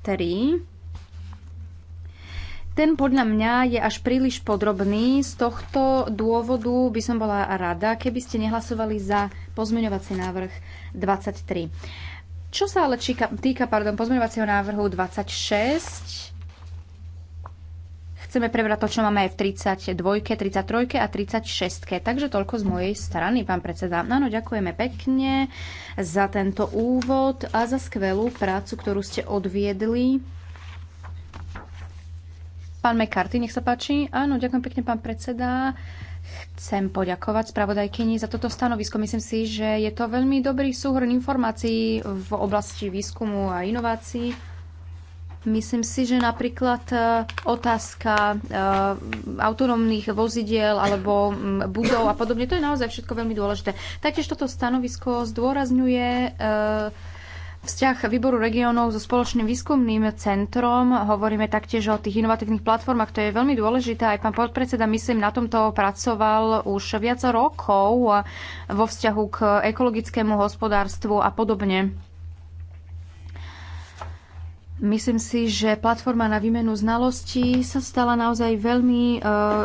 ten podľa mňa je až príliš podrobný. Z tohto dôvodu by som bola rada, keby ste nehlasovali za pozmeňovací návrh 23. Čo sa ale týka, týka pardon, pozmeňovacieho návrhu 26, chceme prebrať to, čo máme aj v 32, 33 a 36. Takže toľko z mojej strany, pán predseda. Áno, ďakujeme pekne za tento úvod a za skvelú prácu, ktorú ste odviedli. Pán McCarthy, nech sa páči. Áno, ďakujem pekne, pán predseda. Chcem poďakovať spravodajkyni za toto stanovisko. Myslím si, že je to veľmi dobrý súhrn informácií v oblasti výskumu a inovácií Myslím si, že napríklad e, otázka e, autonómnych vozidiel alebo budov a podobne, to je naozaj všetko veľmi dôležité. Taktiež toto stanovisko zdôrazňuje e, vzťah výboru regiónov so spoločným výskumným centrom. Hovoríme taktiež o tých inovatívnych platformách, to je veľmi dôležité. Aj pán podpredseda, myslím, na tomto pracoval už viac rokov vo vzťahu k ekologickému hospodárstvu a podobne. Myslím si, že platforma na výmenu znalostí sa stala naozaj veľmi e,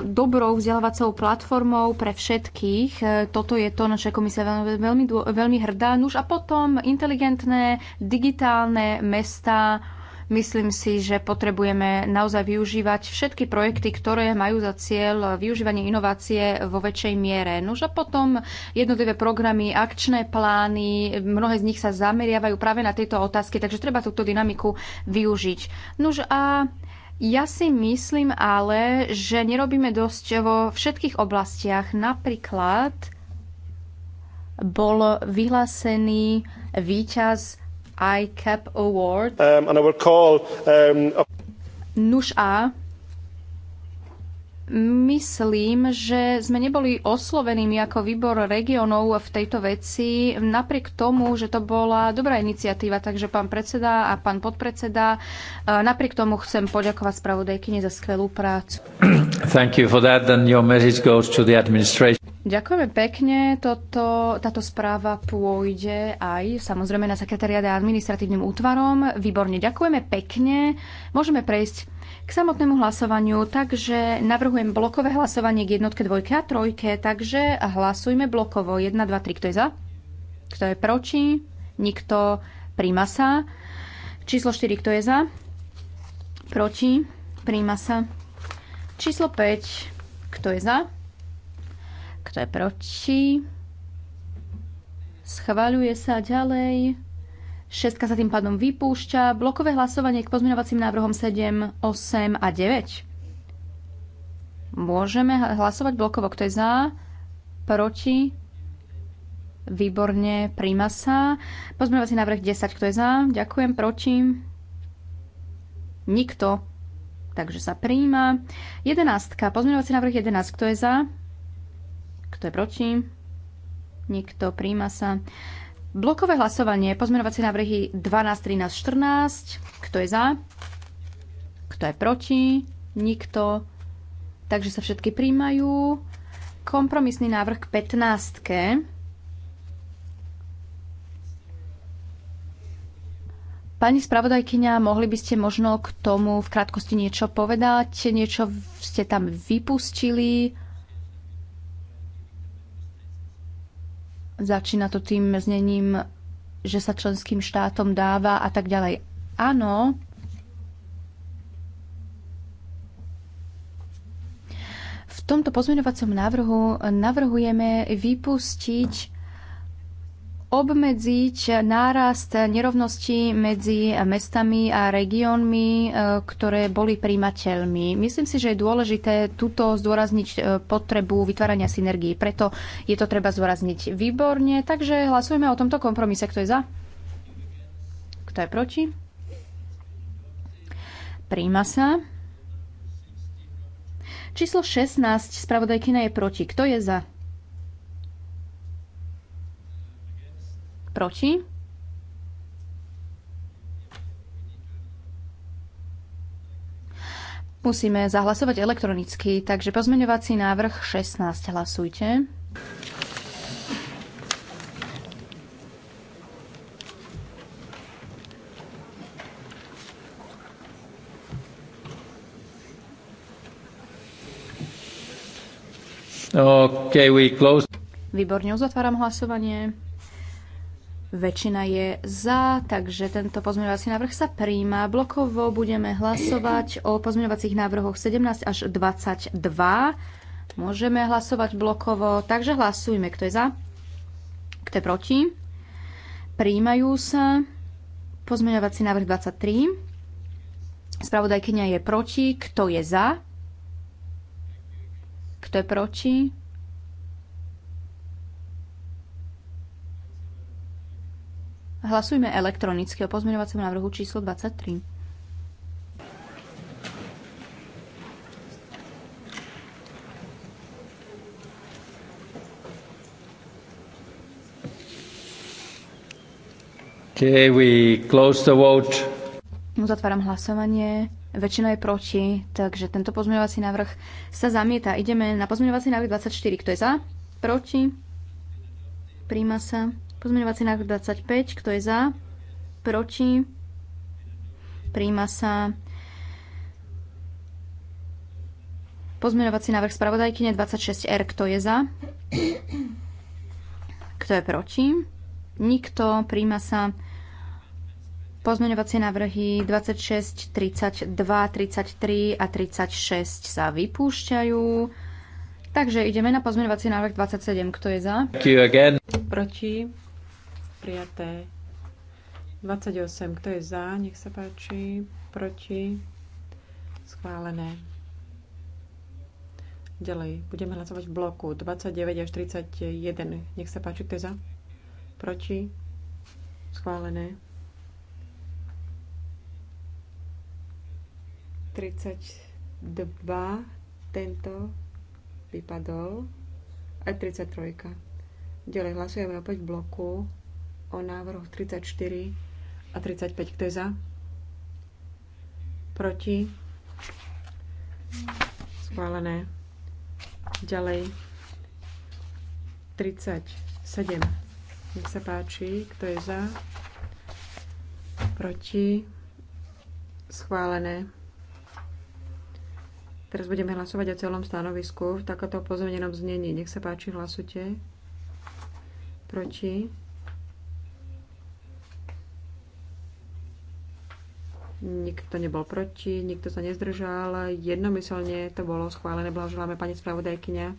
dobrou vzdelávacou platformou pre všetkých. E, toto je to, na čo veľmi, veľmi, veľmi hrdá. Nuž a potom inteligentné digitálne mesta, Myslím si, že potrebujeme naozaj využívať všetky projekty, ktoré majú za cieľ využívanie inovácie vo väčšej miere. No a potom jednotlivé programy, akčné plány, mnohé z nich sa zameriavajú práve na tieto otázky, takže treba túto dynamiku využiť. Nož a ja si myslím ale, že nerobíme dosť vo všetkých oblastiach. Napríklad bol vyhlásený výťaz ICAP Award. Um, and I will call, um, a... Nuž a Myslím, že sme neboli oslovenými ako výbor regionov v tejto veci, napriek tomu, že to bola dobrá iniciatíva. Takže pán predseda a pán podpredseda, e, napriek tomu chcem poďakovať spravodajkyni za skvelú prácu. Thank you for that. Then your message goes to the administration. Ďakujeme pekne. Toto, táto správa pôjde aj samozrejme na sekretariáde administratívnym útvarom. Výborne, ďakujeme pekne. Môžeme prejsť k samotnému hlasovaniu, takže navrhujem blokové hlasovanie k jednotke, dvojke a trojke, takže hlasujme blokovo 1, 2, 3, kto je za? Kto je proti? Nikto príma sa. Číslo 4, kto je za? Proti? Príma sa. Číslo 5, kto je za? Kto je proti? Schváľuje sa ďalej. Šestka sa tým pádom vypúšťa. Blokové hlasovanie k pozmeňovacím návrhom 7, 8 a 9. Môžeme hlasovať blokovo. Kto je za? Proti? Výborne, príjma sa. Pozmeňovací návrh 10. Kto je za? Ďakujem. Proti? Nikto. Takže sa príjma. 11. Pozmeňovací návrh 11. Kto je za? Kto je proti? Nikto. Príjma sa. Blokové hlasovanie, pozmeňovacie návrhy 12, 13, 14. Kto je za? Kto je proti? Nikto. Takže sa všetky príjmajú. Kompromisný návrh k 15. Pani spravodajkyňa, mohli by ste možno k tomu v krátkosti niečo povedať? Niečo ste tam vypustili? Začína to tým znením, že sa členským štátom dáva a tak ďalej. Áno, v tomto pozmeňovacom návrhu navrhujeme vypustiť obmedziť nárast nerovností medzi mestami a regiónmi, e, ktoré boli príjmateľmi. Myslím si, že je dôležité túto zdôrazniť e, potrebu vytvárania synergií. Preto je to treba zdôrazniť výborne. Takže hlasujeme o tomto kompromise. Kto je za? Kto je proti? Príjma sa. Číslo 16 Spravodajkina je proti. Kto je za? Proti? Musíme zahlasovať elektronicky, takže pozmeňovací návrh 16 hlasujte. Okay, we close. Výborne, uzatváram hlasovanie väčšina je za, takže tento pozmeňovací návrh sa príjma. Blokovo budeme hlasovať o pozmeňovacích návrhoch 17 až 22. Môžeme hlasovať blokovo, takže hlasujme, kto je za, kto je proti. Príjmajú sa pozmeňovací návrh 23. Spravodajkynia je proti, kto je za, kto je proti. Hlasujme elektronicky o pozmeňovacom návrhu číslo 23. Okay, we close the vote. Uzatváram hlasovanie. Väčšina je proti, takže tento pozmeňovací návrh sa zamieta. Ideme na pozmeňovací návrh 24. Kto je za? Proti? Príjma sa. Pozmeňovací návrh 25, kto je za? Proti? Príjma sa. Pozmeňovací návrh spravodajkyne 26R, kto je za? Kto je proti? Nikto, príjma sa. Pozmeňovacie návrhy 26, 32, 33 a 36 sa vypúšťajú. Takže ideme na pozmeňovací návrh 27. Kto je za? Proti prijaté. 28. Kto je za? Nech sa páči. Proti? Schválené. Ďalej. Budeme hlasovať v bloku 29 až 31. Nech sa páči. Kto je za? Proti? Schválené. 32. Tento vypadol. Aj 33. Ďalej hlasujeme opäť v bloku o návrhoch 34 a 35. Kto je za? Proti? Schválené. Ďalej. 37. Nech sa páči. Kto je za? Proti? Schválené. Teraz budeme hlasovať o celom stanovisku v takomto pozmenenom znení. Nech sa páči, hlasujte. Proti? Nikto nebol proti, nikto sa nezdržal. Jednomyselne to bolo schválené. Blahoželáme pani spravodajkyňa.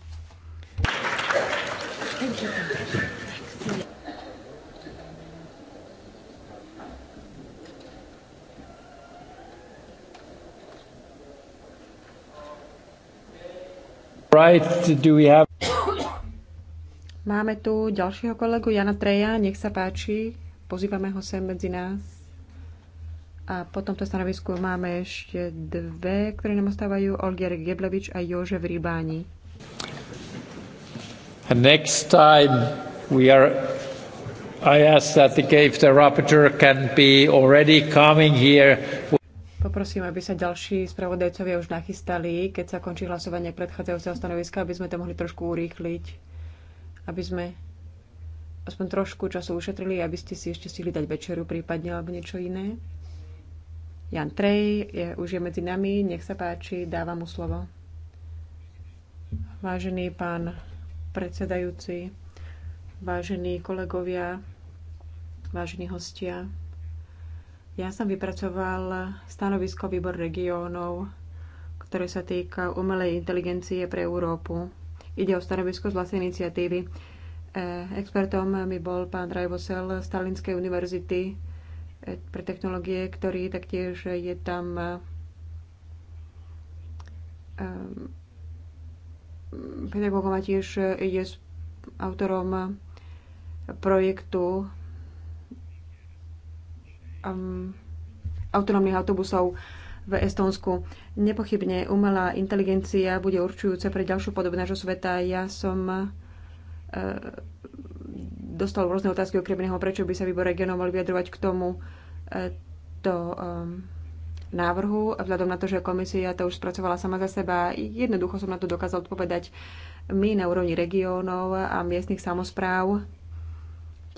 Right, do we have... Máme tu ďalšieho kolegu Jana Treja, nech sa páči. Pozývame ho sem medzi nás. A po tomto stanovisku máme ešte dve, ktoré nám ostávajú, Olgier Geblevič a Jožef Rybáni. And next time we are I ask that the gave the rapporteur can be already coming here Poprosím, aby sa ďalší spravodajcovia už nachystali, keď sa končí hlasovanie predchádzajúceho stanoviska, aby sme to mohli trošku urýchliť, aby sme aspoň trošku času ušetrili, aby ste si ešte stihli dať večeru prípadne alebo niečo iné. Jan Trej je, už je medzi nami, nech sa páči, dávam mu slovo. Vážený pán predsedajúci, vážení kolegovia, vážení hostia, ja som vypracoval stanovisko výbor regiónov, ktoré sa týka umelej inteligencie pre Európu. Ide o stanovisko z vlastnej iniciatívy. Eh, expertom mi bol pán Drajvosel z Talinskej univerzity, pre technológie, ktorý taktiež je tam ehm, pedagógom a tiež je autorom projektu ehm, autonómnych autobusov v Estonsku. Nepochybne umelá inteligencia bude určujúca pre ďalšiu podobu nášho sveta. Ja som uh, dostal rôzne otázky okrem neho, prečo by sa výbor regionov mal vyjadrovať k tomu e, to um, návrhu, vzhľadom na to, že komisia to už spracovala sama za seba. Jednoducho som na to dokázal odpovedať. My na úrovni regiónov a miestnych samozpráv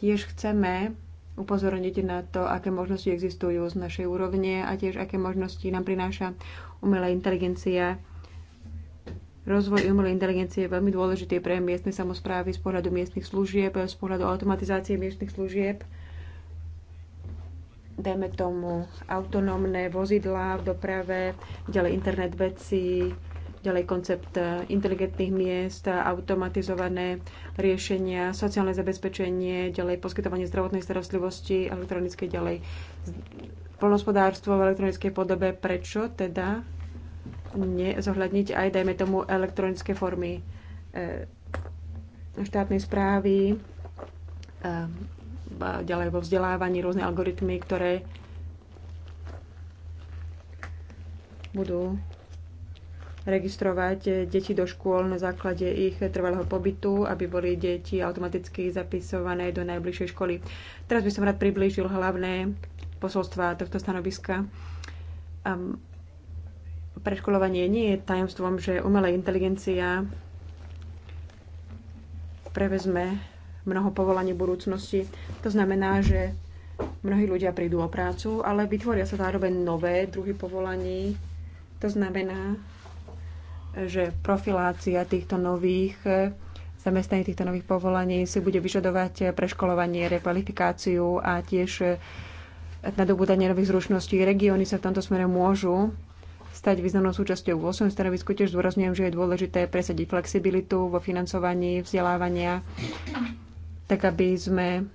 tiež chceme upozorniť na to, aké možnosti existujú z našej úrovne a tiež aké možnosti nám prináša umelá inteligencia Rozvoj umelej inteligencie je veľmi dôležitý pre miestne samozprávy z pohľadu miestnych služieb, z pohľadu automatizácie miestnych služieb. Dajme tomu autonómne vozidlá v doprave, ďalej internet veci, ďalej koncept e, inteligentných miest, automatizované riešenia, sociálne zabezpečenie, ďalej poskytovanie zdravotnej starostlivosti, elektronické ďalej polnospodárstvo v elektronickej podobe. Prečo teda nezohľadniť aj, dajme tomu, elektronické formy eh, štátnej správy, eh, ďalej vo vzdelávaní rôzne algoritmy, ktoré budú registrovať eh, deti do škôl na základe ich trvalého pobytu, aby boli deti automaticky zapisované do najbližšej školy. Teraz by som rád priblížil hlavné posolstva tohto stanoviska. Um, preškolovanie nie je tajomstvom, že umelá inteligencia prevezme mnoho povolaní budúcnosti. To znamená, že mnohí ľudia prídu o prácu, ale vytvoria sa zároveň nové druhy povolaní. To znamená, že profilácia týchto nových zamestnaní týchto nových povolaní si bude vyžadovať preškolovanie, rekvalifikáciu a tiež nadobúdanie nových zručností. Regióny sa v tomto smere môžu stať významnou súčasťou. V 8. stanovisku tiež zdôrazňujem, že je dôležité presadiť flexibilitu vo financovaní vzdelávania, tak aby sme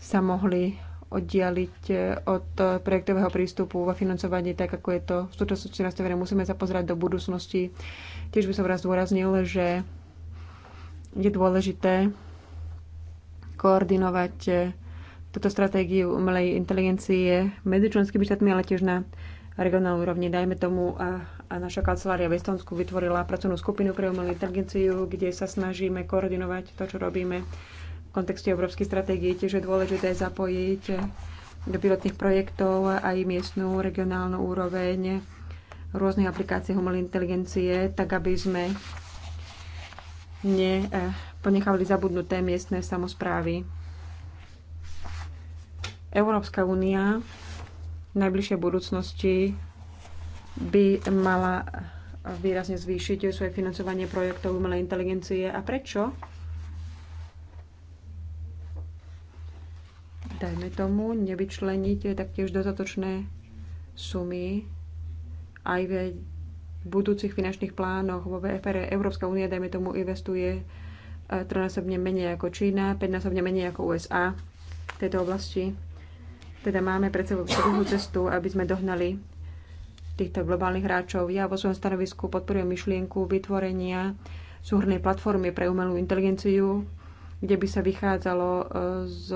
sa mohli oddialiť eh, od projektového prístupu vo financovaní, tak ako je to v súčasnosti nastavené. Musíme sa pozerať do budúcnosti. Tiež by som raz zdôraznil, že je dôležité koordinovať eh, túto stratégiu umelej inteligencie medzi členskými štátmi, ale tiež na regionálnej úrovni. Dajme tomu, a, a naša kancelária v Estonsku vytvorila pracovnú skupinu pre umelú inteligenciu, kde sa snažíme koordinovať to, čo robíme v kontexte európskej stratégie. Tiež je dôležité zapojiť do pilotných projektov aj miestnú regionálnu úroveň rôznych aplikácií umelej inteligencie, tak aby sme e, ponechali zabudnuté miestne samozprávy. Európska únia v najbližšej budúcnosti by mala výrazne zvýšiť svoje financovanie projektov umelej inteligencie. A prečo? Dajme tomu nevyčleniť taktiež dostatočné sumy aj v budúcich finančných plánoch vo VFR. Európska únia, dajme tomu, investuje e, trojnásobne menej ako Čína, 5 menej ako USA v tejto oblasti. Teda máme pred sebou dlhú cestu, aby sme dohnali týchto globálnych hráčov. Ja vo svojom stanovisku podporujem myšlienku vytvorenia súhrnej platformy pre umelú inteligenciu, kde by sa vychádzalo e, z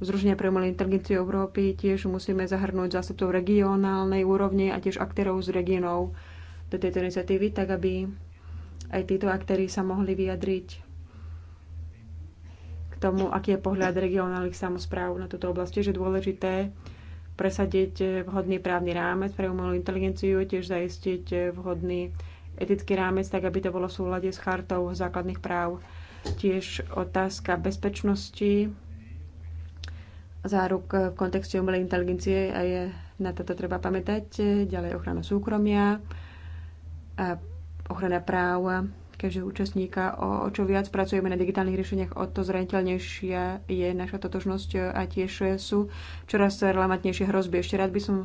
zruženia pre umelú inteligenciu Európy. Tiež musíme zahrnúť zástupcov regionálnej úrovne a tiež aktérov z regionov do tejto iniciatívy, tak aby aj títo aktéry sa mohli vyjadriť tomu, aký je pohľad regionálnych samozpráv na túto oblasť. Tiež je dôležité presadiť vhodný právny rámec pre umelú inteligenciu, tiež zaistiť vhodný etický rámec, tak aby to bolo v súlade s chartou základných práv. Tiež otázka bezpečnosti záruk v kontexte umelej inteligencie a je na toto treba pamätať. Ďalej ochrana súkromia, a ochrana práv keďže účastníka. O, o čo viac pracujeme na digitálnych riešeniach, o to zraniteľnejšia je naša totožnosť a tiež sú čoraz relevantnejšie hrozby. Ešte rád by som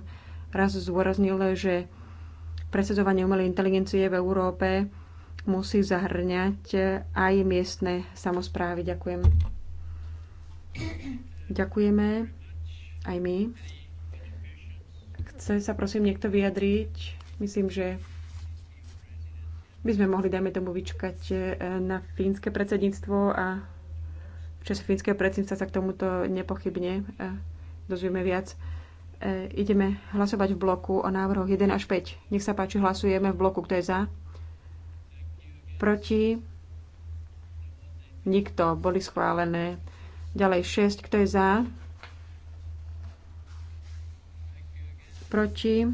raz zdôraznil, že presadzovanie umelej inteligencie v Európe musí zahrňať aj miestne samozprávy. Ďakujem. Ďakujeme aj my. Chce sa prosím niekto vyjadriť? Myslím, že by sme mohli, dajme tomu, vyčkať e, na fínske predsedníctvo a čase fínskeho predsedníctva sa k tomuto nepochybne e, dozvieme viac. E, ideme hlasovať v bloku o návrhoch 1 až 5. Nech sa páči, hlasujeme v bloku, kto je za. Proti? Nikto. Boli schválené. Ďalej 6. Kto je za? Proti?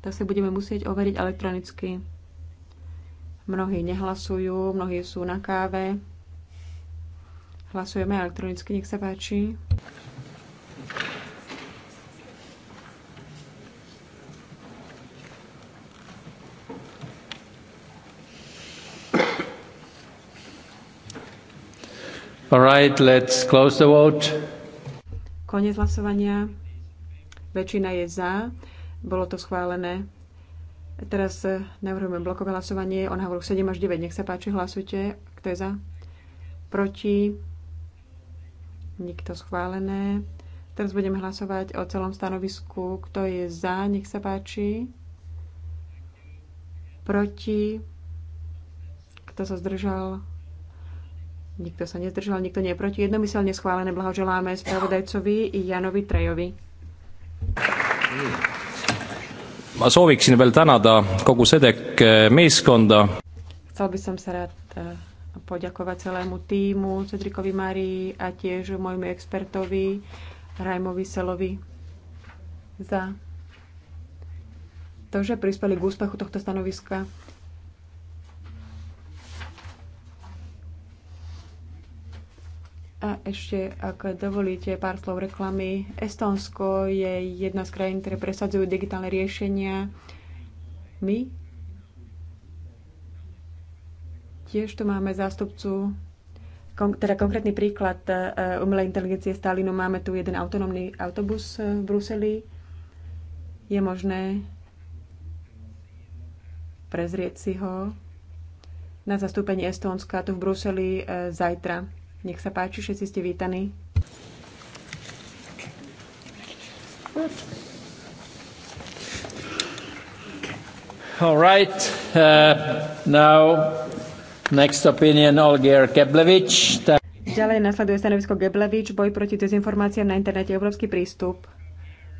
tak si budeme musieť overiť elektronicky. Mnohí nehlasujú, mnohí sú na káve. Hlasujeme elektronicky, nech sa páči. All right, let's close the vote. Konec hlasovania. Väčšina je za. Bolo to schválené. Teraz e, navrhujeme blokové hlasovanie On návrhu 7 až 9. Nech sa páči, hlasujte. Kto je za? Proti? Nikto schválené. Teraz budeme hlasovať o celom stanovisku. Kto je za? Nech sa páči. Proti? Kto sa zdržal? Nikto sa nezdržal, nikto nie je proti. Jednomyselne schválené blahoželáme spravodajcovi Janovi Trejovi. Mm ma sooviksin veel tänada kogu Sedek eh, meeskonda. by som sa rád eh, poďakovať celému týmu, Cedrikovi Márii a tiež môjmu expertovi Rajmovi Selovi za to, že prispeli k úspechu tohto stanoviska. A ešte, ak dovolíte, pár slov reklamy. Estonsko je jedna z krajín, ktoré presadzujú digitálne riešenia. My tiež tu máme zástupcu, kon, teda konkrétny príklad uh, umelej inteligencie Stalinu. Máme tu jeden autonómny autobus v Bruseli. Je možné prezrieť si ho na zastúpenie Estónska tu v Bruseli uh, zajtra nech sa páči, všetci ste vítaní. All right. Uh, now, next opinion, Olger Keblevich. Ďalej nasleduje stanovisko Geblevič, boj proti dezinformáciám na internete, európsky prístup.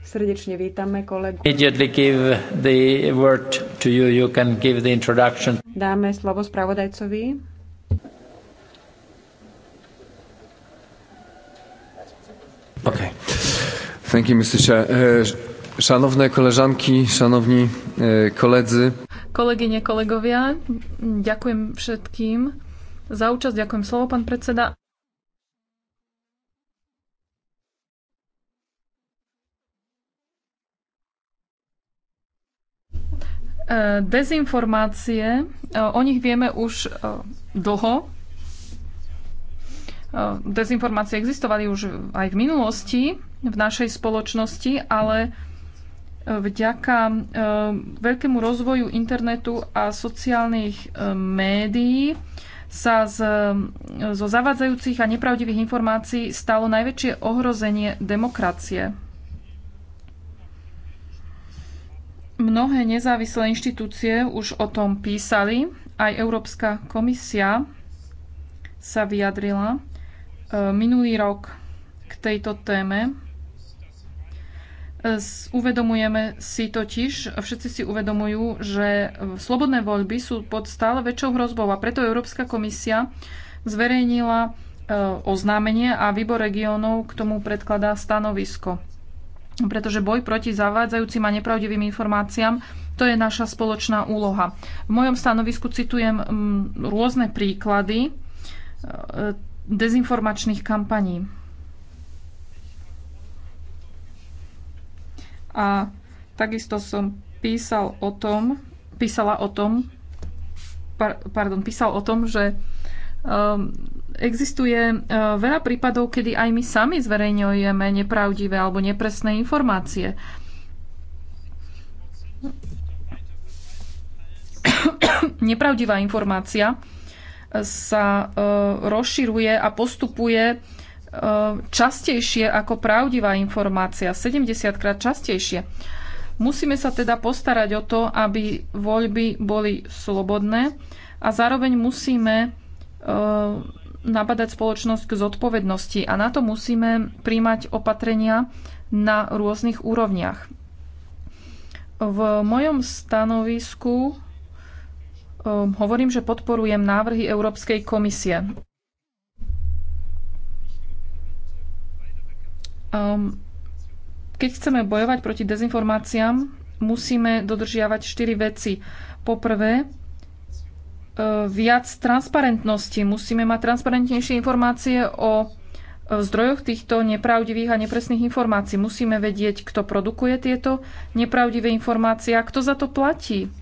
Srdečne vítame kolegu. give the word to you. You can give the Dáme slovo spravodajcovi. Okay. Thank you, Mr. Chair. E, szanowne koleżanki, szanowni e, koledzy. Kolegyne, kolegovia, ďakujem všetkým za účasť, ďakujem slovo, pán predseda. E, dezinformácie, o nich vieme už dlho, Ehm, dezinformácie existovali už aj v minulosti v našej spoločnosti, ale ehm, vďaka ehm, veľkému rozvoju internetu a sociálnych médií sa z, zo zavádzajúcich a nepravdivých informácií stalo najväčšie ohrozenie demokracie. Mnohé nezávislé inštitúcie už o tom písali, aj Európska komisia sa vyjadrila. E, minulý rok k tejto téme e, uvedomujeme si totiž, všetci si uvedomujú, že slobodné voľby sú pod stále väčšou hrozbou a preto Európska komisia zverejnila e, oznámenie a výbor regiónov k tomu predkladá stanovisko. Pretože boj proti zavádzajúcim a nepravdivým informáciám to je naša spoločná úloha. V mojom stanovisku citujem mm, rôzne príklady dezinformačných kampaní. A takisto som písal o tom, písala o tom, par, pardon, písal o tom, že um, existuje uh, veľa prípadov, kedy aj my sami zverejňujeme nepravdivé alebo nepresné informácie. Nepravdivá informácia sa e, rozširuje a postupuje e, častejšie ako pravdivá informácia, 70 krát častejšie. Musíme sa teda postarať o to, aby voľby boli slobodné a zároveň musíme e, nabadať spoločnosť k zodpovednosti a na to musíme príjmať opatrenia na rôznych úrovniach. V mojom stanovisku Ehm, hovorím, že podporujem návrhy Európskej komisie. Ehm, keď chceme bojovať proti dezinformáciám, musíme dodržiavať štyri veci. Poprvé, ehm, viac transparentnosti. Musíme mať transparentnejšie informácie o zdrojoch týchto nepravdivých a nepresných informácií. Musíme vedieť, kto produkuje tieto nepravdivé informácie a kto za to platí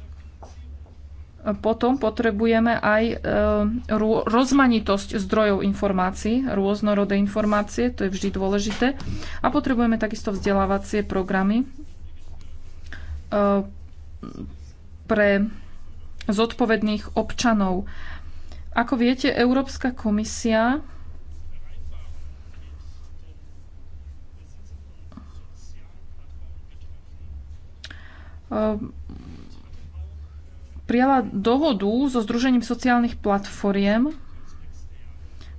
potom potrebujeme aj e, rozmanitosť zdrojov informácií, rôznorodé informácie, to je vždy dôležité. A potrebujeme takisto vzdelávacie programy e, pre zodpovedných občanov. Ako viete, Európska komisia um, prijala dohodu so Združením sociálnych platformiem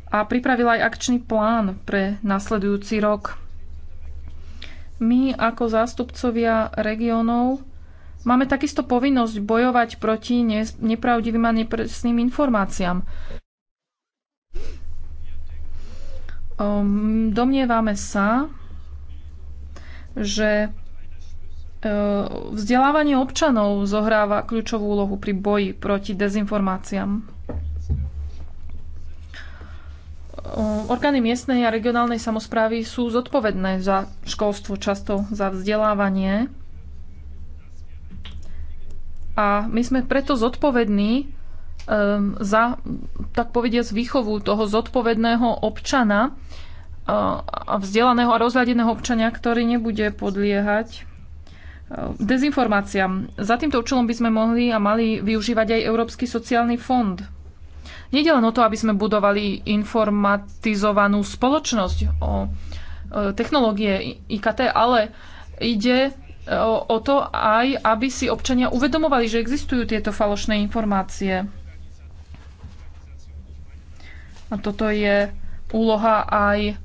a pripravila aj akčný plán pre nasledujúci rok. My ako zástupcovia regiónov máme takisto povinnosť bojovať proti nepravdivým a nepresným informáciám. Ehm, domnievame sa, že E, vzdelávanie občanov zohráva kľúčovú úlohu pri boji proti dezinformáciám. E, orgány miestnej a regionálnej samozprávy sú zodpovedné za školstvo, často za vzdelávanie. A my sme preto zodpovední e, za, tak povediať, výchovu toho zodpovedného občana a vzdelaného a rozhľadeného občania, ktorý nebude podliehať dezinformáciám. Za týmto účelom by sme mohli a mali využívať aj Európsky sociálny fond. Nede len o to, aby sme budovali informatizovanú spoločnosť o e, technológie IKT, ale ide e, o to aj, aby si občania uvedomovali, že existujú tieto falošné informácie. A toto je úloha aj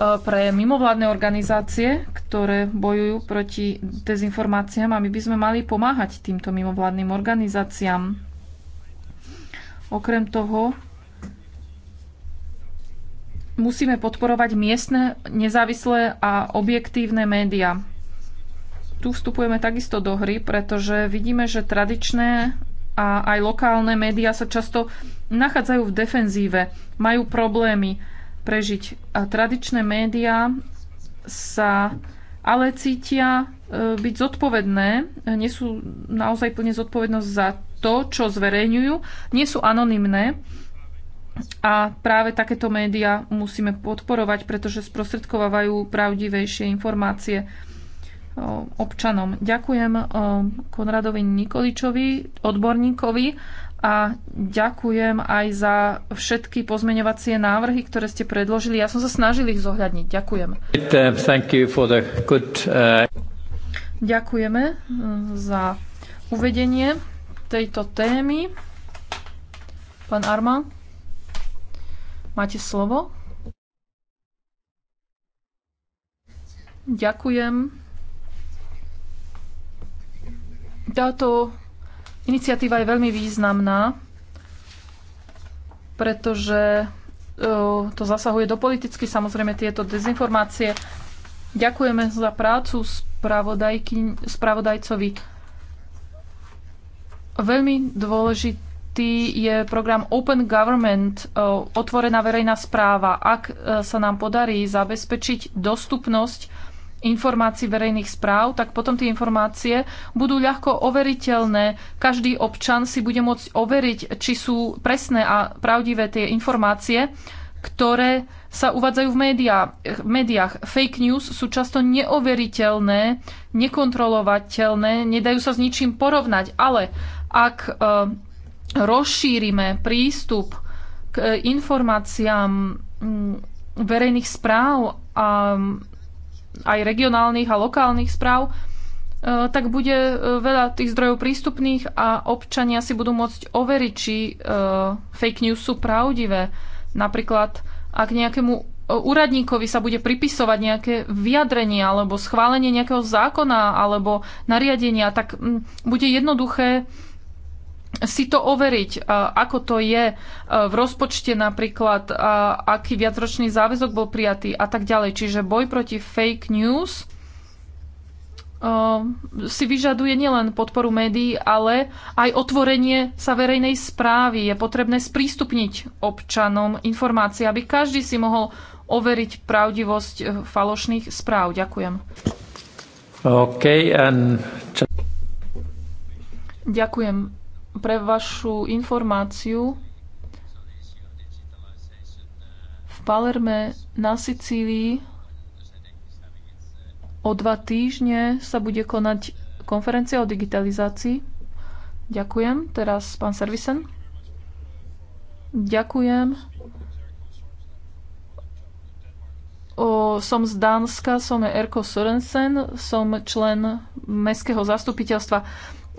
E, pre mimovládne organizácie, ktoré bojujú proti dezinformáciám a my by sme mali pomáhať týmto mimovládnym organizáciám. Okrem toho musíme podporovať miestne, nezávislé a objektívne médiá. Tu vstupujeme takisto do hry, pretože vidíme, že tradičné a aj lokálne médiá sa často nachádzajú v defenzíve, majú problémy prežiť. A tradičné médiá sa ale cítia e, byť zodpovedné, e, nesú naozaj plne zodpovednosť za to, čo zverejňujú, nie sú anonymné a práve takéto médiá musíme podporovať, pretože sprostredkovávajú pravdivejšie informácie e, občanom. Ďakujem Konradovi Nikoličovi, odborníkovi a ďakujem aj za všetky pozmeňovacie návrhy, ktoré ste predložili. Ja som sa snažil ich zohľadniť. Ďakujem. Good, uh... Ďakujeme uh, za uvedenie tejto témy. Pán Arma, máte slovo? Ďakujem. Táto Iniciatíva je veľmi významná, pretože e, to zasahuje do politicky, samozrejme tieto dezinformácie. Ďakujeme za prácu spravodajcovi. Veľmi dôležitý je program Open Government, e, otvorená verejná správa. Ak e, sa nám podarí zabezpečiť dostupnosť informácií verejných správ, tak potom tie informácie budú ľahko overiteľné. Každý občan si bude môcť overiť, či sú presné a pravdivé tie informácie, ktoré sa uvádzajú v médiách. médiách. Fake news sú často neoveriteľné, nekontrolovateľné, nedajú sa s ničím porovnať, ale ak e, rozšírime prístup k eh, informáciám mm, verejných správ a mm, aj regionálnych a lokálnych správ, e, tak bude e, veľa tých zdrojov prístupných a občania si budú môcť overiť, či e, fake news sú pravdivé. Napríklad, ak nejakému úradníkovi sa bude pripisovať nejaké vyjadrenie alebo schválenie nejakého zákona alebo nariadenia, tak mm, bude jednoduché si to overiť, ako to je v rozpočte napríklad, aký viacročný záväzok bol prijatý a tak ďalej. Čiže boj proti fake news si vyžaduje nielen podporu médií, ale aj otvorenie sa verejnej správy. Je potrebné sprístupniť občanom informácie, aby každý si mohol overiť pravdivosť e, falošných správ. Ďakujem. Okay, and... Ďakujem pre vašu informáciu, v Palerme na Sicílii o dva týždne sa bude konať konferencia o digitalizácii. Ďakujem. Teraz pán Servisen. Ďakujem. O, som z Dánska, som Erko Sørensen, som člen Mestského zastupiteľstva.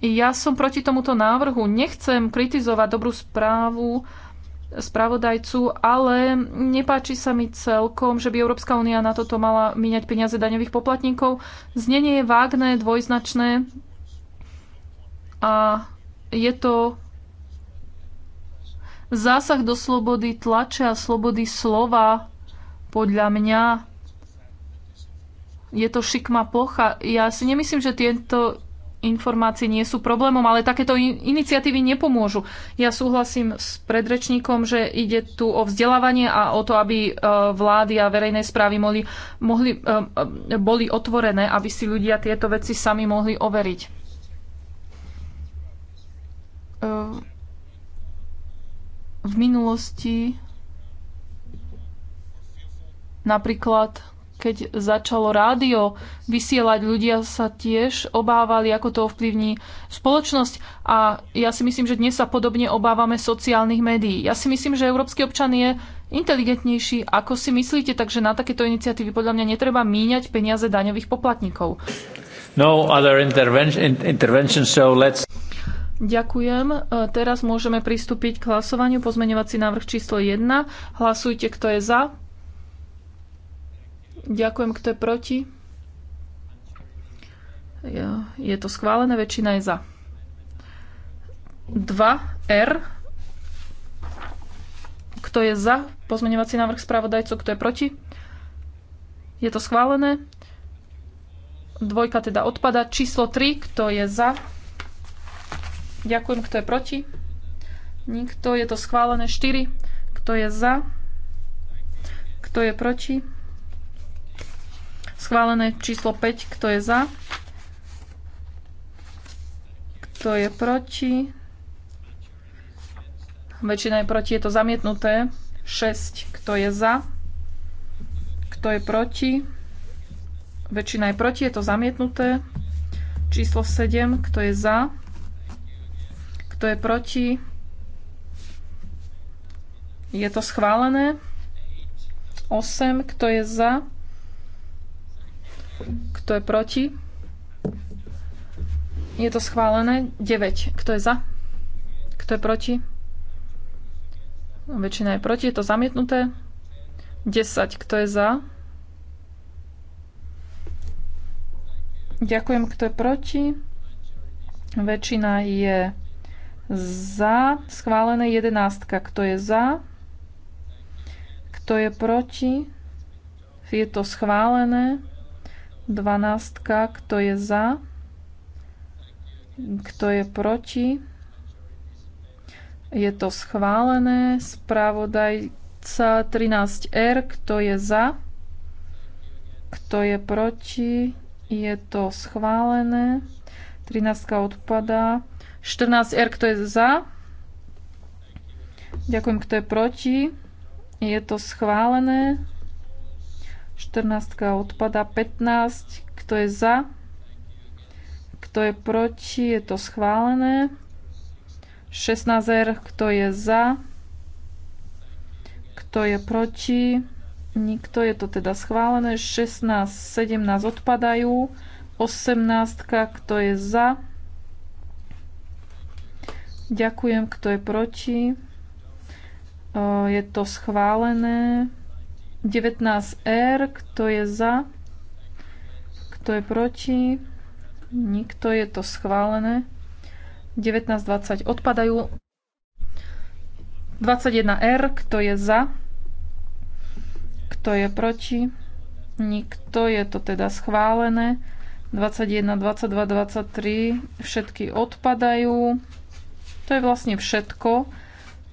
Ja som proti tomuto návrhu. Nechcem kritizovať dobrú správu spravodajcu, ale nepáči sa mi celkom, že by Európska únia na toto mala míňať peniaze daňových poplatníkov. Znenie je vágné, dvojznačné a je to zásah do slobody tlače a slobody slova. Podľa mňa je to šikma plocha. Ja si nemyslím, že tieto informácie nie sú problémom, ale takéto iniciatívy nepomôžu. Ja súhlasím s predrečníkom, že ide tu o vzdelávanie a o to, aby e, vlády a verejné správy mohli, mohli, e, e, boli otvorené, aby si ľudia tieto veci sami mohli overiť. V minulosti napríklad keď začalo rádio vysielať, ľudia sa tiež obávali, ako to ovplyvní spoločnosť. A ja si myslím, že dnes sa podobne obávame sociálnych médií. Ja si myslím, že európsky občan je inteligentnejší, ako si myslíte, takže na takéto iniciatívy podľa mňa netreba míňať peniaze daňových poplatníkov. No other intervention, intervention so let's... Ďakujem. E, teraz môžeme pristúpiť k hlasovaniu. Pozmeňovací návrh číslo 1. Hlasujte, kto je za. Ďakujem, kto je proti. Je to schválené, väčšina je za. 2R. Kto je za pozmeňovací návrh spravodajcu, kto je proti? Je to schválené. Dvojka teda odpada. Číslo 3, kto je za? Ďakujem, kto je proti? Nikto, je to schválené. 4, kto je za? Kto je proti? Schválené číslo 5. Kto je za? Kto je proti? Väčšina je proti, je to zamietnuté. 6. Kto je za? Kto je proti? Väčšina je proti, je to zamietnuté. Číslo 7. Kto je za? Kto je proti? Je to schválené. 8. Kto je za? Kto je proti? Je to schválené. 9. Kto je za? Kto je proti? Väčšina je proti. Je to zamietnuté. 10. Kto je za? Ďakujem. Kto je proti? Väčšina je za. Schválené 11. Kto je za? Kto je proti? Je to schválené. 12. kto je za, kto je proti. Je to schválené. Spravodajca 13R, er, kto je za, kto je proti. Je to schválené. 13 odpadá. 14R, er, kto je za? Ďakujem, kto je proti. Je to schválené. 14 odpada, 15, kto je za, kto je proti, je to schválené. 16R, kto je za, kto je proti, nikto, je to teda schválené. 16, 17 odpadajú, 18, kto je za, ďakujem, kto je proti, je to schválené. 19R, kto je za, kto je proti, nikto je to schválené. 1920 odpadajú. 21R, kto je za, kto je proti, nikto je to teda schválené. 21, 22, 23, všetky odpadajú. To je vlastne všetko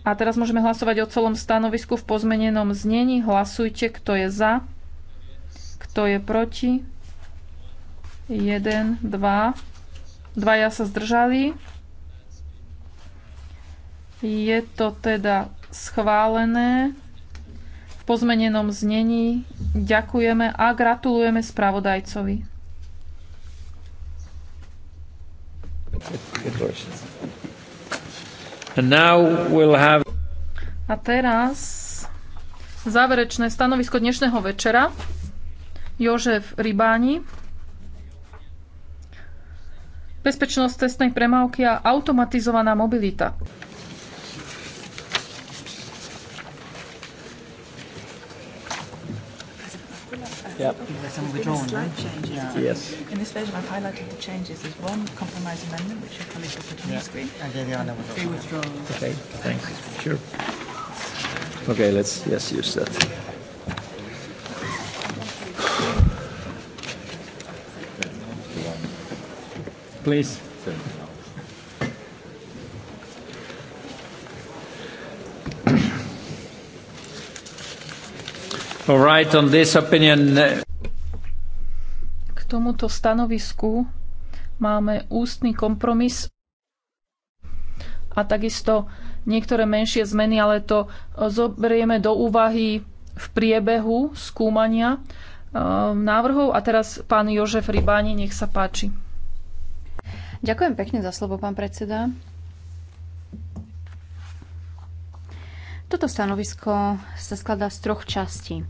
a teraz môžeme hlasovať o celom stanovisku v pozmenenom znení. Hlasujte, kto je za, kto je proti. 1, 2. Dvaja sa zdržali. Je to teda schválené v pozmenenom znení. Ďakujeme a gratulujeme spravodajcovi. Good And now we'll have... A teraz záverečné stanovisko dnešného večera. Jožef Rybáni. Bezpečnosť cestnej premávky a automatizovaná mobilita. Yep. There's some withdrawal, no? slight changes. Yeah. Yes. In this version, I've highlighted the changes. There's one compromise amendment, which your colleague will put on yeah. the screen. And then the other one. Three withdrawals. Okay, thanks. Sure. Okay, let's yes use that. Please. Right, on this opinion... Uh, K tomuto stanovisku máme ústny kompromis a takisto niektoré menšie zmeny, ale to e, zoberieme do úvahy v priebehu skúmania e, návrhov. A teraz pán Jožef Rybáni, nech sa páči. Ďakujem pekne za slovo, pán predseda. Toto stanovisko sa skladá z troch častí.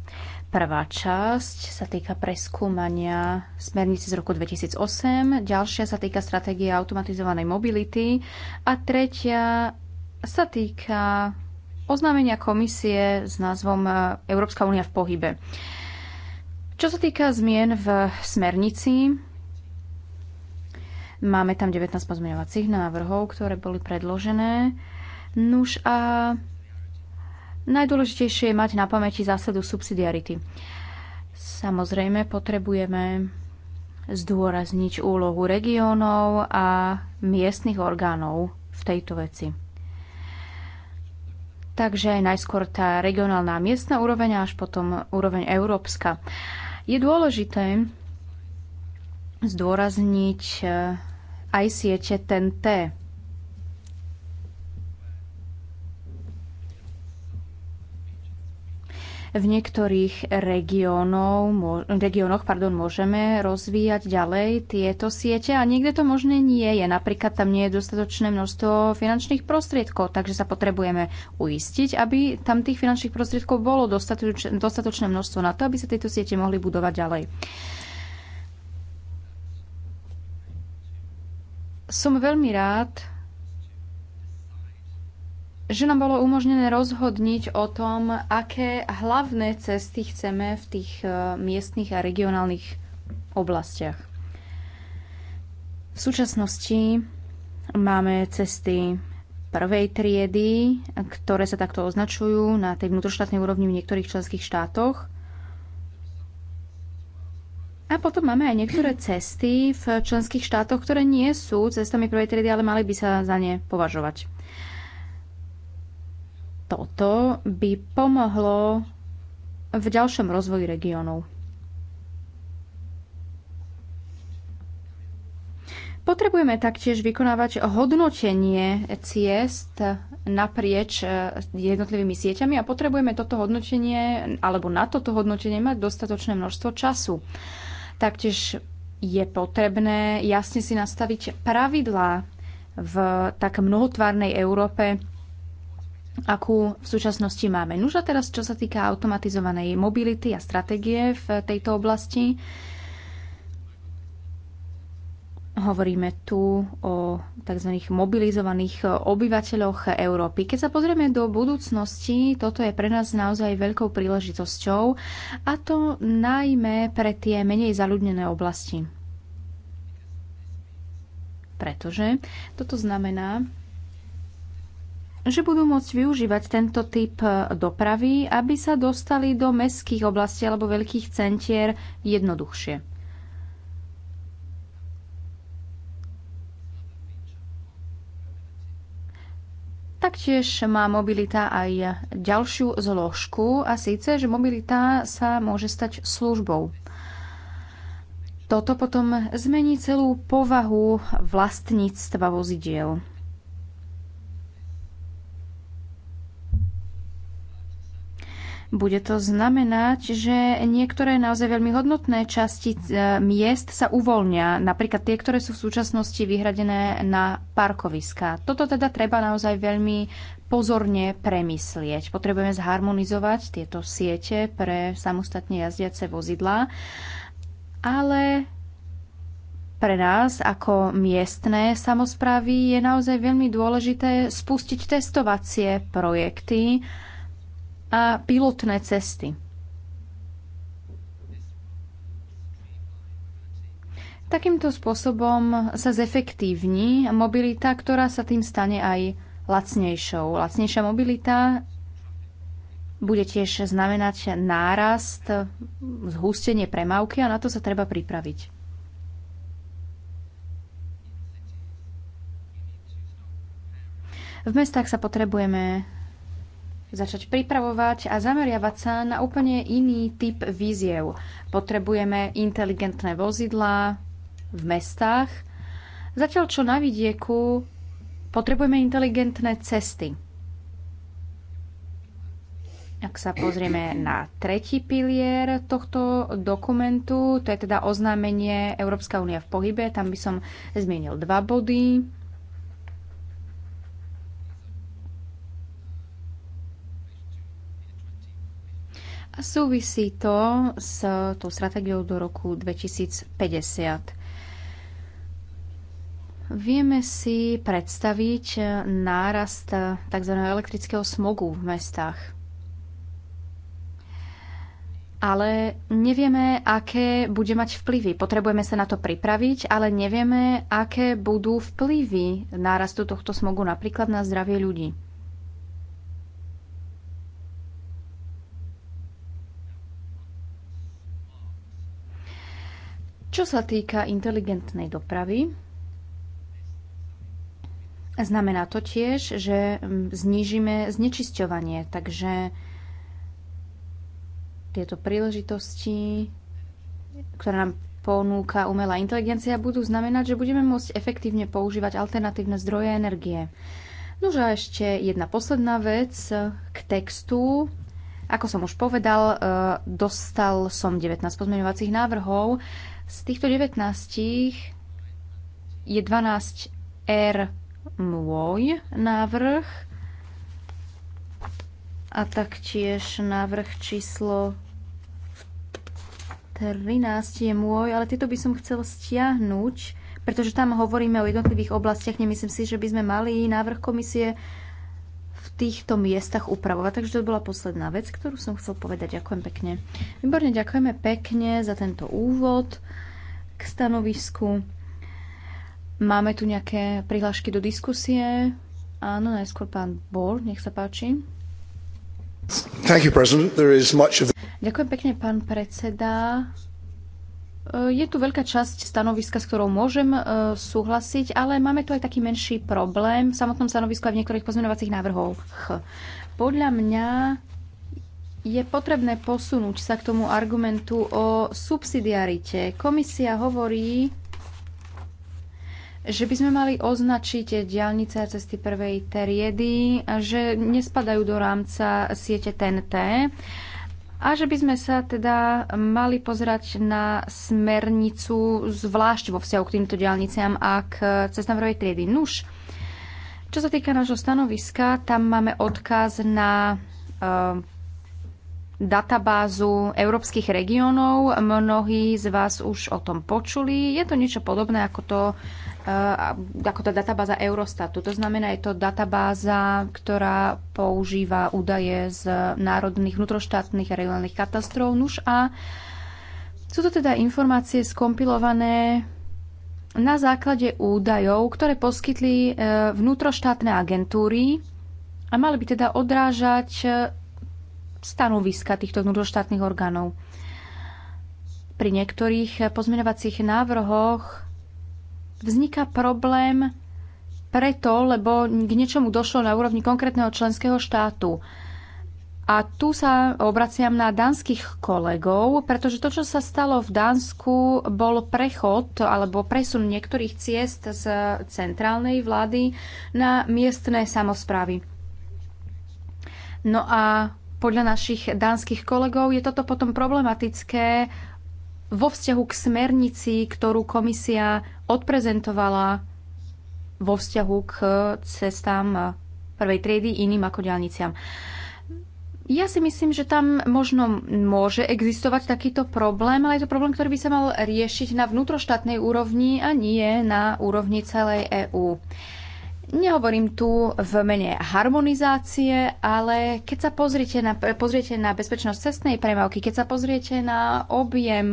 Prvá časť sa týka preskúmania smernice z roku 2008, ďalšia sa týka stratégie automatizovanej mobility a tretia sa týka oznámenia komisie s názvom Európska únia v pohybe. Čo sa týka zmien v smernici, máme tam 19 pozmeňovacích návrhov, ktoré boli predložené. Nuž a Najdôležitejšie je mať na pamäti zásadu subsidiarity. Samozrejme, potrebujeme zdôrazniť úlohu regiónov a miestnych orgánov v tejto veci. Takže najskôr tá regionálna a miestna úroveň a až potom úroveň európska. Je dôležité zdôrazniť eh, aj siete ten T. v niektorých regiónoch môžeme rozvíjať ďalej tieto siete a niekde to možné nie je. Napríklad tam nie je dostatočné množstvo finančných prostriedkov, takže sa potrebujeme uistiť, aby tam tých finančných prostriedkov bolo dostatočné, dostatočné množstvo na to, aby sa tieto siete mohli budovať ďalej. Som veľmi rád, že nám bolo umožnené rozhodniť o tom, aké hlavné cesty chceme v tých e, miestnych a regionálnych oblastiach. V súčasnosti máme cesty prvej triedy, ktoré sa takto označujú na tej vnútroštátnej úrovni v niektorých členských štátoch. A potom máme aj niektoré cesty v členských štátoch, ktoré nie sú cestami prvej triedy, ale mali by sa za ne považovať toto by pomohlo v ďalšom rozvoji regiónov. Potrebujeme taktiež vykonávať hodnotenie ciest naprieč jednotlivými sieťami a potrebujeme toto hodnotenie alebo na toto hodnotenie mať dostatočné množstvo času. Taktiež je potrebné jasne si nastaviť pravidlá v tak mnohotvárnej Európe akú v súčasnosti máme. Nuž a teraz, čo sa týka automatizovanej mobility a stratégie v tejto oblasti, hovoríme tu o tzv. mobilizovaných obyvateľoch Európy. Keď sa pozrieme do budúcnosti, toto je pre nás naozaj veľkou príležitosťou, a to najmä pre tie menej zaludnené oblasti. Pretože toto znamená, že budú môcť využívať tento typ e, dopravy, aby sa dostali do mestských oblastí alebo veľkých centier jednoduchšie. Taktiež má mobilita aj ďalšiu zložku a síce, že mobilita sa môže stať službou. Toto potom zmení celú povahu vlastníctva vozidiel. Bude to znamenať, že niektoré naozaj veľmi hodnotné časti e, miest sa uvoľnia, napríklad tie, ktoré sú v súčasnosti vyhradené na parkoviská. Toto teda treba naozaj veľmi pozorne premyslieť. Potrebujeme zharmonizovať tieto siete pre samostatne jazdiace vozidlá, ale pre nás ako miestne samozprávy je naozaj veľmi dôležité spustiť testovacie projekty, a pilotné cesty. Takýmto spôsobom sa zefektívni mobilita, ktorá sa tým stane aj lacnejšou. Lacnejšia mobilita bude tiež znamenať nárast, zhustenie premávky a na to sa treba pripraviť. V mestách sa potrebujeme začať pripravovať a zameriavať sa na úplne iný typ víziev. Potrebujeme inteligentné vozidlá v mestách, zatiaľ čo na vidieku potrebujeme inteligentné cesty. Ak sa pozrieme na tretí pilier tohto dokumentu, to je teda oznámenie Európska únia v pohybe, tam by som zmienil dva body. Súvisí to s tou stratégiou do roku 2050. Vieme si predstaviť nárast tzv. elektrického smogu v mestách. Ale nevieme, aké bude mať vplyvy. Potrebujeme sa na to pripraviť, ale nevieme, aké budú vplyvy nárastu tohto smogu napríklad na zdravie ľudí. Čo sa týka inteligentnej dopravy, Znamená to tiež, že mm, znížime znečisťovanie, takže tieto príležitosti, ktoré nám ponúka umelá inteligencia, budú znamenať, že budeme môcť efektívne používať alternatívne zdroje energie. No a ešte jedna posledná vec k textu. Ako som už povedal, e, dostal som 19 pozmeňovacích návrhov. Z týchto 19 je 12 R môj návrh a taktiež návrh číslo 13 je môj, ale tieto by som chcel stiahnuť, pretože tam hovoríme o jednotlivých oblastiach. Nemyslím si, že by sme mali návrh komisie týchto miestach upravovať. Takže to bola posledná vec, ktorú som chcel povedať. Ďakujem pekne. Výborne, ďakujeme pekne za tento úvod k stanovisku. Máme tu nejaké prihlášky do diskusie. Áno, najskôr pán Bor, nech sa páči. Thank you, President. There is much of... Ďakujem pekne, pán predseda. E, je tu veľká časť stanoviska, s ktorou môžem e, súhlasiť, ale máme tu aj taký menší problém v samotnom stanovisku a v niektorých pozmenovacích návrhoch. Podľa mňa je potrebné posunúť sa k tomu argumentu o subsidiarite. Komisia hovorí, že by sme mali označiť diálnice a cesty prvej triedy, že nespadajú do rámca siete TNT a že by sme sa teda mali pozerať na smernicu zvlášť vo vzťahu k týmto diálniciam a k cestnávrovej triedy. Nuž, čo sa týka nášho stanoviska, tam máme odkaz na e, databázu európskych regiónov. Mnohí z vás už o tom počuli. Je to niečo podobné ako, to, eh, ako tá databáza Eurostatu. To znamená, je to databáza, ktorá používa údaje z národných, vnútroštátnych a regionálnych katastrof. Nuž a sú to teda informácie skompilované na základe údajov, ktoré poskytli eh, vnútroštátne agentúry a mali by teda odrážať eh, stanoviska týchto vnútroštátnych orgánov. Pri niektorých pozmeňovacích návrhoch vzniká problém preto, lebo k niečomu došlo na úrovni konkrétneho členského štátu. A tu sa obraciam na dánskych kolegov, pretože to, čo sa stalo v Dánsku, bol prechod alebo presun niektorých ciest z centrálnej vlády na miestne samozprávy. No a podľa našich dánskych kolegov je toto potom problematické vo vzťahu k smernici, ktorú komisia odprezentovala vo vzťahu k cestám prvej triedy iným ako diálniciam. Ja si myslím, že tam možno môže existovať takýto problém, ale je to problém, ktorý by sa mal riešiť na vnútroštátnej úrovni a nie na úrovni celej EÚ. Nehovorím tu v mene harmonizácie, ale keď sa pozriete na, pozriete na bezpečnosť cestnej premávky, keď sa pozriete na objem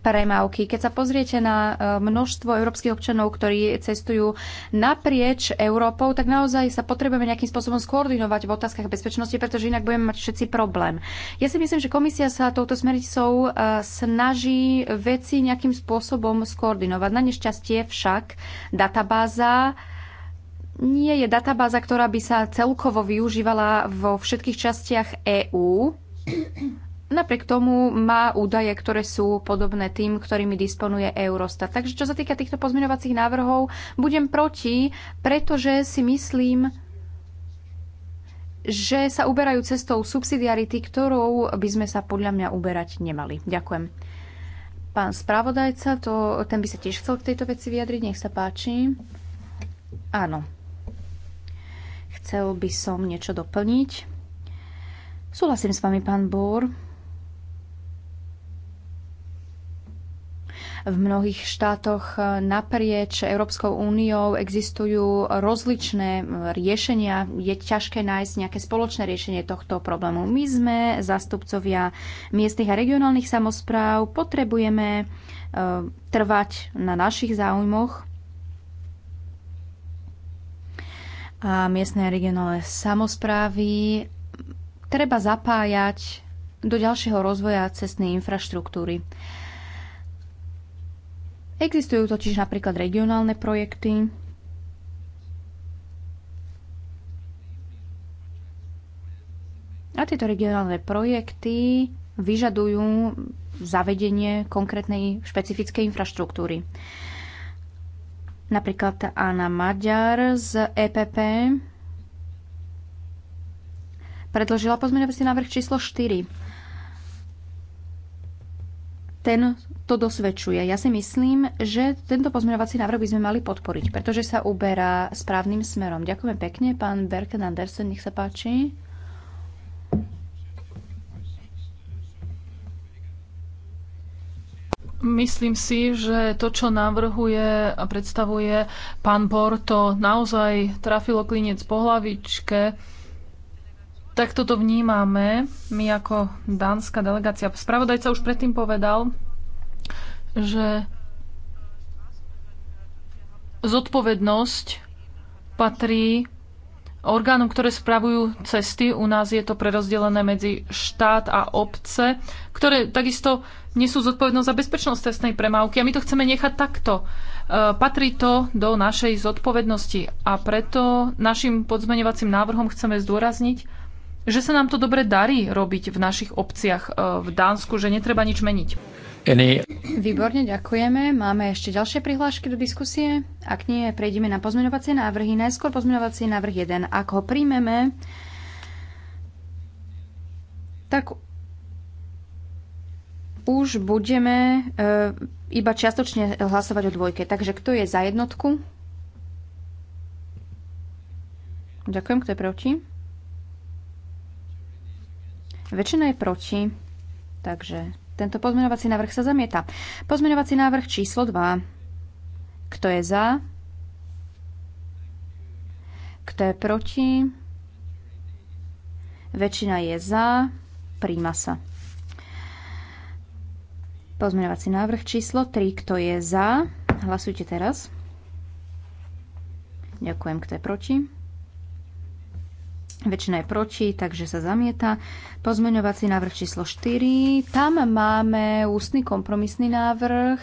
premávky, keď sa pozriete na e, množstvo európskych občanov, ktorí cestujú naprieč Európou, tak naozaj sa potrebujeme nejakým spôsobom skoordinovať v otázkach bezpečnosti, pretože inak budeme mať všetci problém. Ja si myslím, že komisia sa touto smernicou e, snaží veci nejakým spôsobom skoordinovať. Na nešťastie však databáza nie je databáza, ktorá by sa celkovo využívala vo všetkých častiach EÚ. Napriek tomu má údaje, ktoré sú podobné tým, ktorými disponuje Eurostat. Takže čo sa týka týchto pozmeňovacích návrhov, budem proti, pretože si myslím, že sa uberajú cestou subsidiarity, ktorou by sme sa podľa mňa uberať nemali. Ďakujem. Pán spravodajca, to, ten by sa tiež chcel k tejto veci vyjadriť, nech sa páči. Áno, Chcel by som niečo doplniť. Súhlasím s vami, pán Búr. V mnohých štátoch naprieč Európskou úniou existujú rozličné riešenia. Je ťažké nájsť nejaké spoločné riešenie tohto problému. My sme zastupcovia miestnych a regionálnych samozpráv. Potrebujeme eh, trvať na našich záujmoch a miestne a regionálne samozprávy treba zapájať do ďalšieho rozvoja cestnej infraštruktúry. Existujú totiž napríklad regionálne projekty, A tieto regionálne projekty vyžadujú zavedenie konkrétnej špecifickej infraštruktúry. Napríklad Anna Maďar z EPP predložila pozmeňovací návrh číslo 4. Ten to dosvedčuje. Ja si myslím, že tento pozmeňovací návrh by sme mali podporiť, pretože sa uberá správnym smerom. Ďakujem pekne, pán Berken Andersen, nech sa páči. Myslím si, že to, čo navrhuje a predstavuje pán Bor, to naozaj trafilo klinec po hlavičke. Tak toto vnímame my ako dánska delegácia. Spravodajca už predtým povedal, že zodpovednosť patrí orgánom, ktoré spravujú cesty. U nás je to prerozdelené medzi štát a obce, ktoré takisto nesú zodpovednosť za bezpečnosť cestnej premávky a my to chceme nechať takto. E, patrí to do našej zodpovednosti a preto našim podzmeňovacím návrhom chceme zdôrazniť, že sa nám to dobre darí robiť v našich obciach e, v Dánsku, že netreba nič meniť. Any... Výborne, ďakujeme. Máme ešte ďalšie prihlášky do diskusie? Ak nie, prejdeme na pozmeňovacie návrhy. Najskôr pozmeňovací návrh 1. Ak ho príjmeme, tak už budeme e, iba čiastočne hlasovať o dvojke. Takže kto je za jednotku? Ďakujem, kto je proti? Väčšina je proti, takže tento pozmeňovací návrh sa zamieta. Pozmeňovací návrh číslo 2. Kto je za? Kto je proti? Väčšina je za. Príjma sa. Pozmeňovací návrh číslo 3. Kto je za? Hlasujte teraz. Ďakujem, kto je proti. Väčšina je proti, takže sa zamieta. Pozmeňovací návrh číslo 4. Tam máme ústny kompromisný návrh.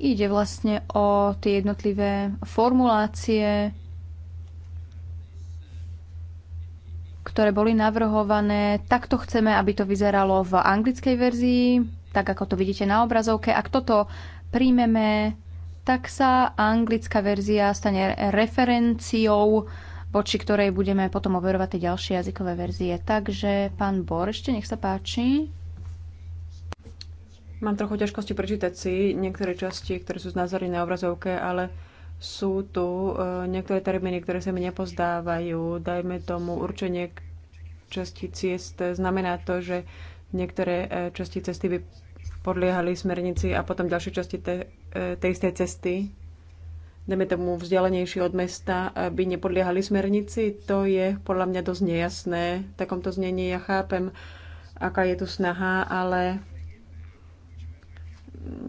Ide vlastne o tie jednotlivé formulácie, ktoré boli navrhované. Takto chceme, aby to vyzeralo v anglickej verzii, tak ako to vidíte na obrazovke. Ak toto príjmeme, tak sa anglická verzia stane referenciou voči ktorej budeme potom overovať tie ďalšie jazykové verzie. Takže, pán Bor, ešte nech sa páči. Mám trochu ťažkosti prečítať si niektoré časti, ktoré sú znázorné na obrazovke, ale sú tu e, niektoré termíny, ktoré sa mi nepozdávajú. Dajme tomu určenie časti ciest. Znamená to, že niektoré e, časti cesty by podliehali smernici a potom ďalšie časti te, e, tej istej cesty dajme tomu vzdialenejší od mesta, by nepodliehali smernici. To je podľa mňa dosť nejasné. V takomto znení ja chápem, aká je tu snaha, ale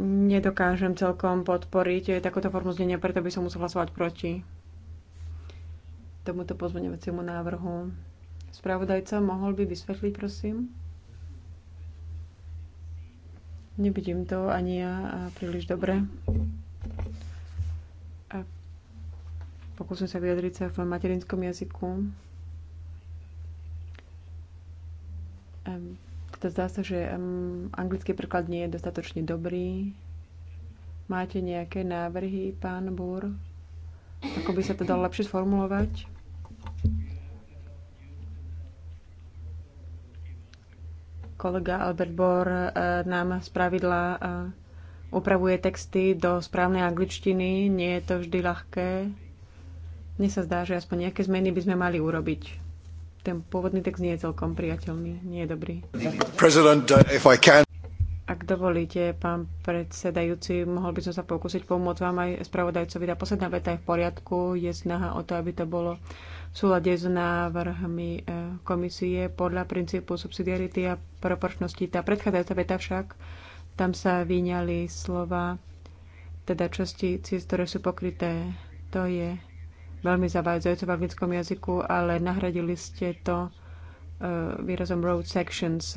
nedokážem celkom podporiť takúto formu znenia, preto by som musel hlasovať proti tomuto pozmeňovaciemu návrhu. Spravodajca, mohol by vysvetliť, prosím? Nevidím to ani ja príliš dobre. Pokúsim sa vyjadriť sa v materinskom jazyku. Teda zdá sa, že anglický preklad nie je dostatočne dobrý. Máte nejaké návrhy, pán Búr? Ako by sa to dalo lepšie sformulovať? Kolega Albert Bor eh, nám z pravidla eh, upravuje texty do správnej angličtiny. Nie je to vždy ľahké. Mne sa zdá, že aspoň nejaké zmeny by sme mali urobiť. Ten pôvodný text nie je celkom priateľný, nie je dobrý. Uh, Ak dovolíte, pán predsedajúci, mohol by som sa pokúsiť pomôcť vám aj spravodajcovi. Tá posledná veta je v poriadku, je snaha o to, aby to bolo v súlade s návrhmi eh, komisie podľa princípu subsidiarity a proporčnosti. Tá predchádzajúca veta však, tam sa vyňali slova, teda časti ciest, ktoré sú pokryté. To je veľmi zavádzajúce v anglickom jazyku, ale nahradili ste to e, výrazom road sections.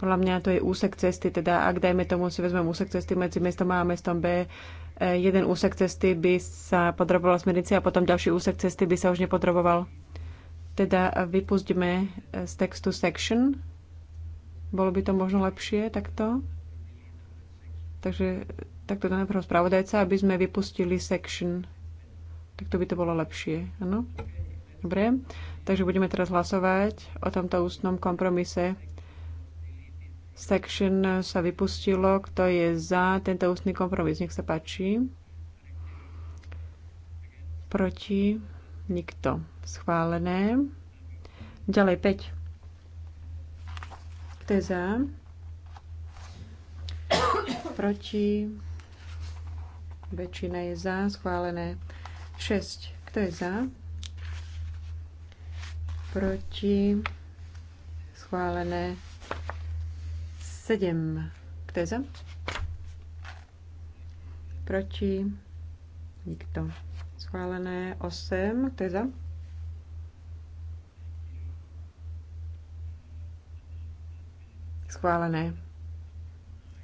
Podľa mňa to je úsek cesty, teda ak dajme tomu si vezmem úsek cesty medzi mestom A a mestom B, e, jeden úsek cesty by sa podroboval smernici a potom ďalší úsek cesty by sa už nepodroboval. Teda vypustíme e, z textu section. Bolo by to možno lepšie takto. Takže takto to navrhol spravodajca, aby sme vypustili section. Tak to by to bolo lepšie, ano. Dobre, takže budeme teraz hlasovať o tomto ústnom kompromise. Section sa vypustilo, kto je za tento ústny kompromis, nech sa páči. Proti, nikto. Schválené. Ďalej 5. Kto je za? Proti. Väčšina je za. Schválené. 6. Kto je za? Proti? Schválené. 7. Kto je za? Proti? Nikto. Schválené. 8. Kto je za? Schválené.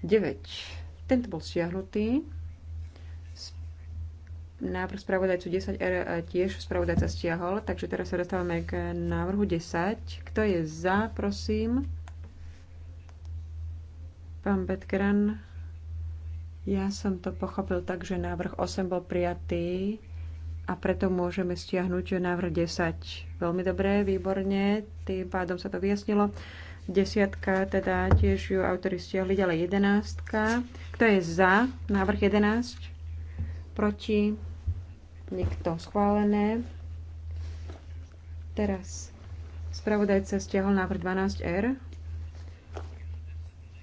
9. Tento bol stiahnutý návrh spravodajcu 10 R e, tiež spravodajca stiahol, takže teraz sa dostávame k návrhu 10. Kto je za, prosím? Pán Betkran, ja som to pochopil tak, že návrh 8 bol prijatý a preto môžeme stiahnuť návrh 10. Veľmi dobré, výborne, tým pádom sa to vyjasnilo. Desiatka, teda tiež ju autori stiahli, ďalej jedenáctka. Kto je za návrh 11? Proti? Nikto. Schválené. Teraz spravodajca stiahol návrh 12R.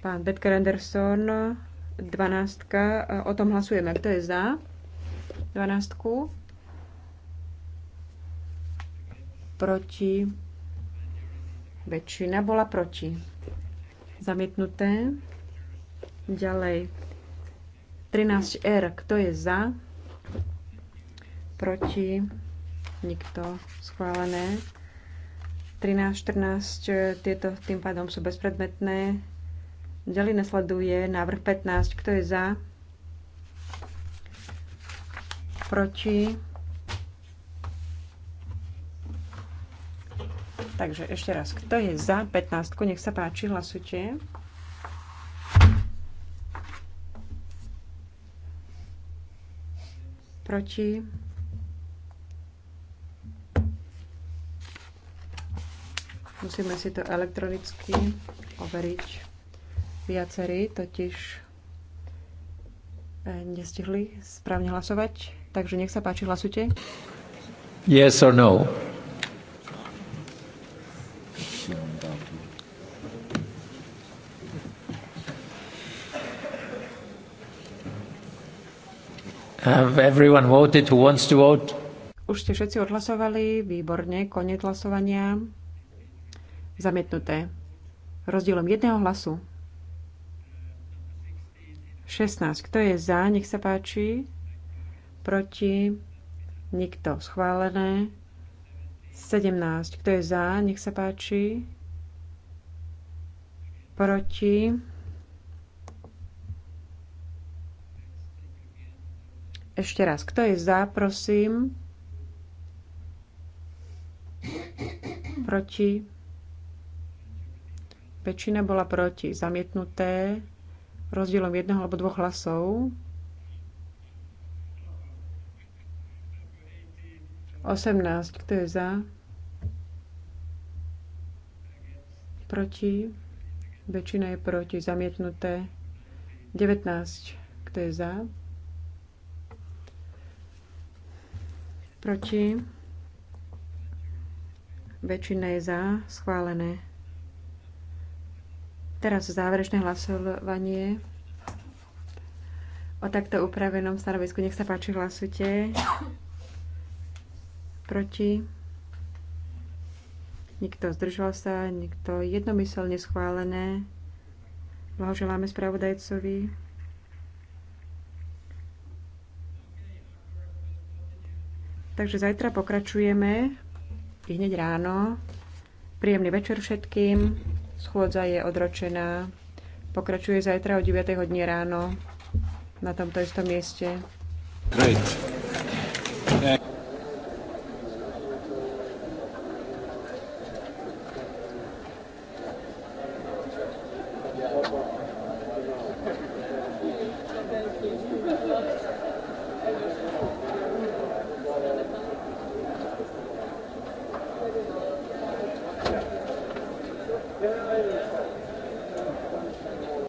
Pán Betker Anderson, 12. O tom hlasujeme. Kto je za? 12. Proti. Väčšina bola proti. Zamietnuté. Ďalej. 13R. Kto je za? proti, nikto schválené. 13, 14, e, tieto tým pádom sú bezpredmetné. Ďalej nasleduje návrh 15, kto je za, proti. Takže ešte raz, kto je za 15, nech sa páči, hlasujte. Proti. skúsime si to elektronicky overiť. Viacerí totiž eh, nestihli správne hlasovať. Takže nech sa páči, hlasujte. Yes or no? Have everyone voted who wants to vote? Už ste všetci odhlasovali, výborne, koniec hlasovania. Zamietnuté. Rozdielom jedného hlasu. 16. Kto je za? Nech sa páči. Proti? Nikto. Schválené. 17. Kto je za? Nech sa páči. Proti? Ešte raz. Kto je za? Prosím. Proti? Väčšina bola proti. Zamietnuté rozdielom jedného alebo dvoch hlasov. 18. Kto je za? Proti? Väčšina je proti. Zamietnuté. 19. Kto je za? Proti? Väčšina je za. Schválené. Teraz záverečné hlasovanie o takto upravenom stanovisku. Nech sa páči, hlasujte. Proti. Nikto zdržal sa, nikto jednomyselne schválené. Blahoželáme spravodajcovi. Takže zajtra pokračujeme i hneď ráno. Príjemný večer všetkým. Schôdza je odročená. Pokračuje zajtra o 9. hodine ráno na tomto istom mieste. Great.